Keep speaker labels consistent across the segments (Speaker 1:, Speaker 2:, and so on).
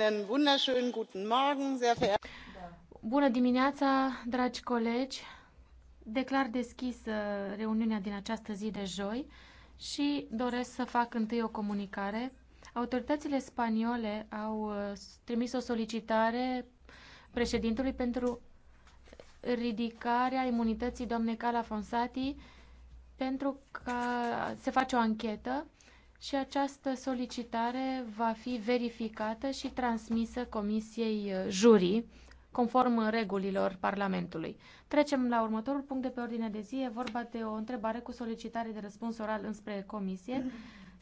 Speaker 1: Einen wunderschönen guten Morgen, sehr verehrte. Bună dimineața, dragi colegi. Declar deschisă reuniunea din această zi de joi și doresc să fac întâi o comunicare. Autoritățile spaniole au uh, trimis o solicitare președintelui pentru ridicarea imunității doamnei Cala Fonsati pentru că se face o anchetă și această solicitare va fi verificată și transmisă Comisiei uh, juri conform regulilor Parlamentului. Trecem la următorul punct de pe ordine de zi. E vorba de o întrebare cu solicitare de răspuns oral înspre Comisie.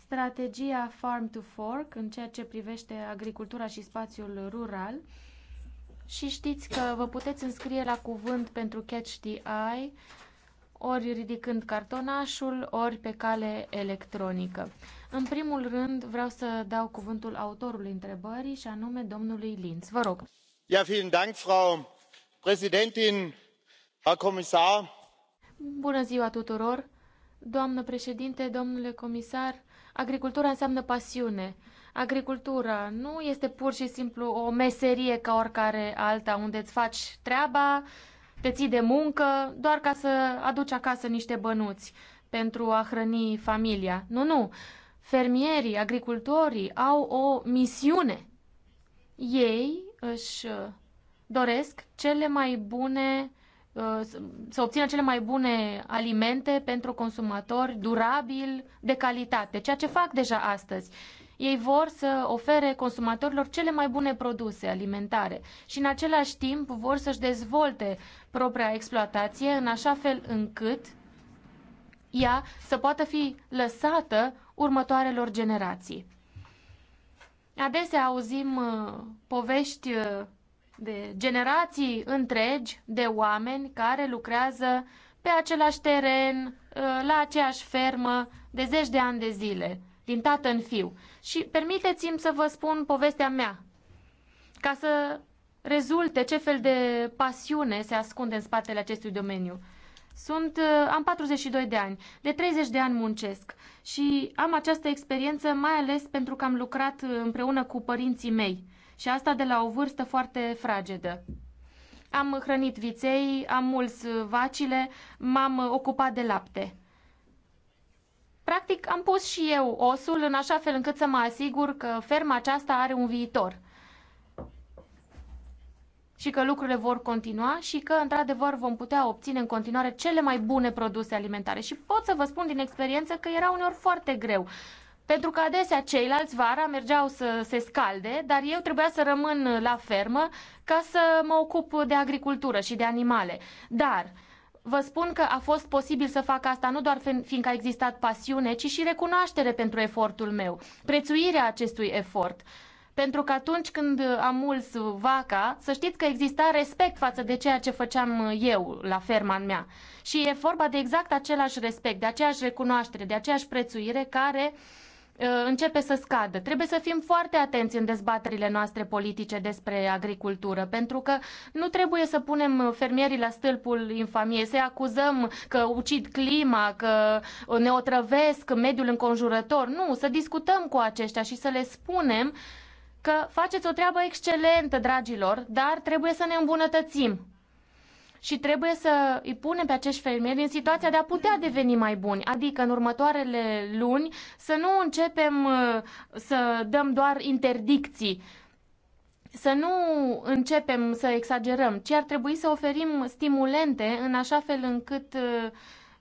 Speaker 1: Strategia Farm to Fork în ceea ce privește agricultura și spațiul rural. Și știți că vă puteți înscrie la cuvânt pentru Catch the Eye ori ridicând cartonașul, ori pe cale electronică. În primul rând, vreau să dau cuvântul autorului întrebării, și anume domnului Linz. Vă rog.
Speaker 2: Ja, vielen Dank, Frau Präsidentin, Herr Kommissar.
Speaker 1: Bună ziua tuturor! Doamnă președinte, domnule comisar, agricultura înseamnă pasiune. Agricultura nu este pur și simplu o meserie ca oricare alta unde îți faci treaba, te ții de muncă doar ca să aduci acasă niște bănuți pentru a hrăni familia. Nu, nu. Fermierii, agricultorii au o misiune. Ei își uh, doresc cele mai bune uh, să obțină cele mai bune alimente pentru consumatori, durabil, de calitate, ceea ce fac deja astăzi. Ei vor să ofere consumatorilor cele mai bune produse alimentare și în același timp vor să-și dezvolte propria exploatație în așa fel încât ea să poată fi lăsată următoarelor generații. Adesea auzim uh, povești uh, de generații întregi de oameni care lucrează pe același teren, uh, la aceeași fermă, de zeci de ani de zile din tată în fiu. Și permiteți-mi să vă spun povestea mea, ca să rezulte ce fel de pasiune se ascunde în spatele acestui domeniu. Sunt, uh, am 42 de ani, de 30 de ani muncesc și am această experiență mai ales pentru că am lucrat uh, împreună cu părinții mei și asta de la o vârstă foarte fragedă. Am hrănit viței, am mulți uh, vacile, m-am ocupat de lapte. Practic, am pus și eu osul în așa fel încât să mă asigur că ferma aceasta are un viitor și că lucrurile vor continua și că, într-adevăr, vom putea obține în continuare cele mai bune produse alimentare. Și pot să vă spun din experiență că era uneori foarte greu. Pentru că adesea ceilalți vara mergeau să se scalde, dar eu trebuia să rămân la fermă ca să mă ocup de agricultură și de animale. Dar Vă spun că a fost posibil să fac asta nu doar fiindcă a existat pasiune, ci și recunoaștere pentru efortul meu, prețuirea acestui efort. Pentru că atunci când am mulț vaca, să știți că exista respect față de ceea ce făceam eu la ferma mea. Și e vorba de exact același respect, de aceeași recunoaștere, de aceeași prețuire care uh, Uh, începe să scadă. Trebuie să fim foarte atenți în dezbaterile noastre politice despre agricultură, pentru că nu trebuie să punem fermierii la stâlpul infamiei, să-i acuzăm că ucid clima, că ne otrăvesc mediul înconjurător. Nu, să discutăm cu aceștia și să le spunem că faceți o treabă excelentă, dragilor, dar trebuie să ne îmbunătățim și trebuie să îi punem pe acești fermieri în situația de a putea deveni mai buni, adică în următoarele luni să nu începem uh, să dăm doar interdicții, să nu începem să exagerăm, ci ar trebui să oferim stimulente în așa fel încât uh,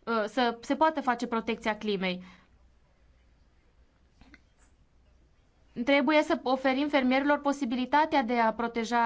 Speaker 1: uh, să se poată face protecția climei. Trebuie să oferim fermierilor posibilitatea de a proteja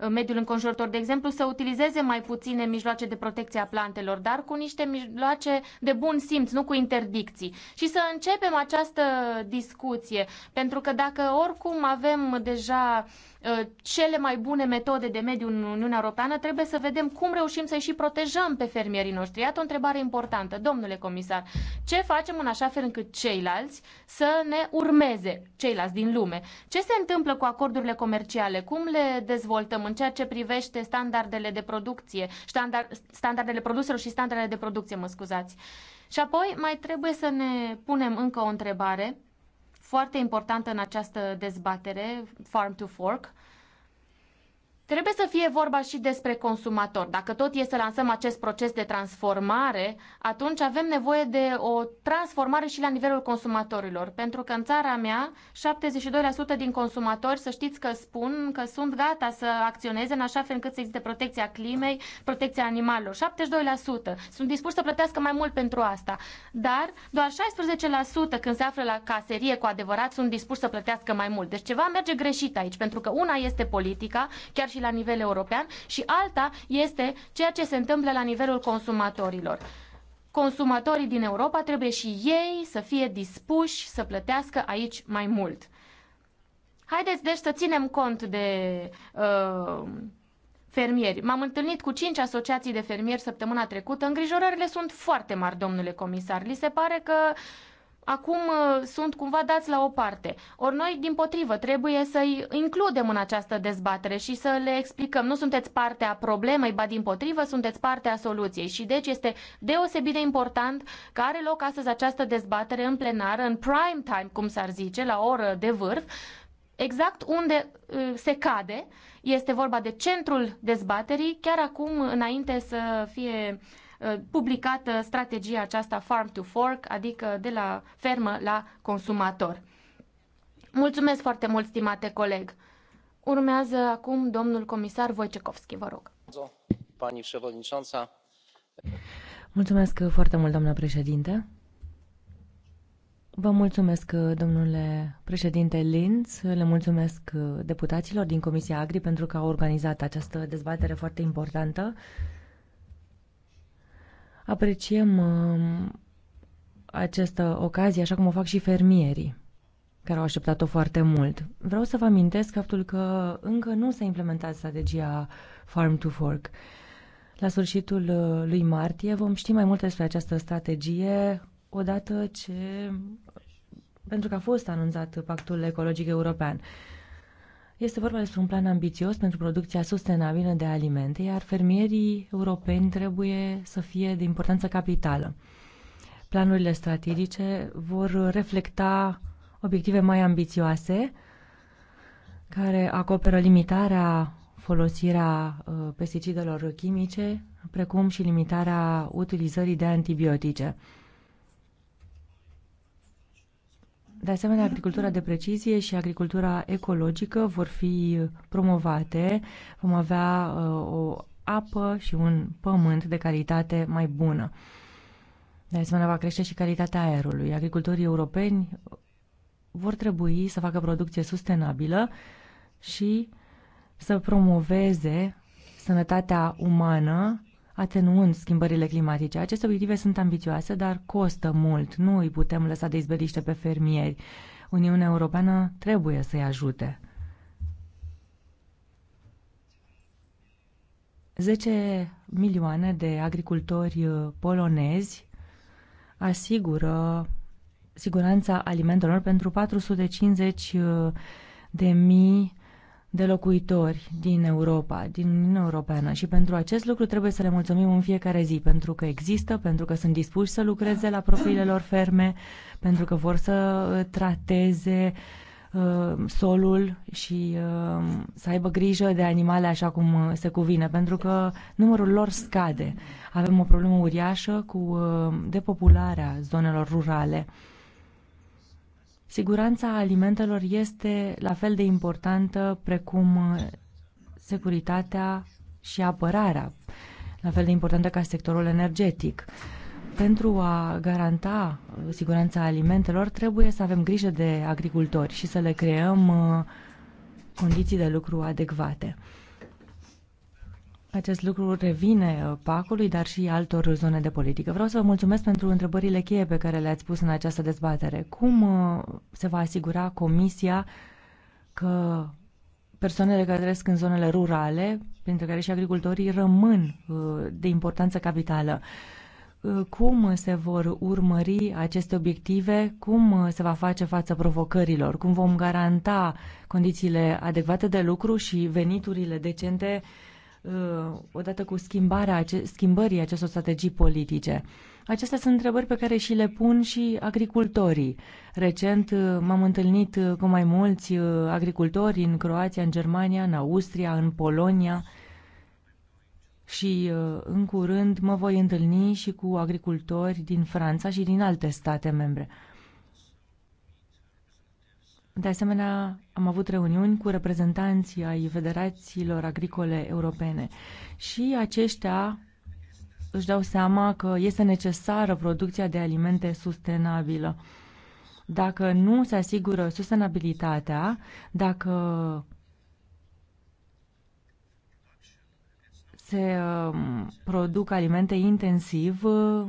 Speaker 1: uh, mediul înconjurător, de exemplu, să utilizeze mai puține mijloace de protecție a plantelor, dar cu niște mijloace de bun simț, nu cu interdicții. Și să începem această discuție, pentru că dacă oricum avem deja Uh, cele mai bune metode de mediu în Uniunea Europeană, trebuie să vedem cum reușim să-i și protejăm pe fermierii noștri. Iată o întrebare importantă, domnule comisar. Ce facem în așa fel încât ceilalți să ne urmeze, ceilalți din lume? Ce se întâmplă cu acordurile comerciale? Cum le dezvoltăm în ceea ce privește standardele de producție, standard, standardele produselor și standardele de producție, mă scuzați? Și apoi mai trebuie să ne punem încă o întrebare foarte importantă în această dezbatere, Farm to Fork, Trebuie să fie vorba și despre consumator. Dacă tot e să lansăm acest proces de transformare, atunci avem nevoie de o transformare și la nivelul consumatorilor. Pentru că în țara mea, 72% din consumatori, să știți că spun că sunt gata să acționeze în așa fel încât să existe protecția climei, protecția animalelor. 72% sunt dispuși să plătească mai mult pentru asta. Dar doar 16% când se află la caserie cu adevărat sunt dispuși să plătească mai mult. Deci ceva merge greșit aici, pentru că una este politica, chiar și și la nivel european și alta este ceea ce se întâmplă la nivelul consumatorilor. Consumatorii din Europa trebuie și ei să fie dispuși să plătească aici mai mult. Haideți deci să ținem cont de uh, fermieri. M-am întâlnit cu cinci asociații de fermieri săptămâna trecută. Îngrijorările sunt foarte mari, domnule comisar. Li se pare că uh, acum uh, sunt cumva dați la o parte. Ori noi, din potrivă, trebuie să-i includem în această dezbatere și să le explicăm. Nu sunteți parte a problemei, ba din potrivă, sunteți parte a soluției. Și deci este deosebit de important că are loc astăzi această dezbatere în plenară, în prime time, cum s-ar zice, la oră de vârf, exact unde uh, se cade. Este vorba de centrul dezbaterii, chiar acum, înainte să fie uh, Uh, publicată strategia aceasta Farm to Fork, adică de la fermă la consumator. Mulțumesc foarte mult, stimate coleg. Urmează acum domnul comisar Wojciechowski, vă rog.
Speaker 3: Mulțumesc foarte mult, doamna președinte. Vă mulțumesc, domnule președinte Linz, le mulțumesc deputaților din Comisia Agri pentru că au organizat această dezbatere foarte importantă. Apreciem um, această ocazie, așa cum o fac și fermierii care au așteptat-o foarte mult. Vreau să vă amintesc faptul că încă nu s-a implementat strategia Farm to Fork. La sfârșitul uh, lui martie vom ști mai multe despre această strategie odată ce pentru că a fost anunțat pactul ecologic european. Este vorba despre un plan ambițios pentru producția sustenabilă de alimente, iar fermierii europeni trebuie să fie de importanță capitală. Planurile strategice vor reflecta obiective mai ambițioase, care acoperă limitarea folosirea uh, pesticidelor chimice, precum și limitarea utilizării de antibiotice. De asemenea, agricultura de precizie și agricultura ecologică vor fi promovate. Vom avea uh, o apă și un pământ de calitate mai bună. De asemenea, va crește și calitatea aerului. Agricultorii europeni vor trebui să facă producție sustenabilă și să promoveze sănătatea umană atenuând schimbările climatice. Aceste obiective sunt ambițioase, dar costă mult. Nu îi putem lăsa de izbeliște pe fermieri. Uniunea Europeană trebuie să-i ajute. 10 milioane de agricultori uh, polonezi asigură siguranța alimentelor pentru 450 uh, de mii de locuitori din Europa, din Uniunea Europeană și pentru acest lucru trebuie să le mulțumim în fiecare zi, pentru că există, pentru că sunt dispuși să lucreze la propriile lor ferme, pentru că vor să uh, trateze uh, solul și uh, să aibă grijă de animale așa cum uh, se cuvine, pentru că numărul lor scade. Avem o problemă uriașă cu uh, depopularea zonelor rurale. Siguranța alimentelor este la fel de importantă precum uh, securitatea și apărarea, la fel de importantă ca sectorul energetic. Pentru a garanta uh, siguranța alimentelor, trebuie să avem grijă de agricultori și să le creăm uh, condiții de lucru adecvate. Acest lucru revine uh, pacului, dar și altor zone de politică. Vreau să vă mulțumesc pentru întrebările cheie pe care le-ați pus în această dezbatere. Cum uh, se va asigura Comisia că persoanele care trăiesc în zonele rurale, printre care și agricultorii, rămân uh, de importanță capitală? Cum se vor urmări aceste obiective? Cum se va face față provocărilor? Cum vom garanta condițiile adecvate de lucru și veniturile decente Uh, odată cu schimbarea, schimbării acestor strategii politice. Acestea sunt întrebări pe care și le pun și agricultorii. Recent uh, m-am întâlnit uh, cu mai mulți agricultori în Croația, în Germania, în Austria, în Polonia și în curând mă voi întâlni și cu agricultori din Franța și din alte state membre. De asemenea, am avut reuniuni cu reprezentanții ai federațiilor agricole europene și aceștia își dau seama că este necesară producția de alimente sustenabilă. Dacă nu se asigură sustenabilitatea, dacă se uh, produc alimente intensiv, uh,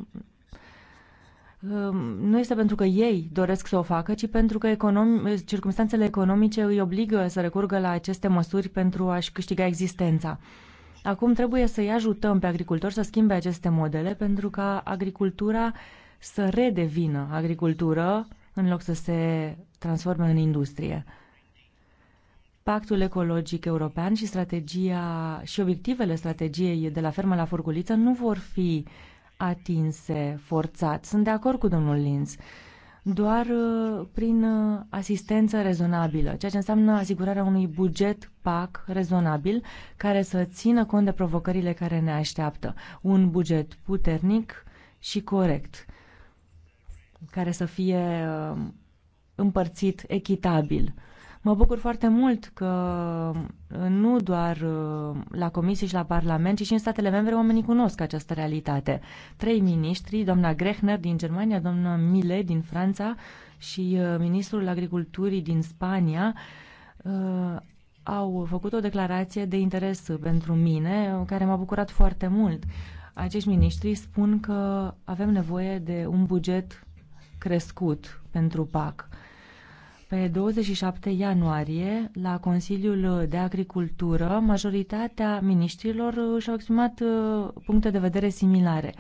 Speaker 3: Ehm, nu este pentru că ei doresc să o facă, ci pentru că econom- circumstanțele economice îi obligă să recurgă la aceste măsuri pentru a-și câștiga existența. Acum trebuie să-i ajutăm pe agricultori să schimbe aceste modele pentru ca agricultura să redevină agricultură în loc să se transforme în industrie. Pactul ecologic european și strategia și obiectivele strategiei de la fermă la furculiță nu vor fi uh, atinse forțat. Sunt de acord cu domnul Linz. Doar uh, prin uh, asistență rezonabilă, ceea ce înseamnă asigurarea unui buget PAC rezonabil care să țină cont de provocările care ne așteaptă. Un buget puternic și corect, care să fie uh, împărțit echitabil. Mă bucur foarte mult că uh, nu doar uh, la Comisie și la Parlament, ci și în statele membre oamenii cunosc această realitate. Trei miniștri, doamna Grechner din Germania, doamna Mile din Franța și uh, ministrul agriculturii din Spania, au făcut o declarație de interes pentru mine, care m-a bucurat foarte mult. Acești miniștri spun că avem nevoie de un buget crescut pentru PAC. Pe 27 ianuarie, la Consiliul de Agricultură, majoritatea miniștrilor uh, și-au exprimat uh, puncte de vedere similare.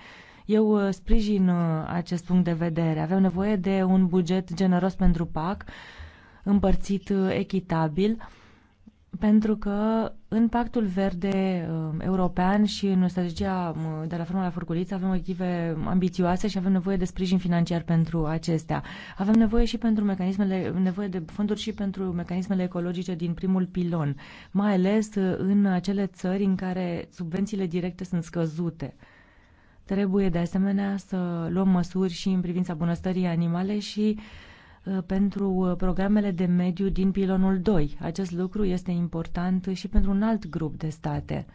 Speaker 3: Eu uh, sprijin acest punct de vedere. Avem nevoie de un buget generos pentru PAC, împărțit echitabil pentru că în Pactul Verde um, European și în strategia um, de la Formula la furculiță avem obiective ambițioase și avem nevoie de sprijin financiar pentru acestea. Avem nevoie și pentru mecanismele, nevoie de fonduri și pentru mecanismele ecologice din primul pilon, mai ales uh, în acele țări în care subvențiile directe sunt scăzute. Trebuie de asemenea să luăm măsuri și în privința bunăstării animale și uh, Uh, pentru uh, programele de mediu din pilonul 2. Acest lucru este important și pentru un alt grup de state.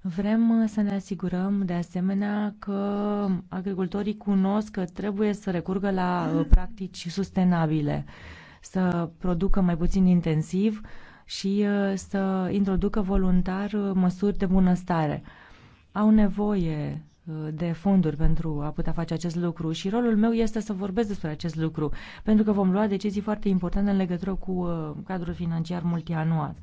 Speaker 3: Vrem uh, să ne asigurăm de asemenea că agricultorii cunosc că trebuie să recurgă la practici sustenabile, să producă mai puțin intensiv și să introducă voluntar măsuri de bunăstare. Au nevoie de fonduri pentru a putea face acest lucru și rolul meu este să vorbesc despre acest lucru, pentru că vom lua decizii foarte importante în legătură cu uh, cadrul financiar multianual.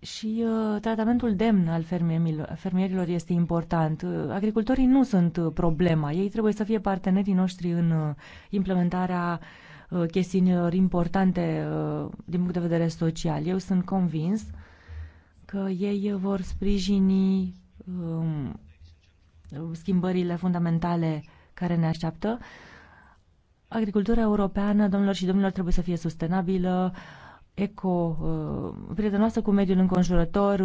Speaker 3: Și uh, tratamentul demn al fermierilor, fermierilor este important. Uh, agricultorii nu sunt uh, problema. Ei trebuie să fie partenerii noștri în implementarea uh, Uh, chestiunilor uh, importante uh, din punct de vedere social. Eu sunt convins că ei vor sprijini um, schimbările fundamentale care ne așteaptă. Agricultura europeană, domnilor și domnilor, trebuie să fie sustenabilă, eco, prietenoasă cu mediul înconjurător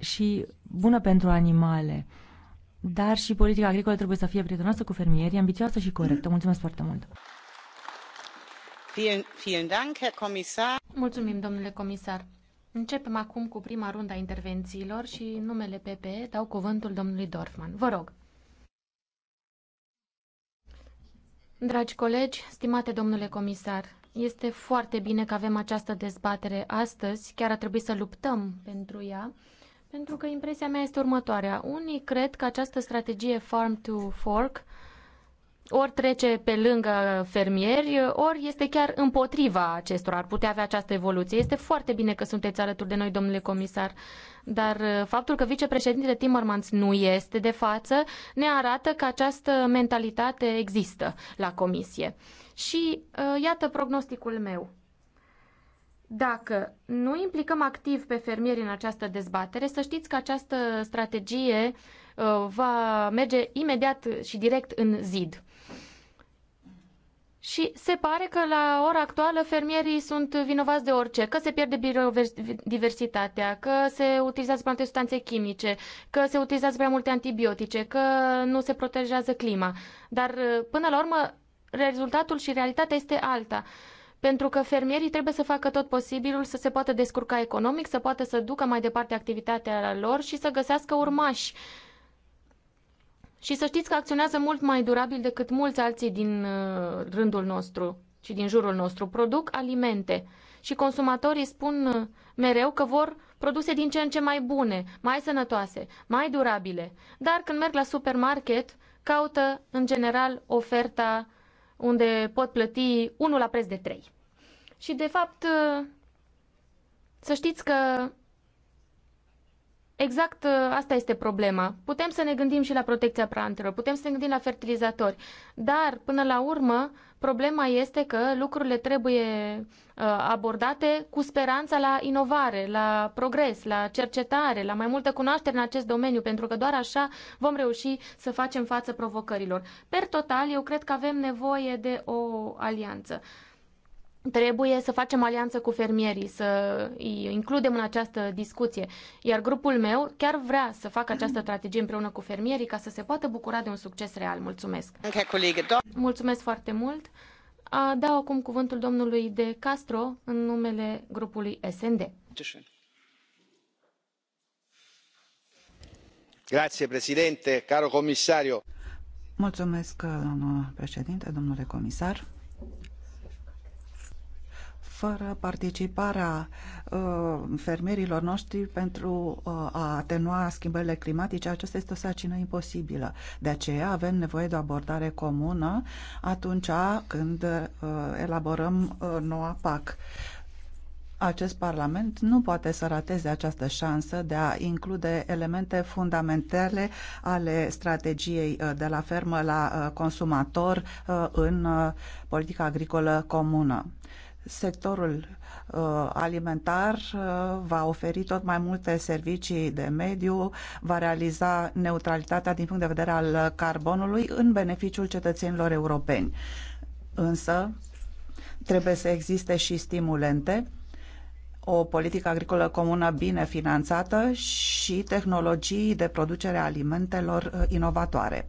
Speaker 3: și bună pentru animale. Dar și politica agricolă trebuie să fie prietenoasă cu fermierii, ambițioasă și corectă. Mulțumesc foarte mult!
Speaker 1: Mulțumim, domnule comisar. Începem acum cu prima rundă a intervențiilor și în numele PPE dau cuvântul domnului Dorfman. Vă rog. Dragi colegi, stimate domnule comisar, este foarte bine că avem această dezbatere astăzi, chiar a trebuit să luptăm pentru ea, pentru că impresia mea este următoarea. Unii cred că această strategie Farm to Fork ori trece pe lângă fermieri, ori este chiar împotriva acestora. Ar putea avea această evoluție. Este foarte bine că sunteți alături de noi, domnule comisar, dar uh, faptul că vicepreședintele Timmermans nu este de față ne arată că această mentalitate există la comisie. Și uh, iată prognosticul meu. Dacă nu implicăm activ pe fermieri în această dezbatere, să știți că această strategie uh, va merge imediat și direct în zid. Și se pare că la ora actuală fermierii sunt vinovați de orice, că se pierde biodiversitatea, că se utilizează prea multe substanțe chimice, că se utilizează prea multe antibiotice, că nu se protejează clima. Dar până la urmă rezultatul și realitatea este alta. Pentru că fermierii trebuie să facă tot posibilul să se poată descurca economic, să poată să ducă mai departe activitatea lor și să găsească urmași și să știți că acționează mult mai durabil decât mulți alții din uh, rândul nostru și din jurul nostru. Produc alimente și consumatorii spun uh, mereu că vor produse din ce în ce mai bune, mai sănătoase, mai durabile. Dar când merg la supermarket, caută în general oferta unde pot plăti unul la preț de trei. Și de fapt, uh, să știți că Exact ă, asta este problema. Putem să ne gândim și la protecția plantelor, putem să ne gândim la fertilizatori, dar până la urmă problema este că lucrurile trebuie ă, abordate cu speranța la inovare, la progres, la cercetare, la mai multă cunoaștere în acest domeniu, pentru că doar așa vom reuși să facem față provocărilor. Per total, eu cred că avem nevoie de o alianță. Trebuie să facem alianță cu fermierii, să îi includem în această discuție. Iar grupul meu chiar vrea să facă această strategie împreună cu fermierii ca să se poată bucura de un succes real. Mulțumesc! Mulțumesc foarte mult! Dau acum cuvântul domnului De Castro în numele grupului SND.
Speaker 2: Grazie, președinte, caro comisario.
Speaker 4: Mulțumesc, domnule președinte, domnule comisar fără participarea uh, fermierilor noștri pentru uh, a atenua schimbările climatice, aceasta este o sacină imposibilă. De aceea avem nevoie de o abordare comună atunci când uh, elaborăm noua PAC. Acest Parlament nu poate să rateze această șansă de a include elemente fundamentale ale strategiei de la fermă la consumator în politica agricolă comună sectorul uh, alimentar uh, va oferi tot mai multe servicii de mediu, va realiza neutralitatea din punct de vedere al carbonului în beneficiul cetățenilor europeni. Însă trebuie să existe și stimulente o politică agricolă comună bine finanțată și tehnologii de producere a alimentelor uh, inovatoare.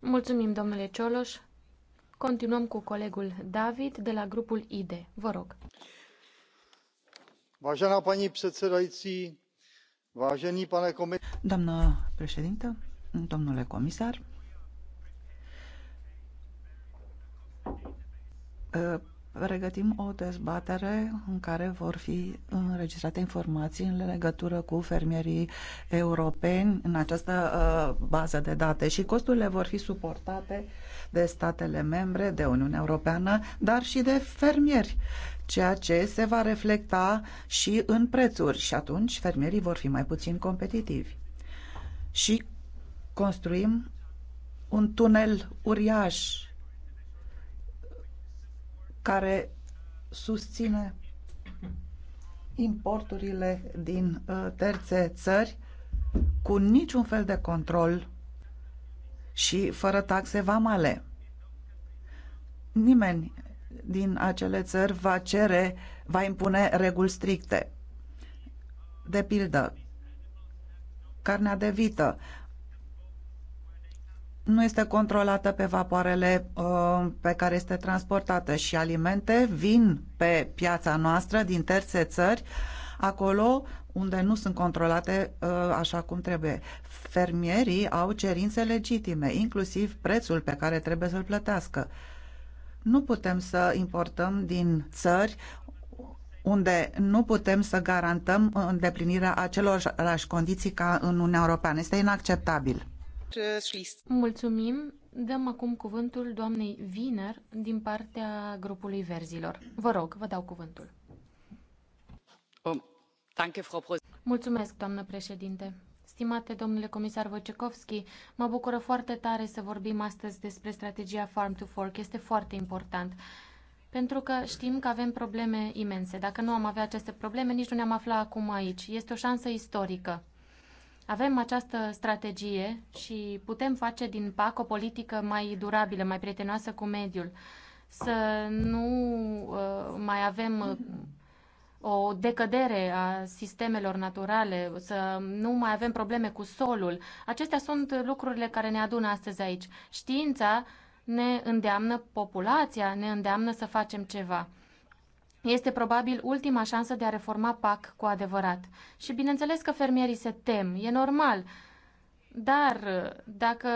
Speaker 1: Mulțumim, domnule Cioloș. Continuăm cu colegul David de la grupul IDE. Vă rog.
Speaker 2: paní předsedající,
Speaker 1: Doamnă președintă,
Speaker 4: domnule comisar, Regătim o dezbatere în care vor fi înregistrate informații în legătură cu fermierii europeni în această uh, bază de date și costurile vor fi suportate de statele membre, de Uniunea Europeană, dar și de fermieri, ceea ce se va reflecta și în prețuri și atunci fermierii vor fi mai puțin competitivi. Și construim un tunel uriaș care susține importurile din uh, terțe țări cu niciun fel de control și fără taxe vamale. Nimeni din acele țări va cere, va impune reguli stricte. De pildă, carnea de vită nu este controlată pe vapoarele uh, pe care este transportată și alimente vin pe piața noastră din terțe țări, acolo unde nu sunt controlate uh, așa cum trebuie. Fermierii au cerințe legitime, inclusiv prețul pe care trebuie să-l plătească. Nu putem să importăm din țări unde nu putem să garantăm îndeplinirea acelorași condiții ca în Uniunea Europeană. Este inacceptabil.
Speaker 1: Mulțumim. Dăm acum cuvântul doamnei Wiener din partea grupului Verzilor. Vă rog, vă dau cuvântul. Oh, Mulțumesc, doamnă președinte. Stimate domnule comisar Wojciechowski, mă bucură foarte tare să vorbim astăzi despre strategia Farm to Fork. Este foarte important. Pentru că știm că avem probleme imense. Dacă nu am avea aceste probleme, nici nu ne-am afla acum aici. Este o șansă istorică. Avem această strategie și putem face din PAC o politică mai durabilă, mai prietenoasă cu mediul. Să nu uh, mai avem uh, o decădere a sistemelor naturale, să nu mai avem probleme cu solul. Acestea sunt lucrurile care ne adună astăzi aici. Știința ne îndeamnă populația, ne îndeamnă să facem ceva. Este probabil ultima șansă de a reforma PAC cu adevărat. Și bineînțeles că fermierii se tem, e normal. Dar dacă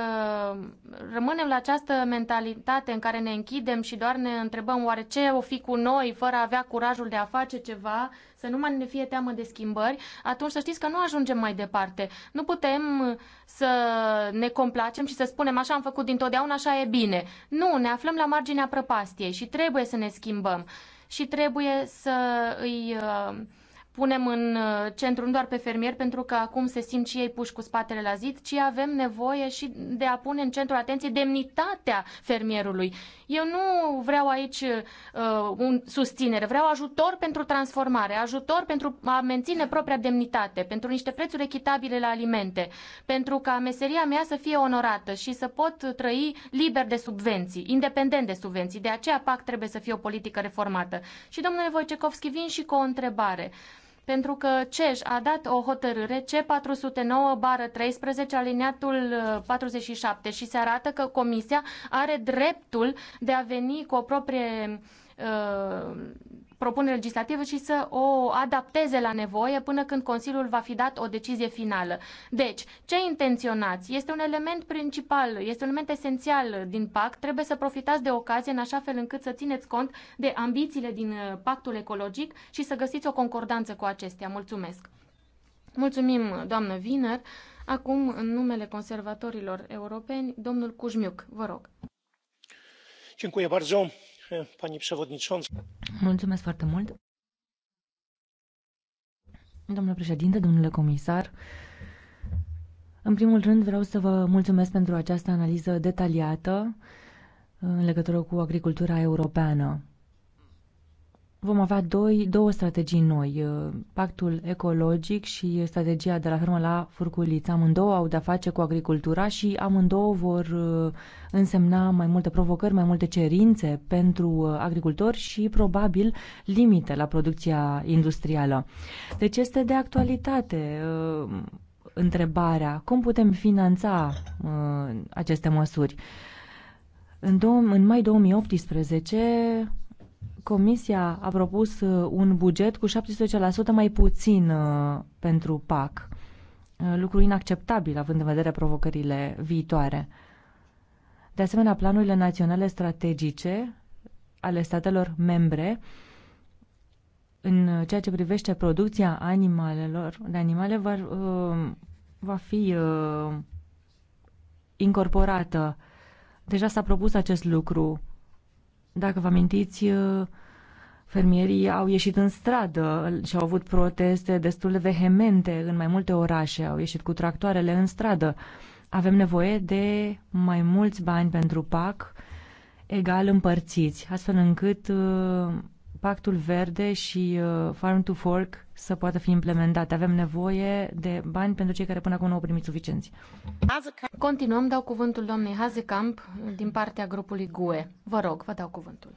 Speaker 1: rămânem la această mentalitate în care ne închidem și doar ne întrebăm oare ce o fi cu noi fără a avea curajul de a face ceva, să nu mai ne fie teamă de schimbări, atunci să știți că nu ajungem mai departe. Nu putem să ne complacem și să spunem așa am făcut dintotdeauna, așa e bine. Nu, ne aflăm la marginea prăpastiei și trebuie să ne schimbăm și trebuie să îi uh, punem în uh, centru nu doar pe fermieri, pentru că acum se simt și ei puși cu spatele la zid, ci avem nevoie și de a pune în centrul atenției demnitatea fermierului. Eu nu vreau aici uh, un susținere, vreau ajutor pentru transformare, ajutor pentru a menține propria demnitate, pentru niște prețuri echitabile la alimente, pentru ca meseria mea să fie onorată și să pot trăi liber de subvenții, independent de subvenții. De aceea PAC trebuie să fie o politică reformată. Și domnule Wojciechowski, vin și cu o întrebare. Uh, pentru că CEJ a dat o hotărâre C409-13 aliniatul 47 și se arată că Comisia are dreptul de a veni cu o proprie uh, propunere legislativă și să o adapteze la nevoie până când Consiliul va fi dat o decizie finală. Deci, ce intenționați? Este un element principal, este un element esențial din pact. Trebuie să profitați de ocazie în așa fel încât să țineți cont de ambițiile din uh, pactul ecologic și să găsiți o concordanță cu acestea. Mulțumesc! Mulțumim, doamnă Viner. Acum, în numele conservatorilor europeni, domnul Cujmiuc, vă rog.
Speaker 2: Dziękuję bardzo pani przewodnicząca.
Speaker 3: Mulțumesc foarte mult. Domnule președinte, domnule comisar, în primul rând vreau să vă mulțumesc pentru această analiză detaliată în legătură cu agricultura europeană. Vom avea doi, două strategii noi, uh, pactul ecologic și strategia de la fermă la furculiță. Amândouă au de-a face cu agricultura și amândouă vor uh, însemna mai multe provocări, mai multe cerințe pentru uh, agricultori și probabil limite la producția industrială. Deci este de actualitate întrebarea cum putem finanța aceste măsuri. În, dou- în mai 2018 Comisia a propus uh, un buget cu 17% mai puțin uh, pentru PAC, uh, lucru inacceptabil având în vedere provocările viitoare. De asemenea, planurile naționale strategice ale statelor membre în ceea ce privește producția animalelor, de animale va, va fi incorporată. Deja s-a propus acest lucru dacă vă amintiți, uh, fermierii au ieșit în stradă și au avut proteste destul de vehemente în mai multe orașe, au ieșit cu tractoarele în stradă. Avem nevoie de mai mulți bani pentru PAC egal împărțiți, astfel încât uh, Pactul Verde și uh, Farm to Fork să poată fi implementate. Avem nevoie de bani pentru cei care până acum nu au primit suficienți.
Speaker 1: Continuăm, dau cuvântul doamnei Hazekamp din partea grupului GUE. Vă rog, vă dau cuvântul.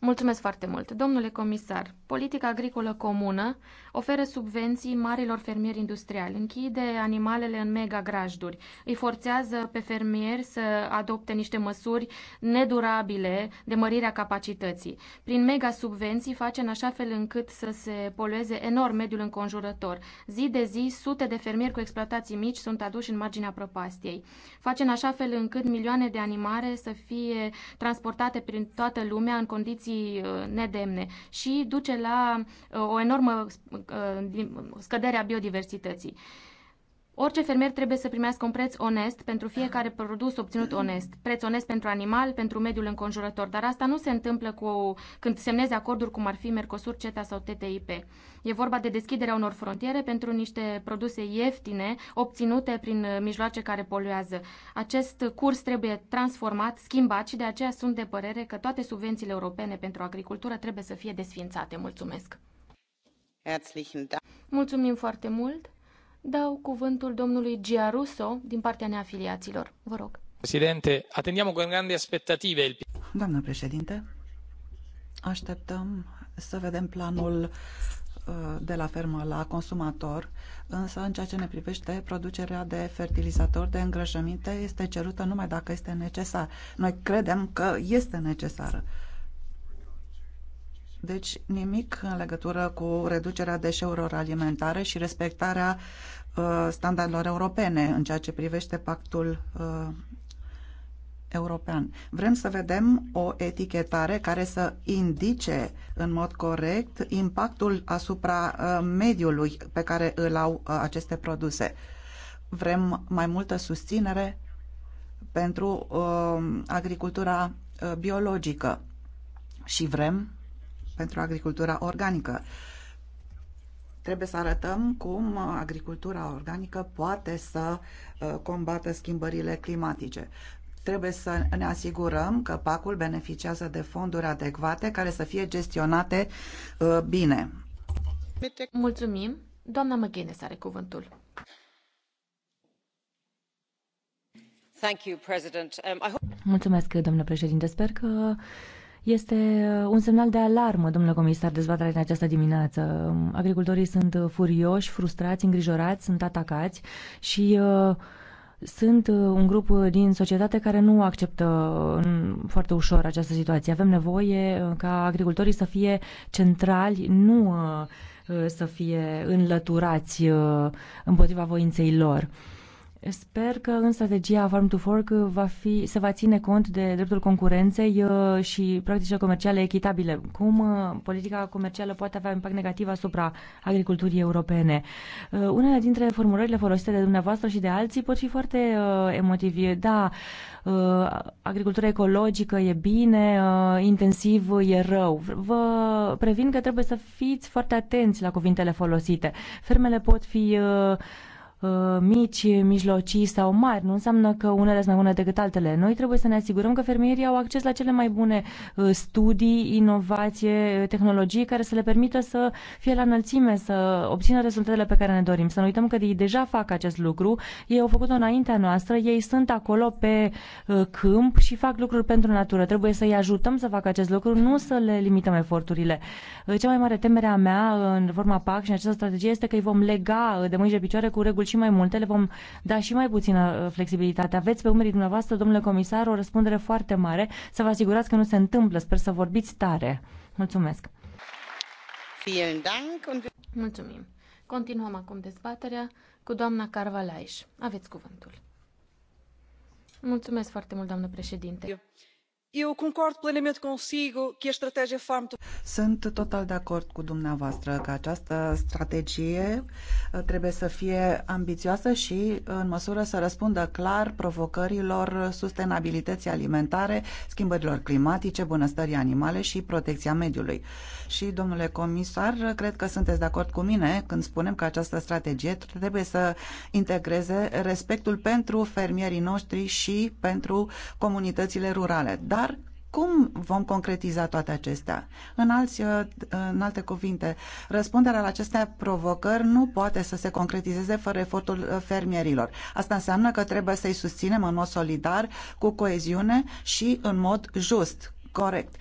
Speaker 1: Mulțumesc foarte mult. Domnule comisar, politica agricolă comună oferă subvenții marilor fermieri industriali, închide animalele în mega grajduri, îi forțează pe fermieri să adopte niște măsuri nedurabile de mărirea capacității. Prin mega subvenții face în așa fel încât să se polueze enorm mediul înconjurător. Zi de zi, sute de fermieri cu exploatații mici sunt aduși în marginea prăpastiei. Face în așa fel încât milioane de animale să fie transportate prin toată lumea în condiții condiții uh, nedemne și duce la uh, o enormă uh, scădere a biodiversității. Orice fermier trebuie să primească un preț onest pentru fiecare produs obținut onest. Preț onest pentru animal, pentru mediul înconjurător, dar asta nu se întâmplă cu, când semnezi acorduri cum ar fi Mercosur, CETA sau TTIP. E vorba de deschiderea unor frontiere pentru niște produse ieftine obținute prin mijloace care poluează. Acest curs trebuie transformat, schimbat și de aceea sunt de părere că toate subvențiile europene pentru agricultură trebuie să fie desfințate. Mulțumesc! Mulțumim foarte mult! dau cuvântul domnului Giaruso din partea neafiliaților. Vă rog.
Speaker 4: Presidente, atendiamo con grandi aspettative il... Doamnă președinte, așteptăm să vedem planul uh, de la fermă la consumator, însă în ceea ce ne privește, producerea de fertilizatori, de îngrășăminte este cerută numai dacă este necesar. Noi credem că este necesară. Deci nimic în legătură cu reducerea deșeurilor alimentare și respectarea Uh, standardelor europene în ceea ce privește pactul uh, european. Vrem să vedem o etichetare care să indice în mod corect impactul asupra uh, mediului pe care îl au aceste produse. Vrem mai multă susținere pentru agricultura biologică și vrem pentru agricultura organică. Uh, Trebuie să arătăm cum uh, agricultura organică poate să uh, combată schimbările climatice trebuie să ne asigurăm că pacul beneficiază de fonduri adecvate care să fie gestionate uh, bine.
Speaker 1: Mulțumim. Doamna McGuinness are cuvântul. Thank you,
Speaker 5: President. Um, I hope...
Speaker 3: Mulțumesc, domnule președinte. Sper că este uh, un semnal de alarmă, domnule comisar, dezbaterea din această dimineață. Um, agricultorii sunt uh, furioși, frustrați, îngrijorați, sunt atacați și uh, sunt uh, un grup din societate care nu acceptă foarte ușor această situație. Avem nevoie ca agricultorii să fie centrali, nu să fie înlăturați împotriva voinței lor. Sper că în strategia Farm to Fork va fi, se va ține cont de dreptul concurenței uh, și practicile comerciale echitabile. Cum uh, politica comercială poate avea impact negativ asupra agriculturii europene? Uh, unele dintre formulările folosite de dumneavoastră și de alții pot fi foarte emotivi. Da, agricultura ecologică e bine, intensiv e rău. Vă previn că trebuie să fiți foarte atenți la cuvintele folosite. Fermele pot fi Uh, mici, mijlocii sau mari. Nu înseamnă că unele sunt mai bune decât altele. Noi trebuie să ne asigurăm că fermierii au acces la cele mai bune uh, studii, inovație, uh, tehnologii care să le permită să fie la înălțime, să obțină rezultatele pe care ne dorim. Să nu uităm că ei deja fac acest lucru, ei au făcut-o înaintea noastră, ei sunt acolo pe câmp și fac lucruri pentru natură. Trebuie să-i ajutăm să facă acest lucru, nu să le limităm eforturile. Cea mai mare temere a mea în forma PAC și în această strategie este că îi vom lega de mâini de picioare cu reguli și mai multe, le vom da și mai puțină uh, flexibilitate. Aveți pe umerii dumneavoastră, domnule comisar, o răspundere foarte mare. Să vă asigurați că nu se întâmplă. Sper să vorbiți tare. Mulțumesc!
Speaker 1: Mulțumim! Continuăm acum dezbaterea cu doamna Carvalaiș. Aveți cuvântul. Mulțumesc foarte mult, doamnă președinte. Eu. Eu concord plenamente consigo que farm to...
Speaker 4: Sunt total de acord cu dumneavoastră că această strategie uh, trebuie să fie ambițioasă și uh, în măsură să răspundă clar provocărilor sustenabilității alimentare, schimbărilor climatice, bunăstării animale și protecția mediului. Și, domnule comisar, cred că sunteți de acord cu mine când spunem că această strategie trebuie să integreze respectul pentru fermierii noștri și pentru comunitățile rurale. Da, dar cum vom concretiza toate acestea? În, alți, uh, în alte cuvinte, răspunderea la aceste provocări nu poate să se concretizeze fără efortul uh, fermierilor. Asta înseamnă că trebuie să-i susținem în mod solidar, cu coeziune și în mod just, corect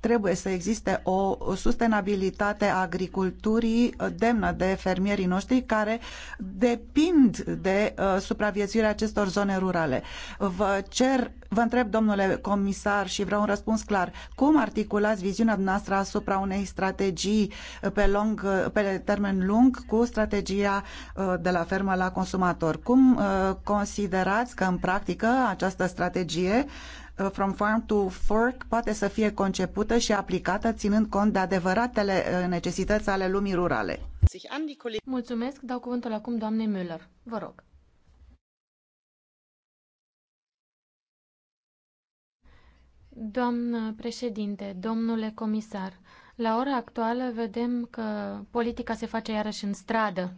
Speaker 4: trebuie să existe o sustenabilitate a agriculturii uh, demnă de fermierii noștri care depind de supraviețuirea acestor zone rurale. Vă cer Vă întreb, domnule comisar, și vreau un răspuns clar. Cum articulați viziunea noastră asupra unei strategii pe, long, pe termen lung cu strategia uh, de la fermă la consumator? Cum uh, considerați că în practică această strategie uh, From Farm to Fork poate să fie concepută și aplicată ținând cont de adevăratele necesități ale lumii rurale.
Speaker 1: Mulțumesc, dau cuvântul acum doamnei Müller. Vă rog. Doamnă președinte, domnule comisar, la ora actuală vedem că politica se face iarăși în stradă.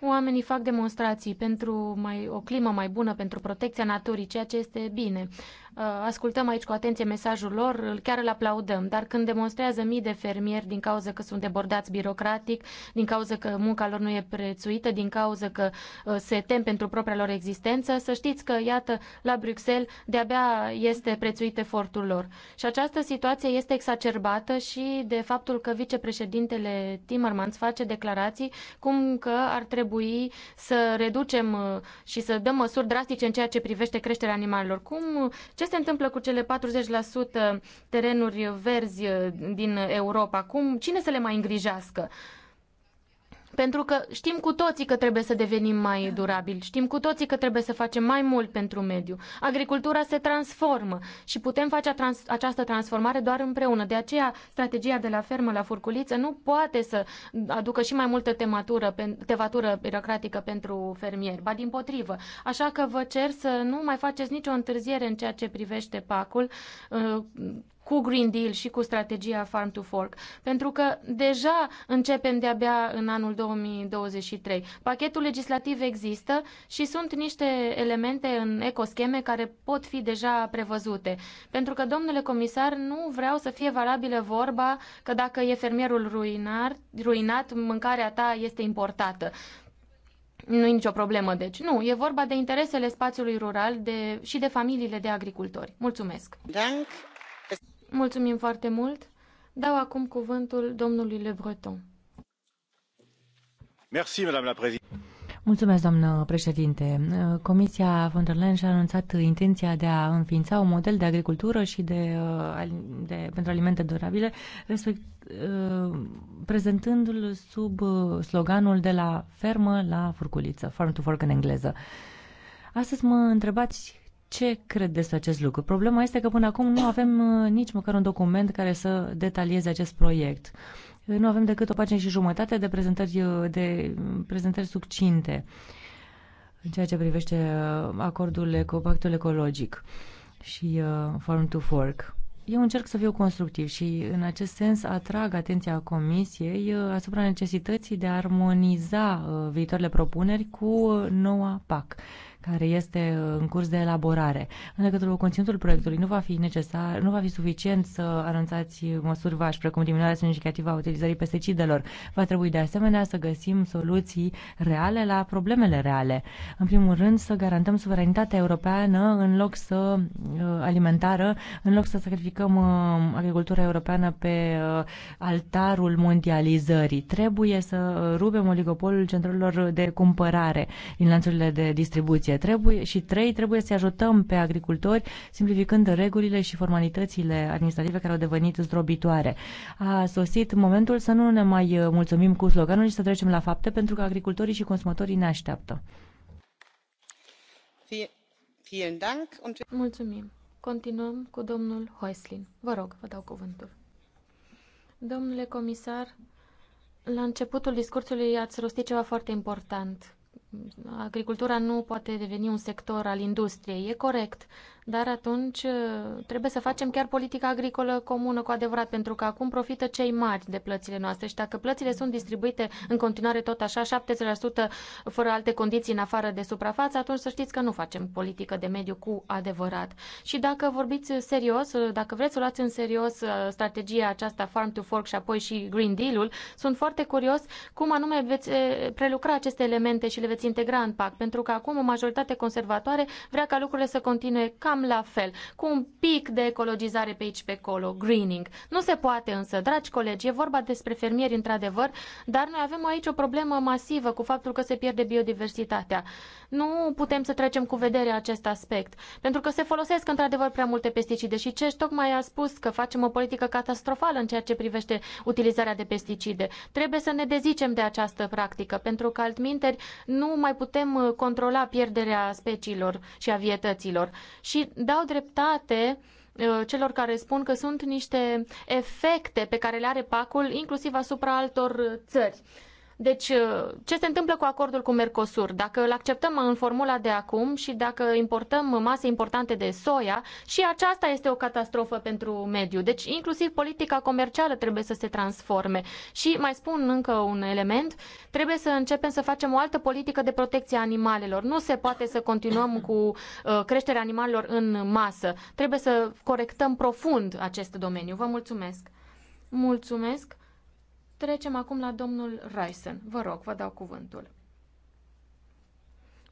Speaker 1: Oamenii fac demonstrații pentru mai, o climă mai bună, pentru protecția naturii, ceea ce este bine. Uh, ascultăm aici cu atenție mesajul lor, chiar îl aplaudăm, dar când demonstrează mii de fermieri din cauza că sunt debordați birocratic, din cauza că munca lor nu e prețuită, din cauza că uh, se tem pentru propria lor existență, să știți că, iată, la Bruxelles de-abia este prețuit efortul lor. Și această situație este exacerbată și de faptul că vicepreședintele Timmermans face declarații cum că ar trebui să reducem uh, și să dăm măsuri drastice în ceea ce privește creșterea animalelor. Cum ce ce se întâmplă cu cele 40% terenuri verzi uh, din Europa? Cum, cine să le mai îngrijească? Pentru că știm cu toții că trebuie să devenim mai durabili, știm cu toții că trebuie să facem mai mult pentru mediu. Agricultura se transformă și putem face trans- această transformare doar împreună. De aceea, strategia de la fermă la furculiță nu poate să aducă și mai multă tematură, tevatură birocratică pentru fermieri, ba din potrivă. Așa că vă cer să nu mai faceți nicio întârziere în ceea ce privește pacul uh, cu Green Deal și cu strategia Farm to Fork, pentru că deja începem de-abia în anul 2023. Pachetul legislativ există și sunt niște elemente în ecoscheme care pot fi deja prevăzute. Pentru că, domnule comisar, nu vreau să fie valabilă vorba că dacă e fermierul ruinar, ruinat, mâncarea ta este importată. Nu e nicio problemă, deci. Nu, e vorba de interesele spațiului rural de, și de familiile de agricultori. Mulțumesc! Dank. Mulțumim foarte mult. Dau acum cuvântul domnului Le Breton.
Speaker 3: Merci,
Speaker 2: madame la présidente.
Speaker 3: Mulțumesc, doamnă președinte. Comisia von der Leyen și-a anunțat intenția de a înființa un model de agricultură și de, uh, de, pentru alimente durabile, respect, uh, prezentându-l sub uh, sloganul de la fermă la furculiță, farm to fork în engleză. Astăzi mă întrebați ce credeți acest lucru? Problema este că până acum nu avem uh, nici măcar un document care să detalieze acest proiect. Uh, nu avem decât o pagină și jumătate de prezentări, uh, de prezentări succinte în ceea ce privește acordul cu pactul ecologic și uh, Farm to Fork. Eu încerc să fiu constructiv și în acest sens atrag atenția Comisiei asupra necesității de a armoniza viitoarele propuneri cu noua PAC care este uh, în curs de elaborare. În legătură cu conținutul proiectului, nu va fi necesar, nu va fi suficient să anunțați măsuri vași, precum diminuarea semnificativă a utilizării pesticidelor. Va trebui de asemenea să găsim soluții reale la problemele reale. În primul rând, să garantăm suveranitatea europeană în loc să uh, alimentară, în loc să sacrificăm uh, agricultura europeană pe altarul mondializării. Trebuie să rupem oligopolul centrelor de cumpărare din lanțurile de distribuție tranziție. Trebuie, și trei, trebuie să ajutăm pe agricultori simplificând regulile și formalitățile administrative care au devenit zdrobitoare. A sosit momentul să nu ne mai uh, mulțumim cu sloganul și să trecem la fapte pentru că agricultorii și consumatorii ne așteaptă.
Speaker 1: Mulțumim. Continuăm cu domnul Hoislin. Vă rog, vă dau cuvântul. Domnule comisar, la începutul discursului ați rostit ceva foarte important agricultura nu poate deveni un sector al industriei. E corect, dar atunci uh, trebuie să facem chiar politica agricolă comună cu adevărat, pentru că acum profită cei mari de plățile noastre și dacă plățile sunt distribuite în continuare tot așa, 70% fără alte condiții în afară de suprafață, atunci să știți că nu facem politică de mediu cu adevărat. Și dacă vorbiți serios, uh, dacă vreți să luați în serios uh, strategia aceasta Farm to Fork și apoi și Green Deal-ul, sunt foarte curios cum anume veți prelucra aceste elemente și le veți integra în PAC, pentru că acum o majoritate conservatoare vrea ca lucrurile să continue ca cam la fel, cu un pic de ecologizare pe aici pe acolo, greening. Nu se poate însă, dragi colegi, e vorba despre fermieri într-adevăr, dar noi avem aici o problemă masivă cu faptul că se pierde biodiversitatea. Nu putem să trecem cu vedere acest aspect, pentru că se folosesc într-adevăr prea multe pesticide și ce tocmai a spus că facem o politică catastrofală în ceea ce privește utilizarea de pesticide. Trebuie să ne dezicem de această practică, pentru că altminteri nu mai putem controla pierderea speciilor și a vietăților. Și dau dreptate uh, celor care spun că sunt niște efecte pe care le are pacul inclusiv asupra altor țări. Deci, uh, ce se întâmplă cu acordul cu Mercosur? Dacă îl acceptăm în formula de acum și dacă importăm mase importante de soia, și aceasta este o catastrofă pentru mediu. Deci, inclusiv politica comercială trebuie să se transforme. Și mai spun încă un element, trebuie să începem să facem o altă politică de protecție a animalelor. Nu se poate să continuăm cu uh, creșterea animalelor în masă. Trebuie să corectăm profund acest domeniu. Vă mulțumesc! Mulțumesc! Trecem acum la domnul Raisen. Vă rog, vă dau cuvântul.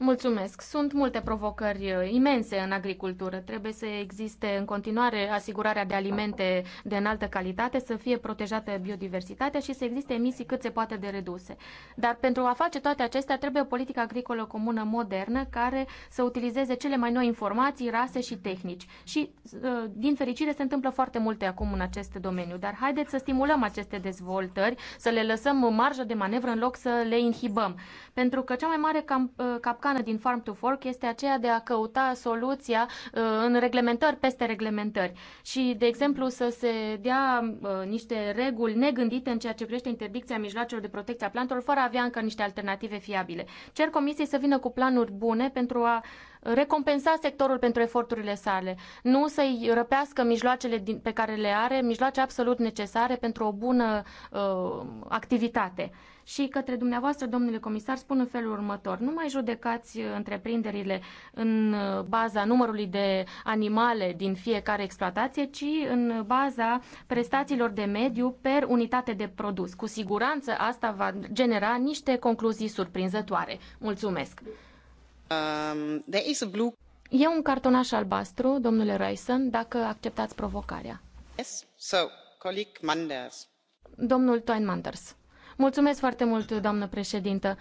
Speaker 1: Mulțumesc. Sunt multe provocări uh, imense în agricultură. Trebuie să existe în continuare asigurarea de alimente de înaltă calitate, să fie protejată biodiversitatea și să existe emisii cât se poate de reduse. Dar pentru a face toate acestea trebuie o politică agricolă comună modernă care să utilizeze cele mai noi informații, rase și tehnici. Și uh, din fericire se întâmplă foarte multe acum în acest domeniu, dar haideți să stimulăm aceste dezvoltări, să le lăsăm marjă de manevră în loc să le inhibăm. Pentru că cea mai mare uh, capcană americană din Farm to Fork este aceea de a căuta soluția uh, în reglementări peste reglementări și, de exemplu, să se dea uh, niște reguli negândite în ceea ce privește interdicția mijloacelor de protecție a plantelor, fără a avea încă niște alternative fiabile. Cer Comisiei să vină cu planuri bune pentru a recompensa sectorul pentru eforturile sale, nu să-i răpească mijloacele din, pe care le are, mijloace absolut necesare pentru o bună uh, activitate și către dumneavoastră, domnule comisar, spun în felul următor. Nu mai judecați întreprinderile în baza numărului de animale din fiecare exploatație, ci în baza prestațiilor de mediu per unitate de produs. Cu siguranță asta va genera niște concluzii surprinzătoare. Mulțumesc! Um, there is a blue... E un cartonaș albastru, domnule Reisen, dacă acceptați provocarea. Yes,
Speaker 4: so, colleague
Speaker 1: Manders. Domnul Toin Manders Mulțumesc foarte mult, doamnă președintă.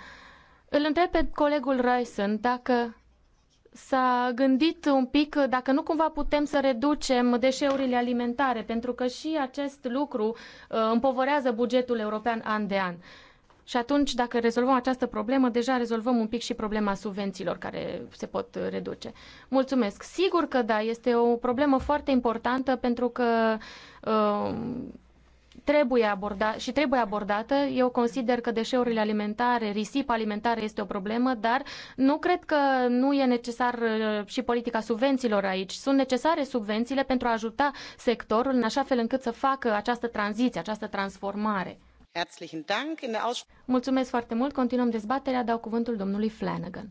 Speaker 1: Îl întreb pe colegul Ryson dacă s-a gândit un pic dacă nu cumva putem să reducem deșeurile alimentare, pentru că și acest lucru uh, împovărează bugetul european an de an. Și atunci, dacă rezolvăm această problemă, deja rezolvăm un pic și problema subvențiilor care se pot reduce. Mulțumesc. Sigur că da, este o problemă foarte importantă pentru că uh, trebuie aborda, și trebuie abordată. Eu consider că deșeurile alimentare, risipa alimentară este o problemă, dar nu cred că nu e necesar uh, și politica subvențiilor aici. Sunt necesare subvențiile pentru a ajuta sectorul în așa fel încât să facă această tranziție, această transformare. Mulțumesc foarte mult. Continuăm dezbaterea. Dau cuvântul domnului Flanagan.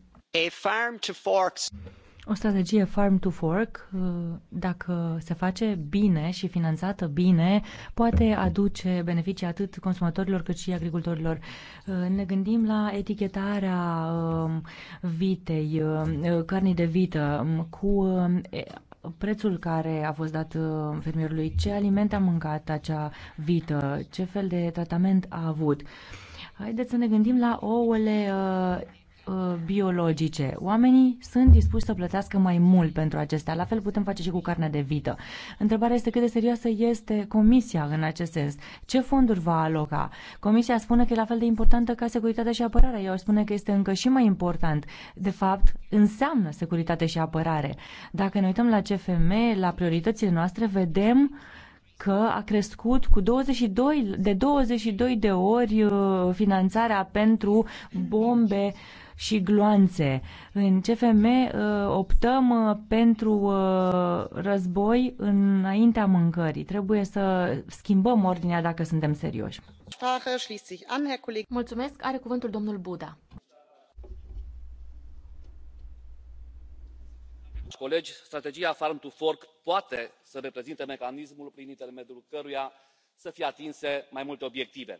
Speaker 3: O strategie farm to fork, uh, dacă se face bine și finanțată bine, poate aduce beneficii atât consumatorilor cât și agricultorilor. Uh, ne gândim la etichetarea um, vitei, um, uh, carnii de vită um, cu prețul care a fost dat fermierului, ce alimente a mâncat acea vită, ce fel de tratament a avut. Haideți să ne gândim la ouăle Uh, biologice. Oamenii sunt dispuși să plătească mai mult pentru acestea. La fel putem face și cu carnea de vită. Întrebarea este cât de serioasă este Comisia în acest sens. Ce fonduri va aloca? Comisia spune că e la fel de importantă ca securitatea și apărarea. Eu spune că este încă și mai important. De fapt, înseamnă securitate și apărare. Dacă ne uităm la CFM, la prioritățile noastre, vedem că a crescut cu 22, de 22 de ori uh, finanțarea pentru bombe și gloanțe. În CFM uh, optăm uh, pentru uh, război înaintea mâncării. Trebuie să schimbăm ordinea dacă suntem serioși.
Speaker 1: Mulțumesc. Are cuvântul domnul Buda.
Speaker 6: colegi strategia farm to fork poate să reprezinte mecanismul prin intermediul căruia să fie atinse mai multe obiective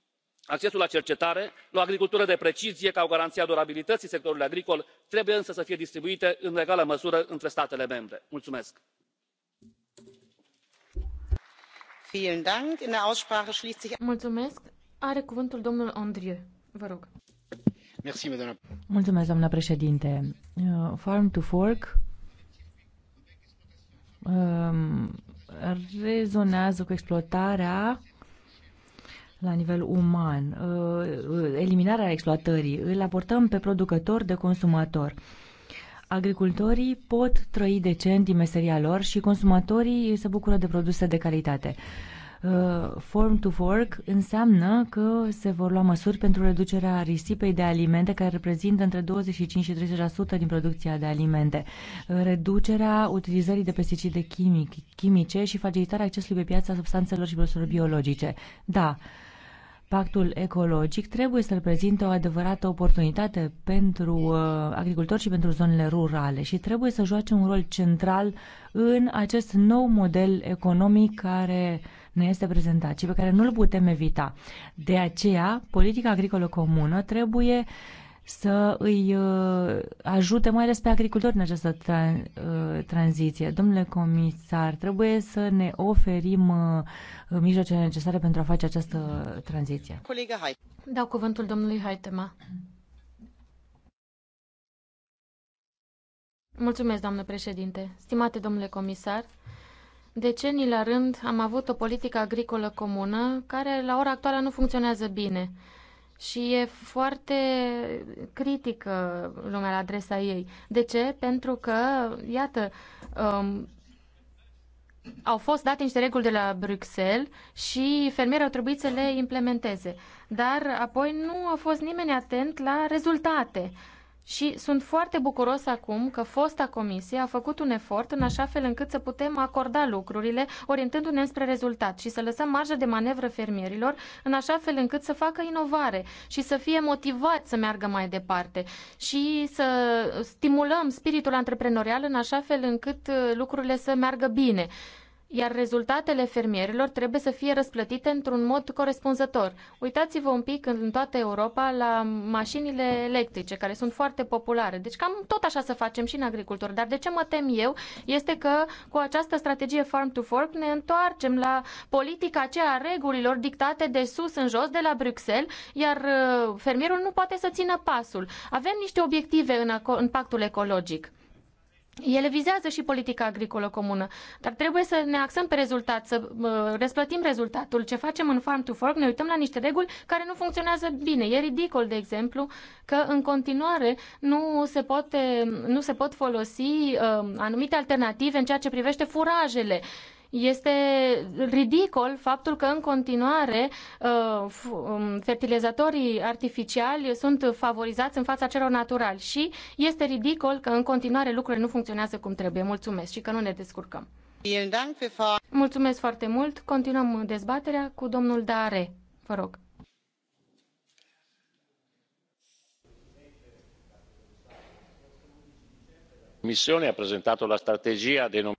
Speaker 6: accesul la cercetare la o agricultură de precizie ca o garanție a durabilității sectorului agricol trebuie însă să fie distribuite în egală măsură între statele membre. mulțumesc.
Speaker 1: mulțumesc. are cuvântul domnul andrieu. vă
Speaker 3: Mulțumesc, doamnă președinte. Uh, Farm to Fork um, rezonează cu exploatarea la nivel uman, uh, uh, eliminarea exploatării, îl aportăm pe producător de consumator. Agricultorii pot trăi decent din meseria lor și consumatorii se bucură de produse de calitate. Uh, form to Fork înseamnă că se vor lua măsuri pentru reducerea risipei de alimente care reprezintă între 25 și 30% din producția de alimente, reducerea utilizării de pesticide chimic, chimice și facilitarea accesului pe piața substanțelor și produselor biologice. Da, pactul ecologic trebuie să reprezinte o adevărată oportunitate pentru uh, agricultori și pentru zonele rurale și trebuie să joace un rol central în acest nou model economic care ne este prezentat și pe care nu-l putem evita. De aceea, politica agricolă comună trebuie uh, să îi uh, ajute mai ales pe agricultori în această uh, tranziție. Domnule comisar, trebuie să ne oferim uh, mijloacele necesare pentru a face această tranziție.
Speaker 1: Dau cuvântul domnului Haitema. Mulțumesc, doamnă președinte. Stimate domnule comisar, decenii la rând am avut o politică agricolă comună care la ora actuală nu funcționează bine și e foarte critică lumea la adresa ei. De ce? Pentru că, iată, um, au fost date niște reguli de la Bruxelles și fermierii au trebuit să le implementeze. Dar apoi nu a fost nimeni atent la rezultate. Uh, și sunt foarte bucuros acum că fosta comisie a făcut un efort în așa fel încât să putem acorda lucrurile, orientându-ne spre rezultat și să lăsăm marjă de manevră fermierilor, în așa fel încât să facă inovare și să fie motivați să meargă mai departe și să stimulăm spiritul antreprenorial în așa fel încât uh, lucrurile să meargă bine iar rezultatele fermierilor trebuie să fie răsplătite într-un mod corespunzător. Uitați-vă un pic în toată Europa la mașinile electrice, care sunt foarte populare. Deci cam tot așa să facem și în agricultură. Dar de ce mă tem eu este că cu această strategie Farm to Fork ne întoarcem la politica aceea a regulilor dictate de sus în jos, de la Bruxelles, iar uh, fermierul nu poate să țină pasul. Avem niște obiective în, în pactul ecologic ele vizează și politica agricolă comună, dar trebuie să ne axăm pe rezultat, să răsplătim rezultatul. Ce facem în Farm to Fork, ne uităm la niște reguli care nu funcționează bine. E ridicol, de exemplu, că în continuare nu se, poate, nu se pot folosi uh, anumite alternative în ceea ce privește furajele. Este ridicol faptul că în continuare uh, um, fertilizatorii artificiali sunt favorizați în fața celor naturali și este ridicol că în continuare lucrurile nu funcționează cum trebuie. Mulțumesc și că nu ne descurcăm. Mulțumesc foarte mult. Continuăm dezbaterea cu domnul Dare. Vă rog.
Speaker 6: Commissione a prezentat la strategia denominata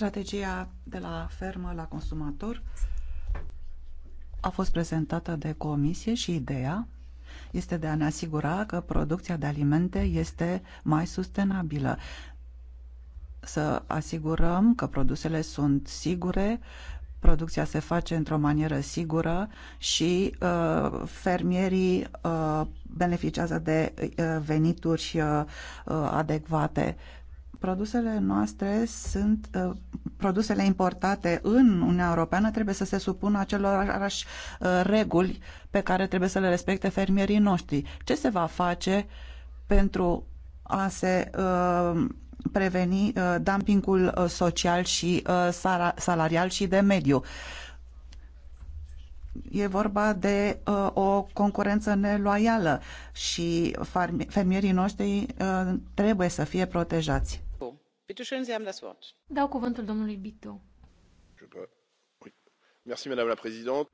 Speaker 4: Strategia de la fermă la consumator a fost prezentată de comisie și ideea este de a ne asigura că producția de alimente este mai sustenabilă. Să asigurăm că produsele sunt sigure, producția se face într-o manieră sigură și uh, fermierii uh, beneficiază de uh, venituri uh, uh adecvate produsele noastre sunt uh, produsele importate în Uniunea Europeană trebuie să se supună acelorași uh, reguli pe care trebuie să le respecte fermierii noștri. Ce se va face pentru a se uh, preveni uh, dumpingul uh, social și uh, salarial și de mediu? E vorba de uh, o concurență neloială și fermierii noștri uh, trebuie să fie protejați.
Speaker 3: Dau cuvântul domnului Bitu.
Speaker 7: Mulțumesc, doamna președintă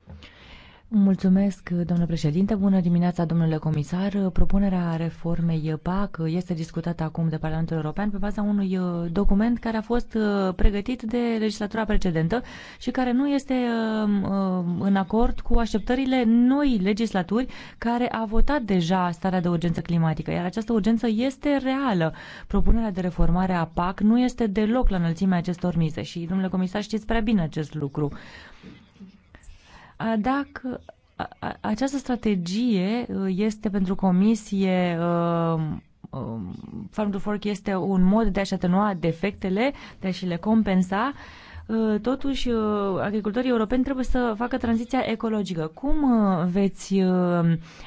Speaker 3: Mulțumesc, domnule președinte. Bună dimineața, domnule comisar. Propunerea reformei PAC este discutată acum de Parlamentul European pe baza unui uh, document care a fost uh, pregătit de legislatura precedentă și care nu este uh, în acord cu așteptările noi legislaturi care a votat deja starea de urgență climatică, iar această urgență este reală. Propunerea de reformare a PAC nu este deloc la înălțimea acestor mize și, domnule comisar, știți prea bine acest lucru. Dacă această strategie uh, este pentru comisie um, um, Farm to Fork este un mod de a-și atenua defectele, de a-și le compensa, uh, totuși uh, agricultorii europeni trebuie să facă tranziția ecologică. Cum veți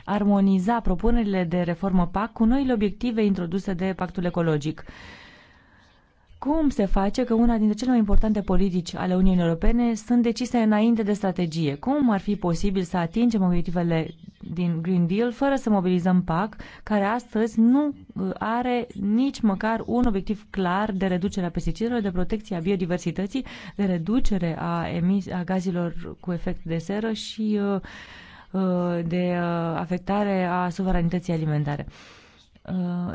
Speaker 3: armoniza propunerile de reformă PAC cu noile obiective introduse de pactul ecologic? Cum se face că una dintre cele mai importante politici ale Uniunii Europene sunt decise înainte de strategie? Cum ar fi posibil să atingem obiectivele din Green Deal fără să mobilizăm PAC, care astăzi nu uh, are nici măcar un obiectiv clar de reducere a pesticidelor, de protecție a biodiversității, de reducere a, emis- a gazilor cu efect de seră și uh, uh, de afectare a suveranității alimentare?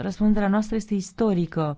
Speaker 3: Răspunderea noastră este istorică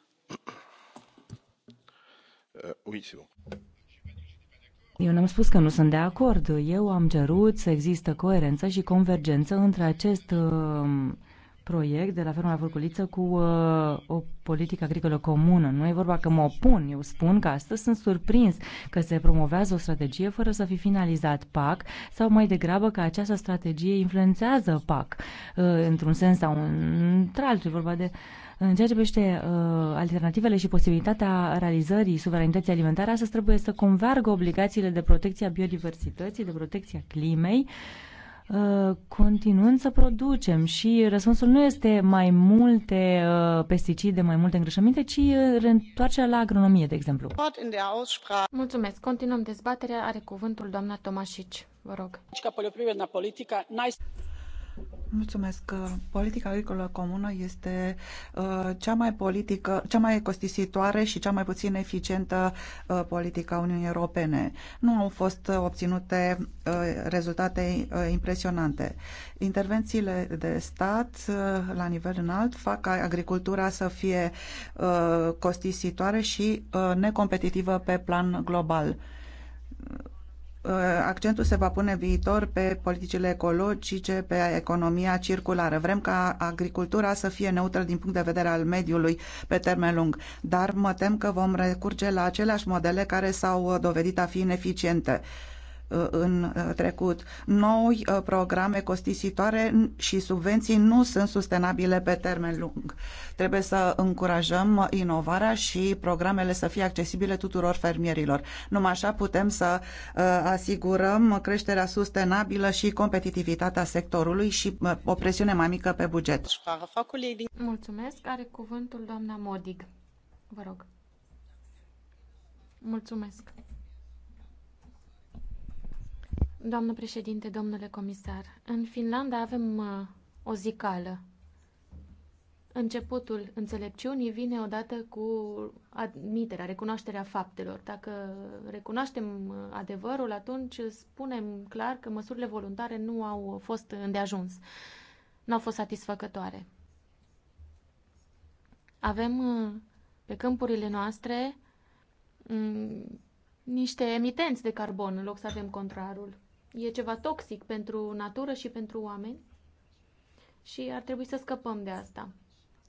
Speaker 2: Eh, oui, bon.
Speaker 3: Eu n-am spus că nu sunt de acord. Eu am cerut să există coerență și convergență între acest uh, proiect de la ferma Furculiță cu uh, o politică agricolă comună. Nu e vorba că mă opun, eu spun că astăzi sunt surprins că se promovează o strategie fără să fi finalizat PAC sau mai degrabă că această strategie influențează PAC uh, într-un sens sau într-altul. E vorba de în ceea ce privește uh, alternativele și posibilitatea realizării suveranității alimentare, astăzi trebuie să convergă obligațiile de protecție a biodiversității, de protecția climei, uh, Uh, continuând să producem și răspunsul nu este mai multe uh, pesticide, mai multe îngrășăminte, ci uh, întoarcerea la agronomie, de exemplu.
Speaker 1: Mulțumesc. Continuăm dezbaterea. Are cuvântul doamna Tomașici. Vă rog.
Speaker 4: Mulțumesc. Politica agricolă comună este uh, cea mai politică, cea mai costisitoare și cea mai puțin eficientă uh, politică a Uniunii Europene. Nu au fost uh, obținute uh, rezultate uh, impresionante. Intervențiile de stat uh, la nivel înalt fac ca agricultura să fie costisitoare și necompetitivă pe plan global Uh, accentul se va pune viitor pe politicile ecologice, pe economia circulară. Vrem ca agricultura să fie neutră din punct de vedere al mediului pe termen lung, dar mă tem că vom recurge la aceleași modele care s-au dovedit a fi ineficiente în uh, trecut. Noi uh, programe costisitoare și subvenții nu sunt sustenabile pe termen lung. Trebuie să încurajăm inovarea și programele să fie accesibile tuturor fermierilor. Numai așa putem să uh, asigurăm creșterea sustenabilă și competitivitatea sectorului și o presiune mai mică pe buget.
Speaker 1: Mulțumesc. Are cuvântul doamna Modig. Vă rog. Mulțumesc. Doamnă președinte, domnule comisar, în Finlanda avem uh, o zicală. Începutul înțelepciunii vine odată cu admiterea, recunoașterea faptelor. Dacă recunoaștem uh, adevărul, atunci spunem clar că măsurile voluntare nu au fost îndeajuns, nu au fost satisfăcătoare. Avem uh, pe câmpurile noastre mm, niște emitenți de carbon în loc să avem contrarul e ceva toxic pentru natură și pentru oameni și ar trebui să scăpăm de asta.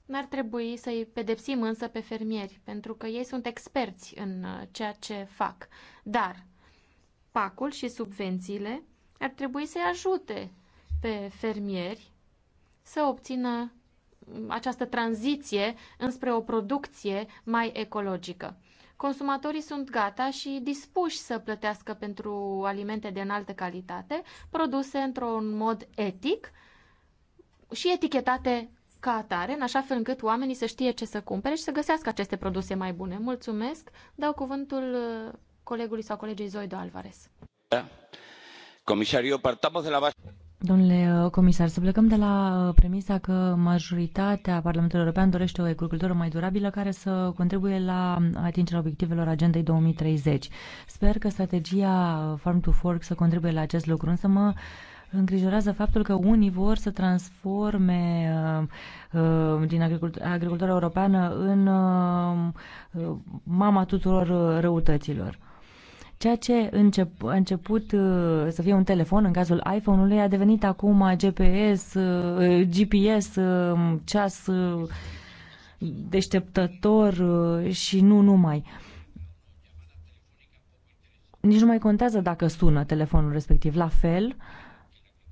Speaker 1: N-ar trebui să-i pedepsim însă pe fermieri, pentru că ei sunt experți în uh, ceea ce fac. Dar pacul și subvențiile ar trebui să-i ajute pe fermieri să obțină mm, această tranziție înspre o producție mai ecologică consumatorii sunt gata și dispuși să plătească pentru alimente de înaltă calitate, produse într-un mod etic și etichetate ca atare, în așa fel încât oamenii să știe ce să cumpere și să găsească aceste produse mai bune. Mulțumesc. Dau cuvântul uh, colegului sau colegei Zoido Alvarez.
Speaker 8: Da. Comisario, partamos de la base.
Speaker 3: Domnule uh, comisar, să plecăm de la uh, premisa că majoritatea Parlamentului European dorește o agricultură mai durabilă care să contribuie la uh, atingerea obiectivelor Agendei 2030. Sper că strategia Farm to Fork să contribuie la acest lucru, însă mă îngrijorează faptul că unii vor să transforme din agricultura, agricultura europeană în mama tuturor răutăților. Ceea ce încep, a început uh, să fie un telefon, în cazul iPhone-ului, a devenit acum GPS, uh, GPS, um, ceas uh, deșteptător și nu numai. Nici nu mai contează dacă sună telefonul respectiv. La fel,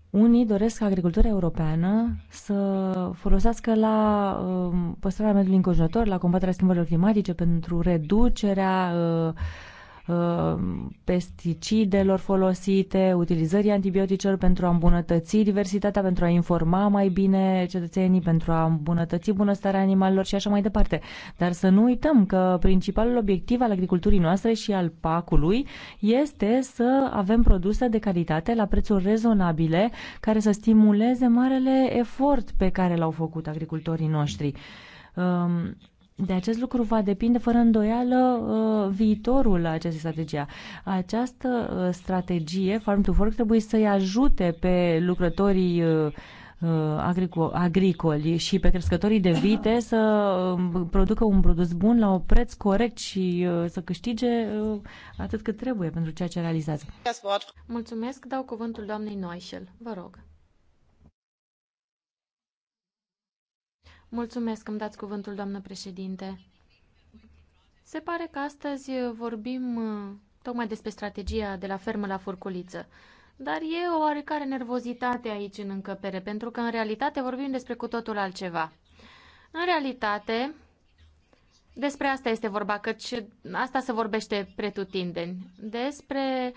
Speaker 3: unii doresc agricultura europeană să folosească la um, păstrarea mediului înconjurător, la combaterea schimbărilor climatice, pentru reducerea uh, Uh, pesticidelor folosite, utilizării antibioticelor pentru a îmbunătăți diversitatea, pentru a informa mai bine cetățenii, pentru a îmbunătăți bunăstarea animalelor și așa mai departe. Dar să nu uităm că principalul obiectiv al agriculturii noastre și al pacului este să avem produse de calitate la prețuri rezonabile care să stimuleze marele efort pe care l-au făcut agricultorii noștri um, de acest lucru va depinde fără îndoială uh, viitorul acestei strategii. Această uh, strategie, Farm to Fork, trebuie să-i ajute pe lucrătorii uh, agricoli și pe crescătorii de vite să um, producă un produs bun la un preț corect și să câștige atât cât trebuie pentru ceea ce realizează.
Speaker 1: Mulțumesc, dau cuvântul doamnei Noișel. Vă rog. Mulțumesc că îmi dați cuvântul, doamnă președinte. Se pare că astăzi vorbim uh, tocmai despre strategia de la fermă la furculiță. Dar e o oarecare nervozitate aici în încăpere, pentru că în realitate vorbim despre cu totul altceva. În realitate, despre asta este vorba, căci asta se vorbește pretutindeni. Despre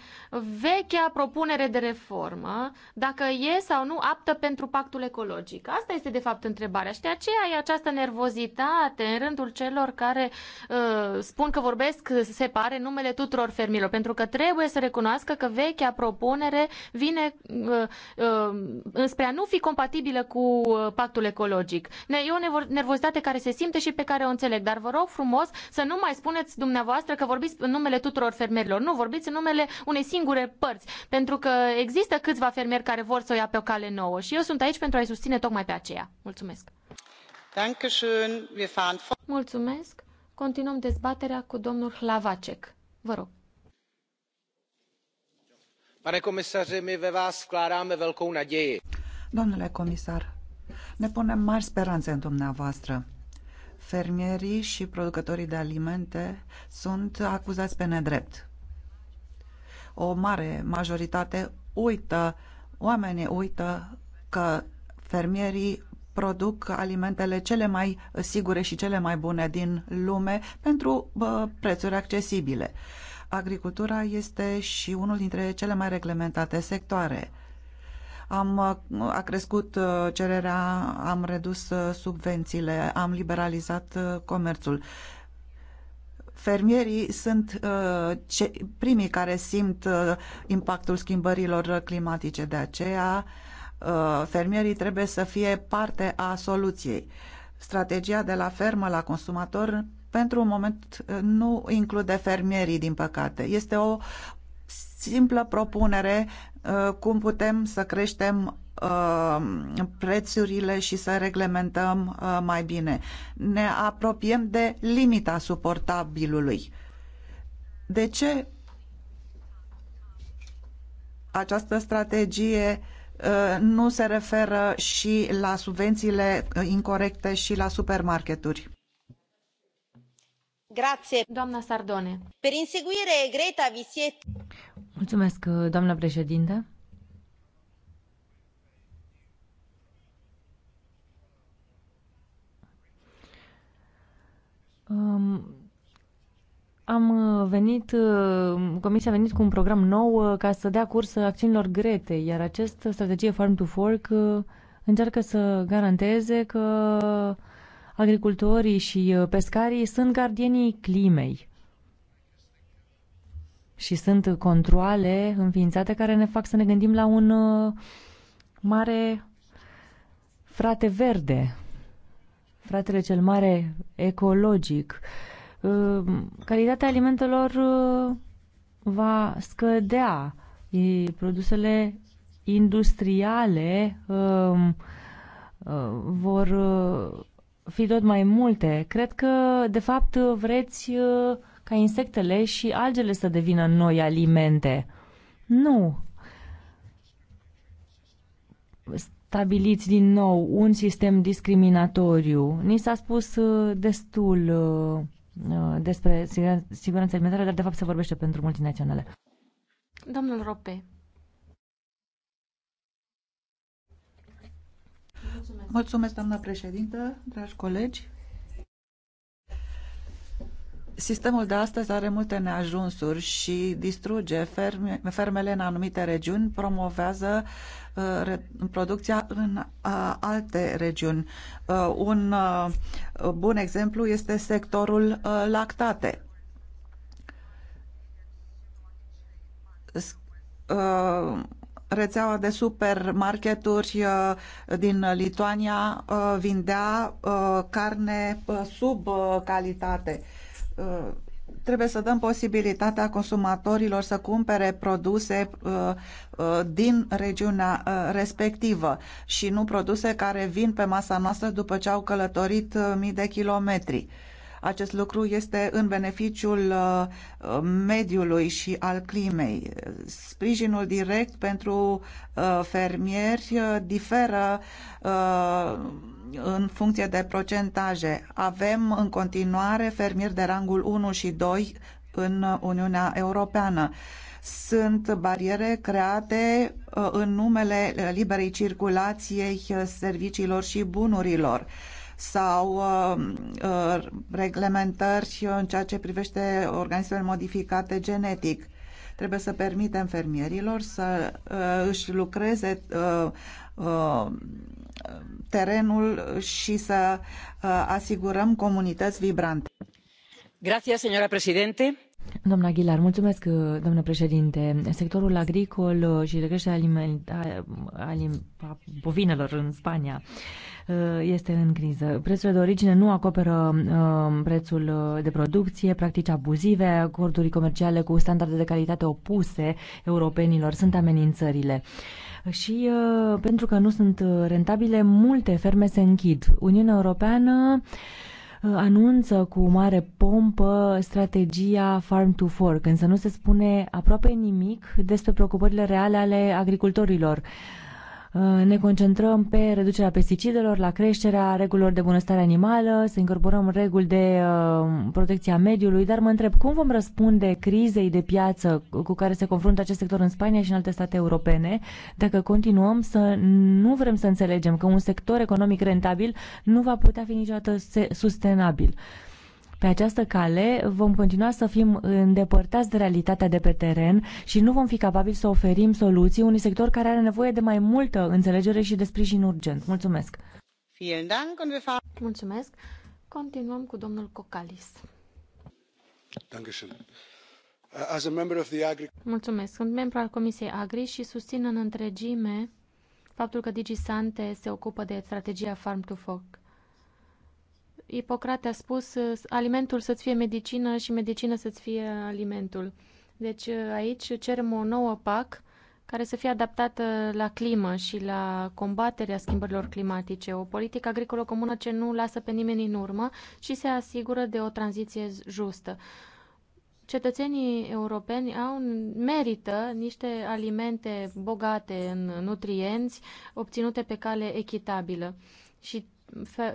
Speaker 1: vechea propunere de reformă, dacă e sau nu aptă pentru pactul ecologic. Asta este, de fapt, întrebarea. Și de aceea e această nervozitate în rândul celor care uh, spun că vorbesc, se pare, numele tuturor fermilor. Pentru că trebuie să recunoască că vechea propunere vine uh, uh, înspre a nu fi compatibilă cu uh, pactul ecologic. E o nervozitate care se simte și pe care o înțeleg. Dar vă rog rog frumos să nu mai spuneți dumneavoastră că vorbiți în numele tuturor fermierilor. Nu, vorbiți în numele unei singure părți, pentru că există câțiva fermieri care vor să o ia pe o cale nouă și eu sunt aici pentru a-i susține tocmai pe aceea. Mulțumesc! Mulțumesc! Continuăm dezbaterea cu domnul Hlavacek. Vă rog.
Speaker 2: Pane komisaři, my ve vás vkládáme velkou naději.
Speaker 4: Domnule comisar, ne punem mari speranțe în dumneavoastră fermierii și producătorii de alimente sunt acuzați pe nedrept. O mare majoritate uită, oamenii uită că fermierii produc alimentele cele mai sigure și cele mai bune din lume pentru bă, prețuri accesibile. Agricultura este și unul dintre cele mai reglementate sectoare am, uh, a crescut uh, cererea, am redus uh, subvențiile, am liberalizat comerțul. Fermierii sunt ce, primii care simt impactul schimbărilor climatice, de aceea fermierii trebuie să fie parte a soluției. Strategia de la fermă la consumator pentru un moment nu include fermierii, din păcate. Este o simplă propunere uh, cum putem să creștem uh, prețurile și să reglementăm uh, mai bine. Ne apropiem de limita suportabilului. De ce această strategie nu se referă și la subvențiile incorrecte și la supermarketuri?
Speaker 1: Doamnă Doamna Sardone. Per inseguire Greta
Speaker 6: vi siete...
Speaker 3: Mulțumesc, doamnă președinte. Um, am venit, uh, Comisia a venit cu un program nou uh, ca să dea curs acțiunilor grete, iar această strategie Farm to Fork uh, încearcă să garanteze că agricultorii și uh, pescarii sunt gardienii climei și sunt controle înființate care ne fac să ne gândim la un uh, mare frate verde, fratele cel mare ecologic. Uh, calitatea alimentelor va scădea. Produsele industriale um, vor fi tot mai multe. Cred că, de fapt, vreți uh, ca insectele și algele să devină noi alimente. Nu. Stabiliți din nou un sistem discriminatoriu. Ni s-a spus uh, destul uh, despre siguranța alimentară, dar de fapt se vorbește pentru multinaționale.
Speaker 1: Domnul Rope. Mulțumesc.
Speaker 4: Mulțumesc, doamna președintă, dragi colegi. Sistemul de astăzi are multe neajunsuri și distruge ferme, fermele în anumite regiuni, promovează uh, producția în uh, alte regiuni. Uh, un uh, bun exemplu este sectorul uh, lactate. Uh, rețeaua de supermarketuri uh, din Lituania uh, vindea uh, carne sub calitate. Trebuie să dăm posibilitatea consumatorilor să cumpere produse din regiunea respectivă și nu produse care vin pe masa noastră după ce au călătorit mii de kilometri acest lucru este în beneficiul uh, uh, mediului și al climei. Sprijinul direct pentru uh, fermieri diferă în funcție de procentaje. Avem în continuare fermieri de rangul 1 și 2 în Uniunea Europeană sunt bariere create în numele liberei circulației serviciilor și bunurilor sau uh, uh, reglementări în ceea ce privește organismele modificate genetic. Trebuie să permitem fermierilor să uh, își lucreze terenul și să asigurăm comunități vibrante.
Speaker 3: Gracias, señora presidente. Doamna Aguilar, mulțumesc, domnule președinte. Sectorul agricol și de creștere bovinelor în Spania Uh, este în criză. Prețurile de origine nu acoperă uh, prețul de producție, practici abuzive, acorduri comerciale cu standarde de calitate opuse europenilor sunt amenințările. Și uh, pentru că nu sunt rentabile, multe ferme se închid. Uniunea Europeană anunță cu mare pompă strategia Farm to Fork, însă nu se spune aproape nimic despre preocupările reale ale agricultorilor. Uh, Uh, ne concentrăm pe reducerea pesticidelor, la creșterea regulilor de bunăstare animală, să incorporăm reguli de uh, protecție a mediului, dar mă întreb cum vom răspunde crizei de piață cu care se confruntă acest sector în Spania și în alte state europene dacă continuăm să nu vrem să înțelegem că un sector economic rentabil nu va putea fi niciodată sustenabil. Pe această cale vom continua să fim îndepărtați de realitatea de pe teren și nu vom fi capabili să oferim soluții unui sector care are nevoie de mai multă înțelegere și de sprijin urgent. Mulțumesc!
Speaker 1: Mulțumesc! Continuăm cu domnul Cocalis. Mulțumesc. Sunt membru al Comisiei Agri și susțin în întregime faptul că DigiSante se ocupă de strategia Farm to Fork. Ipocrate a spus alimentul să-ți fie medicină și medicină să-ți fie alimentul. Deci aici cerem o nouă PAC care să fie adaptată la climă și la combaterea schimbărilor climatice, o politică agricolă comună ce nu lasă pe nimeni în urmă și se asigură de o tranziție justă. Cetățenii europeni au, merită niște alimente bogate în nutrienți, obținute pe cale echitabilă. Și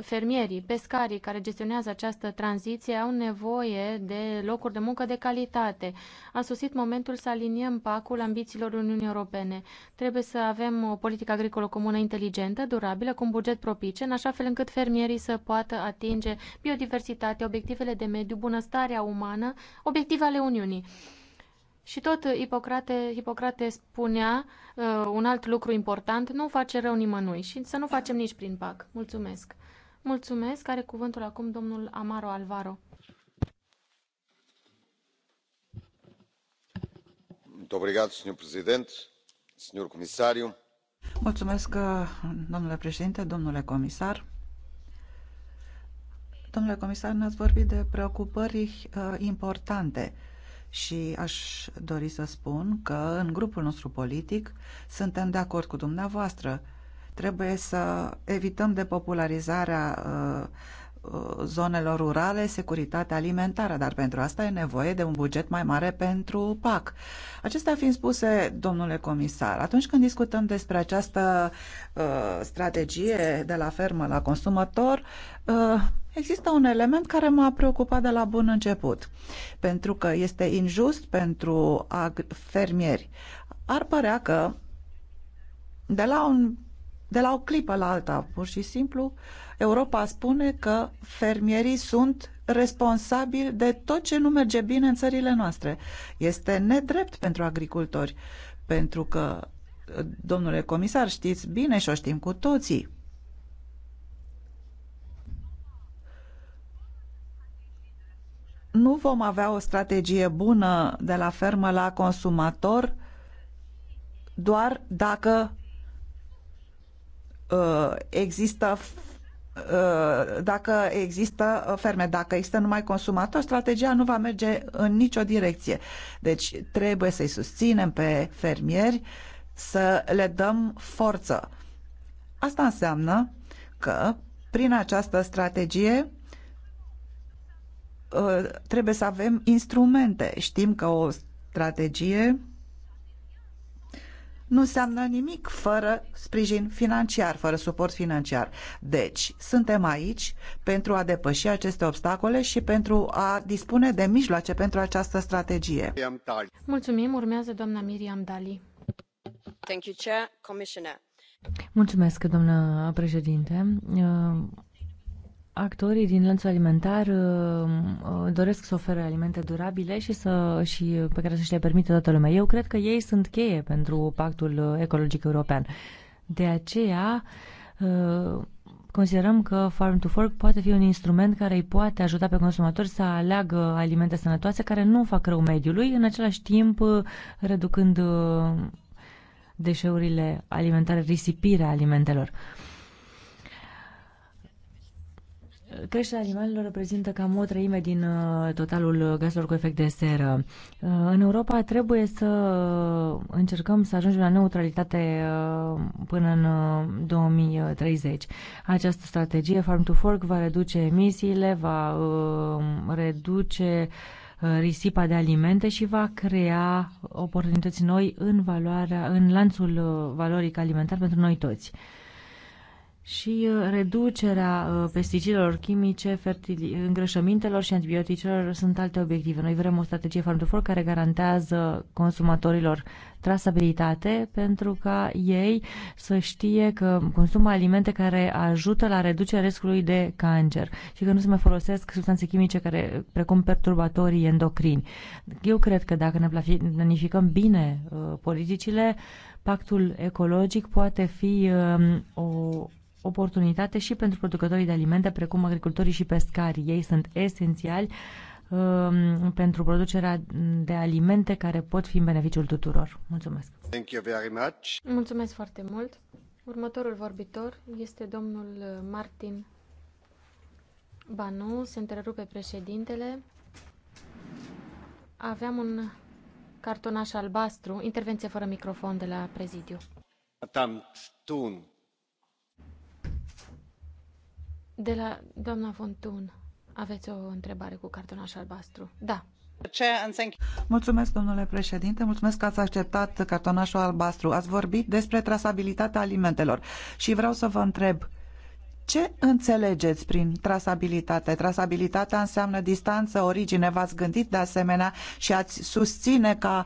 Speaker 1: fermierii, pescarii care gestionează această tranziție au nevoie de locuri de muncă de calitate. A sosit momentul să aliniem pacul ambițiilor Uniunii Europene. Trebuie să avem o politică agricolă comună inteligentă, durabilă, cu un buget propice, în așa fel încât fermierii să poată atinge biodiversitatea, obiectivele de mediu, bunăstarea umană, obiective ale Uniunii. Și tot uh, Hipocrate, Hipocrate spunea uh, un alt lucru important, nu face rău nimănui și să nu facem nici prin PAC. Mulțumesc. Mulțumesc. Are cuvântul acum domnul Amaro Alvaro. Mulțumesc,
Speaker 4: uh, domnule președinte domnule comisar domnule comisar ne ați vorbit de preocupări uh, importante și aș dori să spun că în grupul nostru politic suntem de acord cu dumneavoastră. Trebuie să evităm depopularizarea uh, uh, zonelor rurale, securitatea alimentară, dar pentru asta e nevoie de un buget mai mare pentru PAC. Acestea fiind spuse, domnule comisar, atunci când discutăm despre această uh, strategie de la fermă la consumator, uh, Există un element care m-a preocupat de la bun început, pentru că este injust pentru fermieri. Ar părea că de la, un, de la o clipă la alta, pur și simplu, Europa spune că fermierii sunt responsabili de tot ce nu merge bine în țările noastre. Este nedrept pentru agricultori, pentru că, domnule comisar, știți bine și o știm cu toții, nu vom avea o strategie bună de la fermă la consumator doar dacă uh, există uh, dacă există ferme, dacă există numai consumator, strategia nu va merge în nicio direcție. Deci trebuie să-i susținem pe fermieri, să le dăm forță. Asta înseamnă că prin această strategie Uh, trebuie să avem instrumente. Știm că o strategie nu înseamnă nimic fără sprijin financiar, fără suport financiar. Deci, suntem aici pentru a depăși aceste obstacole și pentru a dispune de mijloace pentru această strategie.
Speaker 1: Mulțumim, urmează doamna Miriam Dali. Thank you, Chair, Commissioner.
Speaker 3: Mulțumesc, doamnă președinte. Uh, actorii din lanțul alimentar uh, uh, doresc să ofere alimente durabile și, să, și uh, pe care să-și le permită toată lumea. Eu cred că ei sunt cheie pentru pactul uh, ecologic european. De aceea uh, considerăm că Farm to Fork poate fi un instrument care îi poate ajuta pe consumatori să aleagă alimente sănătoase care nu fac rău mediului, în același timp reducând deșeurile alimentare, risipirea alimentelor. Uh, Creșterea animalelor reprezintă cam o treime din uh, totalul gazelor cu efect de seră. Uh, în Europa trebuie să încercăm să ajungem la neutralitate uh, până în 2030. Această strategie Farm to Fork va reduce emisiile, va reduce risipa de alimente și va crea oportunități noi în, valoarea, în lanțul valoric alimentar pentru noi toți și uh, reducerea uh, pesticidelor chimice, îngrășămintelor și antibioticelor sunt alte obiective. Noi vrem o strategie farm care garantează consumatorilor trasabilitate pentru ca ei să știe că consumă alimente care ajută la reducerea riscului de cancer și că nu se mai folosesc substanțe chimice care, precum perturbatorii endocrini. Eu cred că dacă ne planificăm bine uh, politicile, pactul ecologic poate fi uh, o oportunitate și pentru producătorii de alimente, precum agricultorii și pescarii. Ei sunt esențiali um, pentru producerea de alimente care pot fi în beneficiul tuturor. Mulțumesc!
Speaker 2: Thank you very much.
Speaker 1: Mulțumesc foarte mult! Următorul vorbitor este domnul Martin Banu, se întrerupe președintele. Aveam un cartonaș albastru, intervenție fără microfon de la prezidiu. Atam, de la doamna Fontun, aveți o întrebare cu cartonaș albastru. Da.
Speaker 4: Mulțumesc, domnule președinte, mulțumesc că ați acceptat cartonașul albastru. Ați vorbit despre trasabilitatea alimentelor și vreau să vă întreb, ce înțelegeți prin trasabilitate? Trasabilitatea înseamnă distanță, origine. V-ați gândit de asemenea și ați susține ca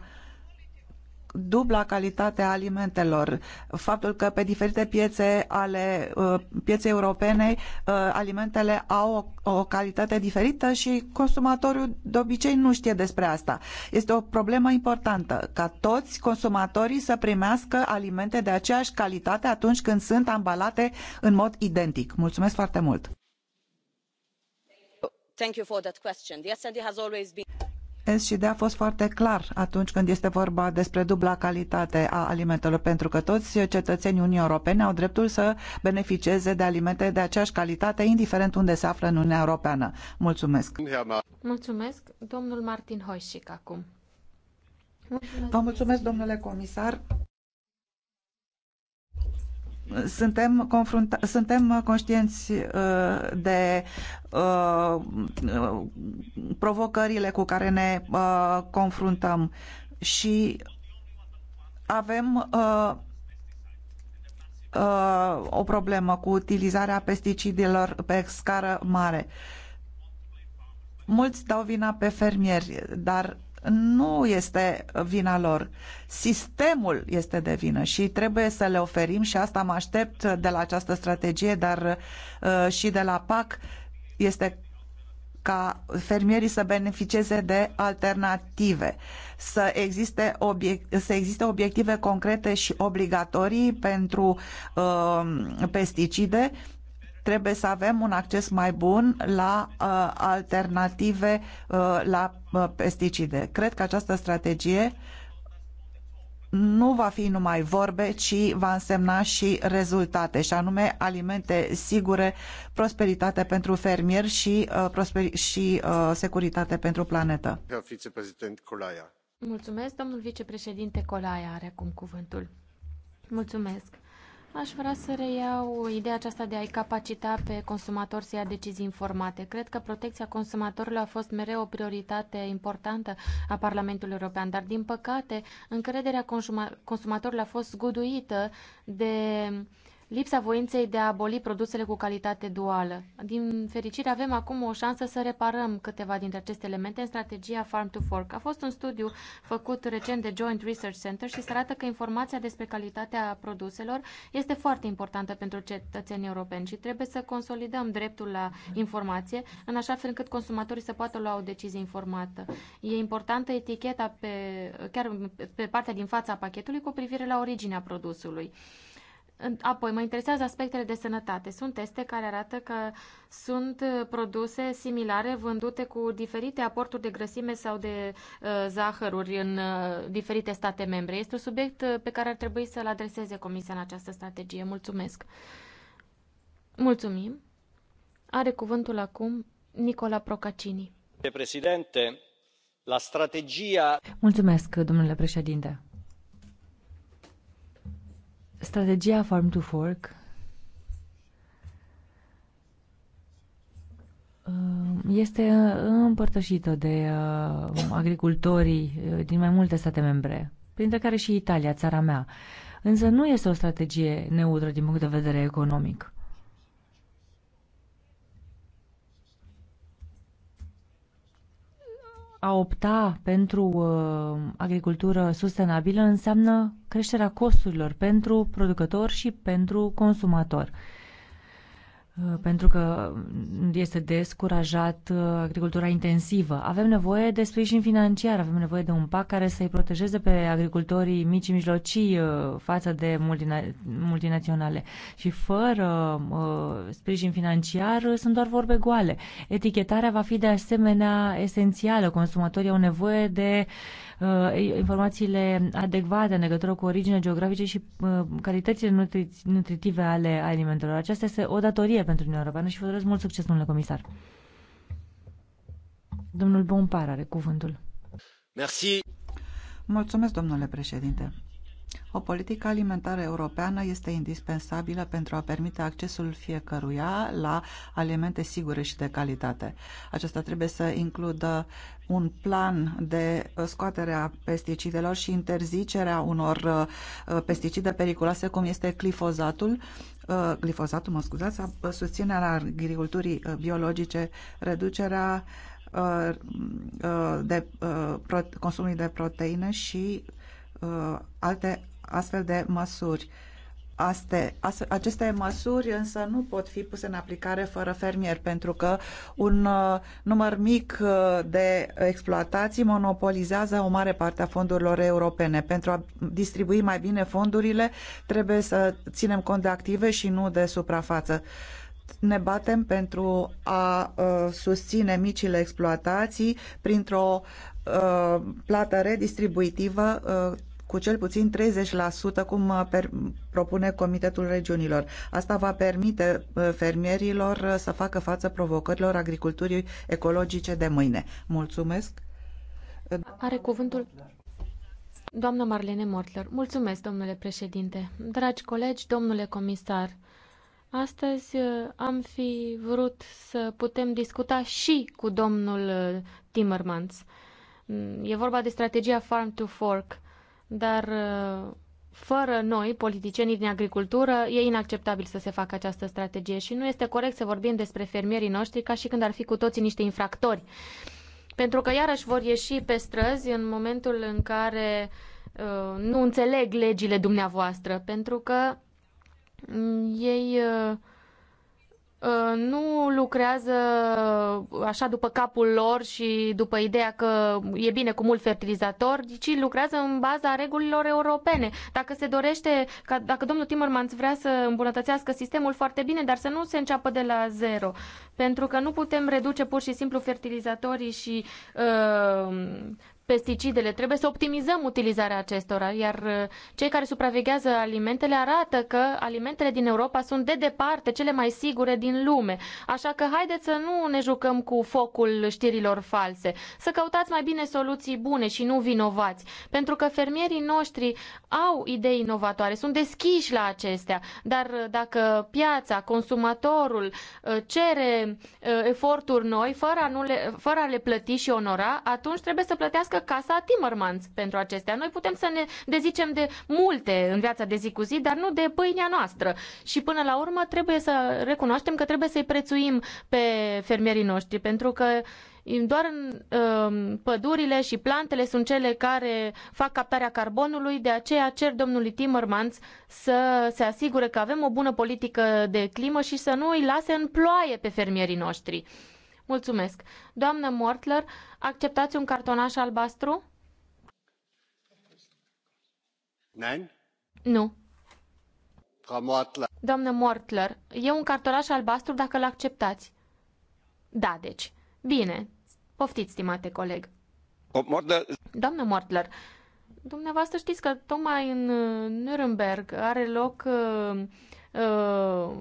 Speaker 4: dubla calitate a alimentelor, faptul că pe diferite piețe ale uh, pieței europene uh, alimentele au o, o calitate diferită și consumatorul de obicei nu știe despre asta. Este o problemă importantă ca toți consumatorii să primească alimente de aceeași calitate atunci când sunt ambalate în mod identic. Mulțumesc foarte mult! de a fost foarte clar atunci când este vorba despre dubla calitate a alimentelor, pentru că toți cetățenii Uniunii Europene au dreptul să beneficieze de alimente de aceeași calitate, indiferent unde se află în Uniunea Europeană. Mulțumesc!
Speaker 1: Mulțumesc, domnul Martin acum. Mulțumesc. Vă mulțumesc, domnule comisar
Speaker 4: suntem, confrunta- suntem conștienți uh, de uh, provocările cu care ne uh, confruntăm și avem o problemă cu utilizarea pesticidelor pe scară mare. Mulți dau vina pe fermieri, dar nu este vina lor. Sistemul este de vină și trebuie să le oferim și asta mă aștept de la această strategie, dar uh, și de la PAC este ca fermierii să beneficieze de alternative, să existe, obiect, să existe obiective concrete și obligatorii pentru uh, pesticide, Trebuie să avem un acces mai bun la uh, alternative uh, la uh, pesticide. Cred că această strategie nu va fi numai vorbe, ci va însemna și rezultate, și anume alimente sigure, prosperitate pentru fermieri și, uh, și uh, securitate pentru planetă.
Speaker 1: Mulțumesc, domnul vicepreședinte Colaia are acum cuvântul. Mulțumesc. Aș vrea să reiau ideea aceasta de a-i capacita pe consumator să ia decizii informate. Cred că protecția consumatorilor a fost mereu o prioritate importantă a Parlamentului European, dar din păcate încrederea consumatorilor a fost zguduită de lipsa voinței de a aboli produsele cu calitate duală. Din fericire, avem acum o șansă să reparăm câteva dintre aceste elemente în strategia Farm to Fork. A fost un studiu făcut recent de Joint Research Center și se arată că informația despre calitatea produselor este foarte importantă pentru cetățenii europeni și trebuie să consolidăm dreptul la informație în așa fel încât consumatorii să poată lua o decizie informată. E importantă eticheta pe, chiar pe partea din fața pachetului cu privire la originea produsului. Apoi, mă interesează aspectele de sănătate. Sunt teste care arată că sunt uh, produse similare vândute cu diferite aporturi de grăsime sau de uh, zahăruri în uh, diferite state membre. Este un subiect uh, pe care ar trebui să-l adreseze Comisia în această strategie. Mulțumesc! Mulțumim! Are cuvântul acum Nicola
Speaker 3: Procacini.
Speaker 6: Președinte, la strategia...
Speaker 3: Mulțumesc, domnule președinte. Strategia Farm to Fork uh, este împărtășită de uh, agricultorii uh, din mai multe state membre, printre care și Italia, țara mea. Însă nu este o strategie neutră din punct de vedere economic. a opta pentru uh, agricultură sustenabilă înseamnă creșterea costurilor pentru producător și pentru consumator. Uh, Uh, pentru că este descurajat uh, agricultura intensivă. Avem nevoie de sprijin financiar, avem nevoie de un pac care să-i protejeze pe agricultorii mici și mijlocii uh, față de multina- multinaționale. Și fără uh, sprijin financiar sunt doar vorbe goale. Etichetarea va fi de asemenea esențială. Consumatorii au nevoie de uh, Uh, informațiile adecvate în legătură cu originea geografice și uh, calitățile nutri nutritive ale alimentelor. Aceasta este o datorie pentru Uniunea Europeană și vă doresc mult succes, domnule comisar. Domnul Bompar are cuvântul. Merci. Mulțumesc,
Speaker 4: domnule președinte. O politică alimentară europeană este indispensabilă pentru a permite accesul fiecăruia la alimente sigure și de calitate. Acesta trebuie să includă un plan de scoatere a pesticidelor și interzicerea unor uh, pesticide periculoase, cum este clifozatul, uh, glifozatul, mă scuzați, susținerea agriculturii uh, biologice, reducerea de consumului de proteine și Uh, alte astfel de măsuri. Aste, as, aceste măsuri însă nu pot fi puse în aplicare fără fermieri, pentru că un uh, număr mic uh, de exploatații monopolizează o mare parte a fondurilor europene. Pentru a distribui mai bine fondurile, trebuie să ținem cont de active și nu de suprafață. Ne batem pentru a uh, susține micile exploatații printr-o uh, plată redistributivă uh, cu cel puțin 30%, cum uh, propune Comitetul Regiunilor. Asta va permite uh, fermierilor uh, să facă față provocărilor agriculturii ecologice de mâine. Mulțumesc!
Speaker 1: Are cuvântul doamna Marlene Mortler. Mulțumesc, domnule președinte. Dragi colegi, domnule comisar, Astăzi am fi vrut să putem discuta și cu domnul Timmermans. Mm, e vorba de strategia Farm to Fork dar uh, fără noi, politicienii din agricultură, e inacceptabil să se facă această strategie și nu este corect să vorbim despre fermierii noștri ca și când ar fi cu toții niște infractori. Pentru că iarăși vor ieși pe străzi în momentul în care uh, nu înțeleg legile dumneavoastră, pentru că mm, ei uh, Uh, nu lucrează așa după capul lor și după ideea că e bine cu mult fertilizator, ci lucrează în baza regulilor europene. Dacă se dorește, ca, dacă domnul Timmermans vrea să îmbunătățească sistemul foarte bine, dar să nu se înceapă de la zero, pentru că nu putem reduce pur și simplu fertilizatorii și uh, pesticidele. Trebuie să optimizăm utilizarea acestora, iar uh, cei care supraveghează alimentele arată că alimentele din Europa sunt de departe cele mai sigure din lume. Așa că haideți să nu ne jucăm cu focul știrilor false, să căutați mai bine soluții bune și nu vinovați, pentru că fermierii noștri au idei inovatoare, sunt deschiși la acestea, dar uh, dacă piața, consumatorul uh, cere eforturi noi fără a, nu le, fără a le plăti și onora, atunci trebuie să plătească Casa Timmermans pentru acestea. Noi putem să ne dezicem de multe în viața de zi cu zi, dar nu de pâinea noastră. Și până la urmă trebuie să recunoaștem că trebuie să-i prețuim pe fermierii noștri, pentru că doar în uh, pădurile și plantele sunt cele care fac captarea carbonului, de aceea cer domnului Timmermans să se asigure că avem o bună politică de climă și să nu îi lase în ploaie pe fermierii noștri. Mulțumesc. Doamnă Mortler, acceptați un cartonaș albastru? Nein. Nu.
Speaker 2: Frau Mortler.
Speaker 1: Doamnă Mortler, e un cartonaș albastru dacă îl acceptați. Da, deci. Bine. Poftiți, stimate coleg. Mortler. Doamnă Mortler, dumneavoastră știți că tocmai în uh, Nuremberg are loc uh, uh,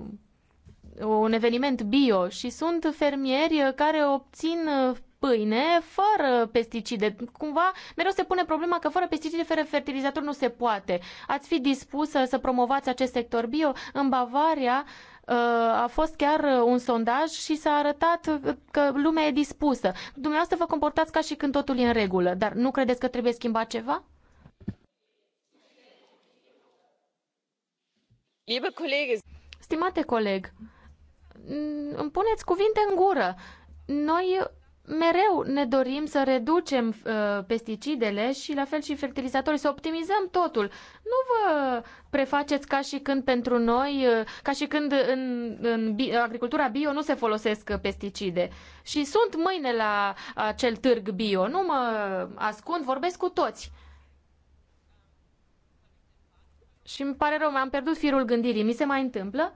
Speaker 1: un eveniment bio și sunt fermieri care obțin uh, pâine fără pesticide. Cumva mereu se pune problema că fără pesticide, fără fertilizator nu se poate. Ați fi dispusă să promovați acest sector bio? În Bavaria uh, a fost chiar uh, un sondaj și s-a arătat că lumea e dispusă. Dumneavoastră vă comportați ca și când totul e în regulă, dar nu credeți că trebuie schimbat ceva? Stimate coleg, îmi puneți cuvinte în gură. Noi mereu ne dorim să reducem uh, pesticidele și la fel și fertilizatorii, să optimizăm totul. Nu vă prefaceți ca și când pentru noi, uh, ca și când în, în bi- agricultura bio nu se folosesc pesticide. Și sunt mâine la acel târg bio, nu mă ascund, vorbesc cu toți. Și îmi pare rău, am pierdut firul gândirii, mi se mai întâmplă,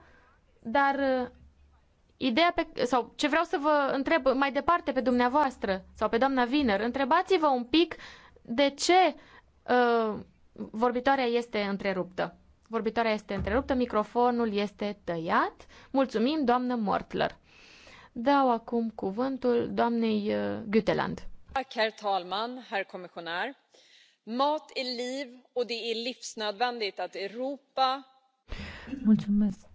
Speaker 1: dar uh, Ideea pe, sau ce vreau să vă întreb mai departe pe dumneavoastră sau pe doamna Viner, întrebați-vă un pic de ce uh, vorbitoarea este întreruptă. Vorbitoarea este întreruptă, microfonul este tăiat. Mulțumim, doamnă Mortler. Dau acum cuvântul doamnei uh, Güteland.
Speaker 7: Herr talman, herr kommissionär. Mat e liv och det är livsnödvändigt att Europa
Speaker 3: Mulțumesc,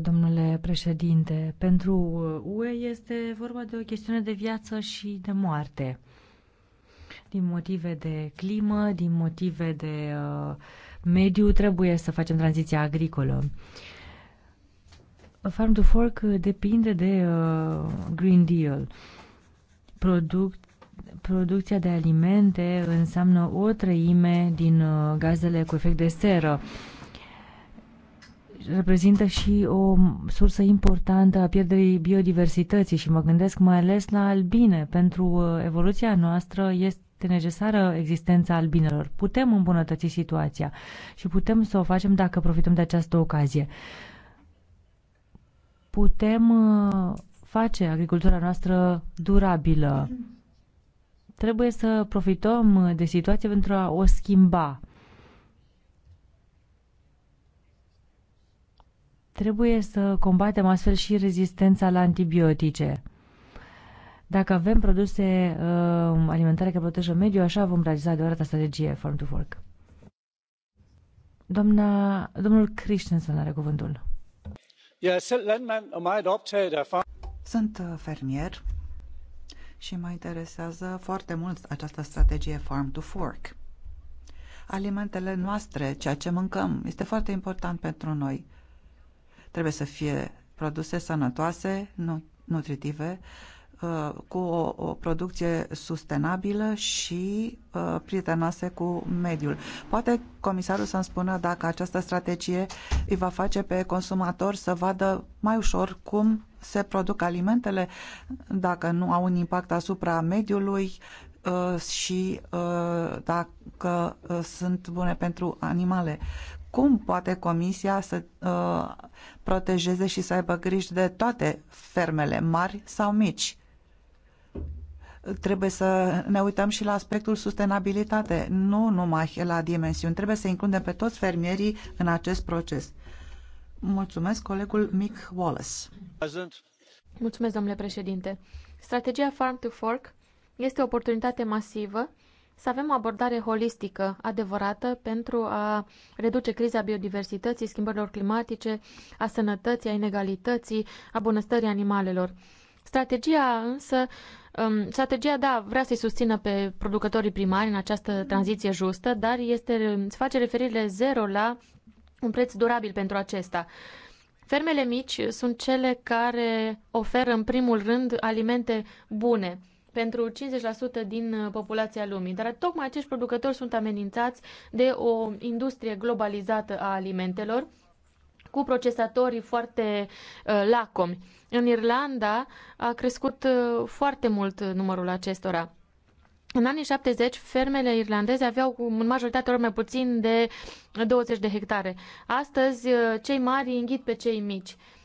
Speaker 3: domnule președinte. Pentru UE uh, este vorba de o chestiune de viață și de moarte. Din motive de climă, din motive de uh, mediu, trebuie să facem tranziția agricolă. Farm to Fork depinde de uh, Green Deal. Produc, producția de alimente înseamnă o treime din uh, gazele cu efect de seră. Uh, reprezintă și o sursă importantă a pierderii biodiversității și mă gândesc mai ales la albine. Pentru uh, evoluția noastră este necesară existența albinelor. Putem îmbunătăți situația și putem să o facem dacă profităm de această ocazie. Putem uh, face agricultura noastră durabilă. Trebuie să profităm uh, de situație pentru a o schimba Trebuie să combatem astfel și rezistența la antibiotice. Dacă avem produse uh, alimentare care protejează mediul, așa vom realiza adevărata strategie Farm to Fork. Doamna, domnul Christensen are cuvântul. Sunt uh, fermier
Speaker 4: și mă interesează foarte mult această strategie Farm to Fork. Alimentele noastre, ceea ce mâncăm, este foarte important pentru noi. Trebuie să fie produse sănătoase, nutritive, uh, cu o, o producție sustenabilă și uh, prietenoase cu mediul. Poate comisarul să-mi spună dacă această strategie îi va face pe consumator să vadă mai ușor cum se produc alimentele, dacă nu au un impact asupra mediului uh, și uh, dacă uh, sunt bune pentru animale cum poate Comisia să uh, protejeze și să aibă grijă de toate fermele, mari sau mici? Trebuie să ne uităm și la aspectul sustenabilitate, nu numai la dimensiuni. Trebuie să includem pe toți fermierii în acest proces. Mulțumesc, colegul Mick Wallace.
Speaker 1: Mulțumesc, domnule președinte. Strategia Farm to Fork este o oportunitate masivă să avem o abordare holistică, adevărată, pentru a reduce criza biodiversității, schimbărilor climatice, a sănătății, a inegalității, a bunăstării animalelor. Strategia însă, um, strategia, da, vrea să-i susțină pe producătorii primari în această tranziție justă, dar este, se face referire zero la un preț durabil pentru acesta. Fermele mici sunt cele care oferă în primul rând alimente bune, pentru 50% din uh, populația lumii. Dar tocmai acești producători sunt amenințați de o industrie globalizată a alimentelor cu procesatorii foarte uh, lacomi. În Irlanda a crescut uh, foarte mult uh, numărul acestora. În anii 70, fermele irlandeze aveau în majoritatea ori mai puțin de 20 de hectare. Astăzi, uh, cei mari înghit pe cei mici. Uh,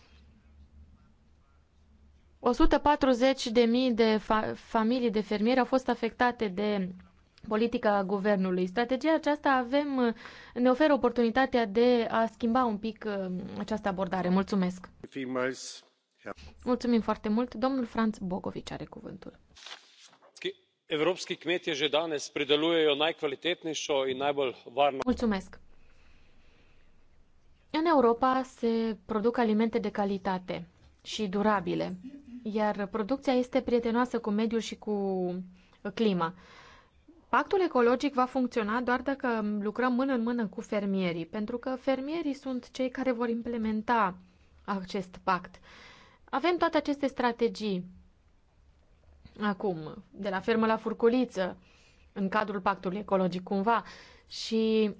Speaker 1: 140.000 de fa- familii de fermieri au fost afectate de politica guvernului. Strategia aceasta avem, ne oferă oportunitatea de a schimba un pic uh, această abordare. Mulțumesc! Mulțumim foarte mult. Domnul Franz Bogovic are cuvântul.
Speaker 2: Evropski
Speaker 6: Mulțumesc.
Speaker 1: În Europa se produc alimente de calitate și durabile iar producția este prietenoasă cu mediul și cu uh, clima. Pactul ecologic va funcționa doar dacă lucrăm mână în mână cu fermierii, pentru că fermierii sunt cei care vor implementa acest pact. Avem toate aceste strategii acum, de la fermă la furculiță, în cadrul pactului ecologic cumva și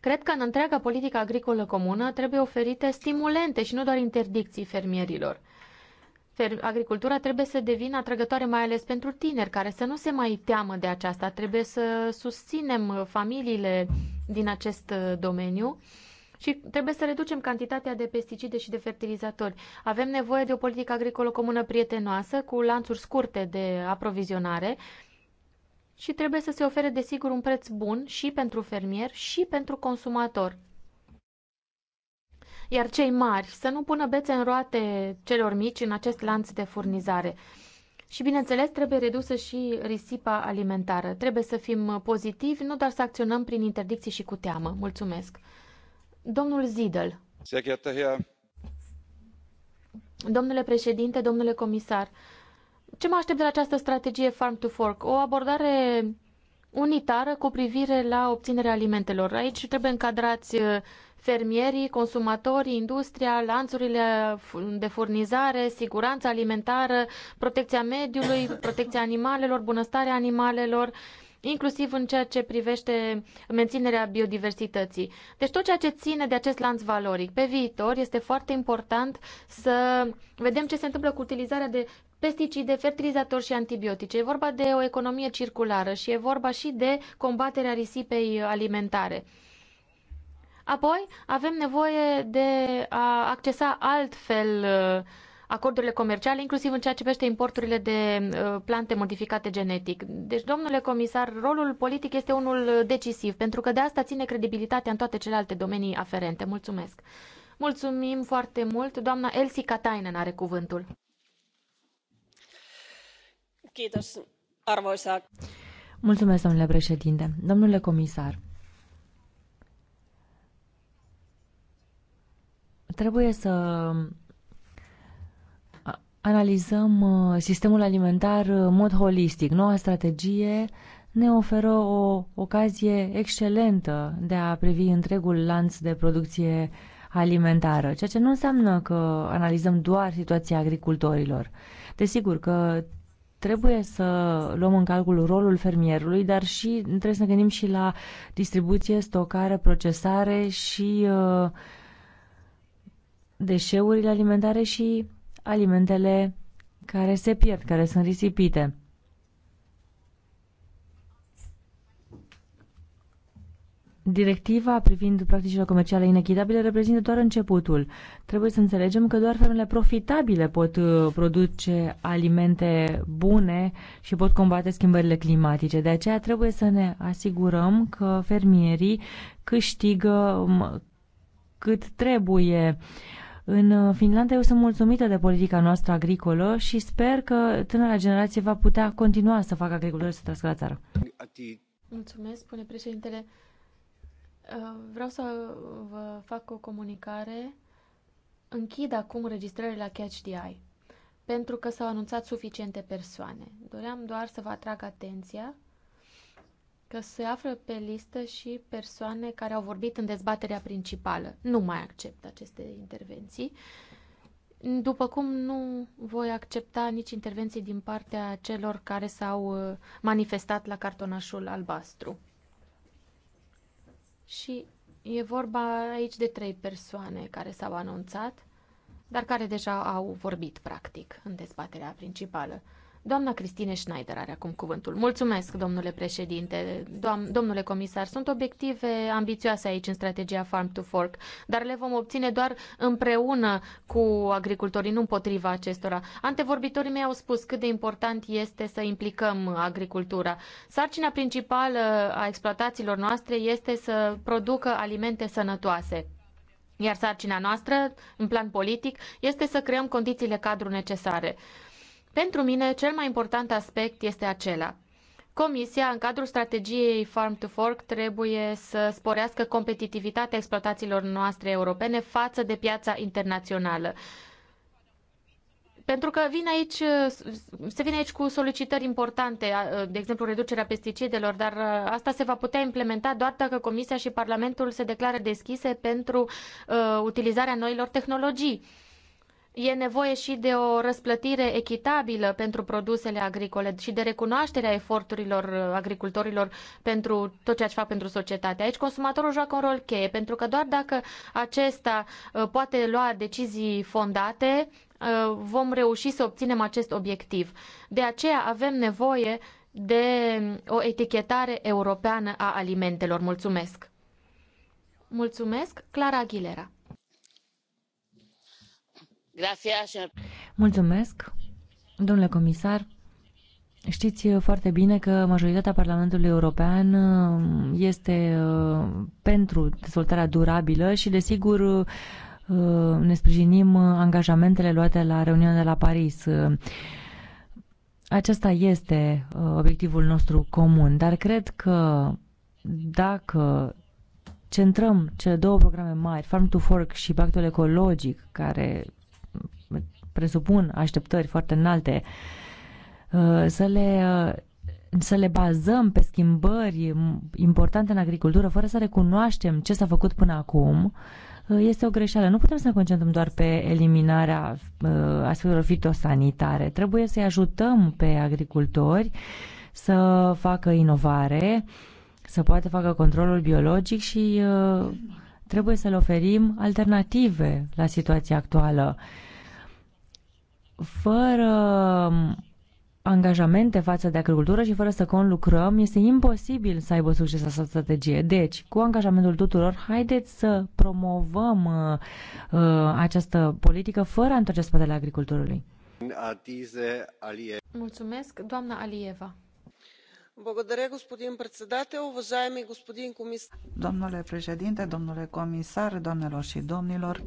Speaker 1: cred că în întreaga politică agricolă comună trebuie oferite stimulente și nu doar interdicții fermierilor agricultura trebuie să devină atrăgătoare mai ales pentru tineri care să nu se mai teamă de aceasta. Trebuie să susținem familiile din acest uh, domeniu și trebuie să reducem cantitatea de pesticide și de fertilizatori. Avem nevoie de o politică agricolă comună prietenoasă, cu lanțuri scurte de aprovizionare și trebuie să se ofere, desigur, un preț bun și pentru fermier și pentru consumator iar cei mari să nu pună bețe în roate celor mici în acest lanț de furnizare. Și, bineînțeles, trebuie redusă și risipa alimentară. Trebuie să fim pozitivi, nu doar să acționăm prin interdicții și cu teamă. Mulțumesc. Domnul Zidel. Domnule președinte, domnule comisar, ce mă aștept de la această strategie Farm to Fork? O abordare unitară cu privire la obținerea alimentelor. Aici trebuie încadrați fermierii, consumatorii, industria, lanțurile de furnizare, siguranța alimentară, protecția mediului, protecția animalelor, bunăstarea animalelor, inclusiv în ceea ce privește menținerea biodiversității. Deci tot ceea ce ține de acest lanț valoric. Pe viitor este foarte important să vedem ce se întâmplă cu utilizarea de pesticide, fertilizatori și antibiotice. E vorba de o economie circulară și e vorba și de combaterea risipei alimentare. Apoi avem nevoie de a accesa altfel uh, acordurile comerciale, inclusiv în ceea ce privește importurile de uh, plante modificate genetic. Deci, domnule comisar, rolul politic este unul uh, decisiv, pentru că de asta ține credibilitatea în toate celelalte domenii aferente. Mulțumesc! Mulțumim foarte mult! Doamna Elsi Katainen are cuvântul.
Speaker 3: Mulțumesc, domnule președinte. Domnule comisar, Trebuie să analizăm uh, sistemul alimentar uh, în mod holistic. Noua strategie ne oferă o ocazie excelentă de a privi întregul lanț de producție alimentară, ceea ce nu înseamnă că analizăm doar situația agricultorilor. Desigur că trebuie să luăm în calcul rolul fermierului, dar și trebuie să ne gândim și la distribuție, stocare, procesare și uh, deșeurile alimentare și alimentele care se pierd, care sunt risipite. Directiva privind practicile comerciale inechitabile reprezintă doar începutul. Trebuie să înțelegem că doar fermele profitabile pot uh, produce alimente bune și pot combate schimbările climatice. De aceea trebuie să ne asigurăm că fermierii câștigă um, cât trebuie uh, în uh, Finlanda eu sunt mulțumită de politica noastră agricolă și sper că tânăra generație va putea continua să facă agricultură și să trăiască la țară.
Speaker 1: Mulțumesc, spune președintele. Uh, vreau să vă fac o comunicare. Închid acum registrările la Catch the Eye, pentru că s-au anunțat suficiente persoane. Doream doar să vă atrag atenția că se află pe listă și persoane care au vorbit în dezbaterea principală. Nu mai accept aceste intervenții. După cum nu voi accepta nici intervenții din partea celor care s-au uh, manifestat la cartonașul albastru. Și e vorba aici de trei persoane care s-au anunțat, dar care deja au vorbit, practic, în dezbaterea principală. Doamna Cristine Schneider are acum cuvântul. Mulțumesc, domnule președinte. Doam- domnule comisar, sunt obiective ambițioase aici în strategia Farm to Fork, dar le vom obține doar împreună cu agricultorii, nu împotriva acestora. Antevorbitorii mei au spus cât de important este să implicăm agricultura. Sarcina principală a exploatațiilor noastre este să producă alimente sănătoase. Iar sarcina noastră, în plan politic, este să creăm condițiile cadru necesare. Pentru mine, cel mai important aspect este acela. Comisia, în cadrul strategiei Farm to Fork, trebuie să sporească competitivitatea exploatațiilor noastre europene față de piața internațională. Pentru că vin aici, se vine aici cu solicitări importante, de exemplu reducerea pesticidelor, dar asta se va putea implementa doar dacă Comisia și Parlamentul se declară deschise pentru uh, utilizarea noilor tehnologii. Uh, E nevoie și de o răsplătire echitabilă pentru produsele agricole și de recunoașterea eforturilor uh, agricultorilor pentru tot ceea ce fac pentru societate. Aici consumatorul joacă un rol cheie, pentru că doar dacă acesta uh, poate lua decizii fondate, uh, vom reuși să obținem acest obiectiv. De aceea avem nevoie de um, o etichetare europeană a alimentelor.
Speaker 3: Mulțumesc!
Speaker 1: Mulțumesc, Clara Aguilera.
Speaker 3: Mulțumesc, domnule comisar. Știți foarte bine că majoritatea Parlamentului European uh, este uh, pentru dezvoltarea durabilă și, desigur, uh, ne sprijinim angajamentele luate la reuniunea de la Paris. Acesta este obiectivul nostru comun, dar cred că dacă centrăm cele două programe mari, Farm to Fork și Pactul Ecologic, care presupun așteptări foarte înalte, uh, să le, uh, să le bazăm pe schimbări importante în agricultură fără să recunoaștem ce s-a făcut până acum, uh, este o greșeală. Nu putem să ne concentrăm doar pe eliminarea aspectelor fitosanitare. Trebuie să-i ajutăm pe agricultori să facă inovare, să poată facă controlul biologic și trebuie să le oferim alternative la situația actuală fără um, angajamente față de agricultură și fără să conlucrăm, este imposibil să aibă succes această strategie. Deci, cu angajamentul tuturor, haideți să promovăm uh, uh, această politică fără a întoarce spatele agricultorului.
Speaker 2: Mulțumesc,
Speaker 1: doamna Alieva.
Speaker 4: Domnule președinte, domnule comisar, doamnelor și domnilor,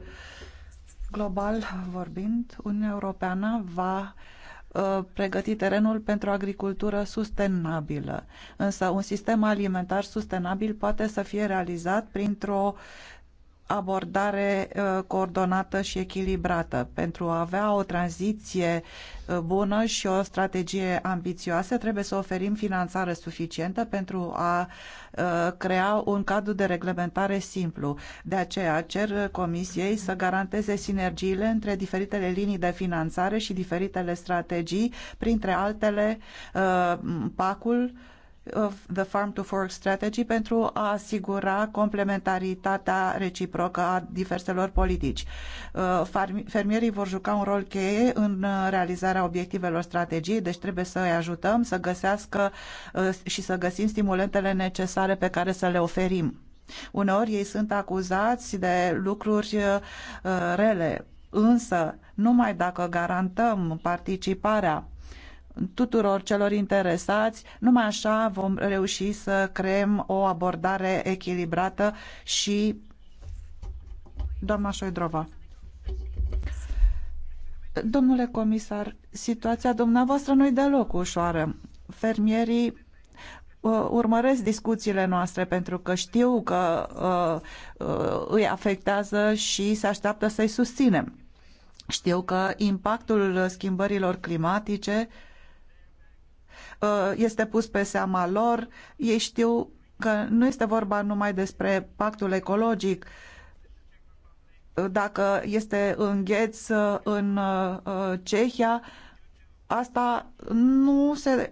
Speaker 4: Global vorbind, Uniunea Europeană va uh, pregăti terenul pentru agricultură sustenabilă. Însă un sistem alimentar sustenabil poate să fie realizat printr-o abordare uh, coordonată și echilibrată. Pentru a avea o tranziție uh, bună și o strategie ambițioasă, trebuie să oferim finanțare suficientă pentru a uh, crea un cadru de reglementare simplu. De aceea cer Comisiei să garanteze sinergiile între diferitele linii de finanțare și diferitele strategii, printre altele PAC-ul, Uh, the Farm to Fork Strategy pentru a asigura complementaritatea reciprocă a diverselor politici. Uh, fermierii vor juca un rol cheie în uh, realizarea obiectivelor strategiei, deci trebuie să îi ajutăm să găsească și să găsim stimulentele necesare pe care să le oferim. Uneori ei sunt acuzați de lucruri rele, însă numai dacă garantăm participarea tuturor celor interesați. Numai așa vom reuși să creăm o abordare echilibrată și doamna Șoidrova. Domnule comisar, situația dumneavoastră nu-i deloc ușoară. Fermierii uh, urmăresc discuțiile noastre pentru că știu că uh, uh, îi afectează și se așteaptă să-i susținem. Știu că impactul schimbărilor climatice uh, Uh, este pus pe seama lor. Ei știu că nu este vorba numai despre pactul ecologic, uh, dacă este îngheț în uh, Cehia, asta nu se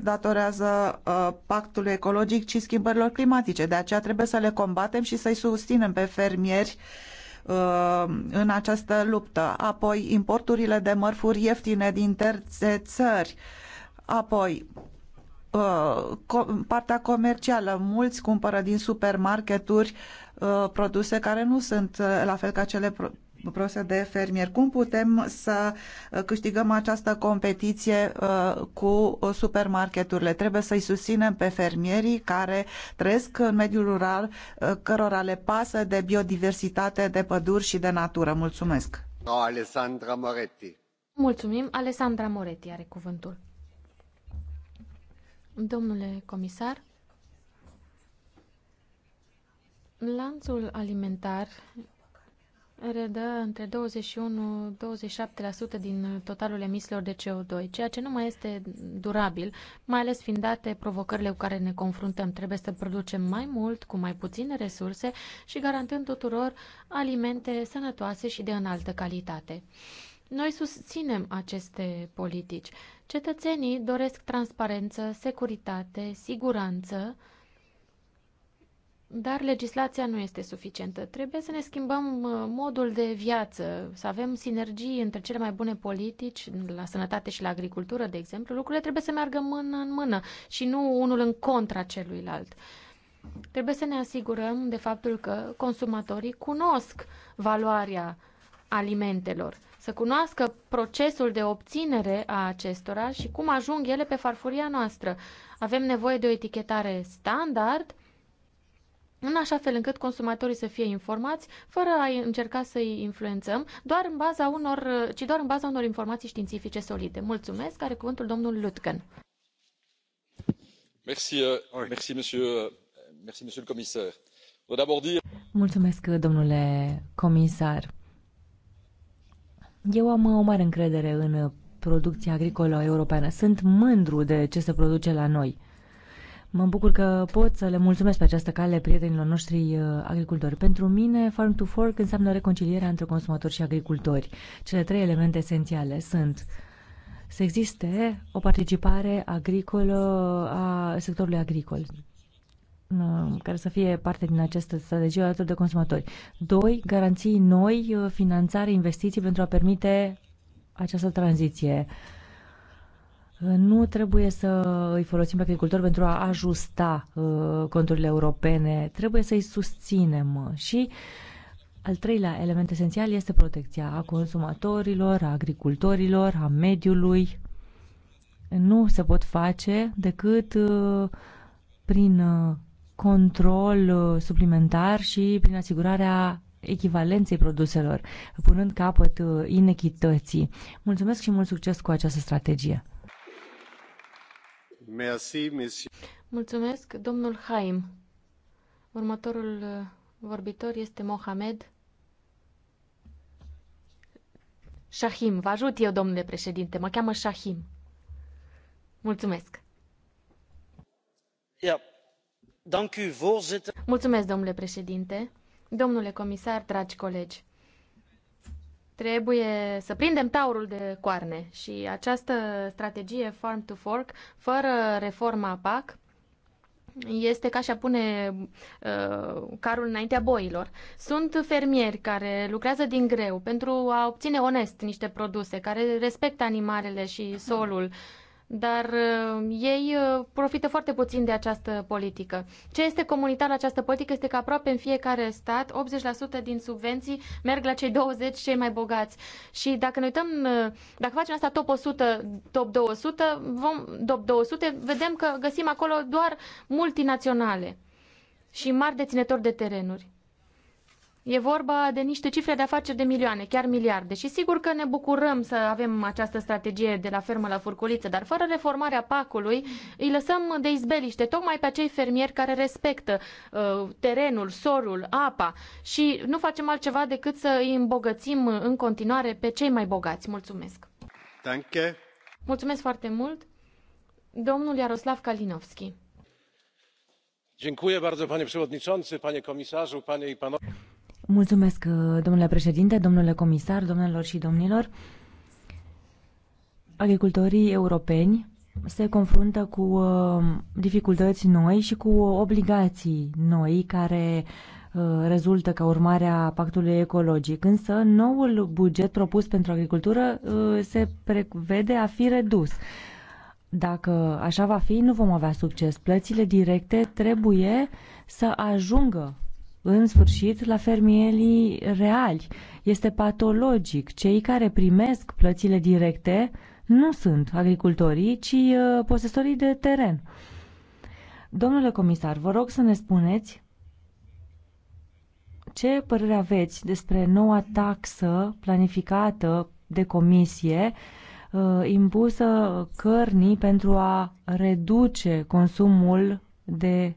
Speaker 4: datorează pactului ecologic, ci schimbărilor climatice. De aceea trebuie să le combatem și să-i susținem pe fermieri în această luptă. Apoi, importurile de mărfuri ieftine din terțe țări Apoi, uh, partea comercială. Mulți cumpără din supermarketuri uh, produse care nu sunt uh, la fel ca cele produse de fermier. Cum putem să câștigăm această competiție cu supermarketurile? Trebuie să-i susținem pe fermierii care trăiesc în mediul rural, cărora le pasă de biodiversitate, de păduri și de natură. Mulțumesc!
Speaker 2: Alessandra Moretti.
Speaker 1: Mulțumim. Alessandra Moretti are cuvântul. Domnule comisar, lanțul alimentar redă între 21-27% din totalul emisiilor de CO2, ceea ce nu mai este durabil, mai ales fiind date provocările cu care ne confruntăm. Trebuie să producem mai mult, cu mai puține resurse și garantând tuturor alimente sănătoase și de înaltă calitate. Noi susținem aceste politici. Cetățenii doresc transparență, securitate, siguranță, dar legislația nu este suficientă. Trebuie să ne schimbăm uh, modul de viață, să avem sinergii între cele mai bune politici, la sănătate și la agricultură, de exemplu. Lucrurile trebuie să meargă mână în mână și nu unul în contra celuilalt. Trebuie să ne asigurăm de faptul că consumatorii cunosc valoarea alimentelor să cunoască procesul de obținere a acestora și cum ajung ele pe farfuria noastră. Avem nevoie de o etichetare standard, în așa fel încât consumatorii să fie informați, fără a încerca să-i influențăm, doar în baza unor, ci doar în baza unor informații științifice solide. Mulțumesc, are cuvântul domnul
Speaker 3: Lutgen.
Speaker 9: Merci, euh, merci, monsieur, euh, merci, monsieur le commissaire.
Speaker 3: Mulțumesc, domnule comisar. Eu am o mare încredere în producția agricolă europeană. Sunt mândru de ce se produce la noi. Mă bucur că pot să le mulțumesc pe această cale prietenilor noștri uh, agricultori. Pentru mine, Farm to Fork înseamnă reconcilierea între consumatori și agricultori. Cele trei elemente esențiale sunt să existe o participare agricolă a sectorului agricol Uh, care să fie parte din această strategie alături de consumatori. Doi, garanții noi, uh, finanțare, investiții pentru a permite această tranziție. Uh, nu trebuie să îi folosim pe agricultori pentru a ajusta conturile europene, trebuie să îi susținem și al treilea element esențial este protecția a consumatorilor, a agricultorilor, a mediului. Nu se pot face decât prin control uh, suplimentar și prin asigurarea echivalenței produselor, punând capăt uh, inechității. Mulțumesc și mult succes cu această strategie.
Speaker 2: Merci,
Speaker 1: Mulțumesc, domnul Haim. Următorul uh, vorbitor este Mohamed Shahim. Vă ajut eu, domnule președinte, mă cheamă Shahim. Mulțumesc. Mulțumesc, domnule președinte. Domnule comisar, dragi colegi, trebuie să prindem taurul de coarne și această strategie Farm to Fork, fără reforma PAC, este ca și a pune uh, carul înaintea boilor. Sunt fermieri care lucrează din greu pentru a obține onest niște produse, care respectă animalele și solul. Uh, dar uh, ei uh, profită foarte puțin de această politică. Ce este comunitar la această politică este că aproape în fiecare stat 80% din subvenții merg la cei 20 cei mai bogați. Și dacă ne uităm, uh, dacă facem asta top 100, top 200, vom, top 200, vedem că găsim acolo doar multinaționale și mari deținători de terenuri. E vorba de niște cifre de afaceri de milioane, chiar miliarde. Și sigur că ne bucurăm să avem această strategie de la fermă la furculiță, dar fără reformarea pacului îi lăsăm de izbeliște tocmai pe acei fermieri care respectă uh, terenul, sorul, apa și nu facem altceva decât să îi îmbogățim în continuare pe cei mai bogați. Mulțumesc! Danke. Mulțumesc foarte mult!
Speaker 3: Domnul Iaroslav Kalinowski.
Speaker 2: Dziękuję bardzo panie przewodniczący, panie komisarzu, panie i panowie
Speaker 3: Mulțumesc, uh, domnule președinte, domnule comisar, domnilor și domnilor. Agricultorii europeni se confruntă cu uh, dificultăți noi și cu obligații noi care uh, rezultă ca urmare a pactului ecologic. Însă, noul buget propus pentru agricultură se prevede a fi redus. Dacă așa va fi, nu vom avea succes. Plățile directe trebuie să ajungă în sfârșit, la fermierii reali. Este patologic. Cei care primesc plățile directe nu sunt agricultorii, ci uh, posesorii de teren. Domnule comisar, vă rog să ne spuneți ce părere aveți despre noua taxă planificată de comisie uh, impusă cărnii pentru a reduce consumul de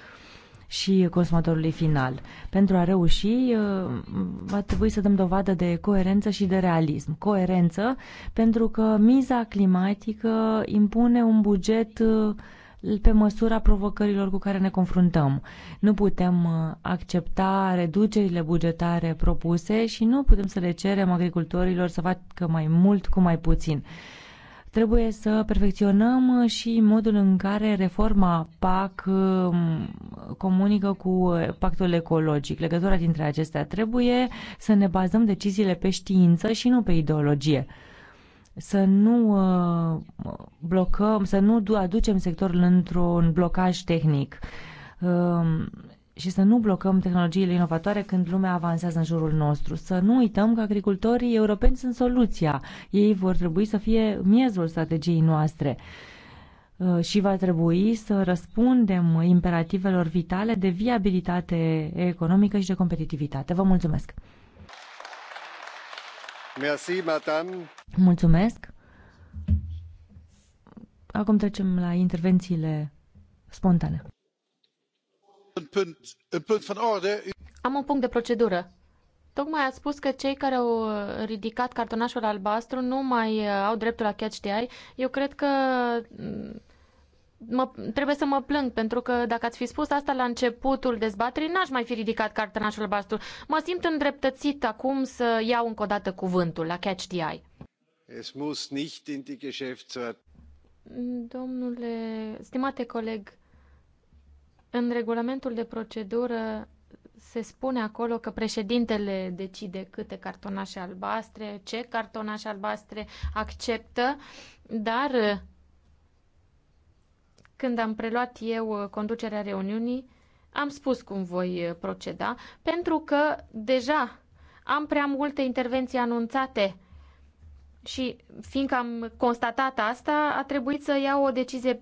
Speaker 3: și consumatorului final. Pentru a reuși, uh, va trebui să dăm dovadă de coerență și de realism. Coerență pentru că miza climatică impune un buget uh, pe măsura provocărilor cu care ne confruntăm. Nu putem uh, accepta reducerile bugetare propuse și nu putem să le cerem agricultorilor să facă mai mult cu mai puțin. Trebuie să perfecționăm și modul în care reforma PAC um, comunică cu pactul ecologic, legătura dintre acestea. Trebuie să ne bazăm deciziile pe știință și nu pe ideologie. Să nu uh, blocăm, să nu aducem sectorul într-un blocaj tehnic um, și să nu blocăm tehnologiile inovatoare când lumea avansează în jurul nostru. Să nu uităm că agricultorii europeni sunt soluția. Ei vor trebui să fie miezul strategiei noastre uh, și va trebui să răspundem imperativelor vitale de viabilitate economică și de competitivitate. Vă mulțumesc!
Speaker 2: Merci, madame.
Speaker 3: Mulțumesc! Acum trecem la intervențiile spontane.
Speaker 1: Am un punct de procedură. Tocmai ați spus că cei care au ridicat cartonașul albastru nu mai uh, au dreptul la catch the eye. Eu cred că mm, mă, trebuie să mă plâng, pentru că dacă ați fi spus asta la începutul dezbaterii, n-aș mai fi ridicat cartonașul albastru. Mă simt îndreptățit acum să iau încă o dată cuvântul la catch the eye.
Speaker 2: Es muss nicht in die Geschäftsordnung.
Speaker 1: Domnule, stimate coleg, în regulamentul de procedură se spune acolo că președintele decide câte cartonașe albastre, ce cartonașe albastre acceptă, dar uh, când am preluat eu uh, conducerea reuniunii, am spus cum voi uh, proceda, pentru că deja am prea multe intervenții anunțate și fiindcă am constatat asta, a trebuit să iau o decizie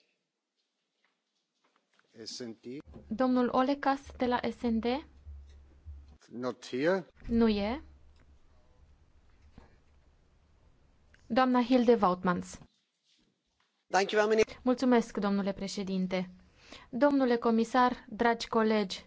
Speaker 1: SND. Domnul Olecas de la SND.
Speaker 2: Not here.
Speaker 1: Nu e. Doamna Hilde Vautmans. Mulțumesc, domnule președinte. Domnule comisar, dragi colegi,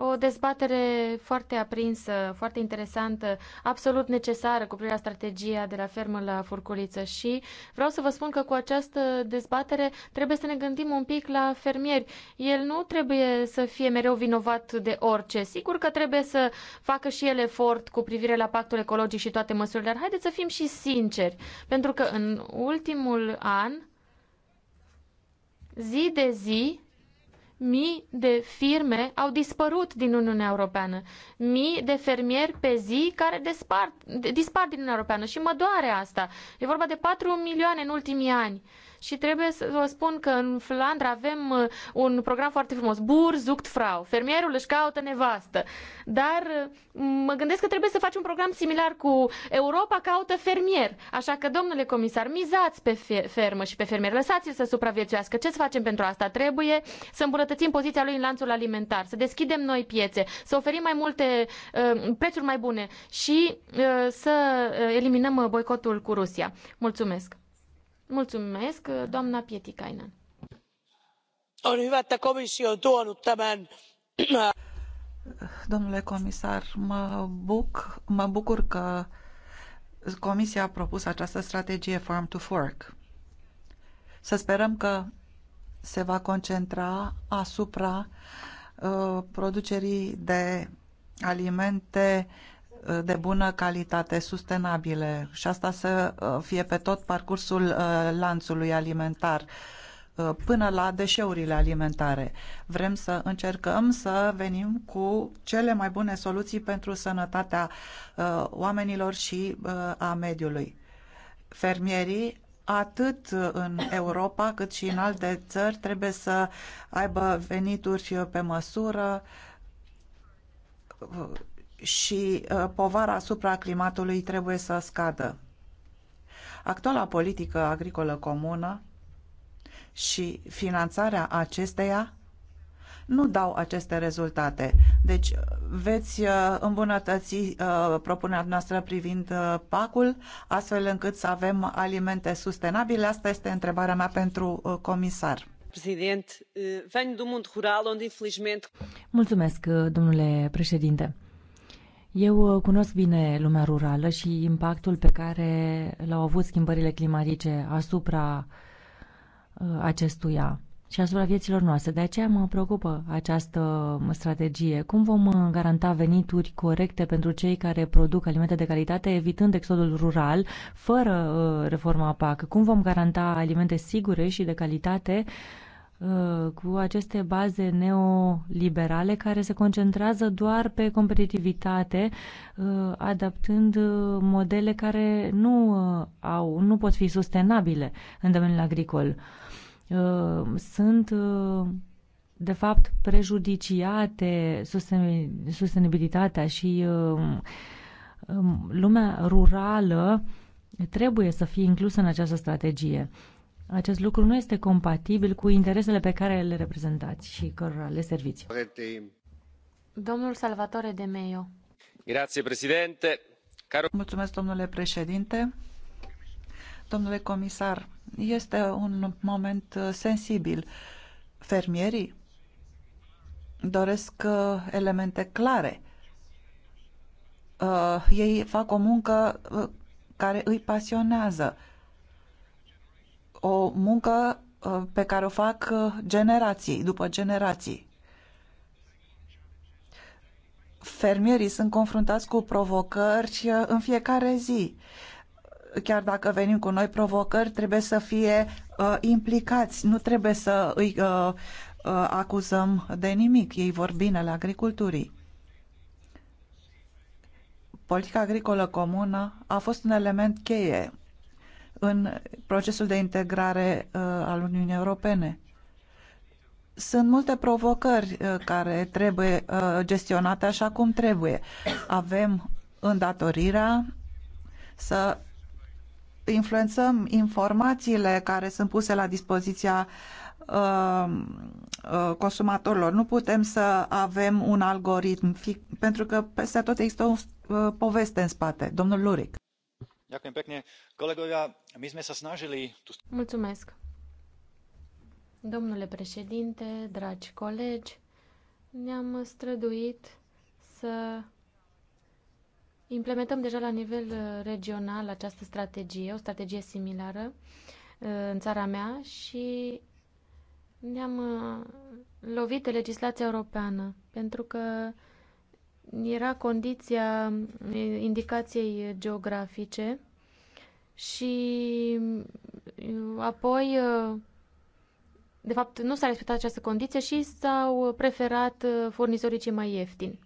Speaker 1: o dezbatere foarte aprinsă, foarte interesantă, absolut necesară cu privire la strategia de la fermă la furculiță și vreau să vă spun că cu această dezbatere trebuie să ne gândim un pic la fermieri. El nu trebuie să fie mereu vinovat de orice. Sigur că trebuie să facă și el efort cu privire la pactul ecologic și toate măsurile, dar haideți să fim și sinceri, pentru că în ultimul an, zi de zi, mii de firme au dispărut din Uniunea Europeană, mii de fermieri pe zi care dispar din Uniunea Europeană și mă doare asta. E vorba de 4 milioane în ultimii ani și trebuie să vă spun că în Flandra avem uh, un program foarte frumos, Bur Zucht Frau, fermierul își caută nevastă, dar uh, mă gândesc că trebuie să faci un program similar cu Europa caută fermier, așa că, domnule comisar, mizați pe fermă și pe fermier, lăsați-l să supraviețuiască. Ce să facem pentru asta? Trebuie să îmbunătățim poziția lui în lanțul alimentar, să deschidem noi piețe, să oferim mai multe uh, prețuri mai bune și să eliminăm boicotul cu Rusia. Mulțumesc! Mulțumesc, doamna Pietikainen.
Speaker 10: On hyvä, että komissio on tuonut tämän
Speaker 1: Domnule comisar,
Speaker 4: mă, bucur că Comisia a propus această strategie Farm to Fork. Să sperăm că se va concentra asupra uh, producerii de alimente de bună calitate, sustenabile și asta să uh, fie pe tot parcursul uh, lanțului alimentar uh, până la deșeurile alimentare. Vrem să încercăm să venim cu cele mai bune soluții pentru sănătatea oamenilor și a mediului. Fermierii atât în Europa cât și în alte țări trebuie să aibă venituri pe măsură și uh, povara asupra climatului trebuie să scadă. Actuala politică agricolă comună și finanțarea acesteia nu dau aceste rezultate. Deci uh, veți uh, îmbunătăți propunerea noastră privind pacul, astfel încât să avem alimente sustenabile? Asta este întrebarea mea pentru comisar. Președinte,
Speaker 7: venit din mund rural, unde infelizmente...
Speaker 3: Mulțumesc, domnule președinte. Eu uh, cunosc bine lumea rurală și impactul pe care l-au avut schimbările climatice asupra uh, acestuia și asupra vieților noastre. De aceea mă preocupă această uh, strategie. Cum vom garanta venituri corecte pentru cei care produc alimente de calitate, evitând exodul rural, fără reforma PAC? Cum vom garanta alimente sigure și de calitate uh, Uh, cu aceste baze neoliberale care se concentrează doar pe competitivitate, uh, adaptând uh, modele care nu au, nu pot fi sustenabile în domeniul agricol. Sunt de fapt prejudiciate sustenabilitatea și um, lumea rurală trebuie să fie inclusă în această strategie. Acest lucru nu este compatibil cu interesele pe care le reprezentați și cărora le serviți.
Speaker 1: Domnul Salvatore De Meio.
Speaker 6: Grazie, președinte. Caro...
Speaker 3: Mulțumesc, domnule
Speaker 1: președinte.
Speaker 4: Domnule comisar, este un moment uh, sensibil. Fermierii doresc uh, elemente clare. Uh, ei fac o muncă uh, care îi pasionează o muncă uh, pe care o fac uh, generații după generații. Fermierii sunt confruntați cu provocări uh, în fiecare zi. Chiar dacă venim cu noi provocări, trebuie să fie uh, implicați, nu trebuie să îi uh, uh, acuzăm de nimic. Ei vor bine la agriculturii. Politica agricolă comună a fost un element cheie în procesul de integrare uh, al Uniunii Europene. Sunt multe provocări uh, care trebuie uh, gestionate așa cum trebuie. Avem îndatorirea să influențăm informațiile care sunt puse la dispoziția consumatorilor. Nu putem să avem un algoritm, pentru că peste tot există o poveste în spate. Domnul Luric.
Speaker 1: Mulțumesc. Domnule președinte, dragi colegi, ne-am străduit să implementăm deja la nivel regional această strategie, o strategie similară uh, în țara mea și ne-am uh, lovit de legislația europeană, pentru că era condiția indicației geografice și apoi, de fapt, nu s-a respectat această condiție și s-au preferat furnizorii cei mai ieftini.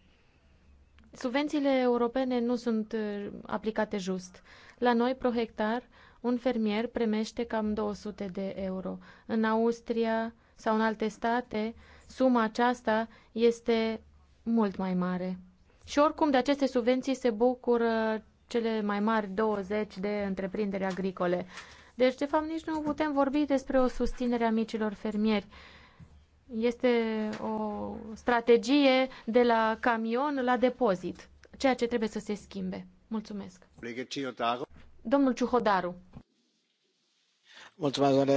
Speaker 1: Subvențiile europene nu sunt aplicate just. La noi, pro hectar, un fermier primește cam 200 de euro. În Austria sau în alte state, suma aceasta este mult mai mare. Și oricum de aceste subvenții se bucură cele mai mari 20 de întreprinderi agricole. Deci, de fapt, nici nu putem vorbi despre o susținere a micilor fermieri. Este o strategie de la camion la depozit, ceea ce trebuie să se schimbe. Mulțumesc. Domnul Ciuhodaru.
Speaker 2: Mulțumesc, doamne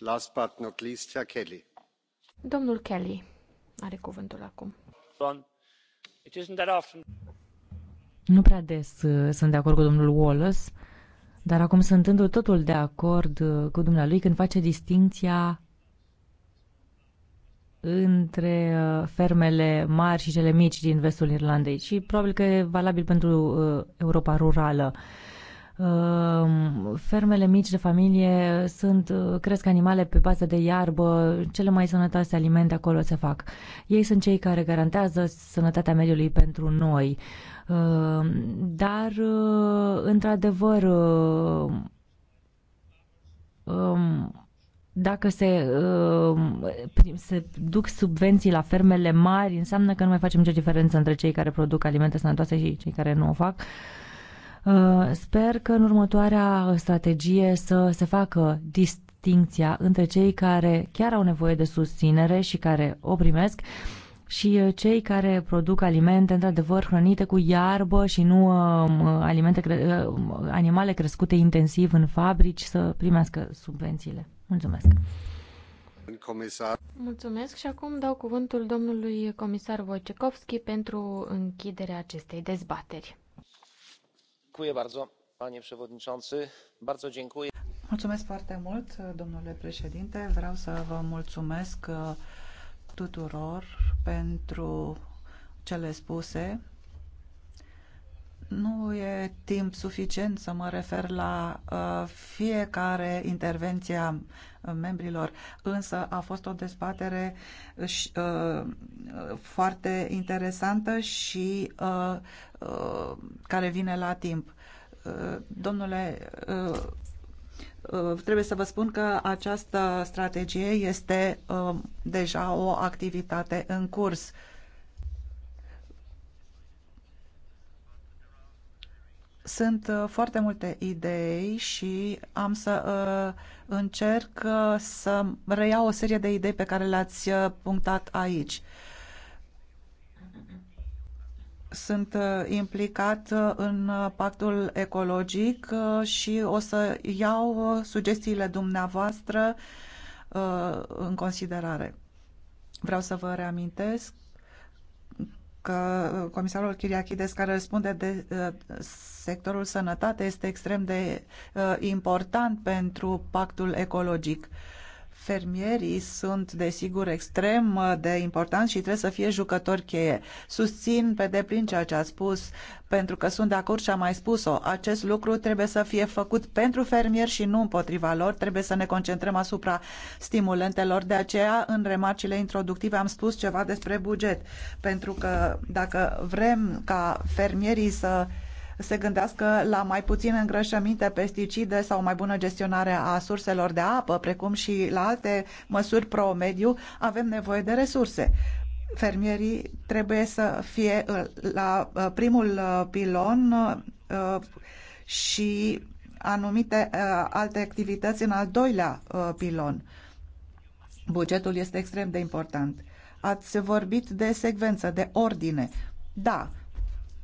Speaker 2: Last but not least,
Speaker 6: Kelly.
Speaker 1: Domnul Kelly are cuvântul acum.
Speaker 3: Nu prea des uh, sunt de acord cu domnul Wallace, dar acum sunt întru totul de acord uh, cu dumnealui când face distinția între uh, fermele mari și cele mici din vestul Irlandei și probabil că e valabil pentru Europa rurală. Ehm, fermele mici de familie sunt, eh, cresc animale pe bază de iarbă, cele mai sănătoase alimente acolo se fac. Ei sunt cei care garantează sănătatea mediului pentru noi. Ehm, dar, eh, într-adevăr, eh, ehm, dacă se, se duc subvenții la fermele mari, înseamnă că nu mai facem nicio diferență între cei care produc alimente sănătoase și cei care nu o fac. Uh, sper că în următoarea strategie să se facă distinția între cei care chiar au nevoie de susținere și care o primesc și uh, cei care produc alimente, într-adevăr, hrănite cu iarbă și nu uh, alimente, cre animale crescute intensiv în fabrici să primească subvențiile. Mulțumesc!
Speaker 2: Comisar.
Speaker 1: Mulțumesc și acum dau cuvântul domnului comisar Wojciechowski pentru închiderea acestei dezbateri.
Speaker 4: Mulțumesc foarte mult, domnule președinte. Vreau să vă mulțumesc uh, tuturor pentru cele spuse. Nu e timp suficient să mă refer la uh, fiecare intervenție a membrilor, însă a fost o dezbatere uh, foarte interesantă și uh, uh, care vine la timp. Uh, domnule uh, uh trebuie să vă spun că această strategie este uh, deja o activitate în curs. Sunt uh, foarte multe idei și am să uh, încerc uh, să reiau o serie de idei pe care le-ați punctat aici sunt implicat în pactul ecologic și o să iau sugestiile dumneavoastră în considerare. Vreau să vă reamintesc că comisarul Chiriachides, care răspunde de Sectorul sănătate este extrem de uh, important pentru pactul ecologic. Fermierii sunt, desigur, extrem uh, de importanți și trebuie să fie jucători cheie. Susțin pe deplin ceea ce a spus, pentru că sunt de acord și am mai spus-o. Acest lucru trebuie să fie făcut pentru fermieri și nu împotriva lor. Trebuie să ne concentrăm asupra stimulentelor. De aceea, în remarcile introductive, am spus ceva despre buget. Pentru că dacă vrem ca fermierii să se gândească la mai puțin îngrășăminte, pesticide sau mai bună gestionare a surselor de apă, precum și la alte măsuri pro-mediu, avem nevoie de resurse fermierii trebuie să fie uh, la uh, primul uh, pilon și anumite alte activități în al doilea pilon. Bugetul este extrem de important. Ați vorbit de secvență, de ordine. Da,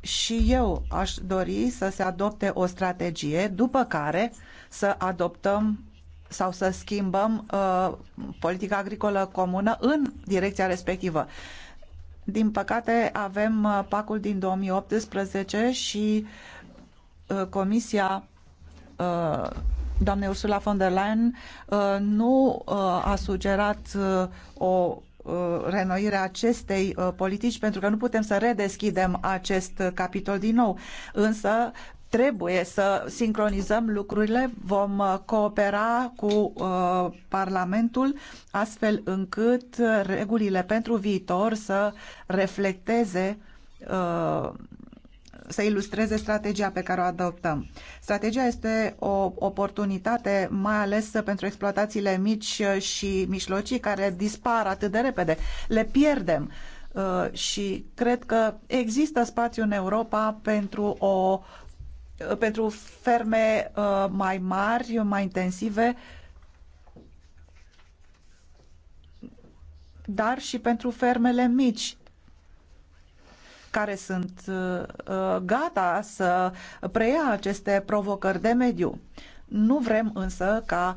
Speaker 4: și eu aș dori să se adopte o strategie după care să adoptăm sau să schimbăm uh, politica agricolă comună în direcția respectivă. Din păcate avem uh, pacul din 2018 și uh, Comisia uh, doamnei Ursula von der Leyen uh, nu uh, a sugerat uh, o Uh, reînnoirea acestei uh, politici, pentru că nu putem să redeschidem acest capitol din nou. Însă trebuie să sincronizăm lucrurile, vom uh, coopera cu uh, Parlamentul astfel încât regulile pentru viitor să reflecteze uh, să ilustreze strategia pe care o adoptăm. Strategia este o oportunitate, mai ales pentru exploatațiile mici și mijlocii care dispar atât de repede. Le pierdem uh, și cred că există spațiu în Europa pentru o uh, pentru ferme uh, mai mari, mai intensive, dar și pentru fermele mici care sunt uh, uh, gata să preia aceste provocări de mediu. Nu vrem însă ca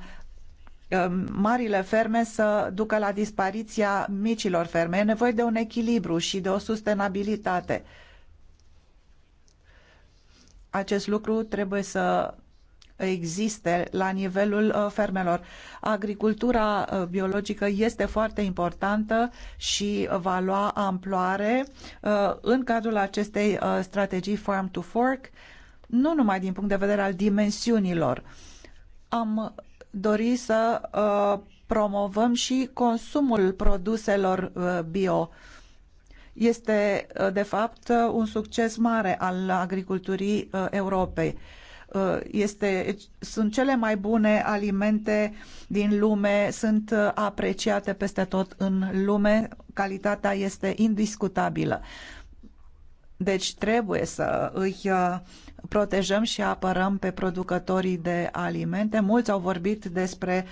Speaker 4: um, marile ferme să ducă la dispariția micilor ferme. E nevoie de un echilibru și de o sustenabilitate. Acest lucru trebuie să existe la nivelul uh, fermelor. Agricultura uh, biologică este foarte importantă și va lua amploare uh, în cadrul acestei strategii Farm to Fork, nu numai din punct de vedere al dimensiunilor. Am dori să promovăm și consumul produselor bio este de fapt un succes mare al agriculturii Europei. Uh, este, sunt cele mai bune alimente din lume, sunt uh, apreciate peste tot în lume, calitatea este indiscutabilă. Deci trebuie să îi uh, protejăm și apărăm pe producătorii de alimente. Mulți au vorbit despre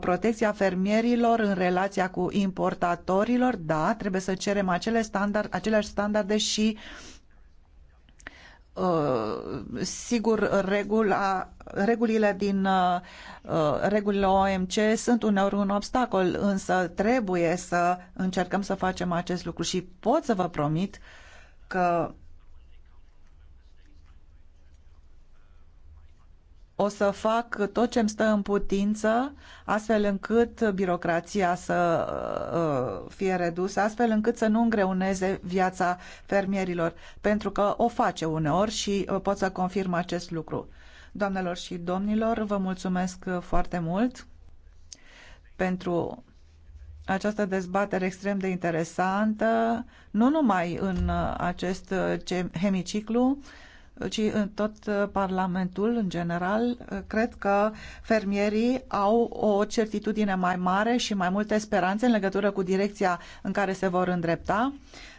Speaker 4: protecția fermierilor în relația cu importatorilor. Da, trebuie să cerem acele standard, aceleași standarde și uh, Uh, sigur, regula, regulile din uh, regulile OMC sunt uneori un obstacol, însă trebuie să încercăm să facem acest lucru și pot să vă promit că o să fac tot ce îmi stă în putință, astfel încât birocrația să uh, uh, fie redusă, astfel încât să nu îngreuneze viața fermierilor, pentru că o face uneori și uh, pot să confirm acest lucru. Doamnelor și domnilor, vă mulțumesc foarte mult pentru această dezbatere extrem de interesantă, nu numai în acest hemiciclu, ci în tot uh, Parlamentul, în general, uh, cred că fermierii au o certitudine mai mare și mai multe speranțe în legătură cu direcția în care se vor îndrepta.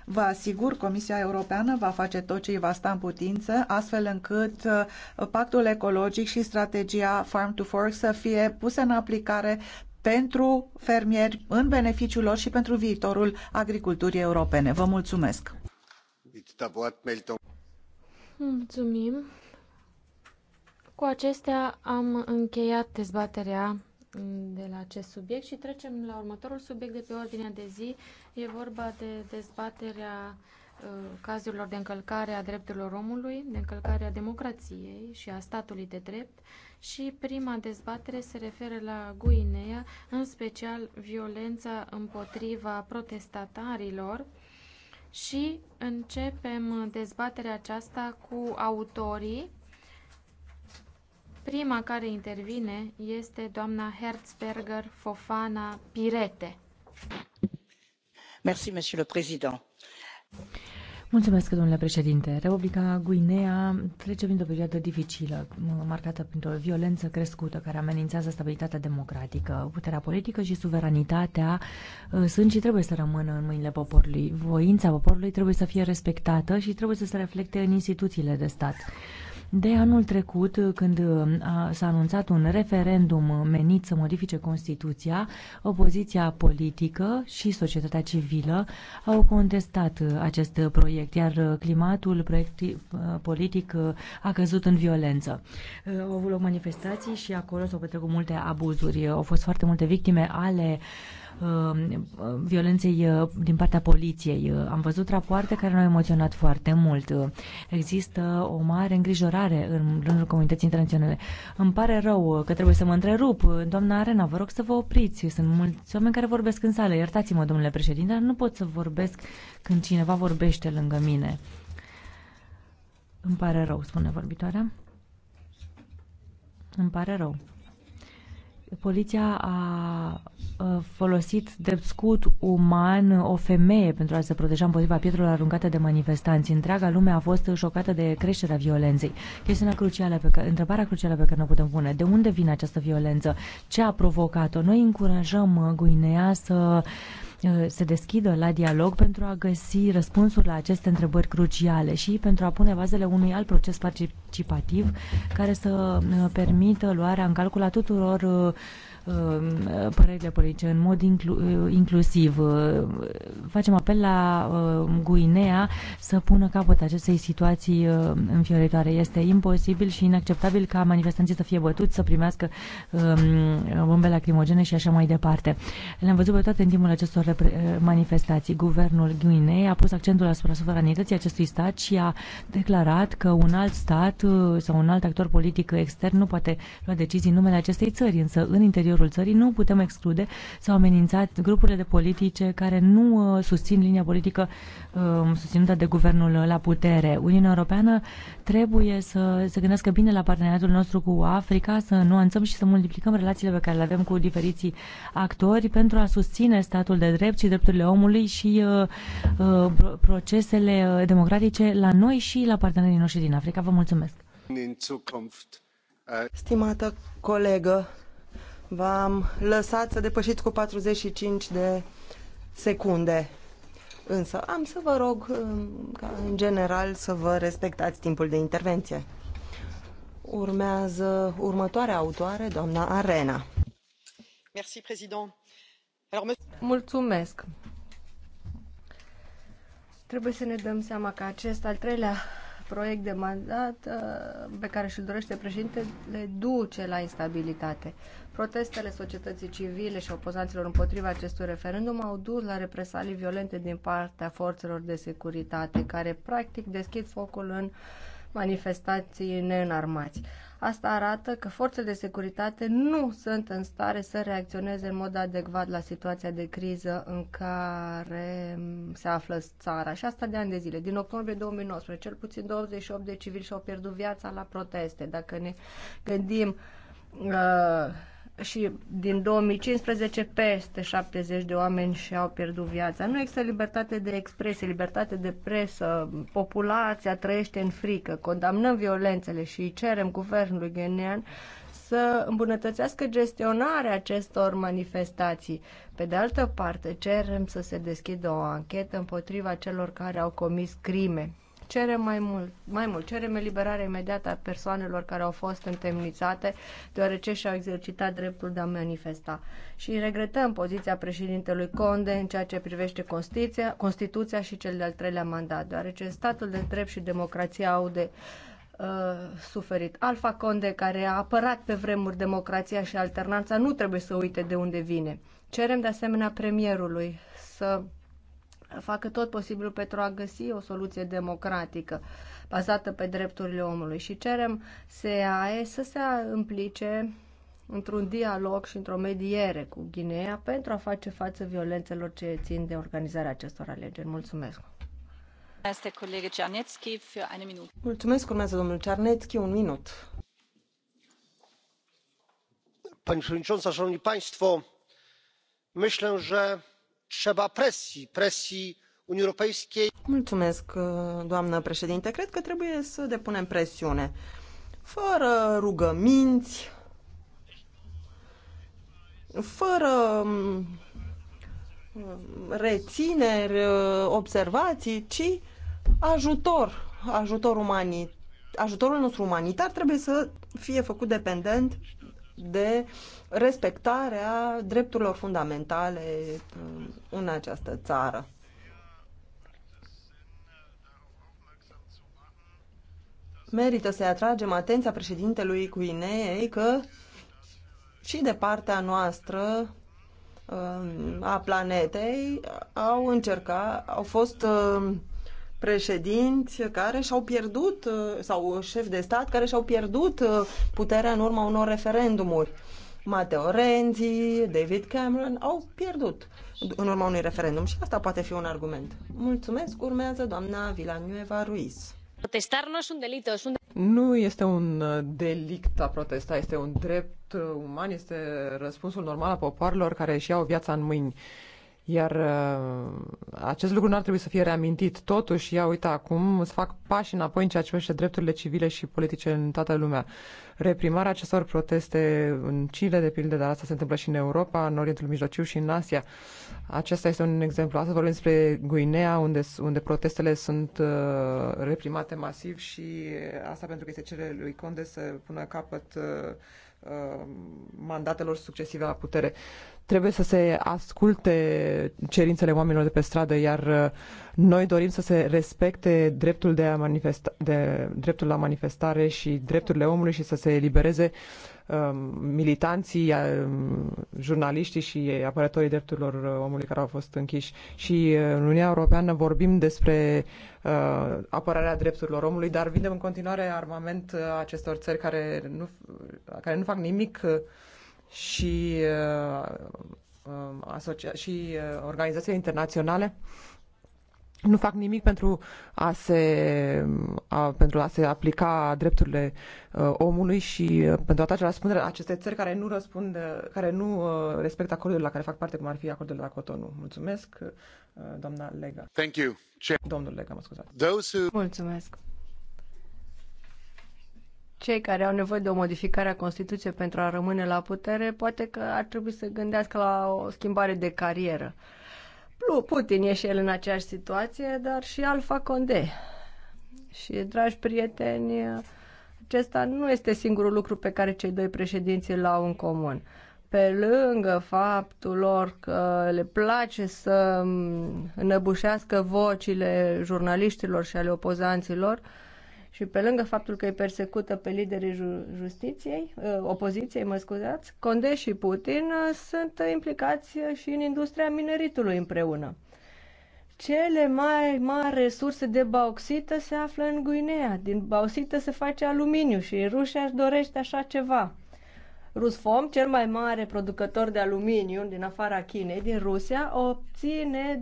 Speaker 4: Vă asigur, Comisia Europeană va face tot ce îi va sta în putință, astfel încât uh, pactul ecologic și strategia Farm to Fork să fie puse în aplicare pentru fermieri, în beneficiul lor și pentru viitorul agriculturii europene. Vă mulțumesc!
Speaker 1: Mulțumim. Cu acestea am încheiat dezbaterea de la acest subiect și trecem la următorul subiect de pe ordinea de zi. E vorba de dezbaterea uh, cazurilor de încălcare a drepturilor omului, de încălcare a democrației și a statului de drept și prima dezbatere se referă la Guinea, în special violența împotriva protestatarilor și începem dezbaterea aceasta cu autorii. Prima care intervine este doamna Herzberger Fofana Pirete.
Speaker 7: Mulțumesc, monsieur le président
Speaker 3: Mulțumesc, domnule președinte. Republica Guinea trece printr-o perioadă dificilă, marcată printr-o violență crescută care amenințează stabilitatea democratică. Puterea politică și suveranitatea uh, sunt și trebuie să rămână în mâinile poporului. Voința poporului trebuie să fie respectată și trebuie să se reflecte în instituțiile de stat. De anul trecut, când uh, s-a anunțat un referendum menit să modifice Constituția, opoziția politică și societatea civilă au contestat uh, acest proiect, iar uh, climatul politic a căzut în violență. Au avut loc manifestații și acolo s-au petrecut multe abuzuri. Au fost foarte multe victime ale Uh, violenței uh, din partea poliției. Uh, am văzut rapoarte care ne-au emoționat foarte mult. Există o mare îngrijorare în rândul comunității internaționale. Îmi pare rău că trebuie să mă întrerup. Doamna Arena, vă rog să vă opriți. Sunt mulți oameni care vorbesc în sală. Iertați-mă, domnule președinte, dar nu pot să vorbesc când cineva vorbește lângă mine. Îmi pare rău, spune vorbitoarea. Îmi pare rău. Poliția a Uh, folosit drept scut uman o femeie pentru a se proteja împotriva pietrelor aruncate de manifestanți. Întreaga lume a fost șocată de creșterea violenței. Chestiunea crucială pe care, întrebarea crucială pe care ne putem pune, de unde vine această violență? Ce a provocat-o? Noi încurajăm uh, Guinea să uh, se deschidă la dialog pentru a găsi răspunsuri la aceste întrebări cruciale și pentru a pune bazele unui alt proces participativ care să permită luarea în calcul a tuturor uh, Uh, părerile politice în mod inclu- uh, inclusiv. Uh, facem apel la Guinea să pună capăt acestei situații înfioritoare. Este imposibil și inacceptabil ca manifestanții să fie bătuți, să primească um, bombe lacrimogene și așa mai departe. Le-am văzut pe toate în timpul acestor manifestații. Guvernul Guinei a pus accentul asupra suveranității acestui stat și a declarat că un alt stat sau un alt actor politic extern nu poate lua decizii în numele acestei țări, însă în interior interiorul țării, nu putem exclude sau amenințat grupurile de politice care nu uh, susțin linia politică um, susținută de guvernul la putere. Uniunea Europeană trebuie să se gândească bine la parteneriatul nostru cu Africa, să nuanțăm și să multiplicăm relațiile pe care le avem cu diferiții actori pentru a susține statul de drept și drepturile omului și uh, uh, procesele democratice la noi și la partenerii noștri din Africa. Vă mulțumesc!
Speaker 2: Stimată
Speaker 11: colegă, V-am lăsat să depășiți cu 45 de secunde. Însă am să vă rog, ca în general, să vă respectați timpul de intervenție. Urmează următoarea autoare, doamna Arena.
Speaker 10: Merci, president. Alors, Mulțumesc. Trebuie să ne dăm seama că acest al treilea proiect de mandat uh, pe care și-l dorește președintele duce la instabilitate. Protestele societății civile și opozanților împotriva acestui referendum au dus la represalii violente din partea forțelor de securitate, care practic deschid focul în manifestații neînarmați. Asta arată că forțele de securitate nu sunt în stare să reacționeze în mod adecvat la situația de criză în care se află țara. Și asta de ani de zile. Din octombrie 2019, cel puțin 28 de civili și-au pierdut viața la proteste. Dacă ne gândim uh, și din 2015 peste 70 de oameni și-au pierdut viața. Nu există libertate de expresie, libertate de presă, populația trăiește în frică, condamnăm violențele și cerem guvernului ghenean să îmbunătățească gestionarea acestor manifestații. Pe de altă parte, cerem să se deschidă o anchetă împotriva celor care au comis crime Cerem mai mult, mai mult, cerem eliberarea imediată a persoanelor care au fost întemnițate, deoarece și-au exercitat dreptul de a manifesta. Și regretăm poziția președintelui Conde în ceea ce privește Constituția, Constituția și cel de-al treilea mandat, deoarece statul de drept și democrația au de uh, suferit. Alfa Conde, care a apărat pe vremuri democrația și alternanța, nu trebuie să uite de unde vine. Cerem de asemenea premierului să facă tot posibilul pentru a găsi o soluție democratică bazată pe drepturile omului și cerem SEAE să se implice într-un dialog și într-o mediere cu Guinea pentru a face față violențelor ce țin de organizarea acestor alegeri. Mulțumesc! Mulțumesc, urmează domnul Czarnecki, un minut.
Speaker 2: Pani przewodnicząca, szanowni państwo, myślę, że
Speaker 11: Mulțumesc, doamnă președintă. Cred că trebuie să depunem presiune. Fără rugăminți, fără rețineri, observații, ci ajutor, ajutor umanitar. Ajutorul nostru umanitar trebuie să fie făcut dependent de respectarea drepturilor fundamentale um, în această țară. Merită să-i atragem atenția președintelui Guineei că și de partea noastră um, a planetei au încercat, au fost uh, președinți care și-au pierdut, uh, sau șefi de stat care și-au pierdut uh, puterea în urma unor referendumuri. Matteo Renzi, David Cameron au pierdut în urma unui referendum și asta poate fi un argument. Mulțumesc, urmează doamna Villanueva Ruiz.
Speaker 1: Protestar nu este un delito, este un...
Speaker 12: Nu este un uh, delict a protesta, este un drept uman, este răspunsul normal a popoarelor care își iau viața în mâini. Iar uh, acest lucru nu ar trebui să fie reamintit. Totuși, ia uita acum, îți fac pași înapoi în ceea ce privește drepturile civile și politice în toată lumea. Reprimarea acestor proteste în Chile, de pildă, dar asta se întâmplă și în Europa, în Orientul Mijlociu și în Asia. Acesta este un exemplu. Astăzi vorbim despre Guinea, unde, unde protestele sunt uh, reprimate masiv și uh, asta pentru că este cele lui Conde să pună capăt uh, Uh, mandatelor succesive la putere. Trebuie să se asculte cerințele oamenilor de pe stradă, iar uh, noi dorim să se respecte dreptul, de a manifesta, de, dreptul la manifestare și drepturile omului și să se elibereze uh, Um, militanții, uh, jurnaliștii și apărătorii drepturilor uh, omului care au fost închiși. Și uh, în Uniunea Europeană vorbim despre apărarea drepturilor omului, dar vindem în continuare armament acestor țări care nu, care nu fac nimic și, asocia- și organizațiile internaționale nu fac nimic pentru a se, a, pentru a se aplica drepturile uh, omului și uh, pentru a trage la răspundere aceste țări care nu răspund, care nu uh, respectă acordurile la care fac parte, cum ar fi acordurile la Cotonou.
Speaker 10: Mulțumesc, uh, doamna Lega.
Speaker 8: Thank you. Domnul Lega, mă scuzați. Those who...
Speaker 10: Mulțumesc. Cei care au nevoie de o modificare a Constituției pentru a rămâne la putere, poate că ar trebui să gândească la o schimbare de carieră. Uh, Putin e și el în aceeași situație, dar și Alfa Conde. Și, dragi prieteni, acesta nu este singurul lucru pe care cei doi președinți îl au în comun. Pe lângă faptul lor că le place să înăbușească vocile jurnaliștilor și ale opozanților, uh, și pe lângă faptul că e persecută pe liderii justiției, uh, opoziției, mă scuzați, Conde și Putin uh, sunt implicați uh, și în industria mineritului împreună. Cele mai mari resurse de bauxită se află în Guinea. Din bauxită se face aluminiu și Rusia își dorește așa ceva. Rusfom, cel mai mare producător de aluminiu din afara Chinei, din Rusia, obține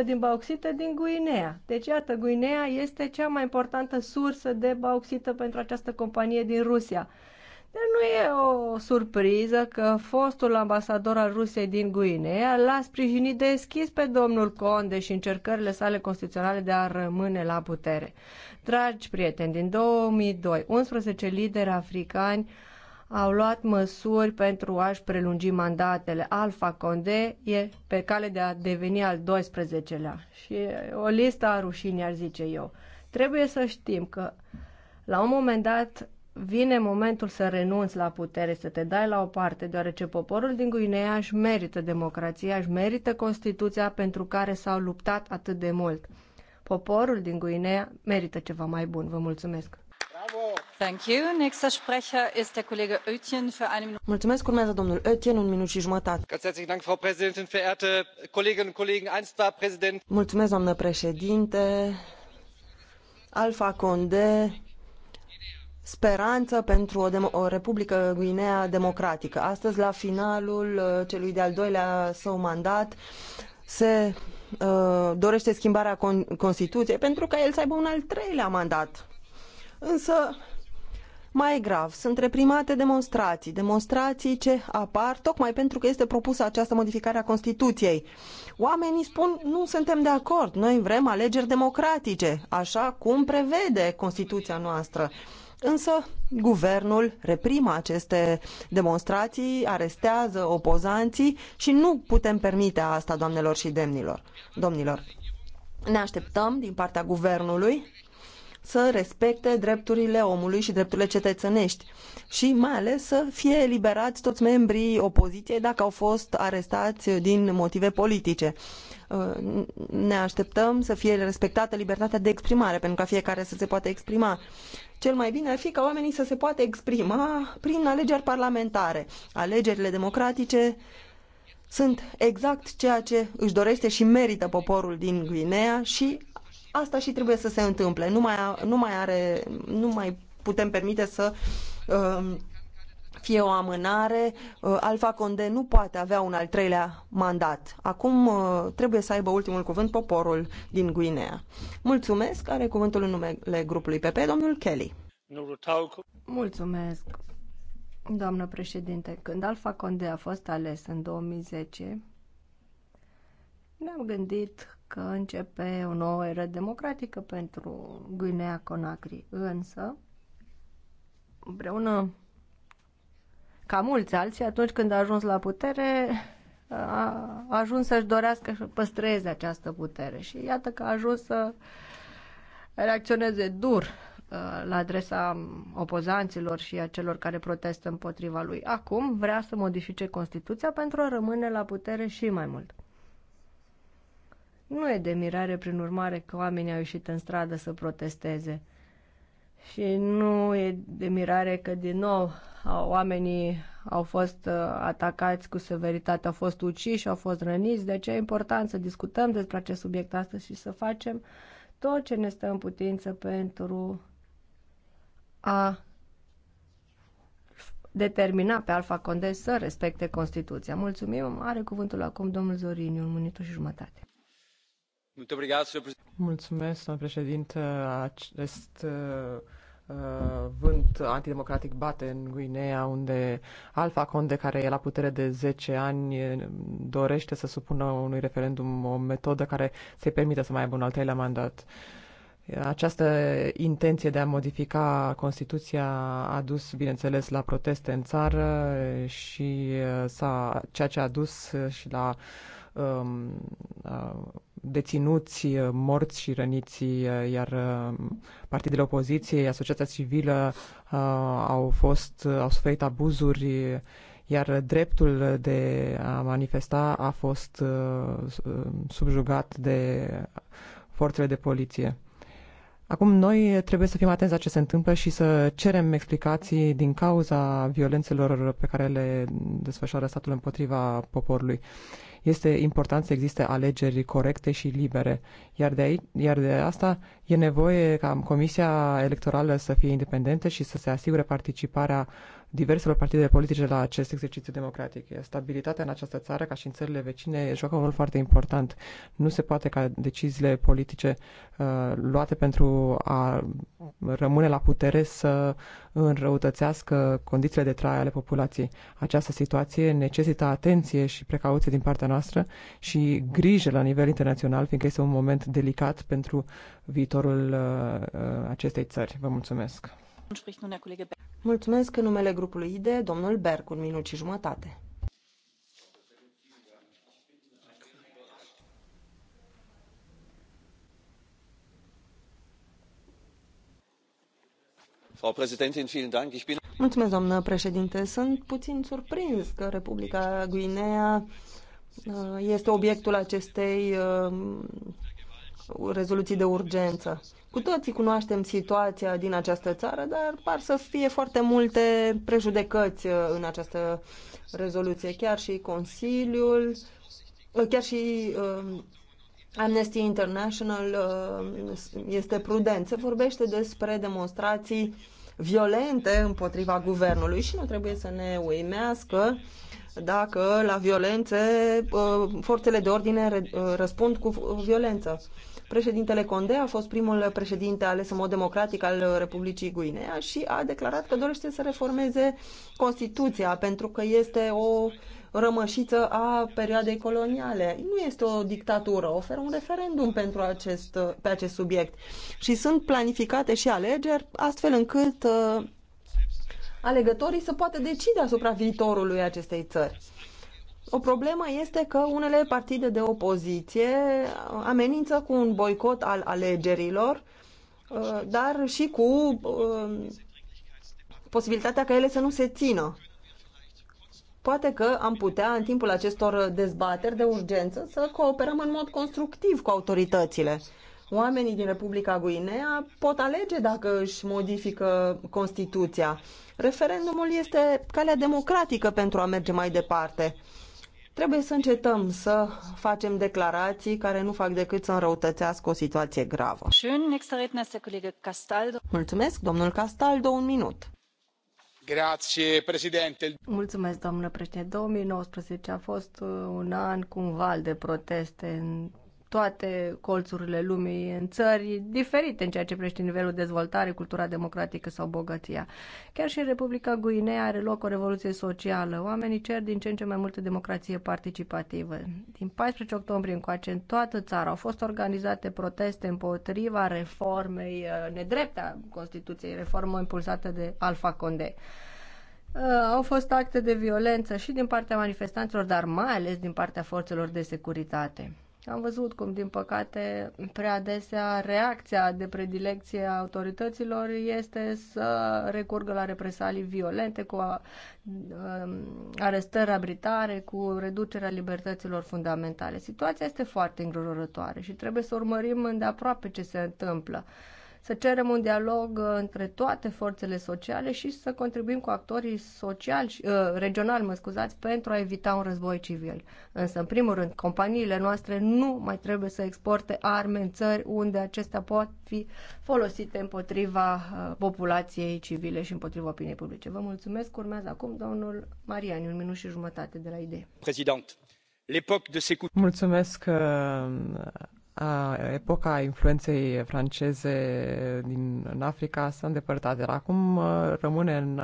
Speaker 10: 27% din bauxită din Guinea. Deci, iată, Guinea este cea mai importantă sursă de bauxită pentru această companie din Rusia. Dar nu e o surpriză că fostul ambasador al Rusiei din Guinea l-a sprijinit deschis pe domnul Conde și încercările sale constituționale de a rămâne la putere. Dragi prieteni, din 2002, 11 lideri africani au luat măsuri pentru a-și prelungi mandatele. Alfa Conde e pe cale de a deveni al 12-lea și o listă a rușinii, ar zice eu. Trebuie să știm că la un moment dat vine momentul să renunți la putere, să te dai la o parte, deoarece poporul din Guinea își merită democrația, își merită Constituția pentru care s-au luptat atât de mult. Poporul din Guinea merită ceva mai bun. Vă mulțumesc! Mulțumesc, urmează domnul Oetjen, un minut
Speaker 11: Mulțumesc, doamnă președinte. Alfa Conde, speranță pentru o, o Republică Guinea democratică. Astăzi, la finalul uh, celui de-al doilea său mandat, se uh, dorește schimbarea con- Constituției pentru ca el să aibă un al treilea mandat. Însă mai grav, sunt reprimate demonstrații, demonstrații ce apar tocmai pentru că este propusă această modificare a Constituției. Oamenii spun, nu suntem de acord, noi vrem alegeri democratice, așa cum prevede Constituția noastră. Însă, guvernul reprimă aceste demonstrații, arestează opozanții și nu putem permite asta, doamnelor și demnilor, domnilor. Ne așteptăm din partea guvernului să respecte drepturile omului și drepturile cetățenești și mai ales să fie eliberați toți membrii opoziției dacă au fost arestați din motive politice. Uh, ne așteptăm să fie respectată libertatea de exprimare, pentru ca fiecare să se poată exprima cel mai bine ar fi ca oamenii să se poată exprima prin alegeri parlamentare. Alegerile democratice sunt exact ceea ce își dorește și merită poporul din Guinea și Asta și trebuie să se întâmple. Nu mai, nu mai, are, nu mai putem permite să uh, fie o amânare. Uh, Alfa Conde nu poate avea un al treilea mandat. Acum uh, trebuie să aibă ultimul cuvânt poporul din Guinea. Mulțumesc. Are cuvântul
Speaker 10: în numele grupului
Speaker 11: PP, domnul Kelly.
Speaker 10: Mulțumesc, doamnă președinte. Când Alfa Conde a fost ales în 2010, ne-am gândit că începe o nouă eră democratică pentru Guinea Conakry. Însă, împreună ca mulți alții, atunci când a ajuns la putere, a ajuns să-și dorească să păstreze această putere. Și iată că a ajuns să reacționeze dur uh, la adresa opozanților și a celor care protestă împotriva lui. Acum vrea să modifice Constituția pentru a rămâne la putere și mai mult. Nu e de mirare, prin urmare, că oamenii au ieșit în stradă să protesteze. Și nu e de mirare că, din nou, oamenii au fost uh, atacați cu severitate, au fost uciși, au fost răniți. De deci aceea e important să discutăm despre acest subiect astăzi și să facem tot ce ne stă în putință pentru a determina pe Alfa Conde să respecte Constituția. Mulțumim, are cuvântul acum domnul Zoriniu, un minut și jumătate. Mulțumesc, domnule președinte.
Speaker 12: Acest uh, uh, vânt antidemocratic bate în Guinea, unde Alfa Conde, care e la putere de 10 ani, dorește să supună unui referendum o metodă care să-i permită să mai aibă un al treilea mandat. Această intenție de a modifica Constituția a dus, bineînțeles, la proteste în țară și uh, s-a, ceea ce a dus și la uh, um, uh, deținuți, uh, morți și răniți, uh, iar partidele opoziției, asociația civilă au fost, au suferit abuzuri, iar dreptul de a manifesta a fost subjugat de forțele de poliție. Acum noi trebuie să fim atenți la ce se întâmplă și să cerem explicații din cauza violențelor pe care le desfășoară statul împotriva poporului. Uh, este important să existe alegeri corecte și libere. Iar de, aici, iar de asta e nevoie ca Comisia Electorală să fie independentă și să se asigure participarea diverselor partide politice la acest exercițiu democratic. Stabilitatea în această țară, ca și în țările vecine, joacă un rol foarte important. Nu se poate ca deciziile politice uh, luate pentru a rămâne la putere să înrăutățească condițiile de trai ale populației. Această situație necesită atenție și precauție din partea noastră și grijă la nivel internațional, fiindcă este un moment delicat pentru viitorul uh, uh acestei țări. Vă mulțumesc!
Speaker 11: Mulțumesc în numele grupului IDE, domnul Berg, un minut și jumătate. Mulțumesc, doamnă președinte. Sunt puțin surprins că Republica Guinea uh, este obiectul acestei uh, rezoluții de urgență. Cu toții cunoaștem situația din această țară, dar par să fie foarte multe prejudecăți uh, în această rezoluție. Chiar și Consiliul, uh, chiar și uh, Amnesty International este prudent. Se vorbește despre demonstrații violente împotriva guvernului și nu trebuie să ne uimească dacă la violențe forțele de ordine răspund cu violență. Președintele Conde a fost primul președinte ales în mod democratic al Republicii Guinea și a declarat că dorește să reformeze Constituția pentru că este o rămășiță a perioadei coloniale. Nu este o dictatură, oferă un referendum pentru acest, pe acest subiect. Și sunt planificate și alegeri astfel încât uh, alegătorii să poată decide asupra viitorului acestei țări. O problemă este că unele partide de opoziție amenință cu un boicot al alegerilor, uh, dar și cu uh, posibilitatea ca ele să nu se țină. Poate că am putea, în timpul acestor dezbateri de urgență, să cooperăm în mod constructiv cu autoritățile. Oamenii din Republica Guinea pot alege dacă își modifică Constituția. Referendumul este calea democratică pentru a merge mai departe. Trebuie să încetăm să facem declarații care nu fac decât să înrăutățească o situație gravă. Mulțumesc, domnul Castaldo, un minut.
Speaker 8: Grazie,
Speaker 10: președinte. Mulțumesc, domnule președinte. 2019 a fost uh, un an cu un val de proteste în toate colțurile lumii, în țări diferite în ceea ce privește nivelul dezvoltare, cultura democratică sau bogăția. Chiar și în Republica Guinea are loc o revoluție socială. Oamenii cer din ce în ce mai multă democrație participativă. Din 14 octombrie încoace în toată țara au fost organizate proteste împotriva reformei uh, nedrepte a Constituției, reformă impulsată de Alfa Condé. Uh, au fost acte de violență și din partea manifestanților, dar mai ales din partea forțelor de securitate. Am văzut cum, din păcate, prea adesea reacția de predilecție a autorităților este să recurgă la represalii violente, cu a, um, arestări abritare, cu reducerea libertăților fundamentale. Situația este foarte îngrijorătoare și trebuie să urmărim îndeaproape ce se întâmplă să cerem un dialog uh, între toate forțele sociale și să contribuim cu actorii sociali, uh, regionali, mă scuzați, pentru a evita un război civil. Însă, în primul rând, companiile noastre nu mai trebuie să exporte arme în țări unde acestea pot fi folosite împotriva uh, populației civile și împotriva opiniei publice. Vă mulțumesc. Urmează acum domnul Mariani, un minut și jumătate de la idee.
Speaker 12: Mulțumesc a, epoca influenței franceze din în Africa s-a îndepărtat, dar acum rămâne în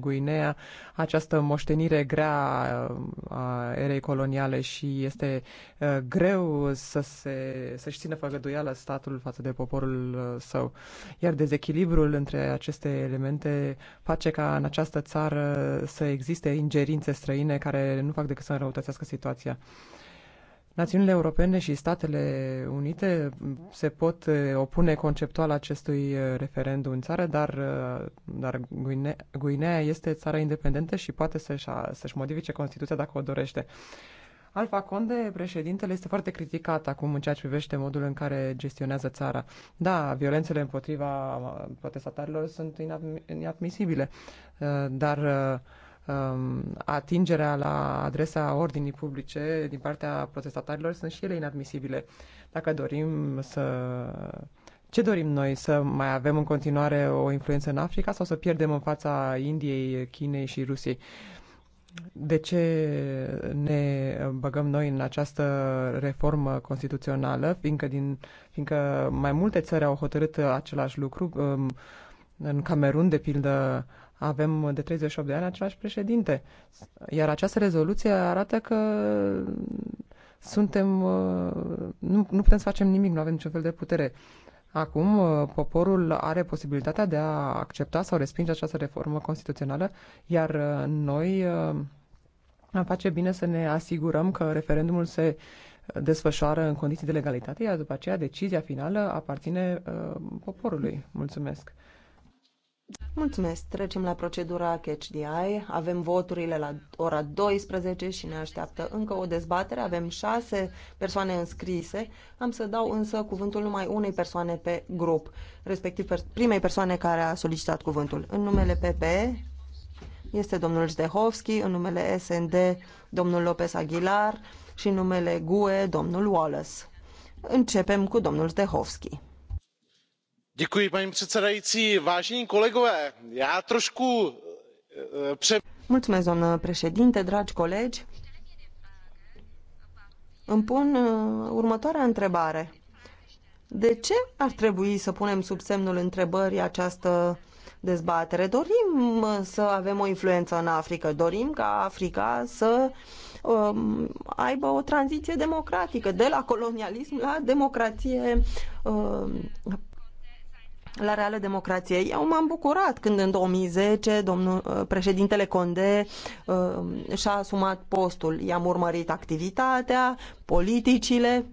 Speaker 12: Guinea această moștenire grea a erei coloniale și este a, greu să se, să-și țină făgăduială statul față de poporul său. Iar dezechilibrul între aceste elemente face ca în această țară să existe ingerințe străine care nu fac decât să înrăutățească situația. Națiunile Europene și Statele Unite se pot eh, opune conceptual acestui eh, referendum în țară, dar, eh, dar Guinea este țara independentă și poate să-și, să-și modifice Constituția dacă o dorește. Alfa Conde, președintele, este foarte criticat acum în ceea ce privește modul în care gestionează țara. Da, violențele împotriva protestatarilor sunt inadmisibile, dar Um, atingerea la adresa ordinii publice din partea protestatarilor sunt și ele inadmisibile. Dacă dorim să ce dorim noi? Să mai avem în continuare o influență în Africa sau să pierdem în fața Indiei, Chinei și Rusiei? De ce ne băgăm noi în această reformă constituțională, fiindcă, din, fiindcă mai multe țări au hotărât același lucru? Um, în Camerun, de pildă, avem de 38 de ani același președinte. Iar această rezoluție arată că suntem, uh, nu, nu putem să facem nimic, nu avem niciun fel de putere. Acum, uh, poporul are posibilitatea de a accepta sau respinge această reformă constituțională, iar uh, noi am face bine să ne asigurăm că referendumul se desfășoară în condiții de legalitate, iar după aceea decizia finală aparține uh, poporului. Mulțumesc!
Speaker 11: Mulțumesc. Trecem la procedura Catch the Eye. Avem voturile la ora 12 și ne așteaptă încă o dezbatere. Avem șase persoane înscrise. Am să dau însă cuvântul numai unei persoane pe grup, respectiv primei persoane care a solicitat cuvântul. În numele PP este domnul Zdehovski, în numele SND domnul Lopez Aguilar și în numele GUE domnul Wallace. Începem cu domnul Zdehovski
Speaker 2: paní předsedající eh,
Speaker 11: doamnă președintă dragi colegi îmi pun eh, următoarea întrebare de ce ar trebui să punem sub semnul întrebării această dezbatere? Dorim eh, să avem o influență în Africa, dorim ca Africa să um, aibă o tranziție democratică de la colonialism la democrație um, la Reală democrație, Eu m-am bucurat când în 2010 domnul uh, președintele Conde uh, și-a asumat postul. I-am urmărit activitatea, politicile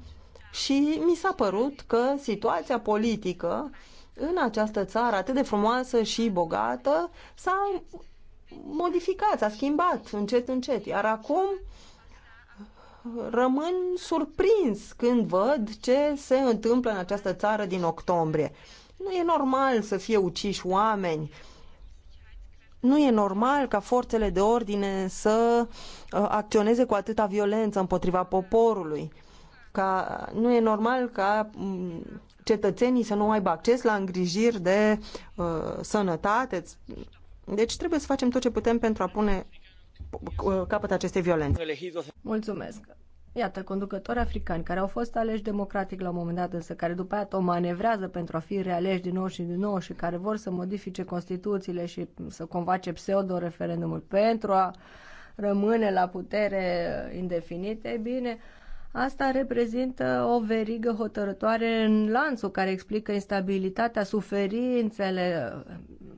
Speaker 11: și mi s-a părut că situația politică în această țară atât de frumoasă și bogată s-a modificat, s-a schimbat încet, încet. Iar acum rămân surprins când văd ce se întâmplă în această țară din octombrie. Nu e normal să fie uciși oameni. Nu e normal ca forțele de ordine să uh, acționeze cu atâta violență împotriva poporului. Ca, nu e normal ca mm, cetățenii să nu aibă acces la îngrijiri de uh, sănătate. Deci trebuie să facem tot ce putem pentru a pune uh, capăt acestei violențe.
Speaker 10: Mulțumesc. Iată, conducători africani care au fost aleși democratic la un moment dat, însă care după aia o manevrează pentru a fi realeși din nou și din nou și care vor să modifice Constituțiile și să convace pseudo-referendumul pentru a rămâne la putere indefinite, bine, Asta reprezintă o verigă hotărătoare în lanțul care explică instabilitatea, suferințele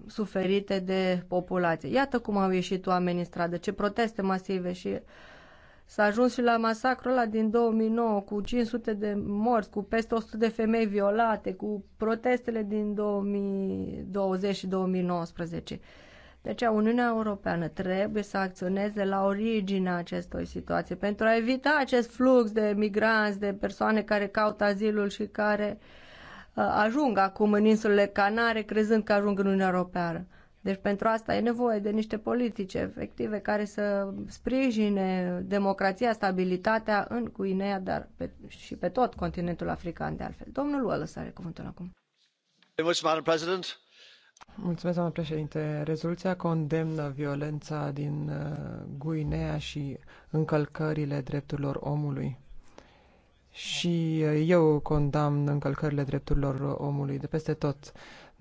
Speaker 10: suferite de populație. Iată cum au ieșit oamenii în stradă, ce proteste masive și S-a ajuns și la masacrul ăla din 2009 cu 500 de morți, cu peste 100 de femei violate, cu protestele din 2020 și 2019. Deci Uniunea Europeană trebuie să acționeze la originea acestor situații pentru a evita acest flux de migranți, de persoane care caută azilul și care uh, ajung acum în insulele Canare crezând că ajung în Uniunea Europeană. Deci pentru asta e nevoie de niște politici efective care să sprijine democrația, stabilitatea în Guinea, dar pe, și pe tot continentul african de altfel. Domnul Wallace are cuvântul acum.
Speaker 12: Mulțumesc, doamnă președinte. Rezoluția condemnă violența din uh, Guinea și încălcările drepturilor omului. Și uh, eu condamn încălcările drepturilor omului de peste tot. Uh,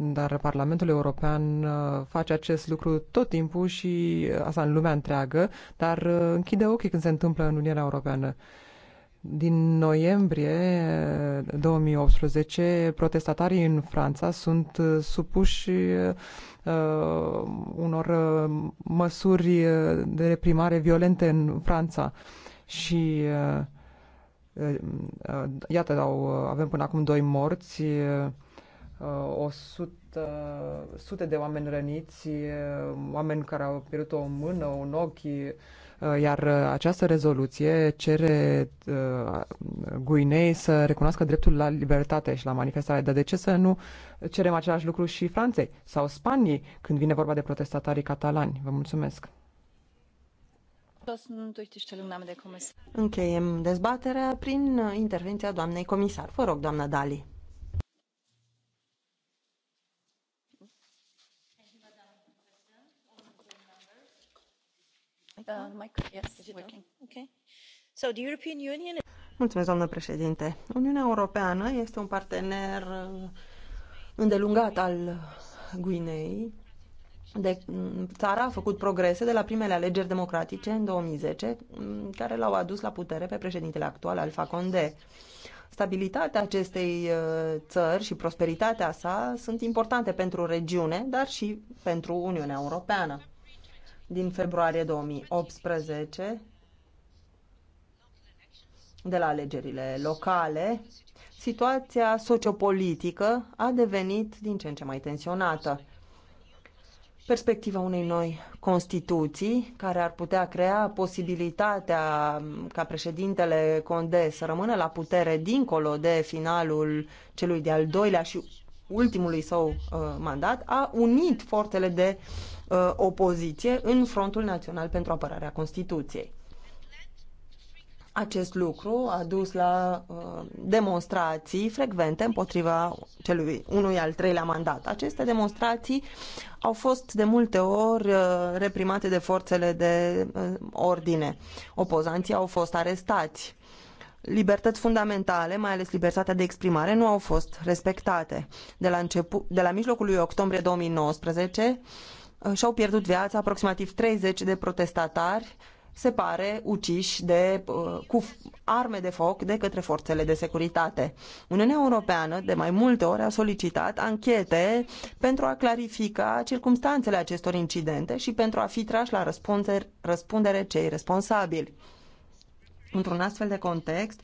Speaker 12: dar Parlamentul European uh, face acest lucru tot timpul și uh, asta în lumea întreagă, dar uh, închide ochii când se întâmplă în Uniunea Europeană. Din noiembrie 2018, protestatarii în Franța sunt supuși uh, unor măsuri de reprimare violente în Franța și uh, uh, iată, au, avem până acum doi morți. Uh, o sută, sute de oameni răniți, oameni care au pierdut o mână, un ochi, iar această rezoluție cere uh, Guinei să recunoască dreptul la libertate și la manifestare. Dar de ce să nu cerem același lucru și Franței sau Spanii când vine vorba de protestatarii catalani? Vă mulțumesc!
Speaker 11: Încheiem dezbaterea prin intervenția doamnei comisar. Vă rog, doamna Dali.
Speaker 8: Uh,
Speaker 9: Mulțumesc, doamnă
Speaker 11: președinte. Uniunea Europeană este un partener uh, îndelungat al Guinei. De, țara a făcut progrese de la primele alegeri democratice în 2010, mm, care l-au adus la putere pe președintele actual, Alfa Condé. Stabilitatea acestei uh, țări și prosperitatea sa sunt importante pentru regiune, dar și pentru Uniunea Europeană din februarie 2018 de la alegerile locale, situația sociopolitică a devenit din ce în ce mai tensionată. Perspectiva unei noi constituții, care ar putea crea posibilitatea ca președintele Conde să rămână la putere dincolo de finalul celui de-al doilea și ultimului său uh, mandat, a unit forțele de uh, opoziție în Frontul Național pentru Apărarea Constituției. Acest lucru a dus la uh, demonstrații frecvente împotriva celui unui al treilea mandat. Aceste demonstrații au fost de multe ori uh, reprimate de forțele de uh, ordine. Opozanții au fost arestați libertăți fundamentale, mai ales libertatea de exprimare, nu au fost respectate. De la, început, de la mijlocul lui octombrie 2019 uh, și-au pierdut viața aproximativ 30 de protestatari, se pare, uciși de, uh, cu arme de foc de către forțele de securitate. Uniunea Europeană de mai multe ori a solicitat anchete pentru a clarifica circumstanțele acestor incidente și pentru a fi trași la răspundere, răspundere cei responsabili Într-un astfel de context,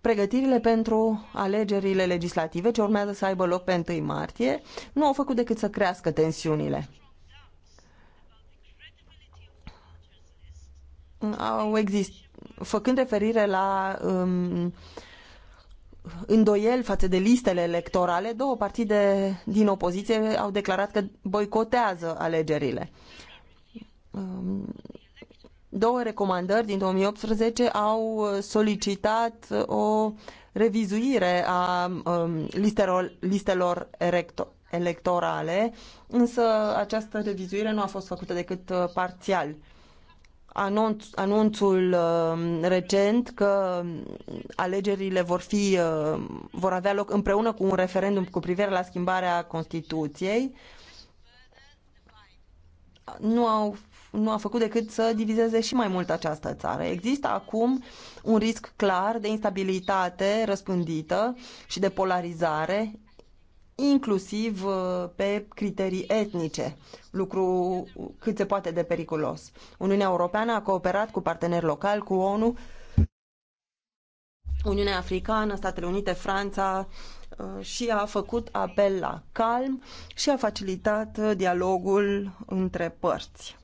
Speaker 11: pregătirile pentru alegerile legislative ce urmează să aibă loc pe 1 martie nu au făcut decât să crească tensiunile. Au exist, făcând referire la um, îndoieli față de listele electorale, două partide din opoziție au declarat că boicotează alegerile. Um, două recomandări din 2018 au uh, solicitat uh, o revizuire a um, listelor, listelor electorale, însă această revizuire nu a fost făcută decât uh, parțial. Anunț, anunțul um, recent că um, alegerile vor, fi, vor avea loc împreună cu un referendum cu privire la schimbarea Constituției nu au nu a făcut decât să divizeze și mai mult această țară. Există acum un risc clar de instabilitate răspândită și de polarizare, inclusiv uh, pe criterii etnice, lucru cât se poate de periculos. Uniunea Europeană a cooperat cu parteneri locali, cu ONU, Uniunea Africană, Statele Unite, Franța uh, și a făcut apel la calm și a facilitat uh, dialogul între părți.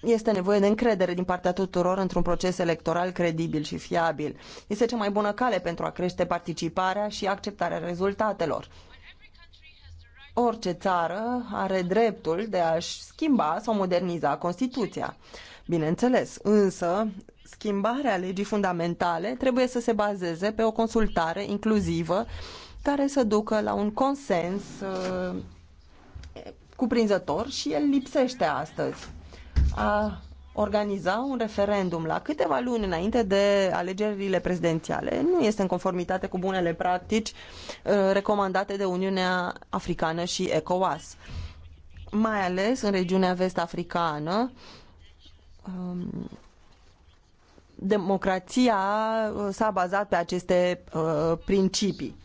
Speaker 11: este nevoie de încredere din partea tuturor într-un proces electoral credibil și fiabil. Este cea mai bună cale pentru a crește participarea și acceptarea rezultatelor. Orice țară are dreptul de a-și schimba sau moderniza Constituția. Bineînțeles, însă schimbarea legii fundamentale trebuie să se bazeze pe o consultare inclusivă care să ducă la un consens uh, cuprinzător și el lipsește astăzi a organiza un referendum la câteva luni înainte de alegerile prezidențiale nu este în conformitate cu bunele practici uh, recomandate de Uniunea Africană și ECOWAS. Mai ales în regiunea vest-africană, um, democrația uh, s-a bazat pe aceste uh, principii.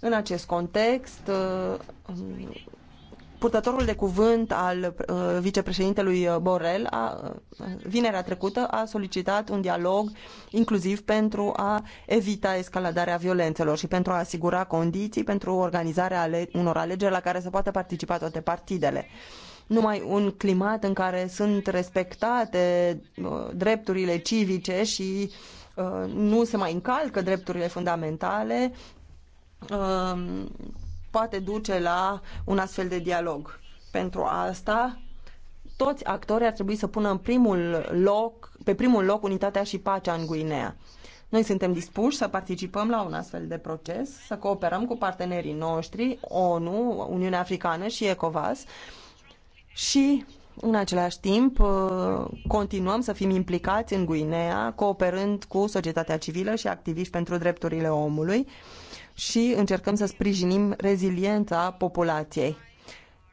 Speaker 11: În acest context, purtătorul de cuvânt al uh, vicepreședintelui uh, Borel a, uh, vinerea trecută a solicitat un dialog inclusiv pentru a evita escaladarea violențelor și pentru a asigura condiții pentru organizarea ale, unor alegeri la care să poată participa toate partidele numai un climat în care sunt respectate drepturile civice și nu se mai încalcă drepturile fundamentale poate duce la un astfel de dialog. Pentru asta, toți actorii ar trebui să pună în primul loc, pe primul loc unitatea și pacea în Guinea. Noi suntem dispuși să participăm la un astfel de proces, să cooperăm cu partenerii noștri, ONU, Uniunea Africană și ECOVAS și în același timp uh, continuăm să fim implicați în Guinea, cooperând cu societatea civilă și activiști pentru drepturile omului și încercăm să sprijinim reziliența populației.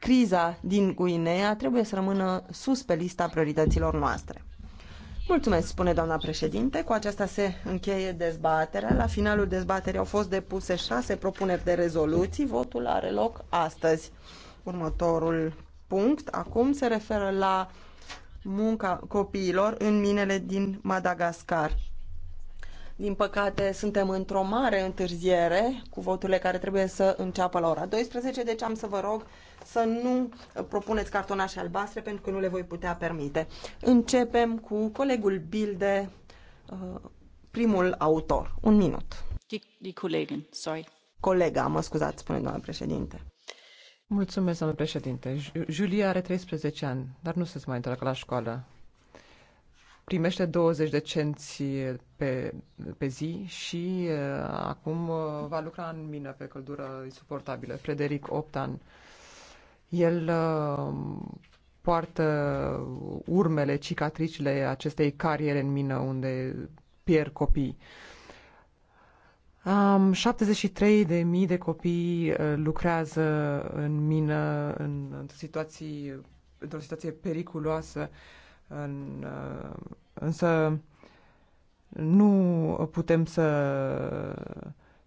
Speaker 11: Criza din Guinea trebuie să rămână sus pe lista priorităților noastre. Mulțumesc, spune doamna președinte. Cu aceasta se încheie dezbaterea. La finalul dezbaterii au fost depuse șase propuneri de rezoluții. Votul are loc astăzi. Următorul punct acum se referă la munca copiilor în minele din Madagascar. Din păcate, suntem într-o mare întârziere cu voturile care trebuie să înceapă la ora 12, deci am să vă rog să nu propuneți cartonașe albastre pentru că nu le voi putea permite. Începem cu colegul Bilde, uh, primul autor. Un minut. sorry. Colega, mă scuzați, spune doamna președinte.
Speaker 12: Mulțumesc, doamnă președinte. Julia are 13 ani, dar nu se mai întoarcă la școală primește 20 de cenți pe, pe zi și uh, acum uh, va lucra în mină pe căldură insuportabilă. Frederic Optan, el uh, poartă urmele, cicatricile acestei cariere în mină unde pierd copii. Um, 73.000 de mii de copii uh, lucrează în mină, în, în situații, într-o situație periculoasă. Uh, în, uh, însă nu putem să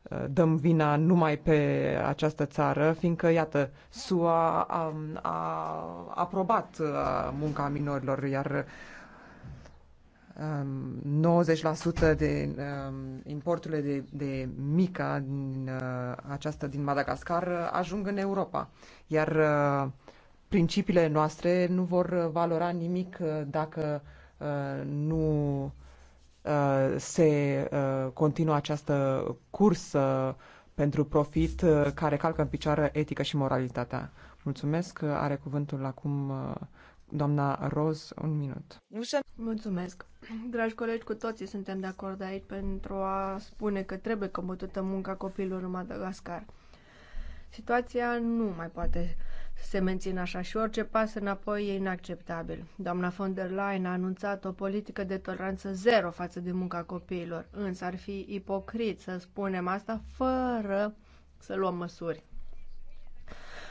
Speaker 12: uh, dăm vina numai pe această țară, fiindcă, iată, SUA a, a aprobat uh, munca minorilor, iar 90% um, de um, importurile de, de mica din aceasta din Madagascar ajung în Europa. Iar principiile noastre nu vor valora nimic uh, dacă uh, nu uh, se continuă această cursă pentru profit care calcă în picioare etica și moralitatea. Mulțumesc. Are cuvântul acum doamna Roz, un minut.
Speaker 10: Mulțumesc. Dragi colegi, cu toții suntem de acord aici pentru a spune că trebuie combătută munca copiilor în Madagascar. Situația nu mai poate se mențină așa și orice pas înapoi e inacceptabil. Doamna von der Leyen a anunțat o politică de toleranță zero față de munca copiilor, însă ar fi ipocrit să spunem asta fără să luăm măsuri.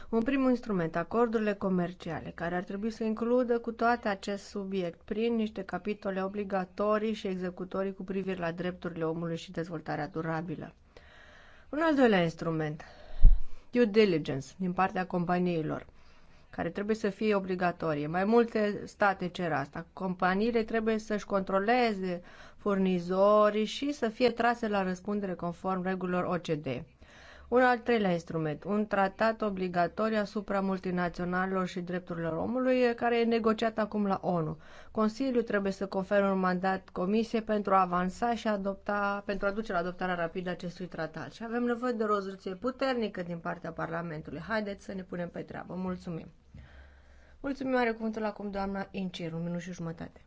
Speaker 10: Un prim instrument, acordurile comerciale, care ar trebui să includă cu toate acest subiect prin niște capitole obligatorii și executorii cu privire la drepturile omului și dezvoltarea durabilă. Un al doilea instrument, due diligence din partea companiilor, care trebuie să fie obligatorie. Mai multe state cer asta. Companiile trebuie să-și controleze furnizorii și să fie trase la răspundere conform regulilor OCD. Un al treilea instrument, un tratat obligatoriu asupra multinaționalilor și drepturilor omului, care e negociat acum la ONU. Consiliul trebuie să confere un mandat comisie pentru a avansa și adopta, pentru a duce la adoptarea rapidă acestui tratat. Și avem nevoie de o rezoluție puternică din partea Parlamentului. Haideți să ne punem pe treabă. Mulțumim! Mulțumim, are cuvântul acum doamna Incir, un minut și jumătate.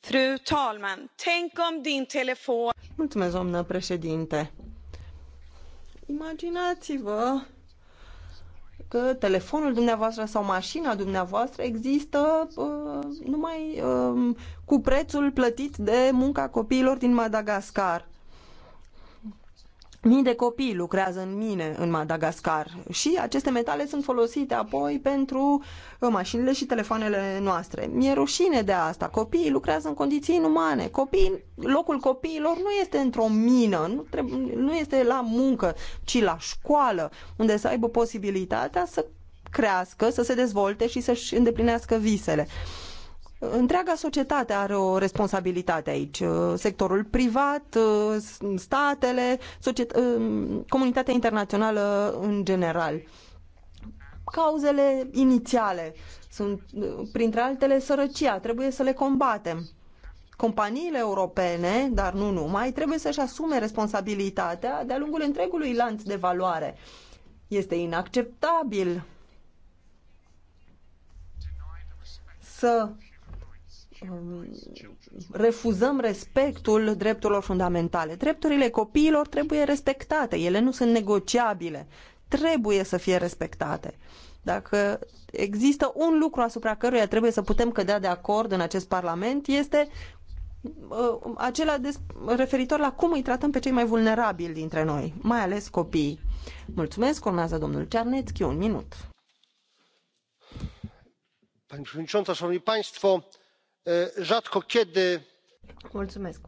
Speaker 1: Fru talman,
Speaker 11: tänk om din telefon... Mulțumesc, doamnă președinte. Imaginați-vă că telefonul dumneavoastră sau mașina dumneavoastră există uh, numai uh, cu prețul plătit de munca copiilor din Madagascar. Mii de copii lucrează în mine în Madagascar și aceste metale sunt folosite apoi pentru uh, mașinile și telefoanele noastre. Mi-e rușine de asta. Copiii lucrează în condiții inumane. Copii, locul copiilor nu este într-o mină, nu, trebuie, nu este la muncă, ci la școală, unde să aibă posibilitatea să crească, să se dezvolte și să-și îndeplinească visele. Uh, Întreaga societate are o responsabilitate aici. Uh, sectorul privat, uh, statele, uh, comunitatea internațională în general. Cauzele inițiale sunt, printre altele, sărăcia. Trebuie să le combatem. Companiile europene, dar nu numai, trebuie să-și asume responsabilitatea de-a lungul întregului lanț de valoare. Este inacceptabil să Um, refuzăm respectul drepturilor fundamentale. Drepturile copiilor trebuie respectate, ele nu sunt negociabile, trebuie să fie respectate. Dacă există un lucru asupra căruia trebuie să putem cădea de acord în acest Parlament, este uh, acela de, referitor la cum îi tratăm pe cei mai vulnerabili dintre noi, mai ales copiii. Mulțumesc, urmează domnul Cernețchi, un minut.
Speaker 2: Pani Przewodnicząca, Szanowni Państwo! rzadko kiedy. Mulțumesc.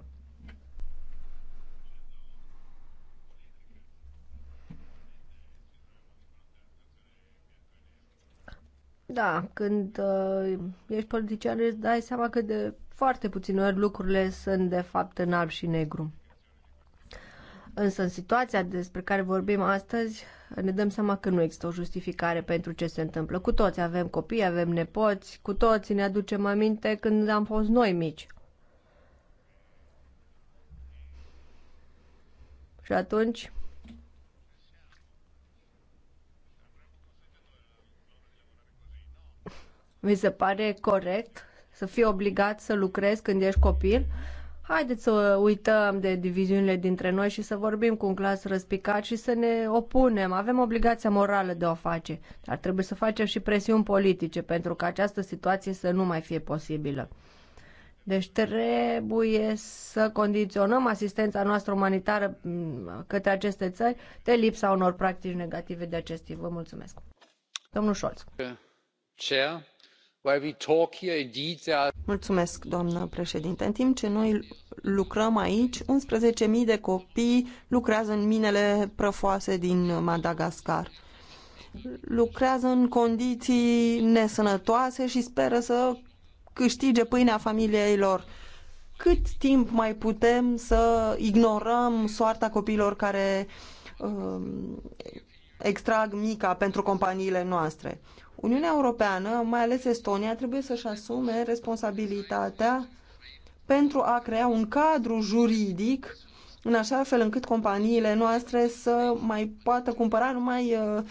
Speaker 10: Da, când uh, ești politician îți dai seama că de foarte puține ori lucrurile sunt de fapt în alb și negru. Însă în situația despre care vorbim astăzi ne dăm seama că nu există o justificare pentru ce se întâmplă. Cu toți avem copii, avem nepoți, cu toți ne aducem aminte când am fost noi mici. Și atunci mi se pare corect să fii obligat să lucrezi când ești copil? Haideți să uităm de diviziunile dintre noi și să vorbim cu un glas răspicat și să ne opunem. Avem obligația morală de a o face, dar trebuie să facem și presiuni politice pentru ca această situație să nu mai fie posibilă. Deci trebuie să condiționăm asistența noastră umanitară mm, către aceste țări de lipsa unor practici negative de acest tip. Vă mulțumesc. Domnul Scholz. Chair. Mulțumesc, doamnă președinte. În timp ce noi
Speaker 11: lucrăm aici, zero de copii lucrează în minele prăfoase din Madagascar. Lucrează în condiții nesănătoase și speră să câștige pâinea familiei lor. Cât timp mai putem să ignorăm soarta copiilor care uh, extrag mica pentru companiile noastre? Uniunea Europeană, mai ales Estonia, trebuie să-și asume responsabilitatea pentru a crea un cadru juridic în așa fel încât companiile noastre să mai poată cumpăra numai uh,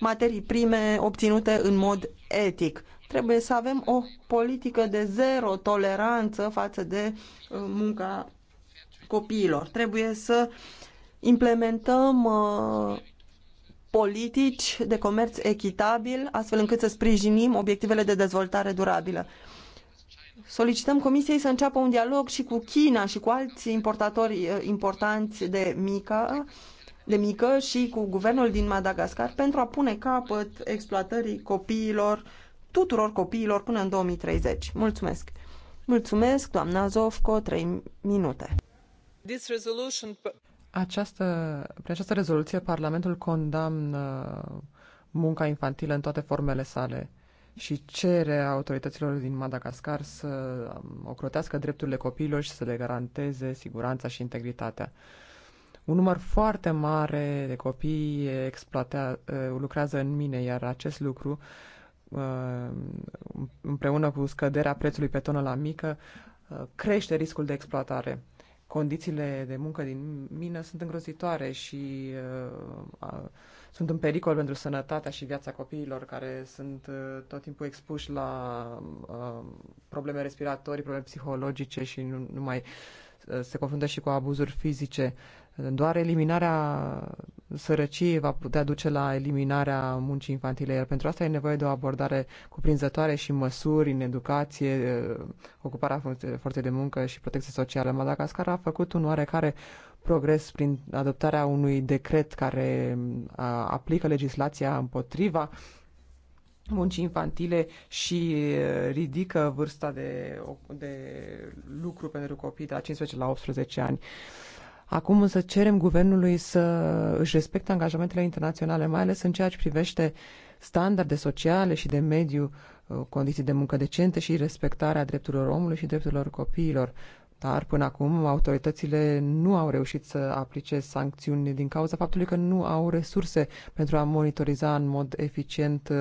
Speaker 11: materii prime obținute în mod etic. Trebuie să avem o politică de zero toleranță față de uh, munca copiilor. Trebuie să implementăm uh, politici de comerț echitabil, astfel încât să sprijinim obiectivele de dezvoltare durabilă. Solicităm Comisiei să înceapă un dialog și cu China și cu alți importatori eh, importanți de mică, de mică și cu guvernul din Madagascar pentru a pune capăt exploatării copiilor, tuturor copiilor până în 2030. Mulțumesc! Mulțumesc, doamna Zovco, trei minute. Această, prin această rezoluție, Parlamentul
Speaker 12: condamnă munca infantilă în toate formele sale și cere autorităților din Madagascar să ocrotească drepturile copiilor și să le garanteze siguranța și integritatea. Un număr foarte mare de copii exploatea, uh, lucrează în mine, iar acest lucru, uh, împreună cu scăderea prețului pe tonă la mică, uh, crește riscul de exploatare condițiile de muncă din mină sunt îngrozitoare și uh, a, sunt în pericol pentru sănătatea și viața copiilor care sunt uh, tot timpul expuși la uh, probleme respiratorii, probleme psihologice și nu mai uh, se confruntă și cu abuzuri fizice. Doar eliminarea sărăciei va putea duce la eliminarea muncii infantile, iar pentru asta e nevoie de o abordare cuprinzătoare și măsuri în educație, eh, ocuparea forței de muncă și protecție socială. Madagascar a făcut un oarecare progres prin adoptarea unui decret care mm, aplică legislația împotriva muncii infantile și eh, ridică vârsta de, de lucru pentru copii de la 15 la 18 ani. Acum însă cerem guvernului să își respecte angajamentele internaționale, mai ales în ceea ce privește standarde sociale și de mediu, uh, condiții de muncă decente și respectarea drepturilor omului și drepturilor copiilor. Dar până acum autoritățile nu au reușit să aplice sancțiuni din cauza faptului că nu au resurse pentru a monitoriza în mod eficient uh,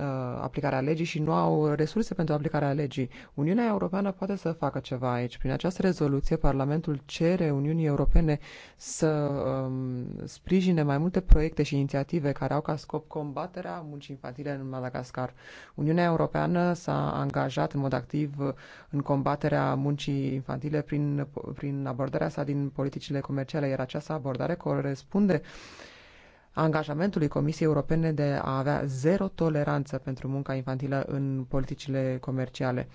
Speaker 12: Uh, aplicarea legii și nu au resurse pentru aplicarea legii. Uniunea Europeană poate să facă ceva aici. Prin această rezoluție, Parlamentul cere Uniunii Europene să um, sprijine mai multe proiecte și inițiative care au ca scop combaterea muncii infantile în Madagascar. Uniunea Europeană s-a angajat în mod activ în combaterea muncii infantile prin, prin abordarea sa din politicile comerciale, iar această abordare corespunde uh, angajamentului Comisiei Europene de a avea zero toleranță pentru munca infantilă în politicile comerciale.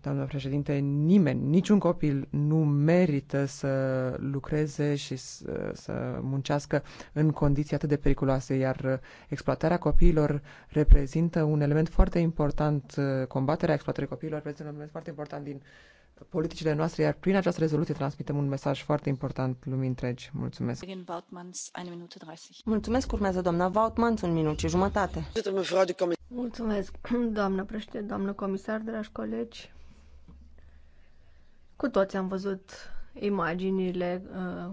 Speaker 12: Doamnă președinte, nimeni, niciun copil nu merită să lucreze și să, să muncească în condiții atât de periculoase, iar exploatarea copiilor reprezintă un element foarte important, combaterea exploatării copiilor reprezintă un element foarte important din uh, politicile noastre, iar prin această rezoluție
Speaker 11: transmitem un mesaj foarte important lumii întregi. Mulțumesc. Mulțumesc, urmează doamna Vautmans, un minut și jumătate.
Speaker 10: Mulțumesc, doamnă președinte, doamnă comisar, dragi colegi. Cu toți am văzut imaginile uh,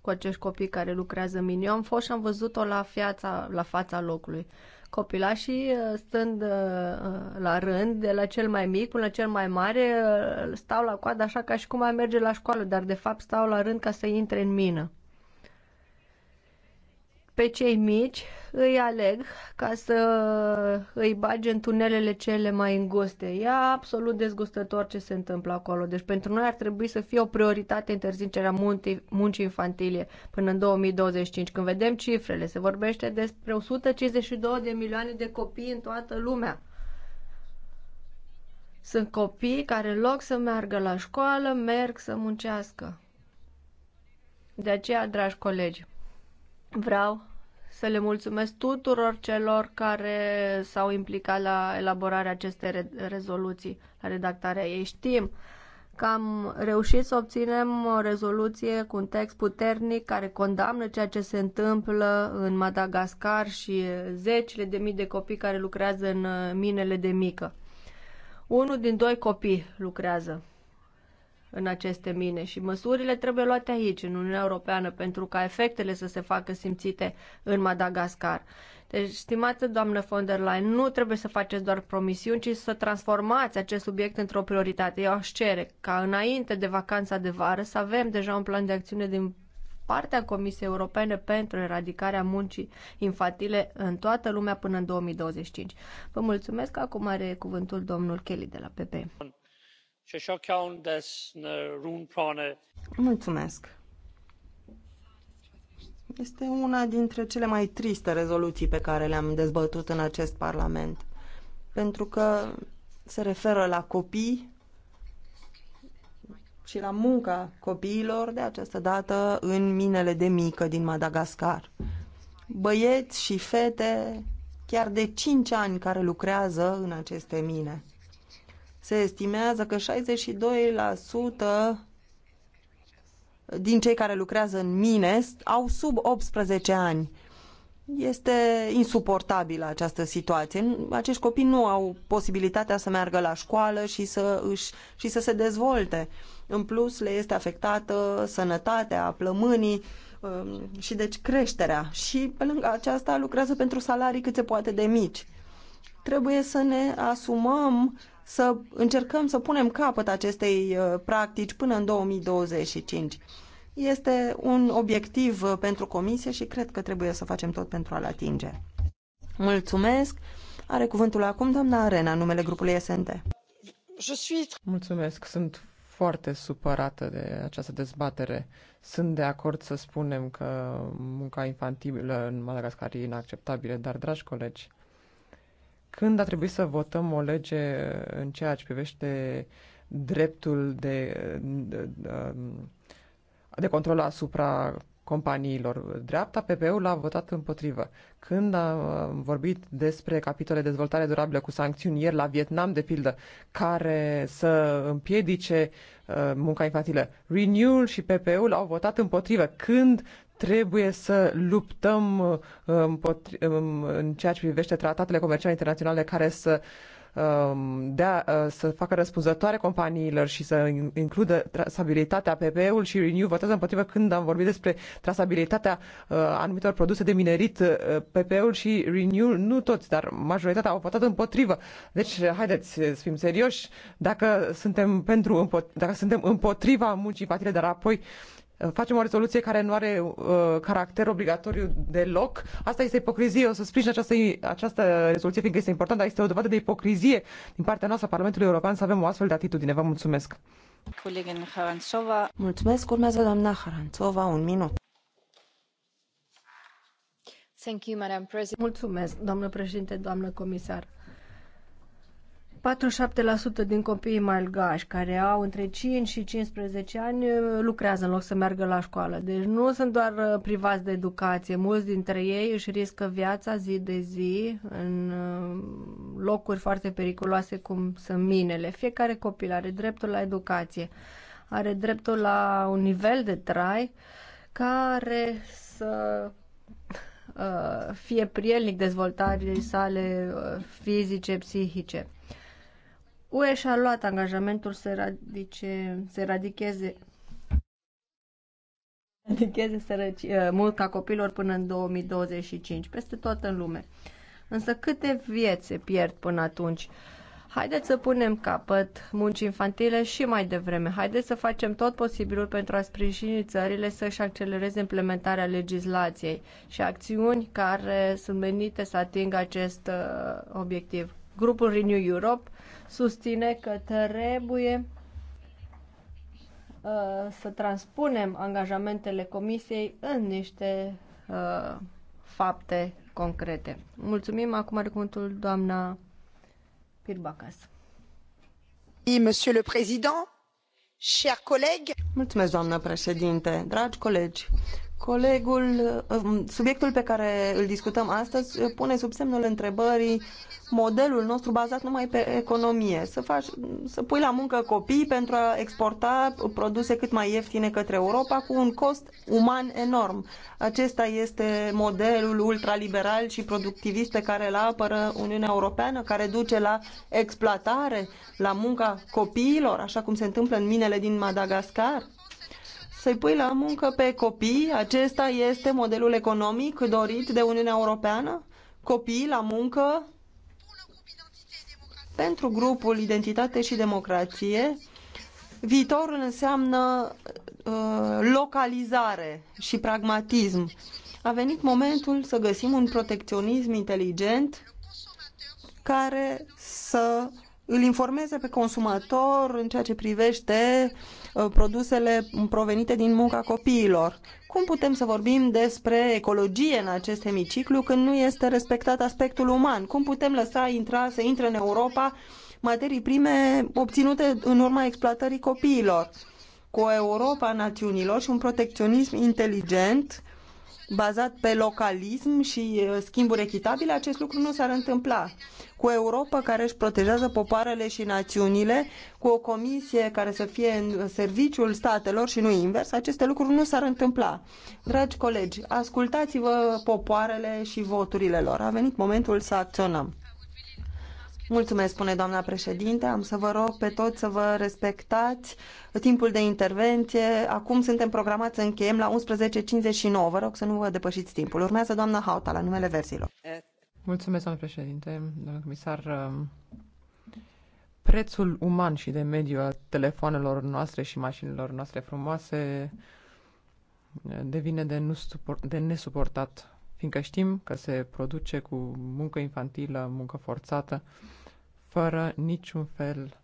Speaker 10: cu acești copii care lucrează minion. Am fost și am văzut-o la, fiața, la fața locului. Uh, Copilașii, uh, stând uh, uh, la rând, de la cel mai mic până la cel mai mare, stau la coadă așa ca și cum ai merge la școală, dar de fapt stau la rând ca să intre în mină pe cei mici îi aleg ca să îi bage în tunelele cele mai înguste. E absolut dezgustător ce se întâmplă acolo. Deci pentru noi ar trebui să fie o prioritate interzicerea muncii infantile până în 2025. Când vedem cifrele, se vorbește despre 152 de milioane de copii în toată lumea. Sunt copii care în loc să meargă la școală, merg să muncească. De aceea, dragi colegi, Vreau să le mulțumesc tuturor celor care s-au implicat la elaborarea acestei re- rezoluții, la redactarea ei. Știm că am reușit să obținem o rezoluție cu un text puternic care condamnă ceea ce se întâmplă în Madagascar și zecile de mii de copii care lucrează în minele de mică. Unul din doi copii lucrează în aceste mine și măsurile trebuie luate aici, în Uniunea Europeană, pentru ca efectele să se facă simțite în Madagascar. Deci, stimată doamnă von der Leyen, nu trebuie să faceți doar promisiuni, ci să transformați acest subiect într-o prioritate. Eu aș cere ca înainte de vacanța de vară să avem deja un plan de acțiune din partea Comisiei Europene pentru eradicarea muncii infantile în toată lumea până în 2025. Vă mulțumesc. Acum are cuvântul domnul Kelly de la PP.
Speaker 11: Mulțumesc. Este una dintre cele mai triste rezoluții pe care le-am dezbătut în acest Parlament, pentru că se referă la copii și la munca copiilor, de această dată în minele de mică din Madagascar. Băieți și fete, chiar de 5 ani, care lucrează în aceste mine se estimează că 62% din cei care lucrează în mine au sub 18 ani. Este insuportabilă această situație. Acești copii nu au posibilitatea să meargă la școală și să, își, și să se dezvolte. În plus, le este afectată sănătatea, plămânii um, și deci creșterea. Și pe lângă aceasta lucrează pentru salarii cât se poate de mici. Trebuie să ne asumăm să încercăm să punem capăt acestei uh, practici până în 2025. Este un obiectiv uh, pentru comisie și cred că trebuie să facem tot pentru a-l atinge. Mulțumesc. Are cuvântul acum doamna Arena, numele grupului SND. Mulțumesc. Sunt foarte supărată de
Speaker 12: această dezbatere. Sunt de acord să spunem că munca infantilă în Madagascar e inacceptabilă, dar, dragi colegi, când a trebuit să votăm o lege în ceea ce privește dreptul de, de, de um, control asupra companiilor. Dreapta PP-ul a votat împotrivă. Când am um, vorbit despre capitole de dezvoltare durabilă cu sancțiuni ieri la Vietnam, de pildă, care să împiedice uh, munca infantilă, Renewul și PP-ul au votat împotrivă. Când trebuie să luptăm uh, um, în ceea ce privește tratatele comerciale internaționale care să um, a, uh, să facă răspunzătoare companiilor și să includă trasabilitatea PPE-ul și Renew votează împotrivă când am vorbit despre trasabilitatea uh, anumitor produse de minerit PPE-ul și Renew, nu toți, dar majoritatea au votat împotrivă. Deci, haideți să fim serioși, dacă suntem, pentru, dacă suntem împotriva muncii patile, dar apoi Uh, facem o rezoluție care nu are uh, caracter obligatoriu deloc. Asta este ipocrizie. O să sprijin această, această rezoluție, fiindcă este importantă, dar este o dovadă de ipocrizie din partea noastră a Parlamentului European să avem o astfel de atitudine. Vă mulțumesc.
Speaker 11: Mulțumesc. Urmează doamna Haranțova. Un minut.
Speaker 10: Thank you, Madam President. Mulțumesc, doamnă președinte, doamnă comisar 47% din copiii malgași care au între 5 și 15 ani eh, lucrează în loc să meargă la școală. Deci nu sunt doar eh, privați de educație. Mulți dintre ei își riscă viața zi de zi în eh, locuri foarte periculoase cum sunt minele. Fiecare copil are dreptul la educație, are dreptul la un nivel de trai care să fie prielnic dezvoltării sale fizice, psihice. UE și-a luat angajamentul să, eradice, să eradicheze eradicheze sărăci, uh, munca copilor până în 2025, peste tot în lume. Însă câte vieți se pierd până atunci? Haideți să punem capăt muncii infantile și mai devreme. Haideți să facem tot posibilul pentru a sprijini țările să-și accelereze implementarea legislației și acțiuni care sunt menite să atingă acest uh, obiectiv. Grupul Renew Europe susține că trebuie uh, să transpunem angajamentele comisiei în niște uh, fapte concrete. Mulțumim. Acum are cuvântul doamna Pirbacas.
Speaker 11: Monsieur le Président, chers collègues. Mulțumesc, doamna președinte, dragi colegi. Colegul, um, subiectul pe care îl discutăm astăzi uh, pune sub semnul întrebării modelul nostru bazat numai pe economie. Să, faci, să pui la muncă copii pentru a exporta produse cât mai ieftine către Europa cu un cost uman enorm. Acesta este modelul ultraliberal și productivist pe care îl apără Uniunea Europeană, care duce la exploatare, la munca copiilor, așa cum se întâmplă în minele din Madagascar să-i pui la muncă pe copii, acesta este modelul economic dorit de Uniunea Europeană? Copii la muncă? Pentru grupul Identitate și Democrație, viitorul înseamnă uh, localizare și pragmatism. A venit momentul să găsim un protecționism inteligent care să îl informeze pe consumator în ceea ce privește uh, produsele provenite din munca copiilor. Cum putem să vorbim despre ecologie în acest hemiciclu când nu este respectat aspectul uman? Cum putem lăsa intra, să intre în Europa materii prime obținute în urma exploatării copiilor? Cu o Europa a națiunilor și un protecționism inteligent, bazat pe localism și uh, schimburi echitabile, acest lucru nu s-ar întâmpla cu Europa care își protejează popoarele și națiunile, cu o comisie care să fie în serviciul statelor și nu invers, aceste lucruri nu s-ar întâmpla. Dragi colegi, ascultați-vă popoarele și voturile lor. A venit momentul să acționăm. Mulțumesc, spune doamna președinte. Am să vă rog pe toți să vă respectați timpul de intervenție. Acum suntem programați să încheiem la 11.59. Vă rog să nu vă depășiți timpul. Urmează doamna Hauta la numele versilor.
Speaker 12: Mulțumesc, domnule președinte, domnule comisar. Um, prețul uman și de mediu al telefoanelor noastre și mașinilor noastre frumoase uh, devine de, nu suport, de nesuportat, fiindcă știm că se produce cu muncă infantilă, muncă forțată, fără niciun fel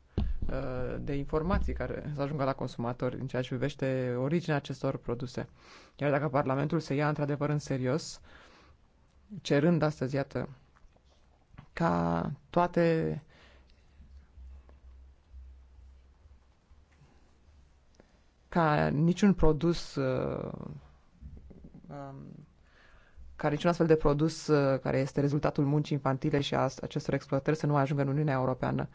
Speaker 12: uh, de informații care să ajungă la consumatori în ceea ce privește originea acestor produse. Iar dacă Parlamentul se ia într-adevăr în serios, uh, cerând astăzi, iată, ca toate ca niciun produs uh, um, ca niciun astfel de produs uh, care este rezultatul muncii infantile și a acestor exploatări să nu ajungă în Uniunea Europeană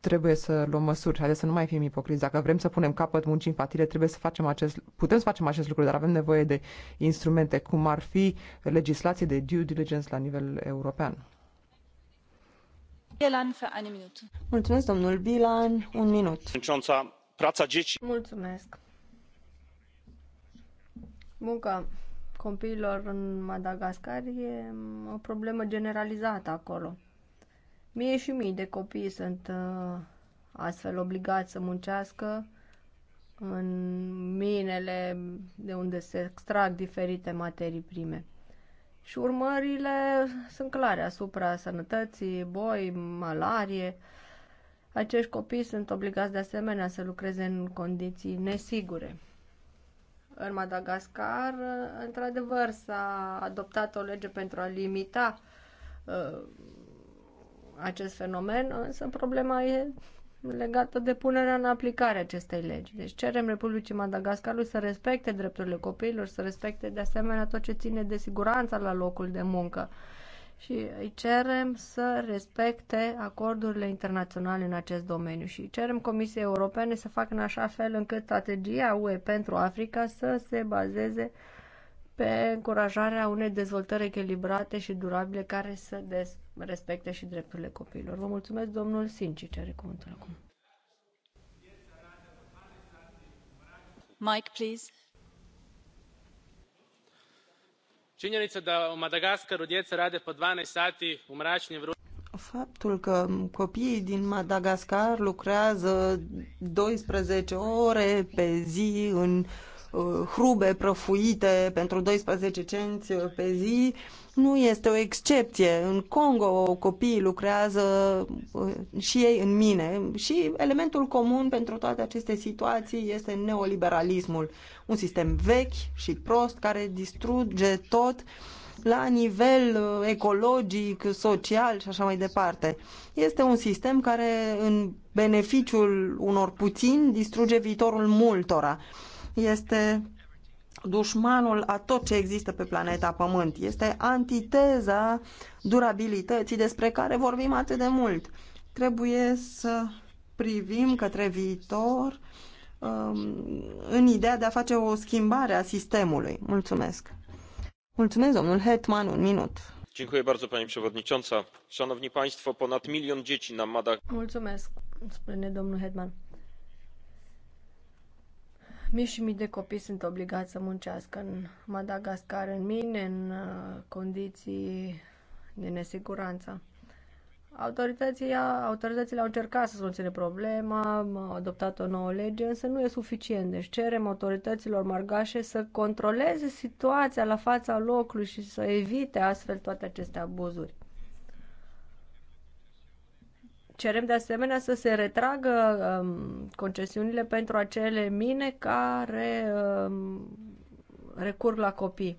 Speaker 12: trebuie să luăm măsuri. Haideți să nu mai fim ipocriți. Dacă vrem să punem capăt muncii infantile, trebuie să facem acest, putem să facem acest lucru, dar avem nevoie de instrumente, cum ar fi legislație
Speaker 11: de due diligence la nivel european.
Speaker 10: Mulțumesc, domnul Bilan. Un minut. Mulțumesc. Munca copiilor în Madagascar e o problemă generalizată acolo Mie și mii de copii sunt uh, astfel obligați să muncească în minele de unde se extrag diferite materii prime. Și urmările sunt clare asupra sănătății, boi, malarie. Acești copii sunt obligați de asemenea să lucreze în condiții nesigure. În Madagascar, într-adevăr, s-a adoptat o lege pentru a limita uh, acest fenomen, însă problema e legată de punerea în aplicare acestei legi. Deci cerem Republicii Madagascarului să respecte drepturile copiilor, să respecte de asemenea tot ce ține de siguranța la locul de muncă și îi cerem să respecte acordurile internaționale în acest domeniu și cerem Comisiei Europene să facă în așa fel încât strategia UE pentru Africa să se bazeze pe încurajarea unei dezvoltări echilibrate și durabile care să respecte și drepturile copiilor. Vă mulțumesc, domnul Sinci, cere cuvântul acum. Mike, please.
Speaker 6: Činjenica da u Madagaskaru djeca rade po 12 sati u mračnim
Speaker 11: Faptul că copiii din Madagascar lucrează 12 ore pe zi în uh, Uh, hrube prăfuite pentru 12 cenți uh, pe zi nu este o excepție. În Congo copiii lucrează uh, și ei în mine și elementul comun pentru toate aceste situații este neoliberalismul. Un sistem vechi și prost care distruge tot la nivel ecologic, social și așa mai departe. Este un sistem care în beneficiul unor puțini distruge viitorul multora este dușmanul a tot ce există pe planeta Pământ. Este antiteza durabilității despre care vorbim atât de mult. Trebuie să privim către viitor um, în ideea de a face o schimbare a sistemului. Mulțumesc. Mulțumesc, domnul Hetman, un minut.
Speaker 9: Dziękuję bardzo, pani przewodnicząca. Szanowni państwo, ponad milion dzieci na Madagaskar.
Speaker 10: Mulțumesc, spune domnul Hetman. Mii și mii de copii sunt obligați să muncească în Madagascar, în mine, în uh, condiții de nesiguranță. Autorității autoritățile au încercat să soluționeze problema, au adoptat o nouă lege, însă nu e suficient. Deci cerem autorităților margașe să controleze situația la fața locului și să evite astfel toate aceste abuzuri. Cerem de asemenea să se retragă um, concesiunile pentru acele mine care um, recurg la copii.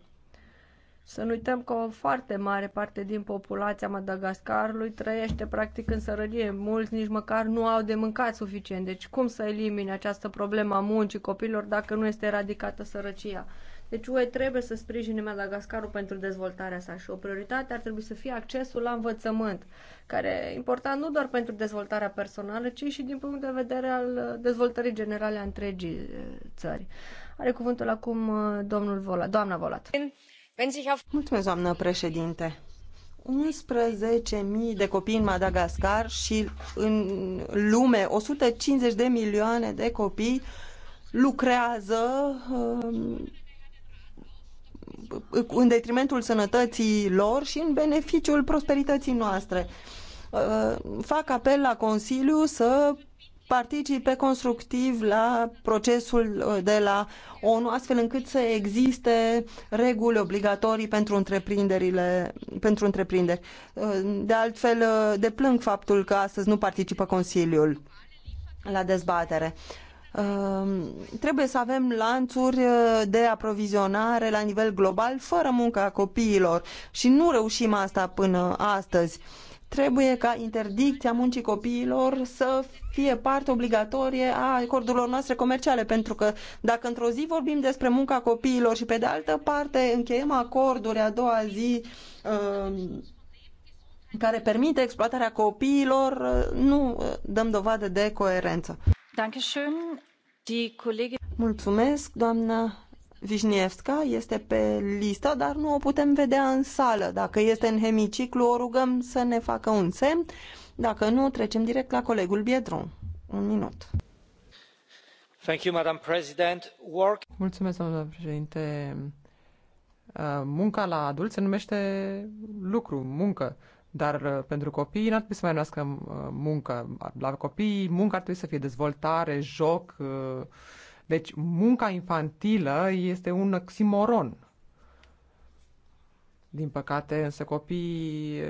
Speaker 10: Să nu uităm că o foarte mare parte din populația Madagascarului trăiește practic în sărăcie. Mulți nici măcar nu au de mâncat suficient. Deci cum să elimine această problemă a muncii copiilor dacă nu este eradicată sărăcia? Deci UE trebuie să sprijine Madagascarul pentru dezvoltarea sa și o prioritate ar trebui să fie accesul la învățământ, care e important nu doar pentru dezvoltarea personală, ci și din punct de vedere al uh, dezvoltării generale a întregii uh, țări. Are cuvântul acum uh, domnul Vola, doamna Volat. Mulțumesc, doamnă președinte.
Speaker 11: 11.000 de copii în Madagascar și în lume 150 de milioane de copii lucrează um, în detrimentul sănătății lor și în beneficiul prosperității noastre. Uh, fac apel la Consiliu să participe constructiv la procesul uh, de la ONU, astfel încât să existe reguli obligatorii pentru întreprinderile, pentru întreprinderi. Uh, de altfel, deplâng faptul că astăzi nu participă Consiliul la dezbatere. Ehm, trebuie să avem lanțuri eh, de aprovizionare la nivel global fără munca copiilor și nu reușim asta până astăzi. Trebuie ca interdicția muncii copiilor să fie parte obligatorie a acordurilor noastre comerciale, pentru că dacă într-o zi vorbim despre munca copiilor și pe de altă parte încheiem acorduri a doua zi ehm, care permite exploatarea copiilor, eh, nu eh, dăm dovadă de coerență. Mulțumesc, doamna Vișnievska este pe listă, dar nu o putem vedea în sală. Dacă este în hemiciclu, o rugăm să ne facă un semn. Dacă nu, trecem direct la colegul Biedron. Un minut.
Speaker 8: Thank you, Madam President. Work...
Speaker 12: Mulțumesc, doamnă președinte. Uh, munca la adulți se numește lucru, muncă. Dar uh, pentru copii n-ar trebui să mai numească uh, muncă. La copii munca ar trebui să fie dezvoltare, joc. Uh, deci munca infantilă este un oximoron. Din păcate, însă copiii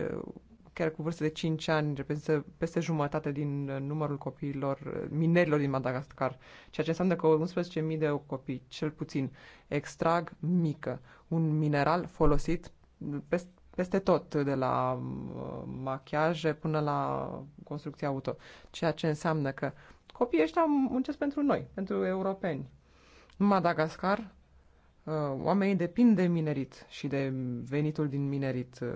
Speaker 12: chiar cu vârste de 5 ani, reprezintă peste jumătate din numărul copiilor, minerilor din Madagascar, ceea ce înseamnă că 11.000 de copii, cel puțin, extrag mică, un mineral folosit peste peste tot, de la uh, machiaje până la construcția auto. Ceea ce înseamnă că copiii ăștia muncesc pentru noi, pentru europeni. În Madagascar, uh, oamenii depind de minerit și de venitul din minerit, uh,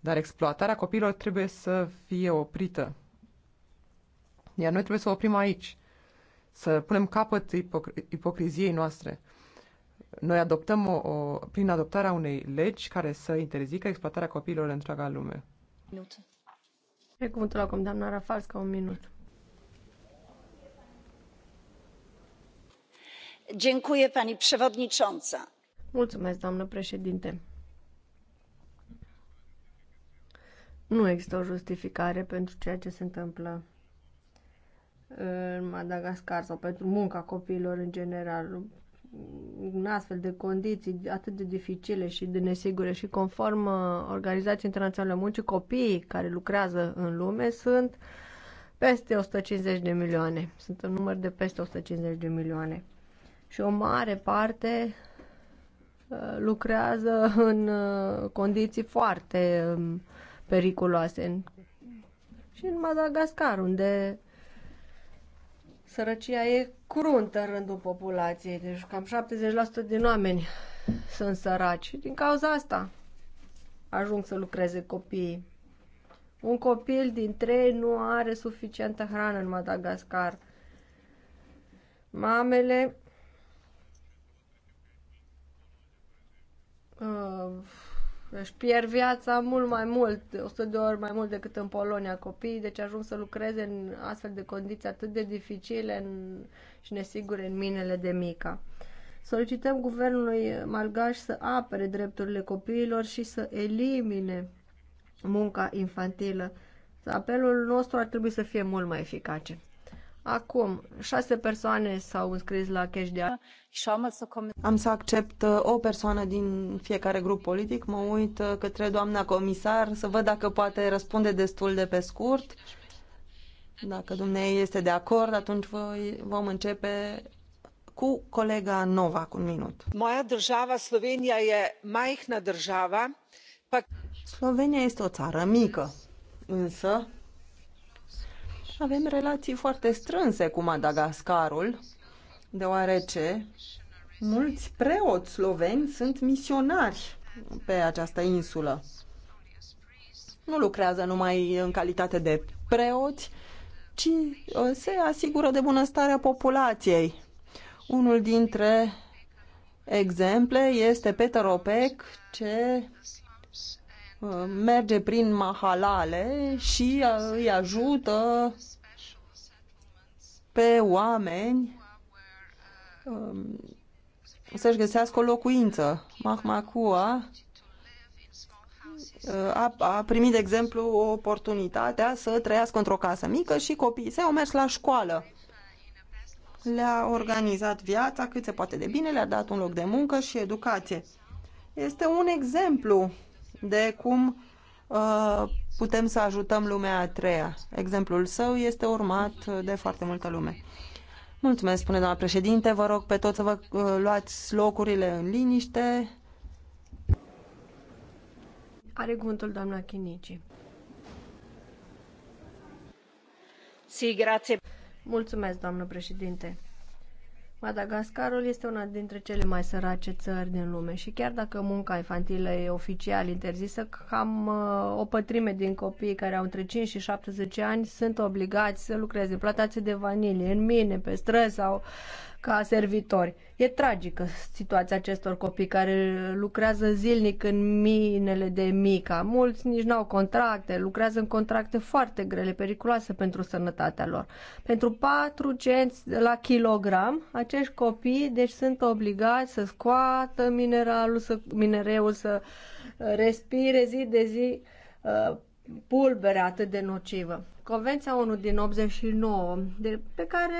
Speaker 12: dar exploatarea copiilor trebuie să fie oprită. Iar noi trebuie să o oprim aici, să punem capăt ipocri- ipocriziei noastre noi adoptăm o, o, prin adoptarea unei legi care să interzică exploatarea copiilor în întreaga lume.
Speaker 10: Minut. E cuvântul acum, doamna ca un minut.
Speaker 7: Dziękuję, pani przewodnicząca.
Speaker 10: Mulțumesc, doamnă președinte. Nu există o justificare pentru ceea ce se întâmplă în Madagascar sau pentru munca copiilor în general în astfel de condiții atât de dificile și de nesigure și conform uh, Organizației Internaționale a Muncii, copiii care lucrează în lume sunt peste 150 de milioane. Sunt un număr de peste 150 de milioane. Și o mare parte uh, lucrează în uh, condiții foarte um, periculoase. Și în Madagascar, unde Sărăcia e cruntă în rândul populației, deci cam 70% din oameni sunt săraci. din cauza asta ajung să lucreze copiii. Un copil din trei nu are suficientă hrană în Madagascar. Mamele uh, își pierd viața mult mai mult, 100 de ori mai mult decât în Polonia copiii, deci ajung să lucreze în astfel de condiții atât de dificile în, și nesigure în minele de mica. Solicităm guvernului malgaș să apere drepturile copiilor și să elimine munca infantilă. Apelul nostru ar trebui să fie mult mai eficace. Acum, șase persoane s-au înscris la cash de
Speaker 11: Am să accept uh, o persoană din fiecare grup politic. Mă uit uh, către doamna comisar să văd dacă poate răspunde destul de pe scurt. Dacă dumneavoastră este de acord, atunci voi vom începe cu colega cu un minut.
Speaker 4: Moja država Slovenia e majhna država.
Speaker 11: Slovenia este o țară mică, însă avem relații foarte strânse cu Madagascarul, deoarece mulți preoți sloveni sunt misionari pe această insulă. Nu lucrează numai în calitate de preoți, ci uh, se asigură de bunăstarea populației. Unul dintre exemple este Peter Opec, ce merge prin mahalale și uh, îi ajută pe oameni um, să-și găsească o locuință. Mahmacua uh, a, a primit, de exemplu, oportunitatea să trăiască într-o casă mică și copiii săi au mers la școală. Le-a organizat viața cât se poate de bine, le-a dat un loc de muncă și educație. Este un exemplu de cum uh, putem să ajutăm lumea a treia. Exemplul său este urmat de foarte multă lume. Mulțumesc, spune doamna președinte. Vă rog pe toți să vă uh, luați locurile în liniște.
Speaker 10: Are cuvântul doamna Chinici. Si, grație. Mulțumesc, doamnă președinte. Madagascarul este una dintre cele mai sărace țări din lume și chiar dacă munca infantilă e oficial interzisă, cam uh, o pătrime din copiii care au între 5 și 17 ani sunt obligați să lucreze în plantații de vanilie, în mine, pe străzi sau ca servitori. E tragică situația acestor copii care lucrează zilnic în minele de mica. Mulți nici n-au contracte, lucrează în contracte foarte grele, periculoase pentru sănătatea lor. Pentru 4 cenți la kilogram, acești copii deci sunt obligați să scoată mineralul, să, minereul, să uh, respire zi de zi uh, pulbere atât de nocivă. Convenția 1 din 89, de, pe care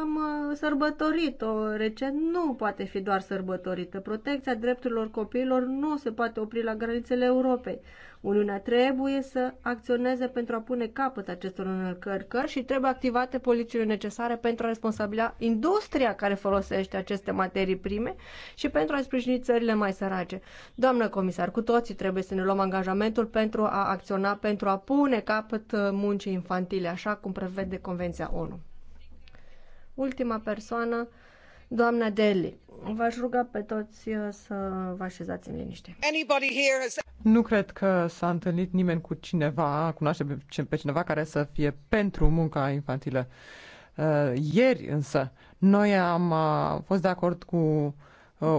Speaker 10: am uh, sărbătorit-o recent, nu poate fi doar sărbătorită. Protecția drepturilor copiilor nu se poate opri la granițele Europei. Uniunea trebuie să acționeze pentru a pune capăt acestor încărcări și trebuie activate politicile necesare pentru a responsabila industria care folosește aceste materii prime și pentru a sprijini țările mai sărace. Doamnă comisar, cu toții trebuie să ne luăm angajamentul pentru a acționa, pentru a pune capăt uh, muncii infantile, așa cum prevede Convenția ONU. Ultima persoană Doamna Deli, v-aș ruga pe toți uh, să vă așezați în liniște. Nu
Speaker 12: cred că s-a întâlnit nimeni cu cineva, cunoaște pe cineva care să fie pentru munca infantilă. Uh, ieri însă, noi am uh, fost de acord cu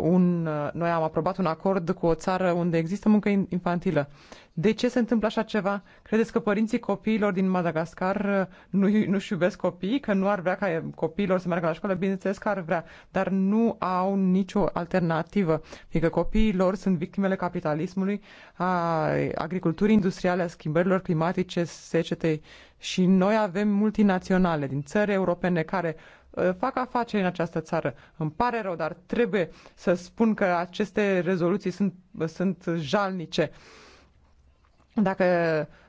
Speaker 12: un, noi am aprobat un acord cu o țară unde există muncă infantilă de ce se întâmplă așa ceva? Credeți că părinții copiilor din Madagascar uh, nu, nu-și iubesc copiii, că nu ar vrea ca eh, copiilor să meargă la școală? Bineînțeles că ar vrea, dar nu au nicio alternativă, fiindcă copiilor sunt victimele capitalismului, a agriculturii industriale, a schimbărilor climatice, secetei și noi avem multinaționale din țări europene care eh, fac afaceri în această țară. Îmi pare rău, dar trebuie să spun că aceste rezoluții sunt, sunt jalnice. Dacă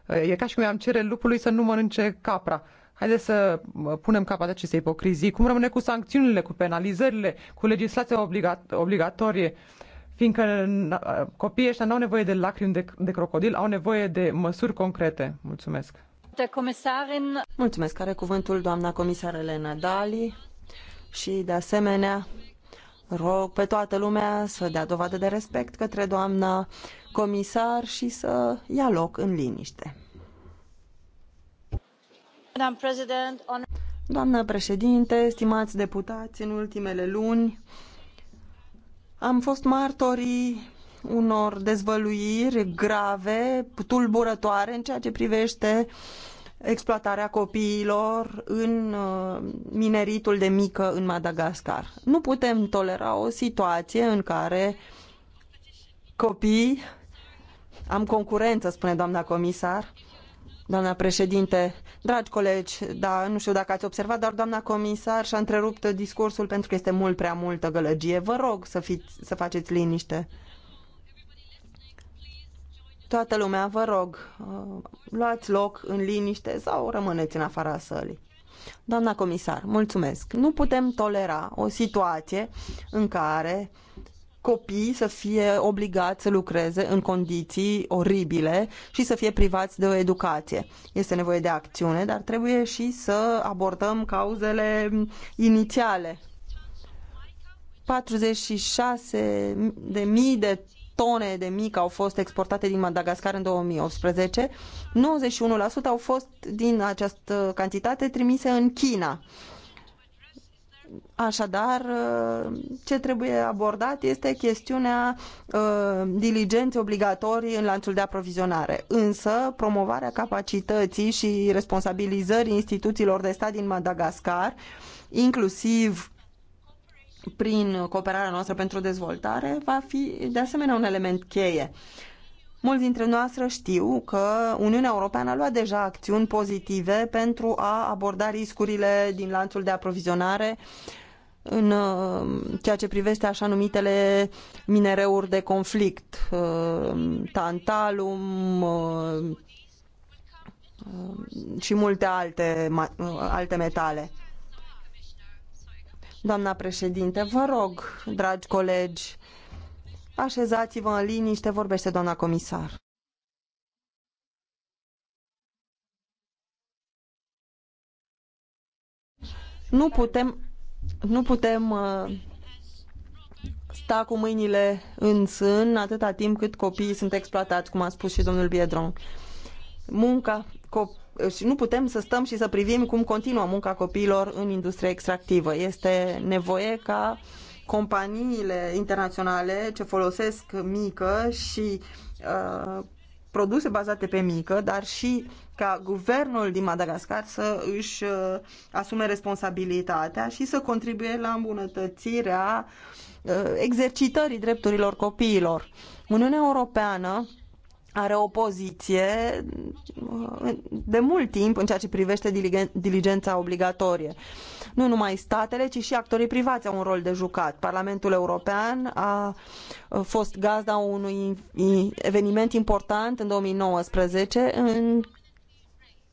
Speaker 12: e ca și cum am cere lupului să nu mănânce capra. Haideți să punem capăt acestei ipocrizii. Cum rămâne cu sancțiunile, cu penalizările, cu legislația obligat- obligatorie? Fiindcă copiii ăștia nu au nevoie de lacrimi de, de crocodil, au nevoie de măsuri concrete. Mulțumesc.
Speaker 11: Mulțumesc. Are cuvântul doamna comisar Elena Dali și, de asemenea, rog pe toată lumea să dea dovadă de respect către doamna comisar și să ia loc în liniște. Doamnă președinte, stimați deputați, în ultimele luni am fost martorii unor dezvăluiri grave, tulburătoare în ceea ce privește exploatarea copiilor în uh, mineritul de mică în Madagascar. Nu putem tolera o situație în care copii, am concurență, spune doamna comisar, doamna președinte, dragi colegi, da, nu știu dacă ați observat, dar doamna comisar și-a întrerupt discursul pentru că este mult prea multă gălăgie. Vă rog să, fiți, să faceți liniște. Toată lumea, vă rog, uh, luați loc în liniște sau rămâneți în afara sălii. Doamna comisar, mulțumesc. Nu putem tolera o situație în care copii să fie obligați să lucreze în condiții oribile și să fie privați de o educație. Este nevoie de acțiune, dar trebuie și să abordăm cauzele inițiale. 46 de mii de tone de mică au fost exportate din Madagascar în 2018, 91% au fost din această cantitate trimise în China. Așadar, ce trebuie abordat este chestiunea ă, diligenței obligatorii în lanțul de aprovizionare. Însă, promovarea capacității și responsabilizării instituțiilor de stat din Madagascar, inclusiv prin cooperarea noastră pentru dezvoltare va fi de asemenea un element cheie. Mulți dintre noastre știu că Uniunea Europeană a luat deja acțiuni pozitive pentru a aborda riscurile din lanțul de aprovizionare în uh, ceea ce privește așa numitele minereuri de conflict, uh, tantalum uh, și multe alte, alte metale Doamna președinte, vă rog, dragi colegi, așezați-vă în liniște, vorbește doamna comisar. Nu putem, nu putem uh, sta cu mâinile în sân atâta timp cât copiii sunt exploatați, cum a spus și domnul Biedron. Munca copiilor și nu putem să stăm și să privim cum continuă munca copiilor în industria extractivă. Este nevoie ca companiile internaționale ce folosesc mică și uh, produse bazate pe mică, dar și ca guvernul din Madagascar să își uh, asume responsabilitatea și să contribuie la îmbunătățirea uh, exercitării drepturilor copiilor. Uniunea Europeană uh, are o poziție uh, de mult timp în ceea ce privește diligența obligatorie. Nu numai statele, ci și actorii privați au un rol de jucat. Parlamentul European a uh, fost gazda unui eveniment important în 2019 în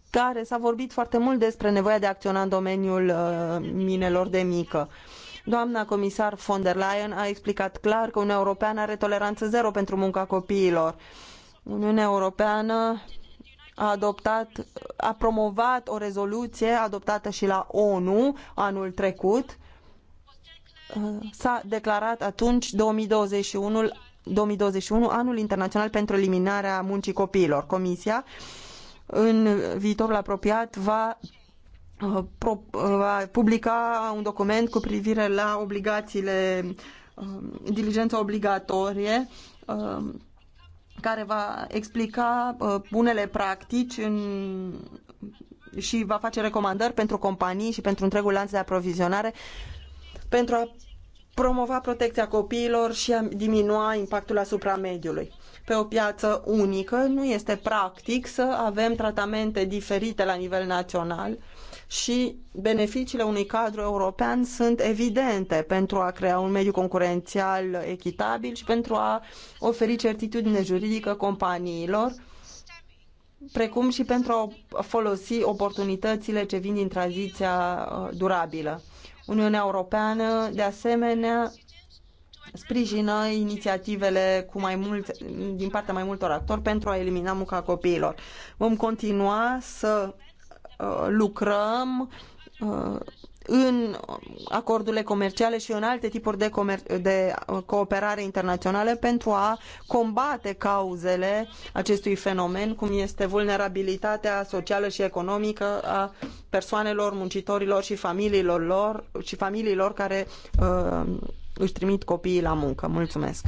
Speaker 11: care s-a vorbit foarte mult despre nevoia de a acționa în domeniul uh, minelor de mică. Doamna comisar von der Leyen a explicat clar că Uniunea Europeană are toleranță zero pentru munca copiilor Uniunea Europeană a adoptat, a promovat o rezoluție adoptată și la ONU anul trecut. S-a declarat atunci 2021, 2021 anul internațional pentru eliminarea muncii copiilor. Comisia în viitorul apropiat va uh, uh, va publica un document cu privire la obligațiile, uh, diligența obligatorie care va explica uh, bunele practici în, și va face recomandări pentru companii și pentru întregul lanț de aprovizionare pentru a promova protecția copiilor și a diminua impactul asupra mediului. Pe o piață unică nu este practic să avem tratamente diferite la nivel național și beneficiile unui cadru european sunt evidente pentru a crea un mediu concurențial echitabil și pentru a oferi certitudine juridică companiilor, precum și pentru a folosi oportunitățile ce vin din tranziția uh, durabilă. Uniunea Europeană, de asemenea, sprijină inițiativele cu mai mulți, din partea mai multor actori pentru a elimina munca copiilor. Vom continua să Uh, lucrăm uh, în acordurile comerciale și în alte tipuri de, de uh, cooperare internaționale pentru a combate cauzele acestui fenomen, cum este vulnerabilitatea socială și economică a persoanelor, muncitorilor și familiilor lor și familiilor care uh, își trimit copiii la muncă. Mulțumesc.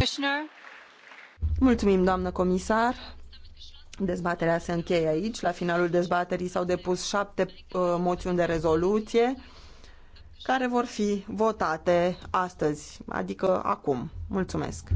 Speaker 11: Mulțumim, doamnă comisar. Dezbaterea se încheie aici. La finalul dezbaterii s-au depus șapte uh, moțiuni de rezoluție care vor fi votate astăzi, adică acum. Mulțumesc!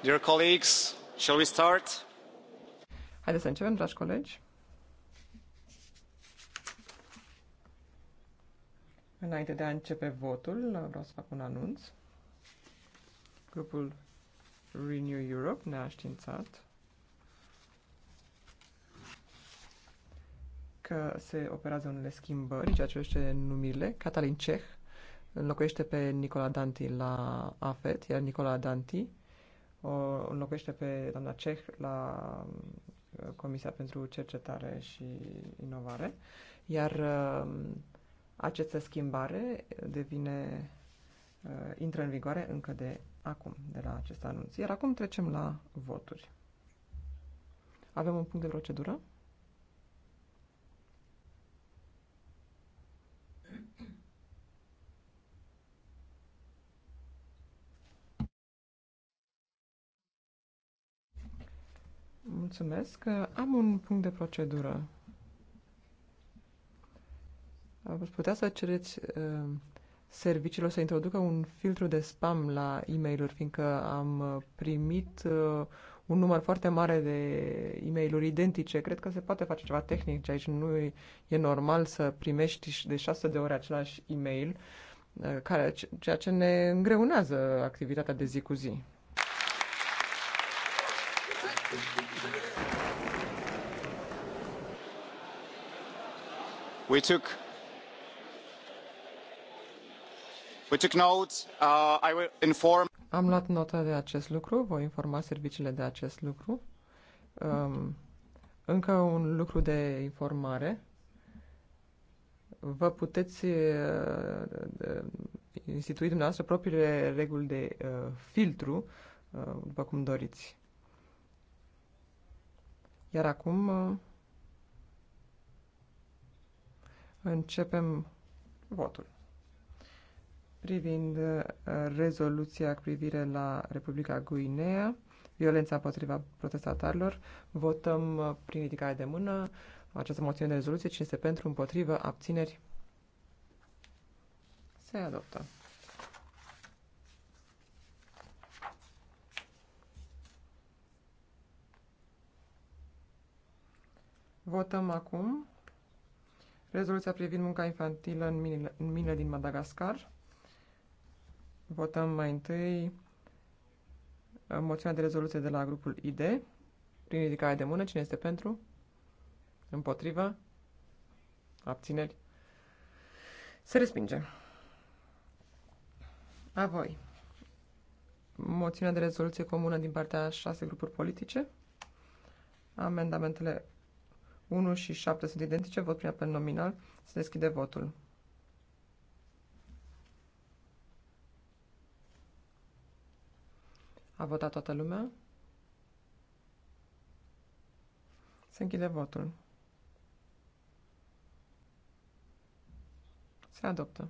Speaker 8: Dear colleagues, shall we start?
Speaker 12: Haideți să începem, dragi colegi. Înainte de a începe votul, vreau să fac un anunț. Grupul Renew Europe ne-a științat că se operează unele schimbări ceea ce este numirile. Catalin Ceh înlocuiește pe Nicola Danti la AFET, iar Nicola Danti o înlocuiește pe doamna Ceh la uh, Comisia pentru Cercetare și Inovare, iar um, această schimbare devine, uh, intră în vigoare încă de acum, de la acest anunț. Iar acum trecem la voturi. Avem un punct de procedură? Mulțumesc. Am un punct de procedură. Ați putea să cereți uh, serviciilor să introducă un filtru de spam la e mail fiindcă am uh, primit uh, un număr foarte mare de e mail identice. Cred că se poate face ceva tehnic aici. Nu e, e normal să primești de șase de ori același e-mail, uh, care, ceea ce ne îngreunează activitatea de zi cu zi.
Speaker 13: Thank you.
Speaker 8: we took we took notes. Uh, I will inform.
Speaker 12: Am luat notă de acest lucru, voi informa serviciile de acest lucru. Um, încă un lucru de informare. Vă puteți uh, uh institui dumneavoastră propriile reguli de uh, filtru, uh, după cum doriți. Iar acum uh, Începem votul. Privind uh, rezoluția cu privire la Republica Guinea, violența împotriva protestatarilor, votăm uh, prin ridicare de mână această moțiune de rezoluție. Cine este pentru, împotrivă, abțineri? Se adoptă. Votăm acum rezoluția privind munca infantilă în mine în minile din Madagascar. Votăm mai întâi uh, moțiunea de rezoluție de la grupul ID. Prin ridicare de mână, cine este pentru? Împotrivă? Abțineri? Se respinge. A voi. Moțiunea de rezoluție comună din partea șase grupuri politice. Amendamentele 1 și 7 sunt identice, vot prin apel nominal, se deschide votul. A votat toată lumea? Se închide votul. Se adoptă.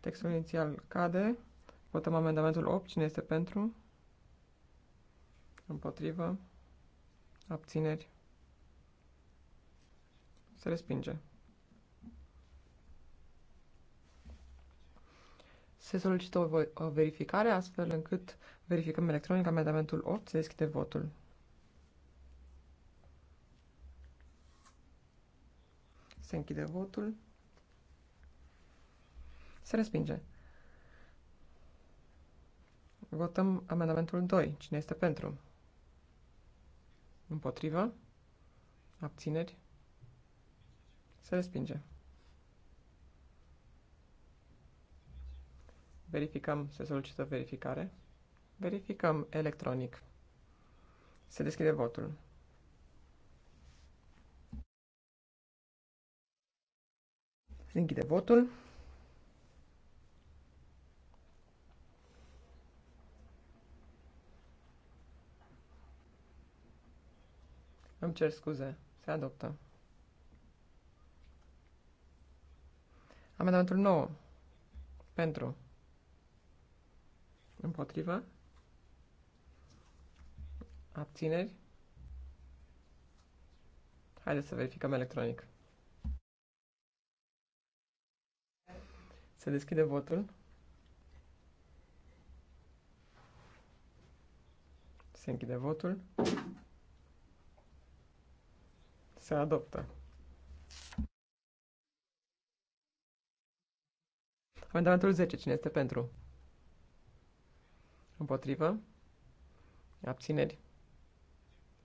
Speaker 12: Textul inițial cade. Votăm amendamentul 8. Cine este pentru? Împotrivă abțineri, se respinge. Se solicită o, o verificare astfel încât verificăm electronic amendamentul 8, se deschide votul. Se închide votul. Se respinge. Votăm amendamentul 2. Cine este pentru? Împotrivă. Abțineri. Se respinge. Verificăm, se solicită verificare. Verificăm electronic. Se deschide votul. Se închide votul. Îmi cer scuze. Se adoptă. Amendamentul 9. Pentru. Împotrivă. Abțineri. Haideți să verificăm electronic. Se deschide votul. Se închide votul. Se adoptă. Amendamentul 10. Cine este pentru? Împotrivă. Abțineri.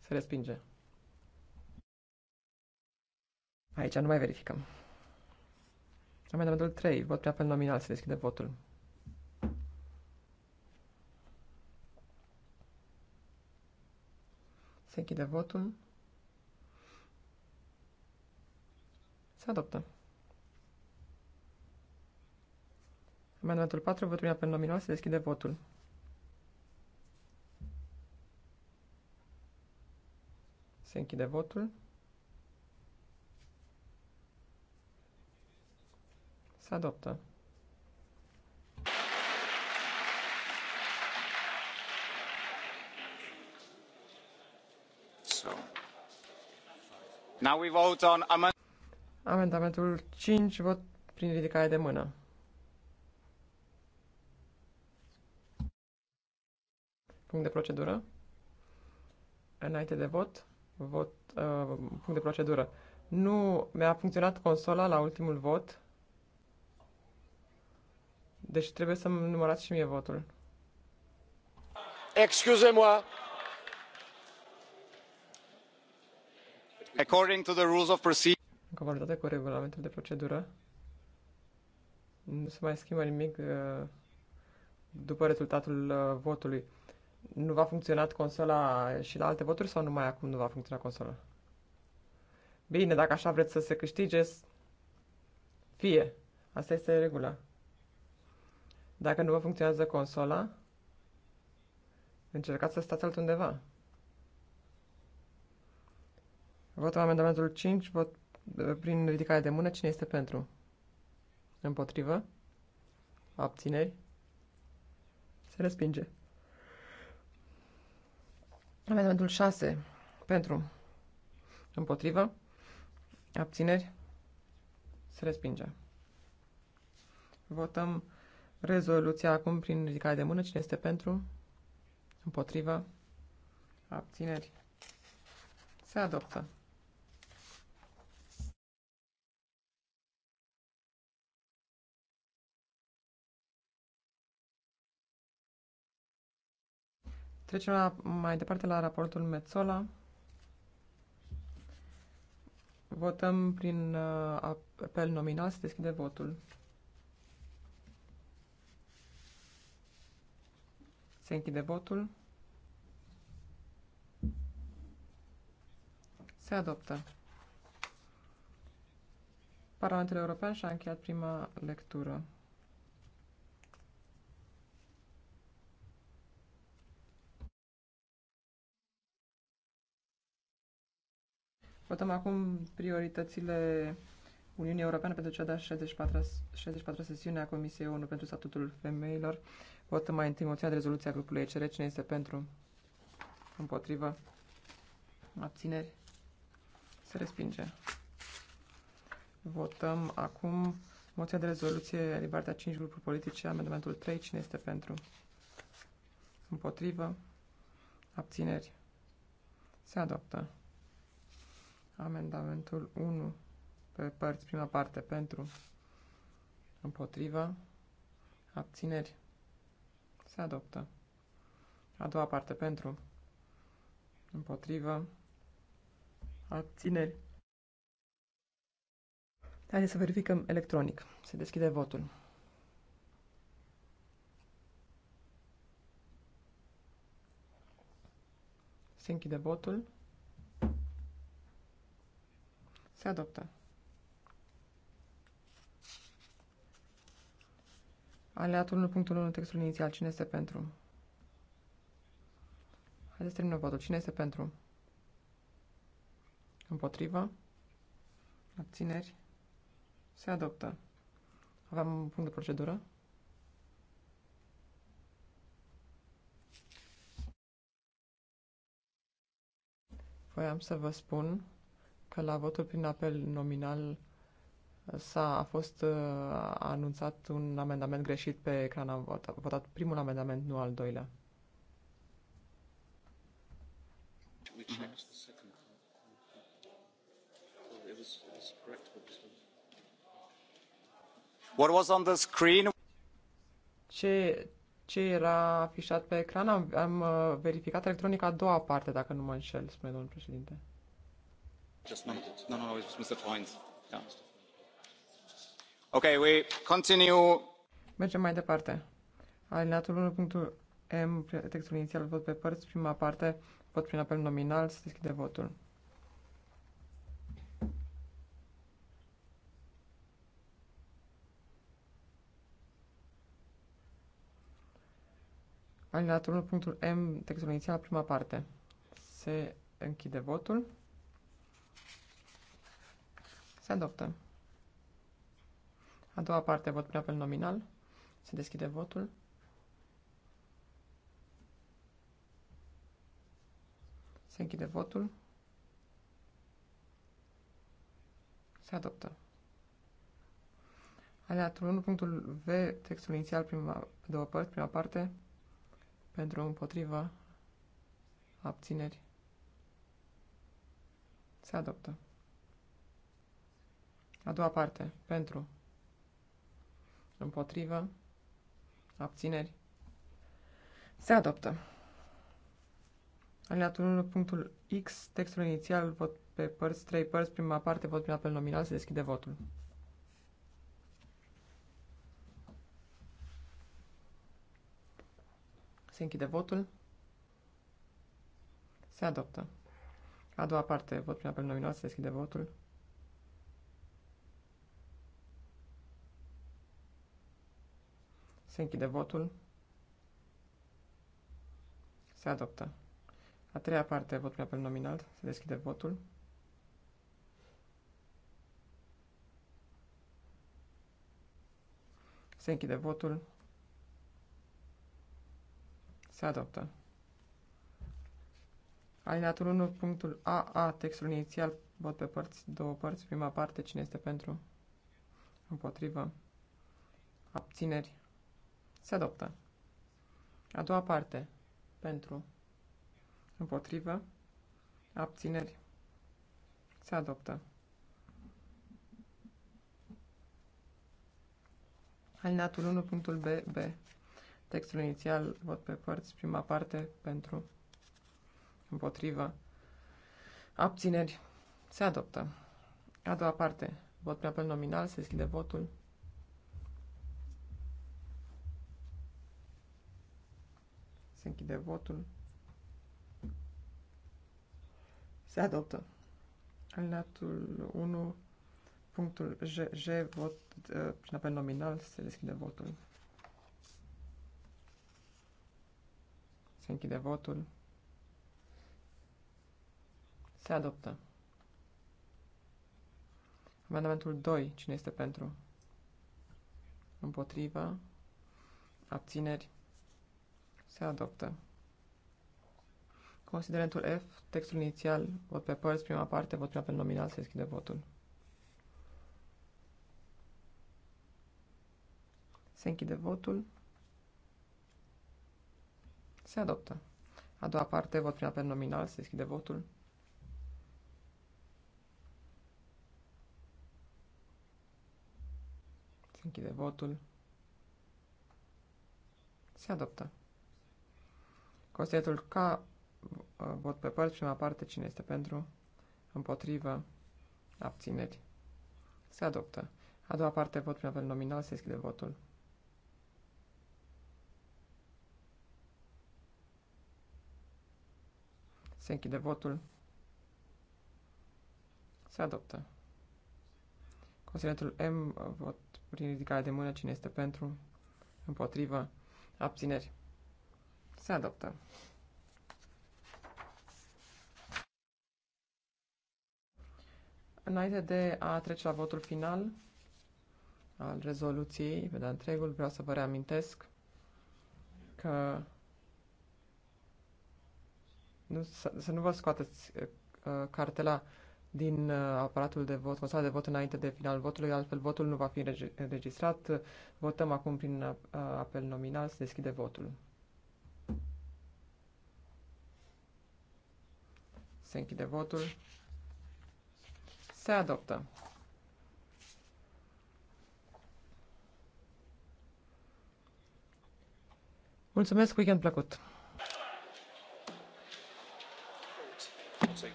Speaker 12: Se respinge. Aici nu mai verificăm. Amendamentul 3. Vot pe apel nominal. Se deschide votul. Se închide votul. adoptă. Amendamentul 4, votul pe apel nominal, se deschide votul. Se închide votul. Se adoptă.
Speaker 8: So. Now we vote on amendment.
Speaker 12: Amendamentul 5, vot prin ridicare de mână. Punct de procedură. Înainte de vot, vot uh, punct de procedură. Nu mi-a funcționat consola la ultimul vot. Deci trebuie să-mi numărați și mie votul.
Speaker 2: excuse moi
Speaker 8: According to the rules of procedure
Speaker 12: conformitate cu regulamentul de procedură. Nu se mai schimbă nimic uh, după rezultatul uh, votului. Nu va funcționa consola și la alte voturi sau numai acum nu va funcționa consola? Bine, dacă așa vreți să se câștige, fie. Asta este regula. Dacă nu vă funcționează consola, încercați să stați altundeva. Votăm amendamentul 5, vot prin ridicarea de mână, cine este pentru? Împotrivă? Abțineri? Se respinge. Amendamentul 6. Pentru. Împotrivă. Abțineri. Se respinge. Votăm rezoluția acum prin ridicare de mână. Cine este pentru? Împotrivă. Abțineri. Se adoptă. Trecem la, mai departe la raportul Metzola. Votăm prin uh, apel nominal. Se deschide votul. Se închide votul. Se adoptă. Parlamentul European și-a încheiat prima lectură. Votăm acum prioritățile Uniunii Europene pentru cea de-a 64-a sesiune a Comisiei ONU pentru Statutul Femeilor. Votăm mai întâi moțiunea de rezoluție a grupului ECR. Cine este pentru? Împotrivă? Abțineri? Se respinge. Votăm acum moția de rezoluție libertatea 5 grupuri politice, amendamentul 3. Cine este pentru? Împotrivă? Abțineri? Se adoptă. Amendamentul 1 pe părți, prima parte pentru, împotrivă, abțineri, se adoptă. A doua parte pentru, împotrivă, abțineri. Haideți să verificăm electronic. Se deschide votul. Se închide votul. Se adoptă. Aleatul 1.1 textul inițial. Cine este pentru? Haideți să terminăm votul. Cine este pentru? Împotrivă? Abțineri? Se adoptă. Avem un punct de procedură? Voiam să vă spun că la votul prin apel nominal uh, s-a a fost uh, a, anunțat un amendament greșit pe ecran. Am votat, votat primul amendament, nu al doilea.
Speaker 8: What was on the screen?
Speaker 12: Ce, ce era afișat pe ecran? Am, am uh, verificat electronic a doua parte, dacă nu mă înșel, spune domnul președinte.
Speaker 8: No, no, it was Mr. Freund. Yeah. Okay, we continue.
Speaker 12: Mergem mai departe. Alineatul 1, M, textul inițial, vot pe părți, prima parte, vot prin apel nominal, se deschide votul. Alineatul 1, M, textul inițial, prima parte. Se închide votul. Se adoptă. A doua parte, vot prin apel nominal. Se deschide votul. Se închide votul. Se adoptă. Aleatul 1, punctul V, textul inițial, prima, două părți, prima parte, pentru împotriva abțineri. Se adoptă. A doua parte. Pentru. Împotrivă. Abțineri. Se adoptă. Alineatul 1, punctul X, textul inițial, vot pe părți, trei părți, prima parte, vot prin apel nominal, se deschide votul. Se închide votul. Se adoptă. A doua parte, vot prin apel nominal, se deschide votul. Se închide votul. Se adoptă. A treia parte, vot pe apel nominal. Se deschide votul. Se închide votul. Se adoptă. Alineatul 1, punctul AA, textul inițial, vot pe părți, două părți, prima parte, cine este pentru, împotrivă, abțineri, se adoptă. A doua parte. Pentru. Împotrivă. Abțineri. Se adoptă. Alinatul 1, B, B. Textul inițial, vot pe părți, prima parte, pentru, împotrivă, abțineri, se adoptă. A doua parte, vot pe apel nominal, se deschide votul. Se închide votul. Se adoptă. Alineatul 1, punctul J, J vot uh, prin apel nominal, se deschide votul. Se închide votul. Se adoptă. Amendamentul 2. Cine este pentru? Împotriva. Abțineri. Se adoptă. Considerentul F, textul inițial, vot pe părți, prima parte, vot prin apel nominal, se deschide votul. Se închide votul. Se adoptă. A doua parte, vot prima pe nominal, se deschide votul. Se închide votul. Se adoptă. Consiliatul K, uh, vot pe părți, prima parte, cine este pentru, împotrivă, abțineri. Se adoptă. A doua parte, vot prin apel nominal, se deschide votul. Se închide votul. Se adoptă. Considerentul M, vot prin ridicare de mână, cine este pentru, împotrivă, abțineri. Se adoptă. Înainte de a trece la votul final al rezoluției, pe de întregul, vreau să vă reamintesc că nu, să, să nu vă scoateți uh, uh cartela din uh, aparatul de vot, consola de vot înainte de final votului, altfel votul nu va fi înregistrat. Votăm acum prin uh, apel nominal, să deschide votul. Se închide votul. Se adoptă. Mulțumesc, weekend plăcut!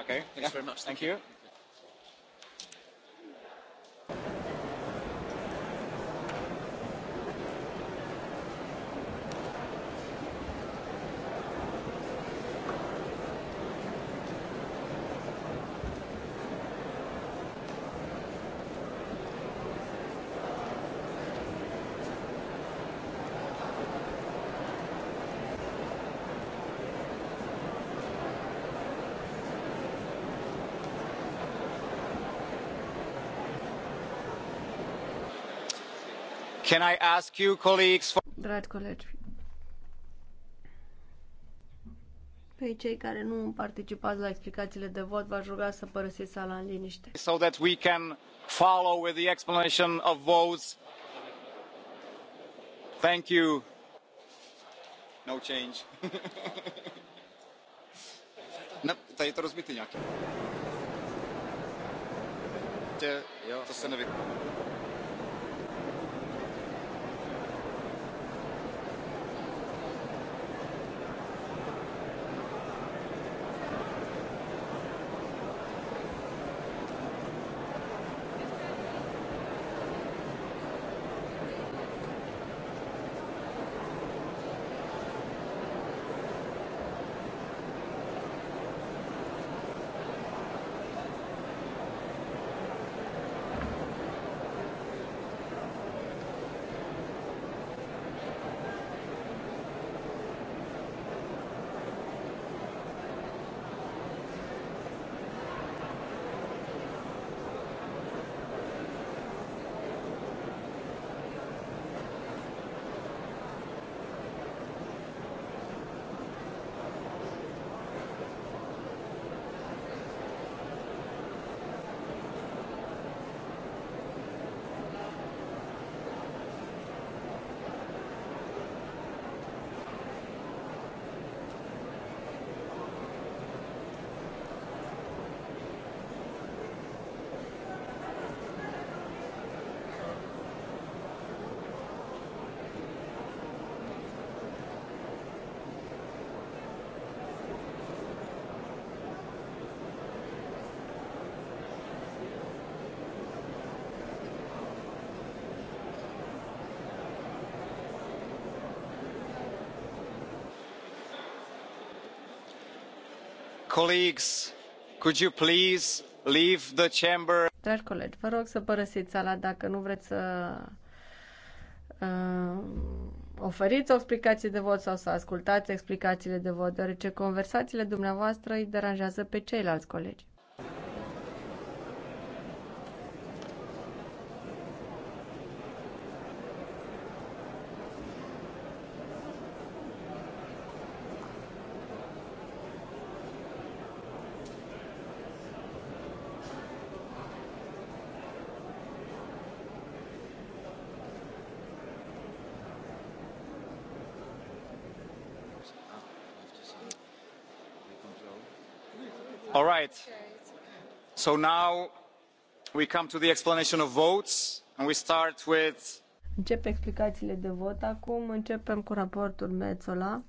Speaker 14: Okay, thanks yeah.
Speaker 8: very much. Thank Thank you. you. Can I ask you, colleagues, for... Dragi colegi,
Speaker 10: pe cei care nu participați la explicațiile de vot, v-aș ruga să părăsiți sala în liniște.
Speaker 8: So that we can follow with the explanation of votes. Thank you. No change. ne, tady to rozbitý nějaký. Jo, to se nevypadá. colleagues, could you please leave the chamber?
Speaker 10: Dragi colegi, vă rog să părăsiți sala dacă nu vreți să uh, oferiți o explicație de vot sau să ascultați explicațiile de vot, deoarece conversațiile dumneavoastră îi deranjează pe ceilalți colegi.
Speaker 8: So now we come to the explanation of votes and we start with
Speaker 10: Încep explicațiile de vot acum. Începem cu raportul Metzola.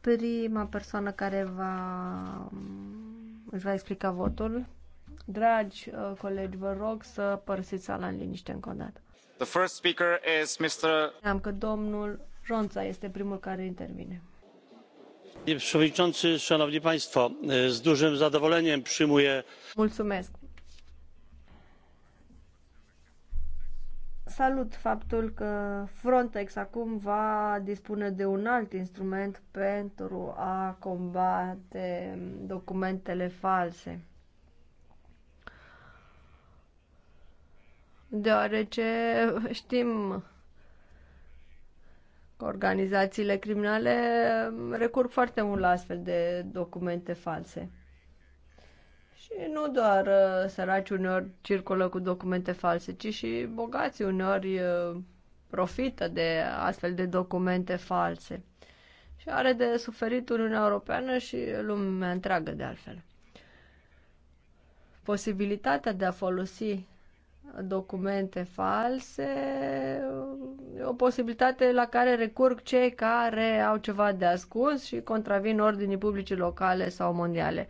Speaker 10: Prima persoană care va, își va explica votul. Dragi uh, colegi, vă rog să părăsiți sala în liniște încă o dată.
Speaker 6: The first speaker is Mr.
Speaker 10: Am că domnul Ronța este primul care intervine
Speaker 6: przewodniczący! szanowni państwo! z dużym zadowoleniem przyjmuję.
Speaker 10: salut faptul că frontex acum va dispune de un alt instrument pentru a combate documentele false. deoarece știm Organizațiile criminale recurg foarte mult la astfel de documente false. Și nu doar uh, săraci uneori circulă cu documente false, ci și bogații uneori uh, profită de astfel de documente false. Și are de suferit Uniunea Europeană și lumea întreagă de altfel. Posibilitatea de a folosi documente false, o posibilitate la care recurg cei care au ceva de ascuns și contravin ordinii publice locale sau mondiale.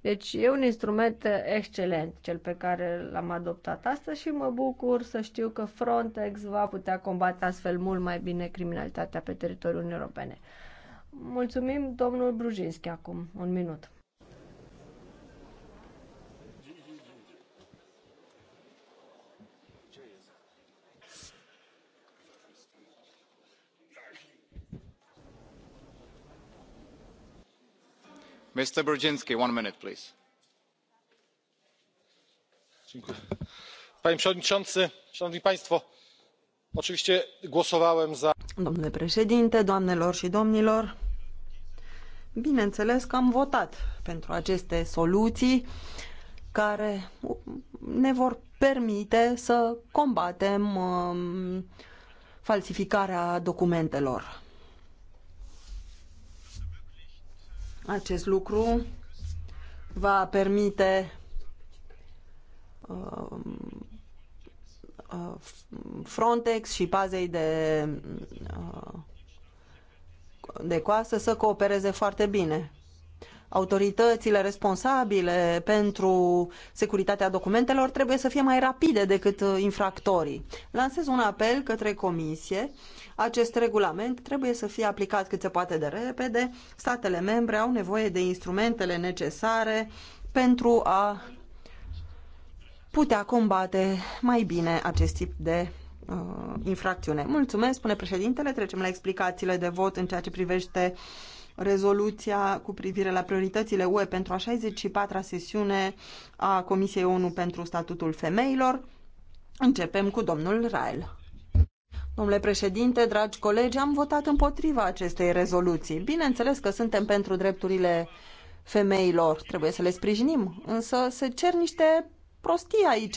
Speaker 10: Deci e un instrument excelent, cel pe care l-am adoptat astăzi și mă bucur să știu că Frontex va putea combate astfel mult mai bine criminalitatea pe teritoriul Uniunii Europene. Mulțumim, domnul Brujinski, acum un minut.
Speaker 2: panie przewodniczący! szanowni państwo! oczywiście głosowałem za.
Speaker 11: domnule președinte doamnelor și domnilor bineînțeles că am votat pentru aceste soluții care ne vor permite să combatem um, falsificarea documentelor. Acest lucru va permite um, uh, Frontex și pazei de, uh, de coastă să coopereze foarte bine autoritățile responsabile pentru securitatea documentelor trebuie să fie mai rapide decât uh, infractorii. Lansez un apel către comisie. Acest regulament trebuie să fie aplicat cât se poate de repede. Statele membre au nevoie de instrumentele necesare pentru a putea combate mai bine acest tip de uh, infracțiune. Mulțumesc, spune președintele. Trecem la explicațiile de vot în ceea ce privește uh, rezoluția cu privire la prioritățile UE pentru a 64-a sesiune a Comisiei ONU pentru Statutul Femeilor. Începem cu domnul Rael. Domnule președinte, dragi colegi, am votat împotriva acestei rezoluții. Bineînțeles că suntem pentru drepturile femeilor, trebuie să le sprijinim, însă se cer niște prostii aici.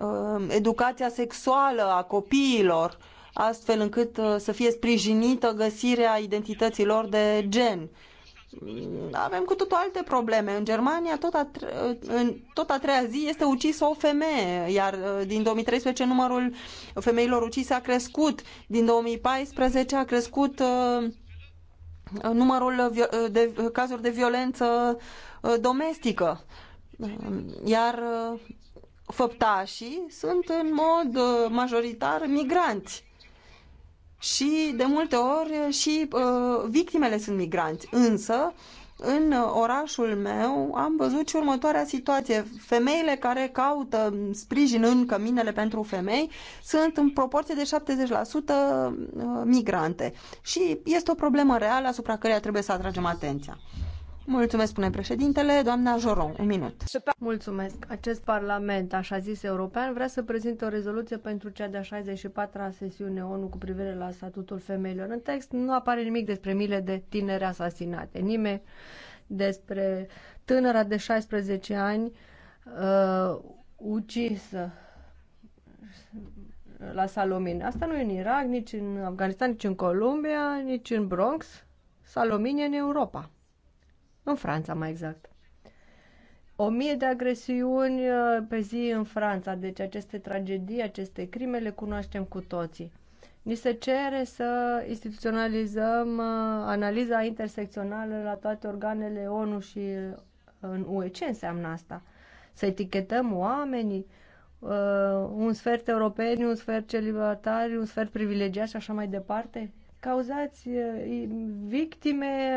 Speaker 11: Ă, educația sexuală a copiilor, astfel încât uh, să fie sprijinită găsirea identităților de gen. Avem cu totul alte probleme. În Germania tot a, uh, în tot a treia zi este ucisă o femeie, iar uh, din 2013 numărul femeilor ucise a crescut. Din 2014 a crescut numărul de cazuri de violență domestică. Iar făptașii sunt în mod majoritar migranți și de multe ori și uh, victimele sunt migranți. Însă, în orașul meu am văzut și următoarea situație. Femeile care caută sprijin în căminele pentru femei sunt în proporție de 70% uh, migrante. Și este o problemă reală asupra căreia trebuie să atragem atenția. Mulțumesc, spune președintele. Doamna Joron, un minut.
Speaker 10: Mulțumesc. Acest parlament, așa zis european, vrea să prezinte o rezoluție pentru cea de-a 64-a sesiune ONU cu privire la statutul femeilor. În text nu apare nimic despre mile de tineri asasinate, nimeni despre tânăra de 16 ani uh, ucisă la Salomin. Asta nu e în Irak, nici în Afganistan, nici în Columbia, nici în Bronx. Salomin e în Europa în Franța mai exact. O mie de agresiuni uh, pe zi în Franța, deci aceste tragedii, aceste crime le cunoaștem cu toții. Ni se cere să instituționalizăm uh, analiza intersecțională la toate organele ONU și uh, în UE. Ce înseamnă asta? Să etichetăm oamenii, un sfert europeni, un sfert celibatari, un sfert privilegiat și așa mai departe? Cauzați victime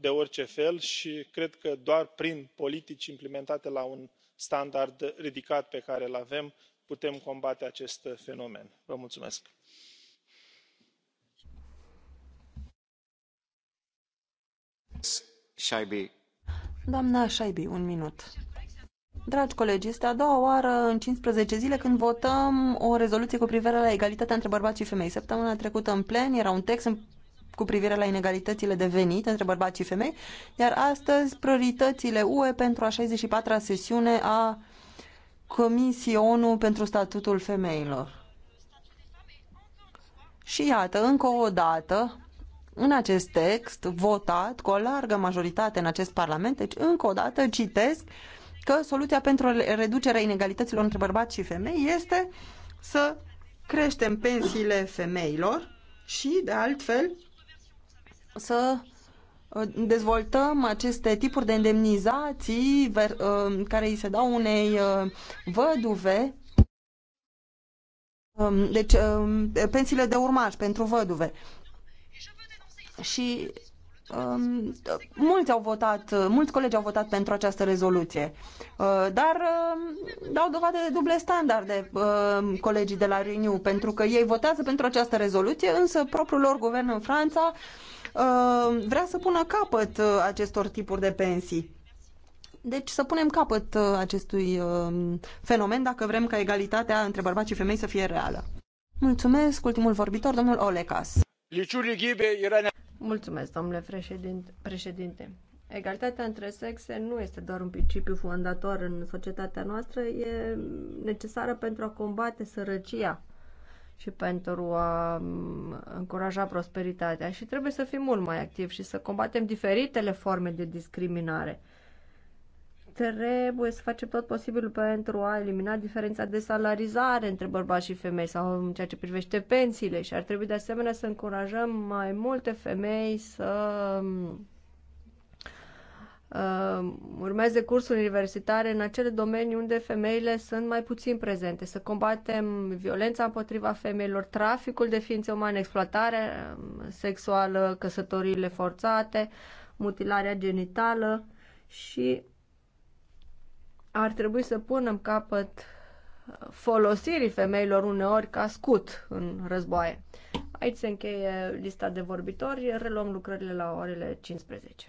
Speaker 14: de orice fel și cred că doar prin politici implementate la un standard ridicat pe care îl avem putem combate acest fenomen. vă mulțumesc.
Speaker 11: doamnă Șaibi, un minut. Dragi colegi, este a doua oară în 15 zile când votăm o rezoluție cu privire la egalitatea între bărbați și femei. Săptămâna trecută în plen era un text în cu privire la inegalitățile de venit între bărbați și femei, iar astăzi prioritățile UE pentru a 64-a sesiune a Comisiei ONU pentru Statutul Femeilor. Și iată, încă o dată, în acest text votat cu o largă majoritate în acest Parlament, deci încă o dată citesc că soluția pentru reducerea inegalităților între bărbați și femei este să creștem pensiile femeilor și, de altfel, să uh, dezvoltăm aceste tipuri de indemnizații uh, care îi se dau unei uh, văduve um, deci um, pensiile de urmaș pentru văduve. Și um, mulți au votat, mulți colegi au votat pentru această rezoluție. dar dau dovadă de duble standarde colegii de la Renew, pentru că ei votează pentru această rezoluție, însă propriul lor guvern în Franța Uh, vrea să pună capăt uh, acestor tipuri de pensii. Deci să punem capăt uh, acestui fenomen dacă vrem ca egalitatea între bărbați și femei să fie reală. Mulțumesc, ultimul vorbitor, domnul Olecas.
Speaker 10: Mulțumesc, domnule președinte. Egalitatea între sexe nu este doar un principiu fondator în societatea noastră, e necesară pentru a combate sărăcia și pentru a încuraja prosperitatea și trebuie să fim mult mai activi și să combatem diferitele forme de discriminare. Trebuie să facem tot posibilul pentru a elimina diferența de salarizare între bărbați și femei sau în ceea ce privește pensiile și ar trebui de asemenea să încurajăm mai multe femei să Uh, urmeze cursuri universitare în acele domenii unde femeile sunt mai puțin prezente, să combatem violența împotriva femeilor, traficul de ființe umane, exploatarea um, sexuală, căsătoriile forțate, mutilarea genitală și ar trebui să punem capăt uh, folosirii femeilor uneori ca scut în războaie. Aici se încheie lista de vorbitori, reluăm lucrările la orele 15.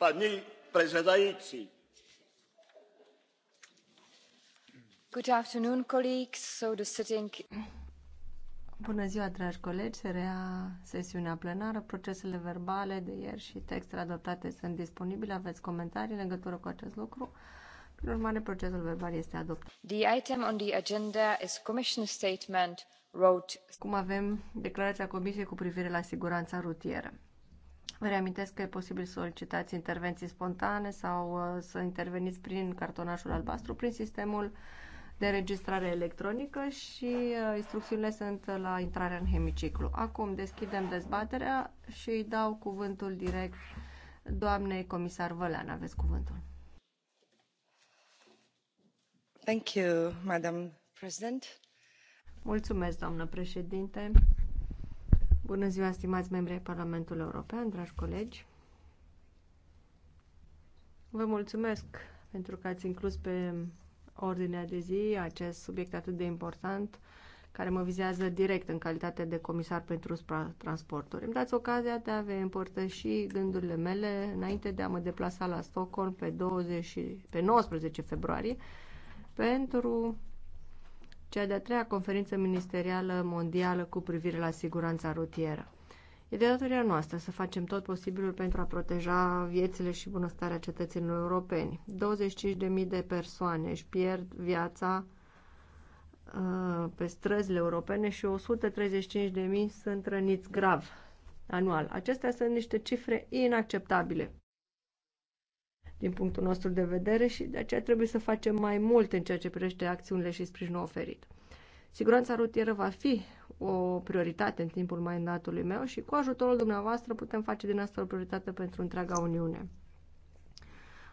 Speaker 6: paní předsedající
Speaker 10: Bună ziua, dragi colegi! Se rea sesiunea plenară. Procesele verbale de ieri și textele adoptate sunt disponibile. Aveți comentarii în legătură cu acest lucru? Prin urmare, procesul verbal este adoptat. The item on the agenda is commission statement wrote... Cum avem declarația Comisiei cu privire la siguranța rutieră. Vă reamintesc că e posibil să solicitați intervenții spontane sau uh, să interveniți prin cartonașul albastru, prin sistemul de registrare electronică și uh, instrucțiunile sunt la intrarea în hemiciclu. Acum deschidem dezbaterea și îi dau cuvântul direct doamnei comisar Vălean. Aveți cuvântul. Thank you, Madam President. Mulțumesc, doamnă președinte. Bună ziua, stimați membri ai Parlamentului European, dragi colegi. Vă mulțumesc pentru că ați inclus pe ordinea de zi acest subiect atât de important care mă vizează direct în calitate de comisar pentru transporturi. Îmi dați ocazia de a vă împărtăși gândurile mele înainte de a mă deplasa la Stockholm pe, 20, pe 19 februarie pentru cea de-a treia conferință ministerială mondială cu privire la siguranța rutieră. E de datoria noastră să facem tot posibilul pentru a proteja viețile și bunăstarea cetățenilor europeni. 25.000 de persoane își pierd viața uh, pe străzile europene și 135.000 sunt răniți grav anual. Acestea sunt niște cifre inacceptabile din punctul nostru de vedere și de aceea trebuie să facem mai mult în ceea ce privește acțiunile și sprijinul oferit. Siguranța rutieră va fi o prioritate în timpul mandatului meu și cu ajutorul dumneavoastră putem face din asta o prioritate pentru întreaga Uniune.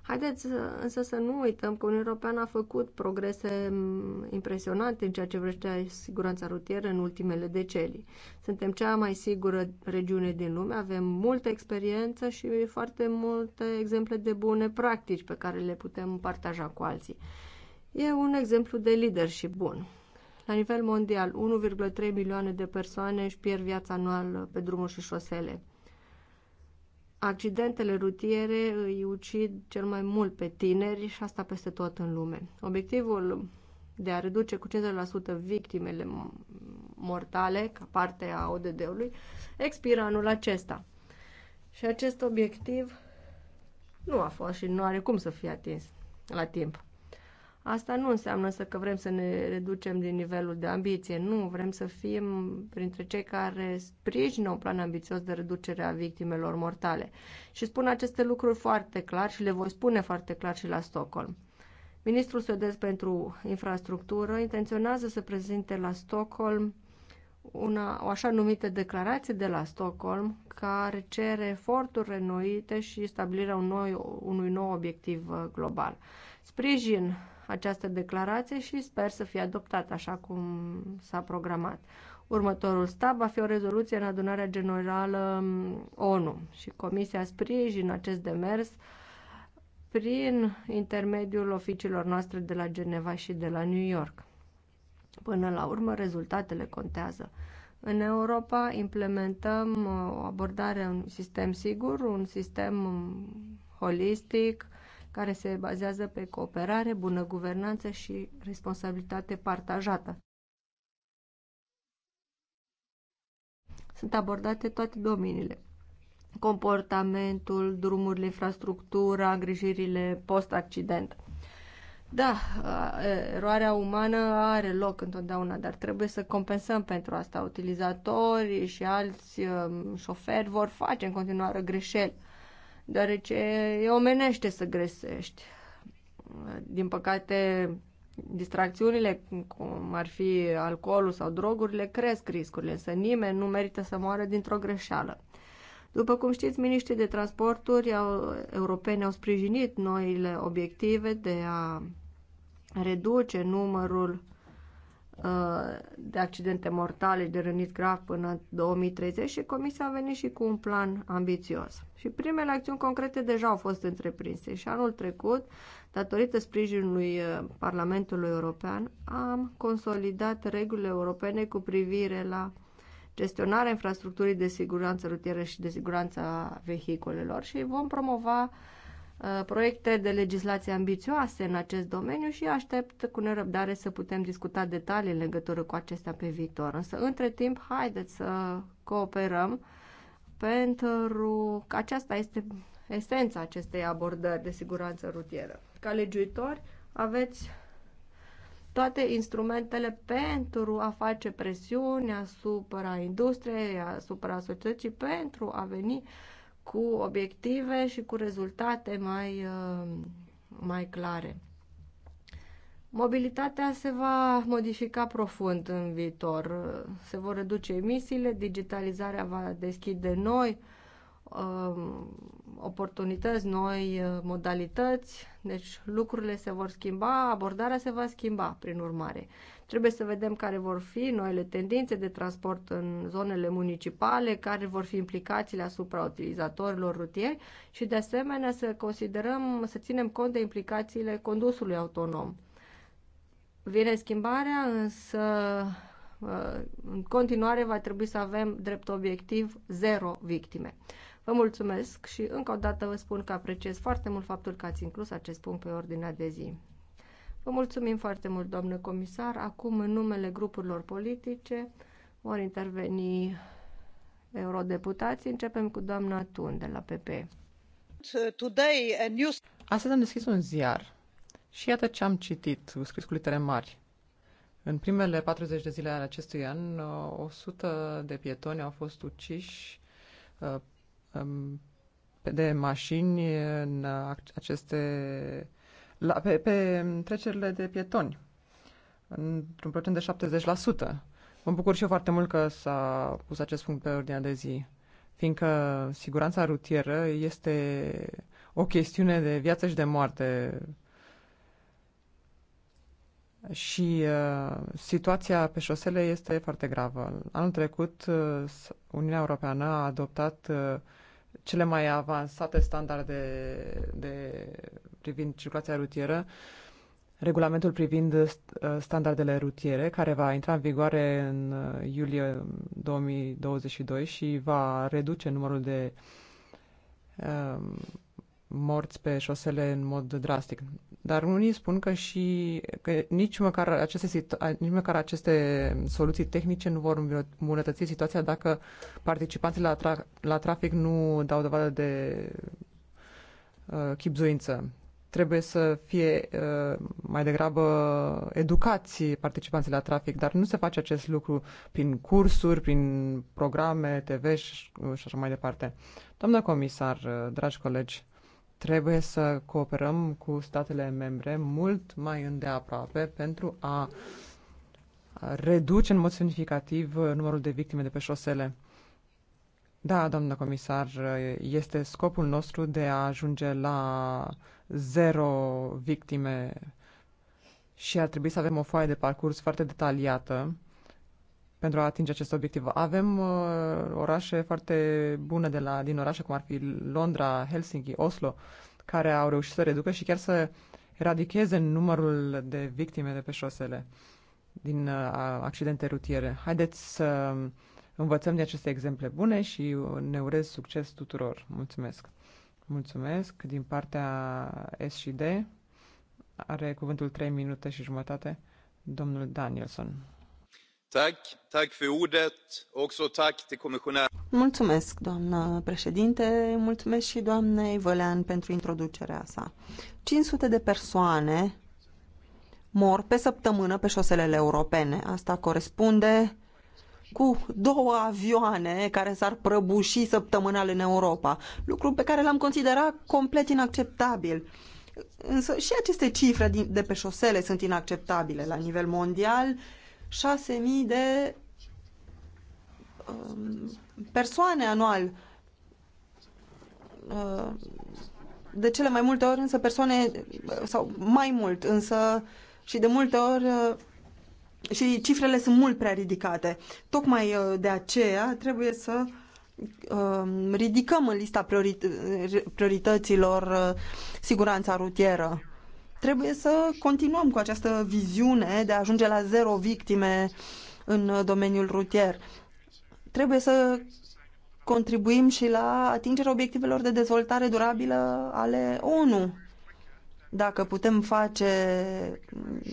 Speaker 10: Haideți uh, însă să nu uităm că Uniunea Europeană a făcut progrese mm, impresionante în ceea ce vrește siguranța rutieră în ultimele decenii. Suntem cea mai sigură regiune din lume, avem multă experiență și foarte multe exemple de bune practici pe care le putem partaja cu alții. E un exemplu de leadership bun. La nivel mondial, 1,3 milioane de persoane își pierd viața anual pe drumuri și șosele. Accidentele rutiere îi ucid cel mai mult pe tineri și asta peste tot în lume. Obiectivul de a reduce cu 50% victimele mortale ca parte a ODD-ului expiră anul acesta. Și acest obiectiv nu a fost și nu are cum să fie atins la timp. Asta nu înseamnă să că vrem să ne reducem din nivelul de ambiție. Nu, vrem să fim printre cei care sprijină un plan ambițios de reducere a victimelor mortale. Și spun aceste lucruri foarte clar și le voi spune foarte clar și la Stockholm. Ministrul suedez pentru infrastructură intenționează să prezinte la Stockholm una, o așa numită declarație de la Stockholm care cere eforturi renoite și stabilirea unui, unui nou obiectiv uh, global. Sprijin această declarație și sper să fie adoptată așa cum s-a programat. Următorul stab va fi o rezoluție în adunarea generală um, ONU și Comisia sprijină acest demers prin intermediul oficiilor noastre de la Geneva și de la New York. Până la urmă, rezultatele contează. În Europa implementăm uh, o abordare, un sistem sigur, un sistem um, holistic, care se bazează pe cooperare, bună guvernanță și responsabilitate partajată. Sunt abordate toate domeniile. Comportamentul, drumurile, infrastructura, îngrijirile post-accident. Da, eroarea umană are loc întotdeauna, dar trebuie să compensăm pentru asta. Utilizatorii și alți um, șoferi vor face în continuare greșeli deoarece e omenește să gresești. Din păcate, distracțiunile, cum ar fi alcoolul sau drogurile, cresc riscurile, însă nimeni nu merită să moară dintr-o greșeală. După cum știți, miniștrii de transporturi au, europeni au sprijinit noile obiective de a reduce numărul Uh, de accidente mortale de rănit grav până în 2030 și Comisia a venit și cu un plan ambițios. Și primele acțiuni concrete deja au fost întreprinse și anul trecut, datorită sprijinului uh, Parlamentului European, am consolidat regulile europene cu privire la gestionarea infrastructurii de siguranță rutieră și de siguranță vehiculelor și vom promova uh, Uh, proiecte de legislație ambițioase în acest domeniu și aștept cu nerăbdare să putem discuta detalii în legătură cu acestea pe viitor. Însă, între timp, haideți să cooperăm pentru că aceasta este esența acestei abordări de siguranță rutieră. Ca legiuitori aveți toate instrumentele pentru a face presiune asupra industriei, asupra societății, pentru a veni uh, cu obiective și cu rezultate mai, uh, mai clare. Mobilitatea se va modifica profund în viitor. Se vor reduce emisiile, digitalizarea va deschide noi um, oportunități, noi uh, modalități, deci lucrurile se vor schimba, abordarea se va schimba prin urmare. Trebuie să vedem care vor fi noile tendințe de transport în zonele municipale, care vor fi implicațiile asupra utilizatorilor rutieri și de asemenea să considerăm, să ținem cont de implicațiile condusului autonom. Vine schimbarea, însă uh, în continuare va trebui să avem drept obiectiv zero victime. Vă mulțumesc și încă o dată vă spun că apreciez foarte mult faptul că ați inclus acest punct pe ordinea de zi. Vă mulțumim foarte mult, doamnă comisar. Acum, în numele grupurilor politice, vor interveni eurodeputații. Începem cu doamna Tun de la PP. Astăzi
Speaker 12: am deschis un ziar și iată ce am citit, scris cu litere mari. În primele 40 de zile ale acestui an, 100 de pietoni au fost uciși uh, um, de mașini în aceste la, pe, pe trecerile de pietoni, într-un procent de 70%. Mă bucur și eu foarte mult că s-a pus acest punct pe ordinea de zi, fiindcă siguranța rutieră este o chestiune de viață și de moarte. Și uh, situația pe șosele este foarte gravă. Anul trecut, uh, Uniunea Europeană a adoptat uh, cele mai avansate standarde de, privind circulația rutieră, regulamentul privind uh, standardele rutiere, care va intra în vigoare în uh, iulie 2022 um, și va reduce numărul de uh, morți pe șosele în mod drastic. Dar unii spun că și că nici măcar aceste, nici măcar aceste soluții tehnice nu vor îmbunătăți situația dacă participanții la, tra- la trafic nu dau dovadă de uh, chipzuință. Trebuie să fie uh, mai degrabă educați participanții la trafic, dar nu se face acest lucru prin cursuri, prin programe TV și, și așa mai departe. Doamna comisar, uh, dragi colegi, Trebuie să cooperăm cu statele membre mult mai îndeaproape pentru a reduce în mod semnificativ numărul de victime de pe șosele. Da, doamnă comisar, este scopul nostru de a ajunge la zero victime și ar trebui să avem o foaie de parcurs foarte detaliată pentru a atinge acest obiectiv. Avem uh, orașe foarte bune de la, din orașe, cum ar fi Londra, Helsinki, Oslo, care au reușit să reducă și chiar să eradicheze numărul de victime de pe șosele din uh, accidente rutiere. Haideți să învățăm de aceste exemple bune și ne urez succes tuturor. Mulțumesc! Mulțumesc! Din partea S și D are cuvântul 3 minute și jumătate domnul Danielson.
Speaker 11: Mulțumesc, doamnă președinte, mulțumesc și doamnei Vălean pentru introducerea sa. 500 de persoane mor pe săptămână pe șoselele europene. Asta corespunde cu două avioane care s-ar prăbuși săptămânal în Europa, lucru pe care l-am considerat complet inacceptabil. Însă și aceste cifre de pe șosele sunt inacceptabile la nivel mondial 6.000 de um, persoane anual. Uh, de cele mai multe ori însă persoane, sau mai mult însă, și de multe ori uh, și cifrele sunt mult prea ridicate. Tocmai uh, de aceea trebuie să um, ridicăm în lista priorităților siguranța rutieră. Trebuie să continuăm cu această viziune de a ajunge la zero victime în domeniul rutier. Trebuie să contribuim și la atingerea obiectivelor de dezvoltare durabilă ale ONU. Dacă putem face,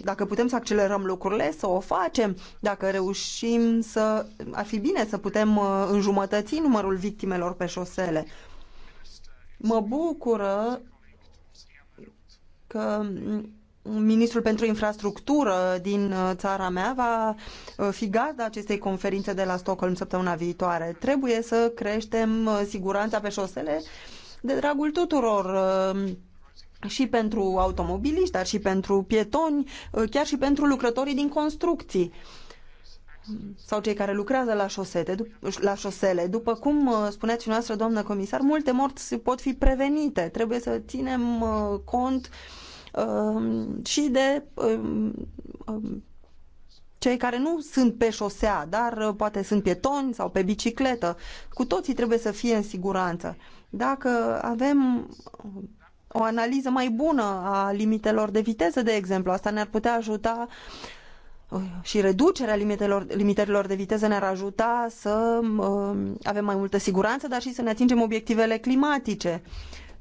Speaker 11: dacă putem să accelerăm lucrurile, să o facem. Dacă reușim să, ar fi bine să putem uh, înjumătăți numărul victimelor pe șosele. Mă bucură că ministrul pentru infrastructură din uh, țara mea va uh, fi gazda acestei conferințe de la Stockholm săptămâna viitoare. Trebuie să creștem uh, siguranța pe șosele de dragul tuturor și pentru automobiliști, dar și pentru pietoni, chiar și pentru lucrătorii din construcții sau cei care lucrează la, șosete, la șosele. După cum spuneați și noastră, doamnă comisar, multe morți pot fi prevenite. Trebuie să ținem cont uh, Ehm, și de ehm, ehm, cei care nu sunt pe șosea, dar uh, poate sunt pietoni sau pe bicicletă. Cu toții trebuie să fie în siguranță. Dacă avem o analiză mai bună a limitelor de viteză, de exemplu, asta ne-ar putea ajuta uh, și reducerea limitelor, limitelor de viteză ne-ar ajuta să uh, avem mai multă siguranță, dar și să ne atingem obiectivele climatice. Uh,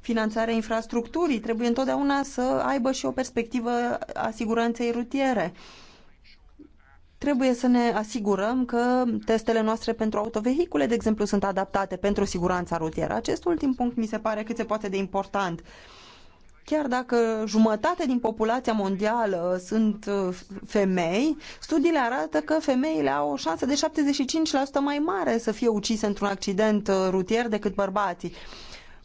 Speaker 11: finanțarea infrastructurii trebuie întotdeauna să aibă și o perspectivă a siguranței rutiere. Trebuie să ne asigurăm că testele noastre pentru autovehicule, de exemplu, sunt adaptate pentru siguranța rutieră. Acest ultim punct mi se pare cât se poate de important. Chiar dacă jumătate din populația mondială sunt uh, femei, studiile arată că femeile au o șansă de 75% mai mare să fie ucise într-un accident uh, rutier decât bărbații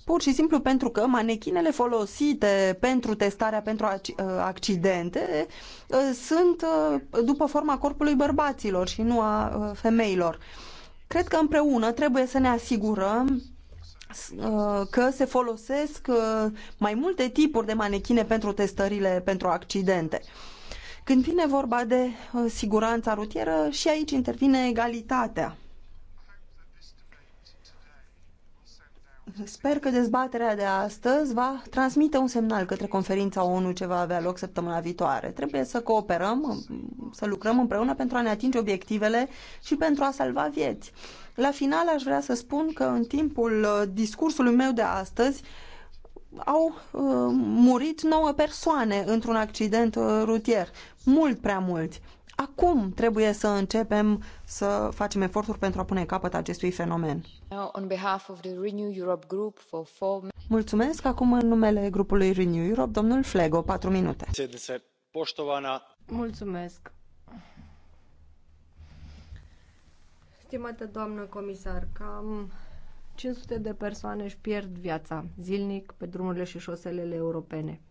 Speaker 11: pur și simplu pentru că manechinele folosite pentru testarea pentru uh, accidente uh, sunt uh, după forma corpului bărbaților și nu a femeilor. Cred că împreună trebuie să ne asigurăm că se folosesc mai multe tipuri de manechine pentru testările pentru accidente. Când vine vorba de siguranța rutieră, și aici intervine egalitatea Sper că dezbaterea de astăzi va transmite un semnal către conferința ONU ce va avea loc săptămâna viitoare. Trebuie să cooperăm, să lucrăm împreună pentru a ne atinge obiectivele și pentru a salva vieți. La final aș vrea să spun că în timpul uh, discursului meu de astăzi au uh, murit nouă persoane într-un accident uh, rutier. Mult prea mulți acum trebuie să începem să facem eforturi pentru a pune capăt acestui fenomen. Mulțumesc. Acum în numele grupului Renew Europe, domnul Flego, patru minute. Mulțumesc.
Speaker 10: Stimată doamnă comisar, cam 500 de persoane își pierd viața zilnic pe drumurile și șoselele europene.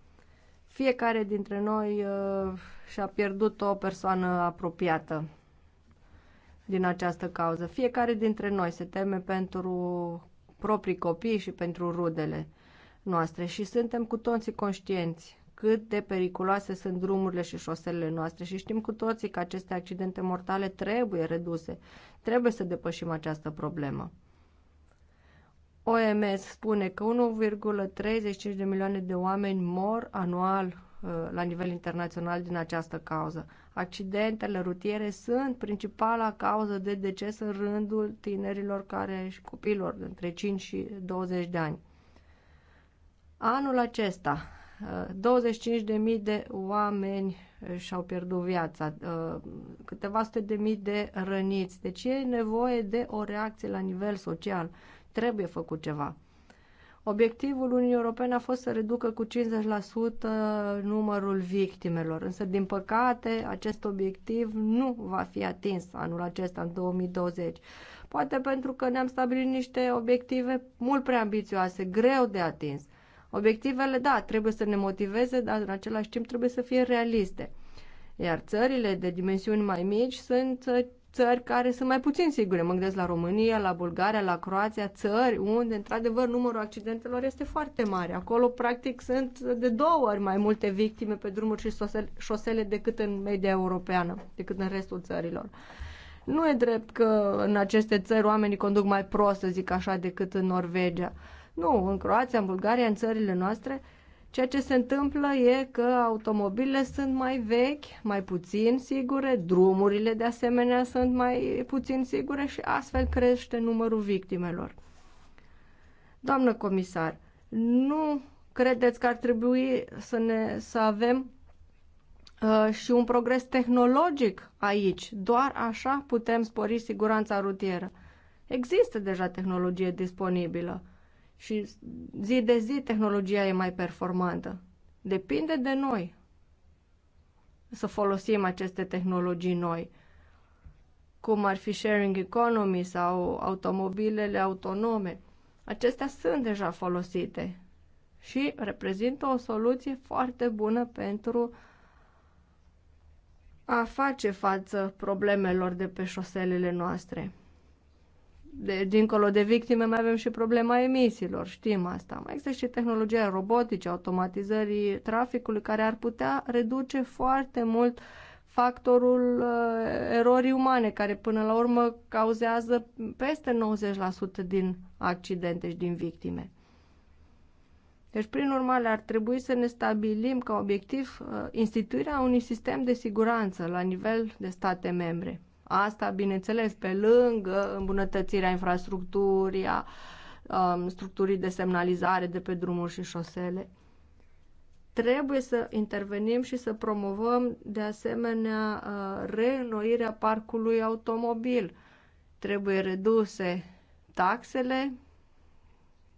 Speaker 10: Fiecare dintre noi uh, și a pierdut o persoană apropiată din această cauză. Fiecare dintre noi se teme pentru proprii copii și pentru rudele noastre și suntem cu toții conștienți cât de periculoase sunt drumurile și șoselele noastre și știm cu toții că aceste accidente mortale trebuie reduse. Trebuie să depășim această problemă. OMS spune că 1,35 de milioane de oameni mor anual Uh, la nivel internațional din această cauză. Accidentele rutiere sunt principala cauză de deces în rândul tinerilor care și copiilor între 5 și 20 de ani. Anul acesta, 25.000 uh, de oameni și-au pierdut viața, uh, câteva sute de mii de răniți. Deci e nevoie de o reacție la nivel social. Trebuie făcut ceva. Obiectivul Uniunii Europene a fost să reducă cu 50% numărul victimelor, însă, din păcate, acest obiectiv nu va fi atins anul acesta, în 2020. Poate pentru că ne-am stabilit niște obiective mult prea ambițioase, greu de atins. Obiectivele, da, trebuie să ne motiveze, dar în același timp trebuie să fie realiste. Iar țările de dimensiuni mai mici sunt țări care sunt mai puțin sigure. Mă gândesc la România, la Bulgaria, la Croația, țări unde, într-adevăr, numărul accidentelor este foarte mare. Acolo, practic, sunt de două ori mai multe victime pe drumuri și șosele decât în media europeană, decât în restul țărilor. Nu e drept că în aceste țări oamenii conduc mai prost, să zic așa, decât în Norvegia. Nu, în Croația, în Bulgaria, în țările noastre, uh, Ceea ce se întâmplă e că automobilele sunt mai vechi, mai puțin sigure, drumurile de asemenea sunt mai puțin sigure și astfel crește numărul victimelor. Doamnă comisar, nu credeți că ar trebui să, ne, să avem uh, și un progres tehnologic aici? Doar așa putem spori siguranța rutieră. Există deja tehnologie disponibilă. Uh, și zi de zi tehnologia e mai performantă. Depinde de noi să folosim aceste tehnologii noi, cum ar fi sharing economy sau automobilele autonome. Acestea sunt deja folosite și reprezintă o soluție foarte bună pentru a face față problemelor de pe șoselele noastre de, dincolo de victime, mai avem și problema emisiilor, știm asta. Mai există și tehnologia robotice, automatizării traficului, care ar putea reduce foarte mult factorul uh, erorii umane, care până la urmă cauzează peste 90% din accidente și din victime. Deci, prin urmare, ar trebui să ne stabilim ca obiectiv uh, instituirea unui sistem de siguranță la nivel de state membre Asta, bineînțeles, pe lângă îmbunătățirea infrastructurii, a um, structurii de semnalizare de pe drumuri și șosele. Trebuie să intervenim și să promovăm, de asemenea, uh, reînnoirea parcului automobil. Trebuie reduse taxele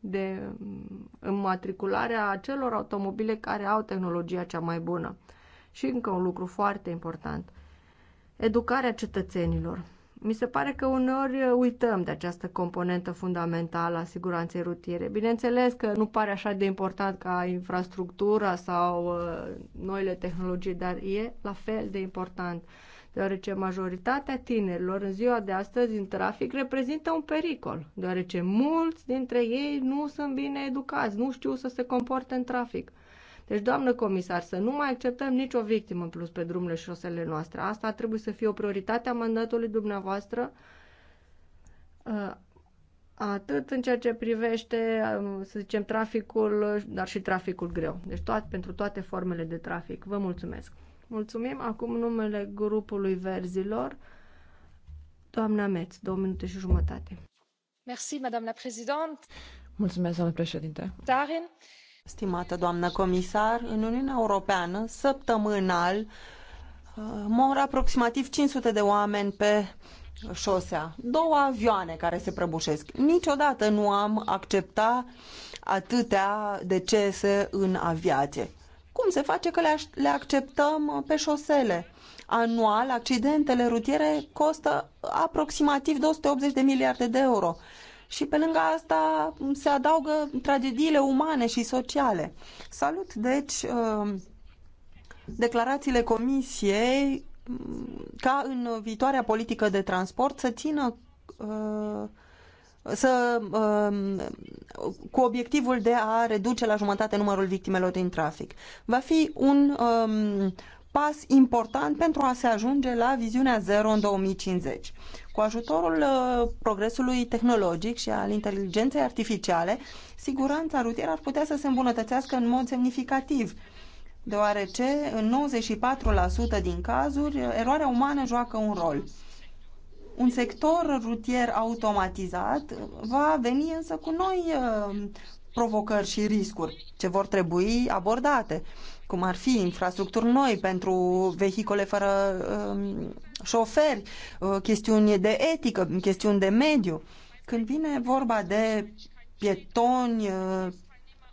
Speaker 10: de mm, înmatricularea acelor automobile care au tehnologia cea mai bună. Și încă un lucru foarte important – educarea cetățenilor. Mi se pare că uneori uităm de această componentă fundamentală a siguranței rutiere. Bineînțeles că nu pare așa de important ca infrastructura sau uh, noile tehnologii, dar e la fel de important, deoarece majoritatea tinerilor în ziua de astăzi în trafic reprezintă un pericol, deoarece mulți dintre ei nu sunt bine educați, nu știu să se comporte în trafic. Deci, doamnă comisar, să nu mai acceptăm nicio victimă în plus pe drumurile și șosele noastre. Asta trebuie să fie o prioritate a mandatului dumneavoastră uh, atât în ceea ce privește, uh, să zicem, traficul, dar și traficul greu. Deci toat, pentru toate formele de trafic. Vă mulțumesc. Mulțumim. Acum numele grupului verzilor. Doamna Metz, două minute și jumătate.
Speaker 7: Merci, madame la
Speaker 10: Mulțumesc, doamnă președinte. Darin. Stimată
Speaker 11: doamnă comisar, în Uniunea Europeană, săptămânal, uh, mor aproximativ 500 de oameni pe șosea. Două avioane care se prăbușesc. Niciodată nu am acceptat atâtea decese în aviație. Cum se face că le, acceptăm pe șosele? Anual, accidentele rutiere costă aproximativ 280 de miliarde de euro și pe lângă asta se adaugă tragediile umane și sociale. Salut, deci, um, declarațiile Comisiei mm, ca în viitoarea politică de transport să țină uh, să, um, cu obiectivul de a reduce la jumătate numărul victimelor din trafic. Va fi un um, pas important pentru a se ajunge la viziunea zero în 2050. Cu ajutorul uh, progresului tehnologic și al inteligenței artificiale, siguranța rutieră ar putea să se îmbunătățească în mod semnificativ, deoarece în 94% din cazuri uh, eroarea umană joacă un rol. Un sector rutier automatizat uh, va veni însă cu noi provocări și riscuri ce vor trebui abordate cum ar fi infrastructuri noi pentru vehicole fără uh, șoferi, uh, chestiuni de etică, chestiuni de mediu. Când vine vorba de pietoni uh,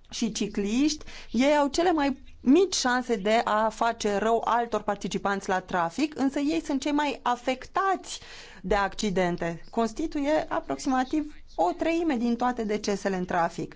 Speaker 11: și cicliști, ei au cele mai mici șanse de a face rău altor participanți la trafic, însă ei sunt cei mai afectați de accidente. Constituie aproximativ o treime din toate decesele în trafic.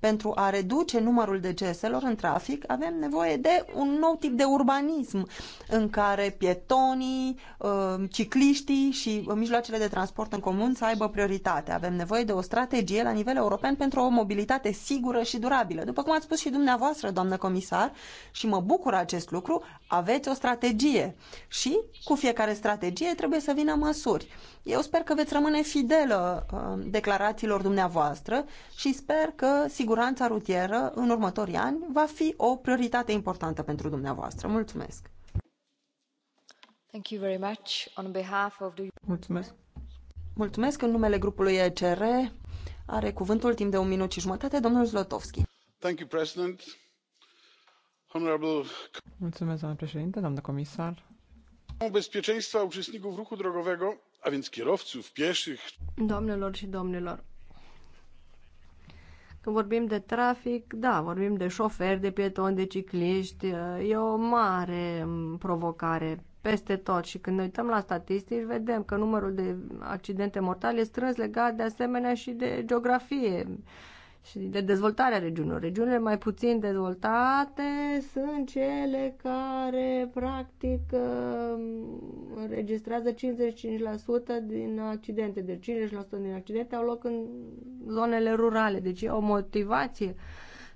Speaker 11: Pentru a reduce numărul deceselor în trafic, avem nevoie de un nou tip de urbanism în care pietonii, uh, cicliștii și mijloacele de transport în comun să aibă prioritate. Avem nevoie de o strategie la nivel european pentru o mobilitate sigură și durabilă. După cum ați spus și dumneavoastră, doamnă comisar, și mă bucur acest lucru, aveți o strategie și cu fiecare strategie trebuie să vină măsuri. Eu sper că veți rămâne fidelă uh, declarațiilor dumneavoastră și sper că sigur siguranța rutieră în următorii ani va fi o prioritate importantă pentru dumneavoastră. Mulțumesc!
Speaker 7: Thank you very much. On behalf of the...
Speaker 11: Mulțumesc! Mulțumesc în numele grupului ECR. Are cuvântul timp de un minut și jumătate domnul Zlotovski.
Speaker 4: Thank you, President.
Speaker 2: Honorable...
Speaker 11: Mulțumesc, doamnă președinte, doamnă comisar.
Speaker 10: Domnilor și domnilor, când vorbim de trafic, da, vorbim de șoferi, de pietoni, de cicliști, e o mare provocare peste tot și când ne uităm la statistici, vedem că numărul de accidente mortale e strâns legat de asemenea și de geografie și de dezvoltarea regiunilor. Regiunile mai puțin dezvoltate sunt cele care practic um, înregistrează 55% din accidente. Deci 50% din accidente au loc în zonele rurale. Deci e o motivație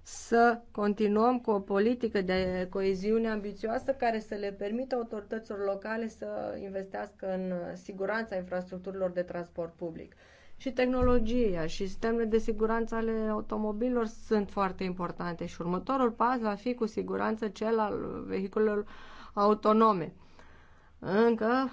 Speaker 10: să continuăm cu o politică de coeziune ambițioasă care să le permită autorităților locale să investească în siguranța infrastructurilor de transport public. Și tehnologia și sistemele de siguranță ale automobilor sunt foarte importante și următorul pas va fi cu siguranță cel al vehiculelor autonome. Încă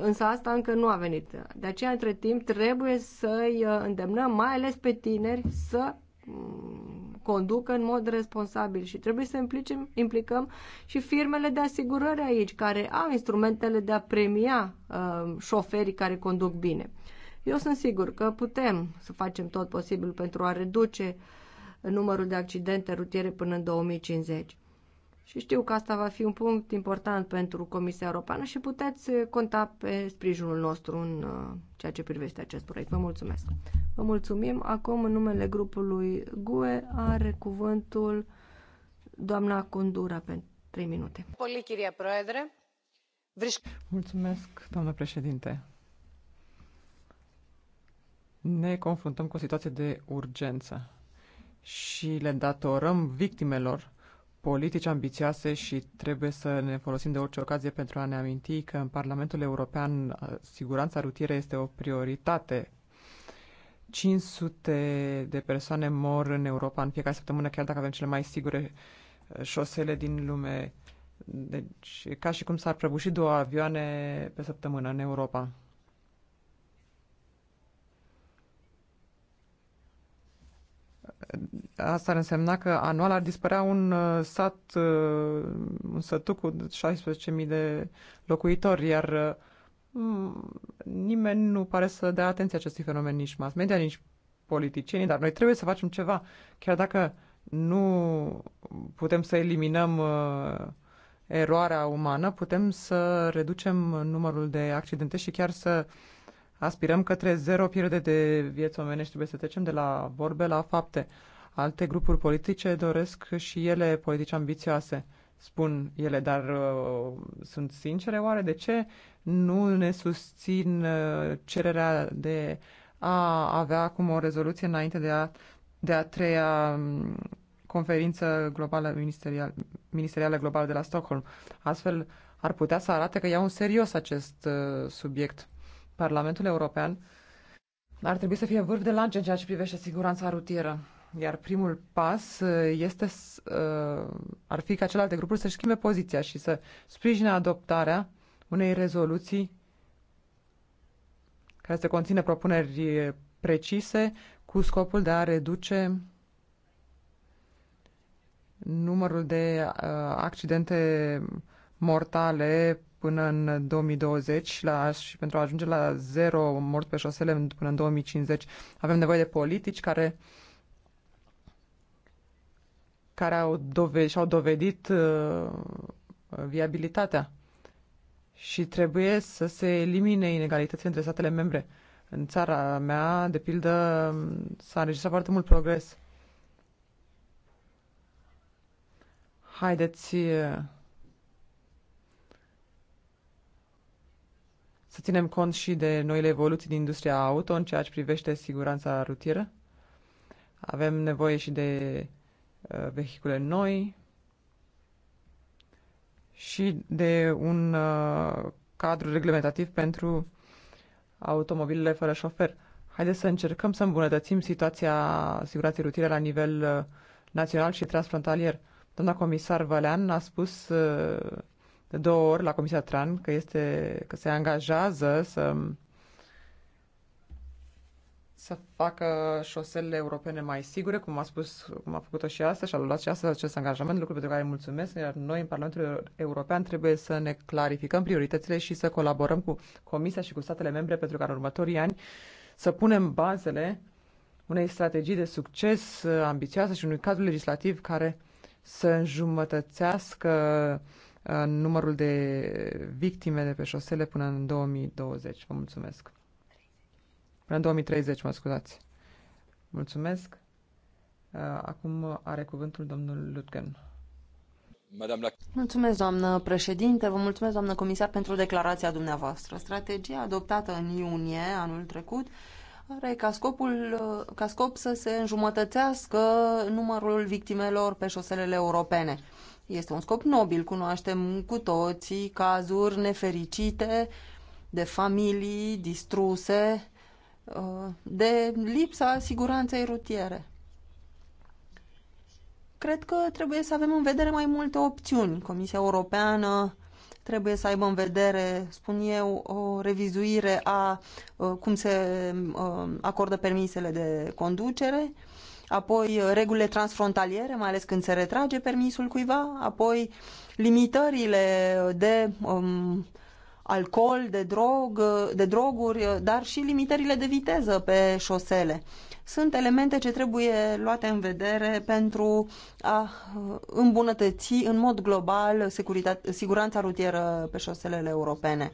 Speaker 10: Însă asta încă nu a venit. De aceea, între timp, trebuie să-i uh, îndemnăm, mai ales pe tineri, să mm, conducă în mod responsabil și trebuie să implicăm, implicăm și firmele de asigurări aici, care au instrumentele de a premia uh, șoferii care conduc bine. Eu sunt sigur că putem să facem tot posibil pentru a reduce numărul de accidente rutiere până în 2050. Și știu că asta va fi un punct important pentru Comisia Europeană și puteți conta pe sprijinul nostru în uh, ceea ce privește acest proiect. Vă mulțumesc! Vă mulțumim! Acum, în numele grupului GUE, are cuvântul doamna Condura pentru 3 minute. Mulțumesc,
Speaker 12: doamnă președinte! ne confruntăm cu o situație de urgență și le datorăm victimelor politici ambițioase și trebuie să ne folosim de orice ocazie pentru a ne aminti că în Parlamentul European siguranța rutieră este o prioritate 500 de persoane mor în Europa în fiecare săptămână, chiar dacă avem cele mai sigure șosele din lume. Deci, ca și cum s-ar prăbuși două avioane pe săptămână în Europa. Asta ar însemna că anual ar dispărea un uh, sat, uh, un sătuc cu 16.000 de locuitori, iar uh, nimeni nu pare să dea atenție acestui fenomen, nici mass media, nici politicienii, dar noi trebuie să facem ceva. Chiar dacă nu putem să eliminăm eroarea umană, putem să reducem numărul de accidente și chiar să uh, aspirăm către zero pierde de vieți omenești. Trebuie să trecem de la vorbe la fapte. Alte grupuri politice doresc și ele politici ambițioase, spun ele, dar uh, sunt sincere oare de ce nu ne susțin uh, cererea de a avea acum o rezoluție înainte de a, de a treia um, conferință globală ministerial, ministerială globală de la Stockholm. Astfel ar putea să arate că iau în serios acest uh, subiect. Parlamentul European ar trebui să fie vârf de lance în ceea ce privește siguranța rutieră. Iar primul pas uh, este, uh, ar fi ca celelalte grupuri să-și schimbe poziția și să sprijine adoptarea unei rezoluții care să conține propuneri precise cu scopul de a reduce numărul de uh, accidente mortale până în 2020 la, și pentru a ajunge la zero mort pe șosele până în 2050. Avem nevoie de politici care care au dovedit, și-au dovedit uh, viabilitatea și trebuie să se elimine inegalitățile între statele membre. În țara mea, de pildă, s-a înregistrat foarte mult progres. Haideți uh, să ținem cont și de noile evoluții din industria auto în ceea ce privește siguranța rutieră. Avem nevoie și de uh, vehicule noi și de un uh, cadru reglementativ pentru automobilele fără șofer. Haideți să încercăm să îmbunătățim situația siguranței rutiere la nivel uh, național și transfrontalier. Doamna comisar Valean a spus uh, de două ori la Comisia Tran că, este, că se angajează să, să facă șosele europene mai sigure, cum a spus, cum a făcut-o și asta și a luat și asta acest angajament, lucru pentru care îi mulțumesc, iar noi în Parlamentul European trebuie să ne clarificăm prioritățile și să colaborăm cu Comisia și cu statele membre pentru ca în următorii ani să punem bazele unei strategii de succes ambițioasă și unui cadru legislativ care să înjumătățească numărul de victime de pe șosele până în 2020. Vă mulțumesc. Până în 2030, mă scuzați.
Speaker 11: Mulțumesc. Uh, acum are cuvântul domnul Lutgen. Mulțumesc, doamnă președinte, vă mulțumesc, doamnă comisar, pentru declarația dumneavoastră. Strategia adoptată în iunie anul trecut are ca, scopul, uh, ca scop să se înjumătățească numărul victimelor pe șoselele europene. Este un scop nobil, cunoaștem cu toții cazuri nefericite de familii distruse, uh, de lipsa siguranței rutiere. Cred că trebuie să avem în vedere mai multe opțiuni. Comisia Europeană trebuie să aibă în vedere, spun eu, o revizuire a uh, cum se uh, acordă permisele de conducere, apoi uh, regulile transfrontaliere, mai ales când se retrage permisul cuiva, apoi limitările de um, alcool, de, drog, uh, de droguri, uh, dar și limitările de viteză pe șosele. Sunt elemente ce trebuie luate în vedere pentru a îmbunătăți în mod global siguranța rutieră pe șoselele europene.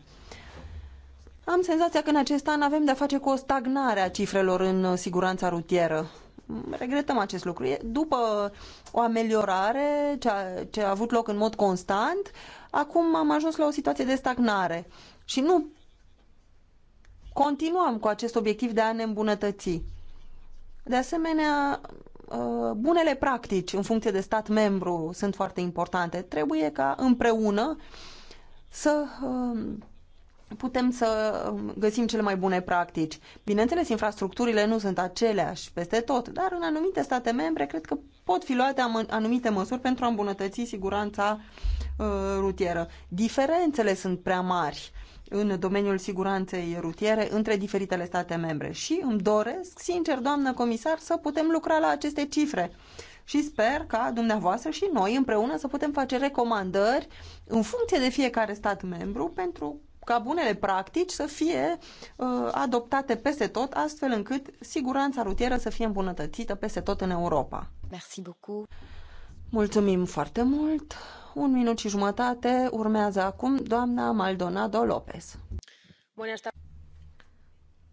Speaker 11: Am senzația că în acest an avem de-a face cu o stagnare a cifrelor în siguranța rutieră regretăm acest lucru. După o ameliorare ce a, ce a avut loc în mod constant, acum am ajuns la o situație de stagnare și nu continuăm cu acest obiectiv de a ne îmbunătăți. De asemenea, ă, bunele practici în funcție de stat membru sunt foarte importante. Trebuie ca împreună să ă, putem să găsim cele mai bune practici. Bineînțeles, infrastructurile nu sunt aceleași peste tot, dar în anumite state membre cred că pot fi luate anumite măsuri pentru a îmbunătăți siguranța uh, rutieră. Diferențele sunt prea mari în domeniul siguranței rutiere între diferitele state membre și îmi doresc, sincer, doamnă comisar, să putem lucra la aceste cifre și sper ca dumneavoastră și noi împreună să putem face recomandări în funcție de fiecare stat membru pentru ca bunele practici să fie uh, adoptate peste tot, astfel încât siguranța rutieră să fie îmbunătățită peste tot în Europa. Merci beaucoup. Mulțumim foarte mult. Un minut și jumătate urmează acum doamna Maldonado Lopez.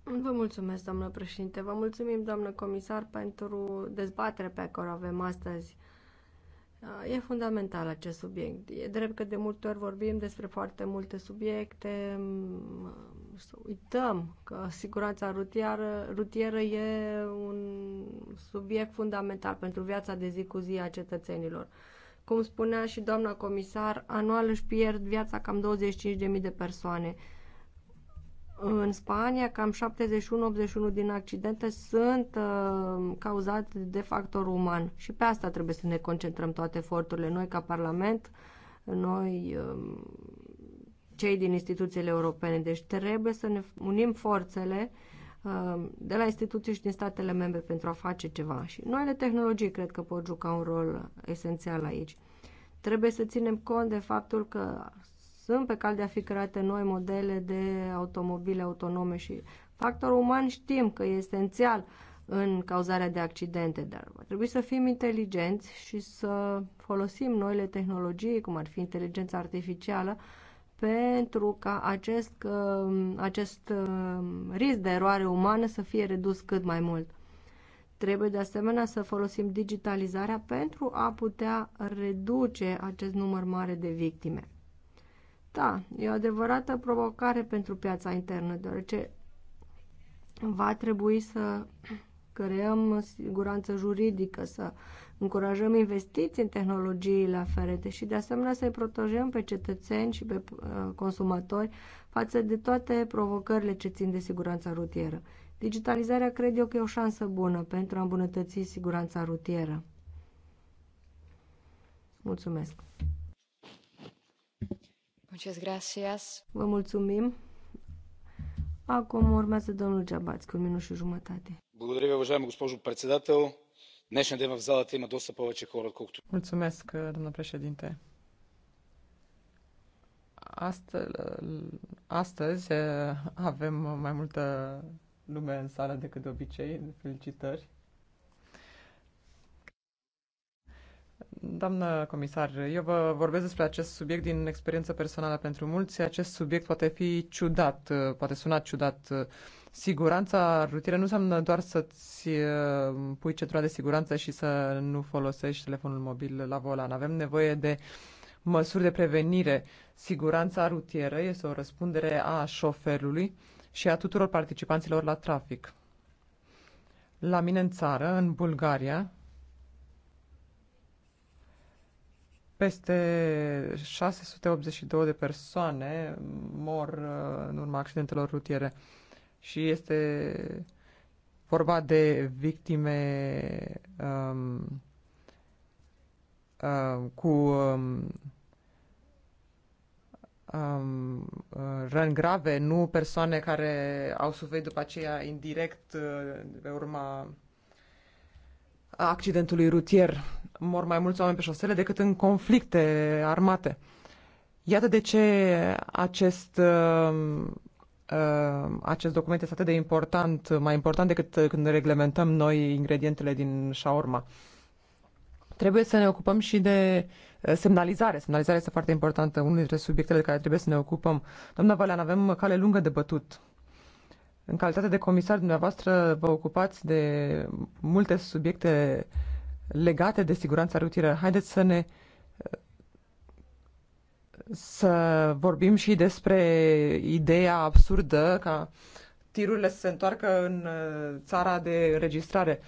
Speaker 10: Vă mulțumesc, doamnă președinte. Vă mulțumim, doamnă comisar, pentru dezbatere pe care o avem astăzi. Ah, e fundamental acest subiect. E drept că de multe ori vorbim despre foarte multe subiecte, să uităm că siguranța rutieră, rutieră e un subiect fundamental pentru viața de zi cu zi a cetățenilor. Cum spunea și doamna comisar, anual își pierd viața cam 25.000 de persoane. Uh, în Spania, cam 71-81 din accidente sunt uh, cauzate de factor uman și pe asta trebuie să ne concentrăm toate eforturile noi ca Parlament, noi uh, cei din instituțiile europene. Deci trebuie să ne unim forțele uh, de la instituții și din statele membre pentru a face ceva. Și noile tehnologii cred că pot juca un rol esențial aici. Trebuie să ținem cont de faptul că sunt pe cal de a fi create noi modele de automobile autonome și factorul uman știm că e esențial în cauzarea de accidente, dar trebuie să fim inteligenți și să folosim noile tehnologii, cum ar fi inteligența artificială, pentru ca acest, acest um, risc de eroare umană să fie redus cât mai mult. Trebuie de asemenea să folosim digitalizarea pentru a putea reduce acest număr mare de victime. Da, e o adevărată provocare pentru piața internă, deoarece va trebui să creăm siguranță juridică, să încurajăm investiții în tehnologiile aferente și de asemenea să-i protejăm pe cetățeni și pe uh, consumatori față de toate provocările ce țin de siguranța rutieră. Digitalizarea cred eu că e o șansă bună pentru a îmbunătăți siguranța rutieră. Mulțumesc! Muchas gracias. Vă mulțumim. Acum urmează domnul Geabați cu un minut și jumătate.
Speaker 8: Благодаря ви, уважаема госпожо председател. Днешния ден в залата има доста повече хора, отколкото...
Speaker 10: Mulțumesc, domnule președinte.
Speaker 12: astăzi eh, avem mai multă lume în sală decât de obicei. Felicitări. Doamnă comisar, eu vă vorbesc despre acest subiect din experiență personală pentru mulți. Acest subiect poate fi ciudat, poate suna ciudat. Siguranța rutieră nu înseamnă doar să-ți uh, pui centura de siguranță și să nu folosești telefonul mobil la volan. Avem nevoie de măsuri de prevenire. Siguranța rutieră este o răspundere a șoferului și a tuturor participanților la trafic. La mine în țară, în Bulgaria, Peste 682 de persoane mor uh, în urma accidentelor rutiere și este vorba de victime um, um, cu um, um, uh, răni grave, nu persoane care au suferit după aceea indirect pe urma accidentului rutier. Mor mai mulți oameni pe șosele decât în conflicte armate. Iată de ce acest, uh, uh, acest document este atât de important, mai important decât când reglementăm noi ingredientele din șaorma. Trebuie să ne ocupăm și de uh, semnalizare. Semnalizarea este foarte importantă, unul dintre subiectele de care trebuie să ne ocupăm. Doamna Valean, avem cale lungă de bătut în calitate de comisar, dumneavoastră vă ocupați de multe subiecte legate de siguranța rutieră. Haideți să ne să vorbim și despre ideea absurdă ca tirurile să se întoarcă în uh, țara de înregistrare.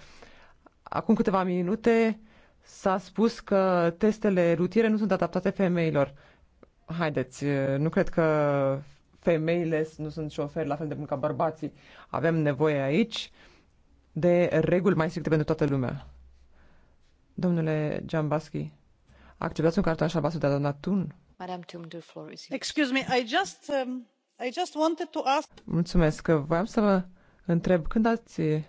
Speaker 12: Acum câteva minute s-a spus că testele rutiere nu sunt adaptate femeilor. Haideți, uh, nu cred că femeile nu sunt șoferi la fel de bun ca bărbații. Avem nevoie aici de reguli mai stricte pentru toată lumea. Domnule Giambaschi, acceptați un carton așa albastru de doamna Tun?
Speaker 7: Madame Tun, the floor is Excuse me, I just, um, I just wanted to
Speaker 12: ask... Mulțumesc, că voiam să vă întreb, când ați... Uh,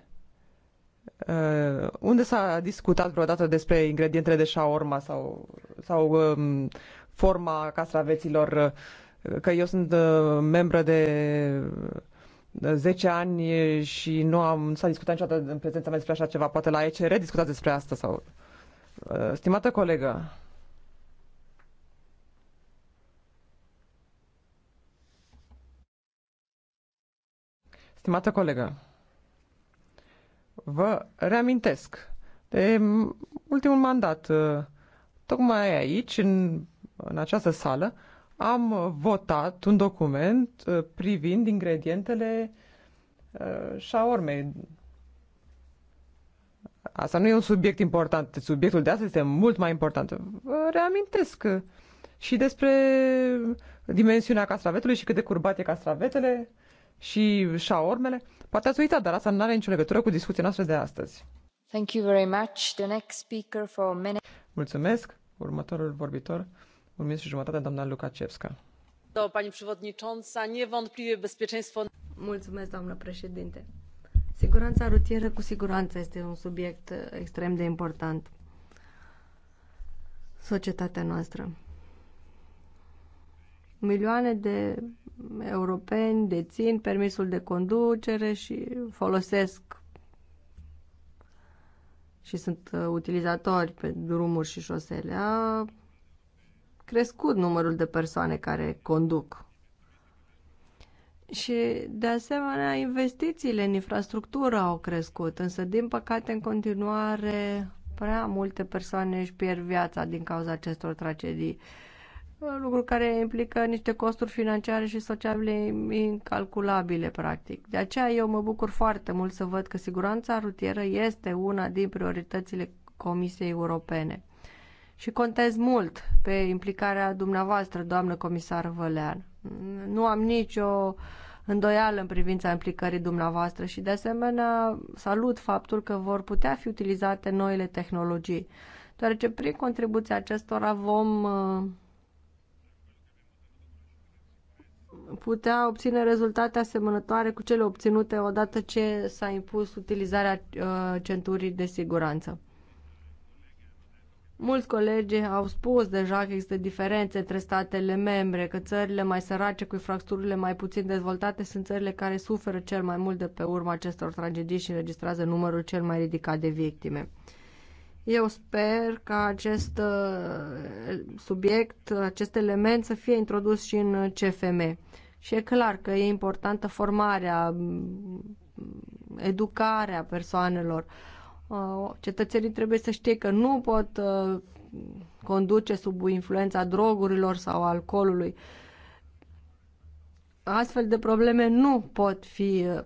Speaker 12: unde s-a discutat vreodată despre ingredientele de șaorma sau, sau um, forma castraveților uh, că eu sunt uh, membră de 10 uh, ani și nu am s-a discutat niciodată în prezența mea despre așa ceva. Poate la ECR discutați despre asta sau... Uh, stimată colegă, Stimată colegă, vă reamintesc de ultimul mandat, tocmai aici, în, în această sală, am votat un document uh, privind ingredientele uh, șaormei. Asta nu e un subiect important. Subiectul de astăzi este mult mai important. Vă reamintesc și despre dimensiunea castravetului și cât de curbat e castravetele și șaormele. Poate ați uitat, dar asta nu are nicio legătură cu discuția noastră de astăzi.
Speaker 7: Thank you very much. The next speaker for minute.
Speaker 12: Mulțumesc. Următorul vorbitor minut și jumătate, doamna Lukacevska.
Speaker 10: Da, Mulțumesc, doamnă președinte. Siguranța rutieră cu siguranță este un subiect extrem de important. Societatea noastră. Milioane de europeni dețin permisul de conducere și folosesc și sunt uh, utilizatori pe drumuri și șosele. A crescut numărul de persoane care conduc. Și, de asemenea, investițiile în infrastructură au crescut, însă, din păcate, în continuare, prea multe persoane își pierd viața din cauza acestor tragedii. Lucru care implică niște costuri financiare și sociale incalculabile, practic. De aceea eu mă bucur foarte mult să văd că siguranța rutieră este una din prioritățile Comisiei Europene și contez mult pe implicarea dumneavoastră, doamnă comisar Vălean. Nu am nicio îndoială în privința implicării dumneavoastră și de asemenea salut faptul că vor putea fi utilizate noile tehnologii, deoarece prin contribuția acestora vom uh, putea obține rezultate asemănătoare cu cele obținute odată ce s-a impus utilizarea uh, centurii de siguranță. Mulți colegi au spus deja că există diferențe între statele membre, că țările mai sărace cu infrastructurile mai puțin dezvoltate sunt țările care suferă cel mai mult de pe urma acestor tragedii și înregistrează numărul cel mai ridicat de victime. Eu sper ca acest uh, subiect, acest element să fie introdus și în CFM. Și e clar că e importantă formarea, mm, educarea persoanelor Uh, cetățenii trebuie să știe că nu pot uh, conduce sub influența drogurilor sau alcoolului. Astfel de probleme nu pot fi uh,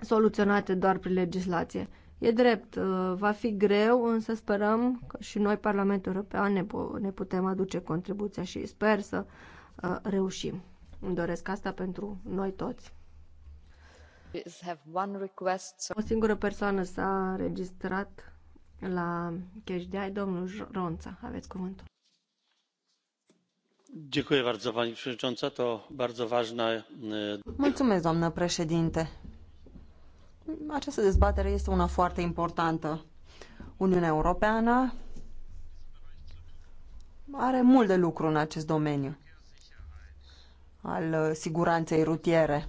Speaker 10: soluționate doar prin legislație. E drept, va fi greu, însă sperăm că și noi, Parlamentul European, ne, putem aduce contribuția și sper să reușim. Îmi doresc asta pentru noi toți. O singură persoană s-a registrat la CashDI, domnul Ronța. Aveți cuvântul. Mulțumesc,
Speaker 11: doamnă președinte. Această dezbatere este una foarte importantă. Uniunea Europeană are mult de lucru în acest domeniu al uh, siguranței rutiere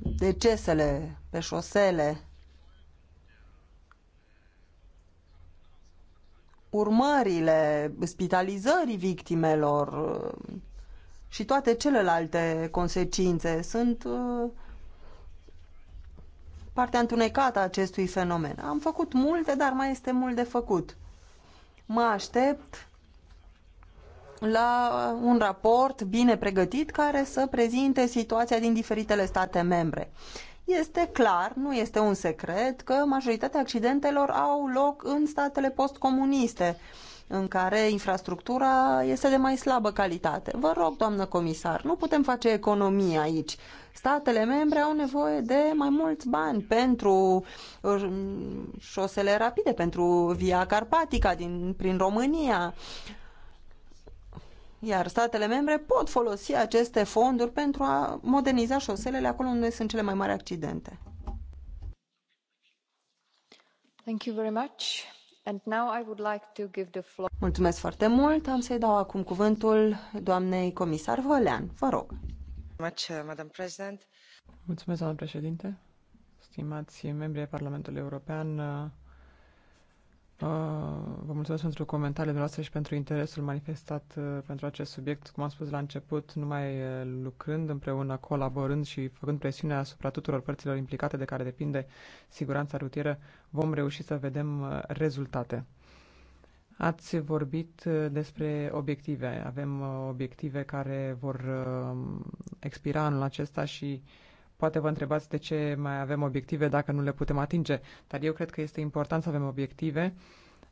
Speaker 11: decesele pe șosele, urmările spitalizării victimelor uh, și toate celelalte consecințe sunt uh, partea întunecată a acestui fenomen. Am făcut multe, dar mai este mult de făcut. Mă aștept la un raport bine pregătit care să prezinte situația din diferitele state membre. Este clar, nu este un secret, că majoritatea accidentelor au loc în statele postcomuniste, în care infrastructura este de mai slabă calitate. Vă rog, doamnă comisar, nu putem face economie aici. Statele membre au nevoie de mai mulți bani pentru uh, șosele rapide, pentru Via Carpatica din, prin România, iar statele membre pot folosi aceste fonduri pentru a moderniza șoselele acolo unde sunt cele mai mari accidente.
Speaker 7: Thank you very much. And now I would like to give the floor...
Speaker 11: Mulțumesc foarte mult. Am să-i dau acum cuvântul doamnei comisar Vălean. Vă rog. Mulțumesc, doamnă președinte. Stimați membri ai Parlamentului
Speaker 12: European, Vă mulțumesc pentru comentariile dumneavoastră și pentru interesul manifestat uh, pentru acest subiect. Cum am spus la început, numai uh, lucrând împreună, colaborând și făcând presiune asupra tuturor părților implicate de care depinde siguranța rutieră, vom reuși să vedem uh, rezultate. Ați vorbit despre obiective. Avem obiective care vor expira anul acesta și uh, Poate vă întrebați de ce mai avem obiective dacă nu le putem atinge, dar eu cred că este important să avem obiective.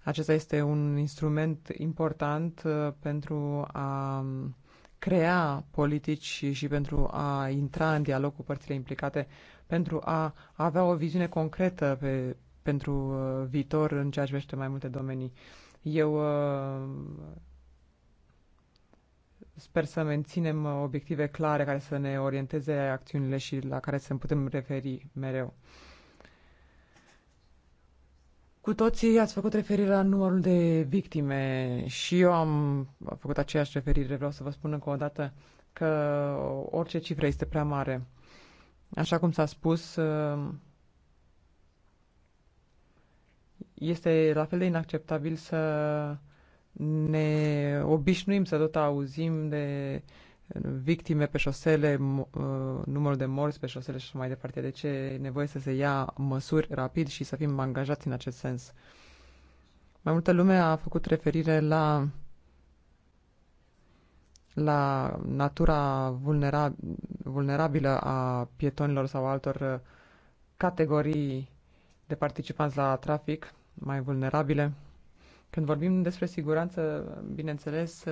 Speaker 12: Acesta este un instrument important uh, pentru a um, crea politici și pentru a intra în dialog cu părțile implicate, pentru a avea o viziune concretă pe, pentru uh, viitor în ceea ce vește mai multe domenii. Eu uh, Sper să menținem uh, obiective clare care să ne orienteze acțiunile și la care să ne putem referi mereu. Cu toții ați făcut referire la numărul de victime și eu am făcut aceeași referire. Vreau să vă spun încă o dată că orice cifră este prea mare. Așa cum s-a spus, uh, este la fel de inacceptabil să ne obișnuim să tot auzim de uh, victime pe șosele, uh, numărul de morți pe șosele și mai departe. De ce e nevoie să se ia măsuri rapid și să fim angajați în acest sens? Mai multă lume a făcut referire la la natura vulnerab- vulnerabilă a pietonilor sau altor uh, categorii de participanți la trafic mai vulnerabile. Când vorbim despre siguranță, bineînțeles,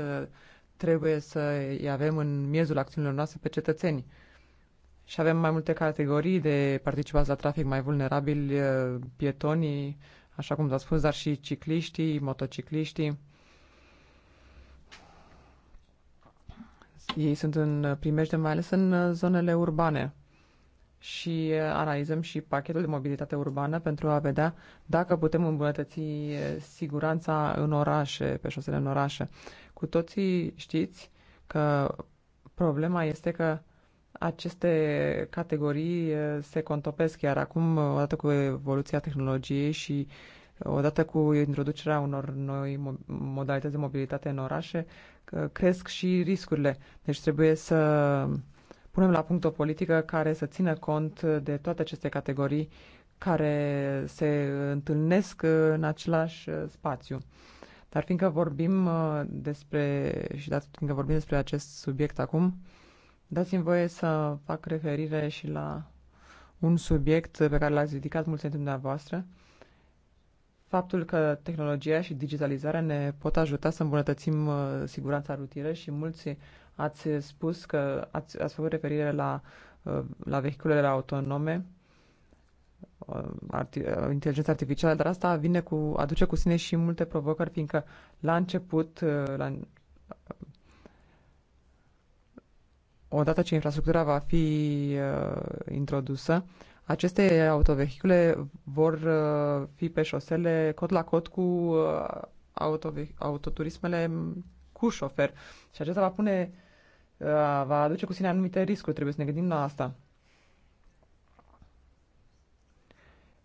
Speaker 12: trebuie să îi avem în miezul acțiunilor noastre pe cetățeni. Și avem mai multe categorii de participați la trafic mai vulnerabili, eh, pietonii, așa cum s-a spus, dar și cicliștii, motocicliștii. Ei sunt în primejde, mai ales în zonele urbane și uh, analizăm și pachetul de mobilitate urbană pentru a vedea dacă putem îmbunătăți uh, siguranța în orașe, pe șosele în orașe. Cu toții știți că problema este că aceste categorii uh, se contopesc, iar acum, odată cu evoluția tehnologiei și odată cu introducerea unor noi modalități de mobilitate în orașe, cresc și riscurile. Deci trebuie să punem la punct o politică care să țină cont de toate aceste categorii care se întâlnesc în același uh, spațiu. Dar fiindcă vorbim uh, despre, și dat fiindcă vorbim despre acest subiect acum, dați-mi voie să fac referire și la un subiect pe care l-ați ridicat mulți dintre dumneavoastră, faptul că tehnologia și digitalizarea ne pot ajuta să îmbunătățim uh, siguranța rutieră și mulți Ați spus că ați, ați făcut referire la, uh, la vehiculele autonome, uh, arti, uh, inteligența artificială, dar asta vine cu, aduce cu sine și multe provocări, fiindcă la început, la, odată ce infrastructura va fi uh, introdusă, aceste autovehicule vor uh, fi pe șosele cot la cot cu uh, autoturismele cu șofer. Și acesta va pune Uh, va aduce cu sine anumite riscuri, trebuie să ne gândim la asta.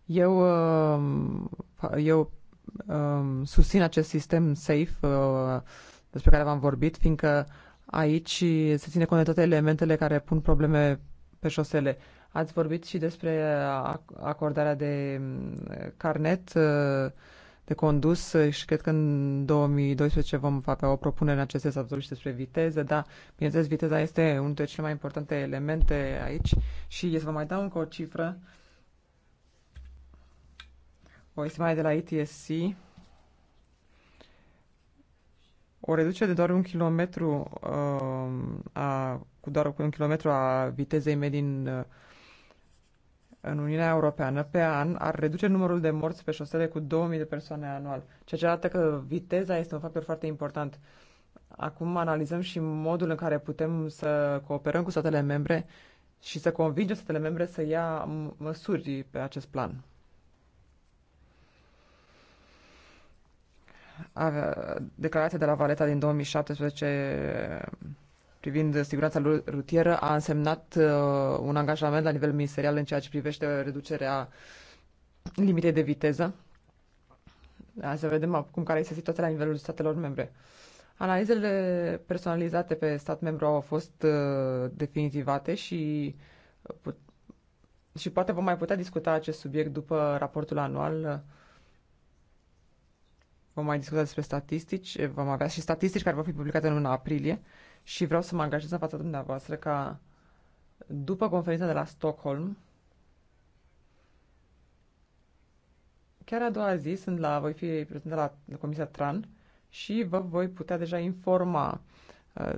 Speaker 12: Eu, um, eu um, susțin acest sistem SAFE uh, despre care v-am vorbit, fiindcă aici se ține cont de toate elementele care pun probleme pe șosele. Ați vorbit și despre acordarea de um, carnet uh, de condus și cred că în 2012 vom avea o propunere în acest sens, ați despre viteză, dar bineînțeles viteza este unul dintre cele mai importante elemente aici și să vă mai dau încă o cifră, o estimare de la ITSC, o reducere de doar un kilometru uh, a, cu doar un kilometru a vitezei medii în uh, în Uniunea Europeană pe an ar reduce numărul de morți pe șosele cu 2000 de persoane anual, ceea ce arată că viteza este un factor foarte important. Acum analizăm și modul în care putem să cooperăm cu statele membre și să convingem statele membre să ia măsuri pe acest plan. Declarația de la Valeta din 2017 privind siguranța rutieră a însemnat uh, un angajament la nivel ministerial în ceea ce privește reducerea limitei de viteză. Hai să vedem acum care este situația la nivelul statelor membre. Analizele personalizate pe stat membru au fost uh, definitivate și, și poate vom mai putea discuta acest subiect după raportul anual vom mai discuta despre statistici, vom avea și statistici care vor fi publicate în luna aprilie și vreau să mă angajez în fața dumneavoastră ca după conferința de la Stockholm, chiar a doua zi sunt la, voi fi prezentă la Comisia TRAN și vă voi putea deja informa uh,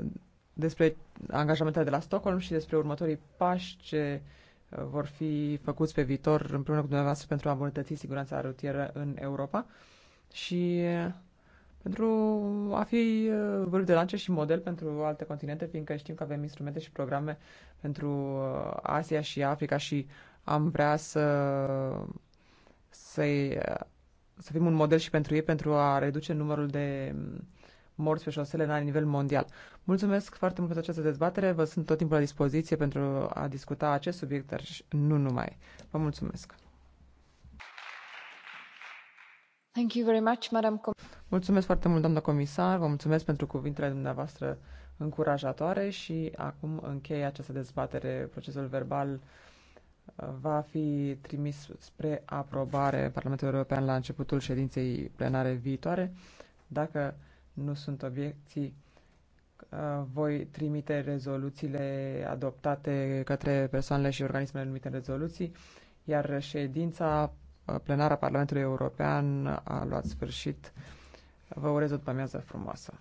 Speaker 12: despre angajamentele de la Stockholm și despre următorii pași ce uh, vor fi făcuți pe viitor împreună cu dumneavoastră pentru a îmbunătăți siguranța rutieră în Europa. Și uh, pentru a fi uh, vârf de lance și model pentru alte continente, fiindcă știm că avem instrumente și programe pentru uh, Asia și Africa și am vrea să, să, să fim un model și pentru ei pentru a reduce numărul de mm, morți pe șosele la nivel mondial. Mulțumesc foarte mult pentru această dezbatere. Vă sunt tot timpul la dispoziție pentru a discuta acest subiect, dar nu numai. Vă mulțumesc.
Speaker 7: Thank you very much, Madam
Speaker 12: Mulțumesc foarte mult, doamnă comisar, vă mulțumesc pentru cuvintele dumneavoastră încurajatoare și acum încheie această dezbatere. Procesul verbal uh, va fi trimis spre aprobare Parlamentului European la începutul ședinței plenare viitoare. Dacă nu sunt obiecții, uh, voi trimite rezoluțiile adoptate către persoanele și organismele numite în rezoluții, iar ședința uh, plenară a Parlamentului European a luat sfârșit. Vă urez o după-amiază frumoasă.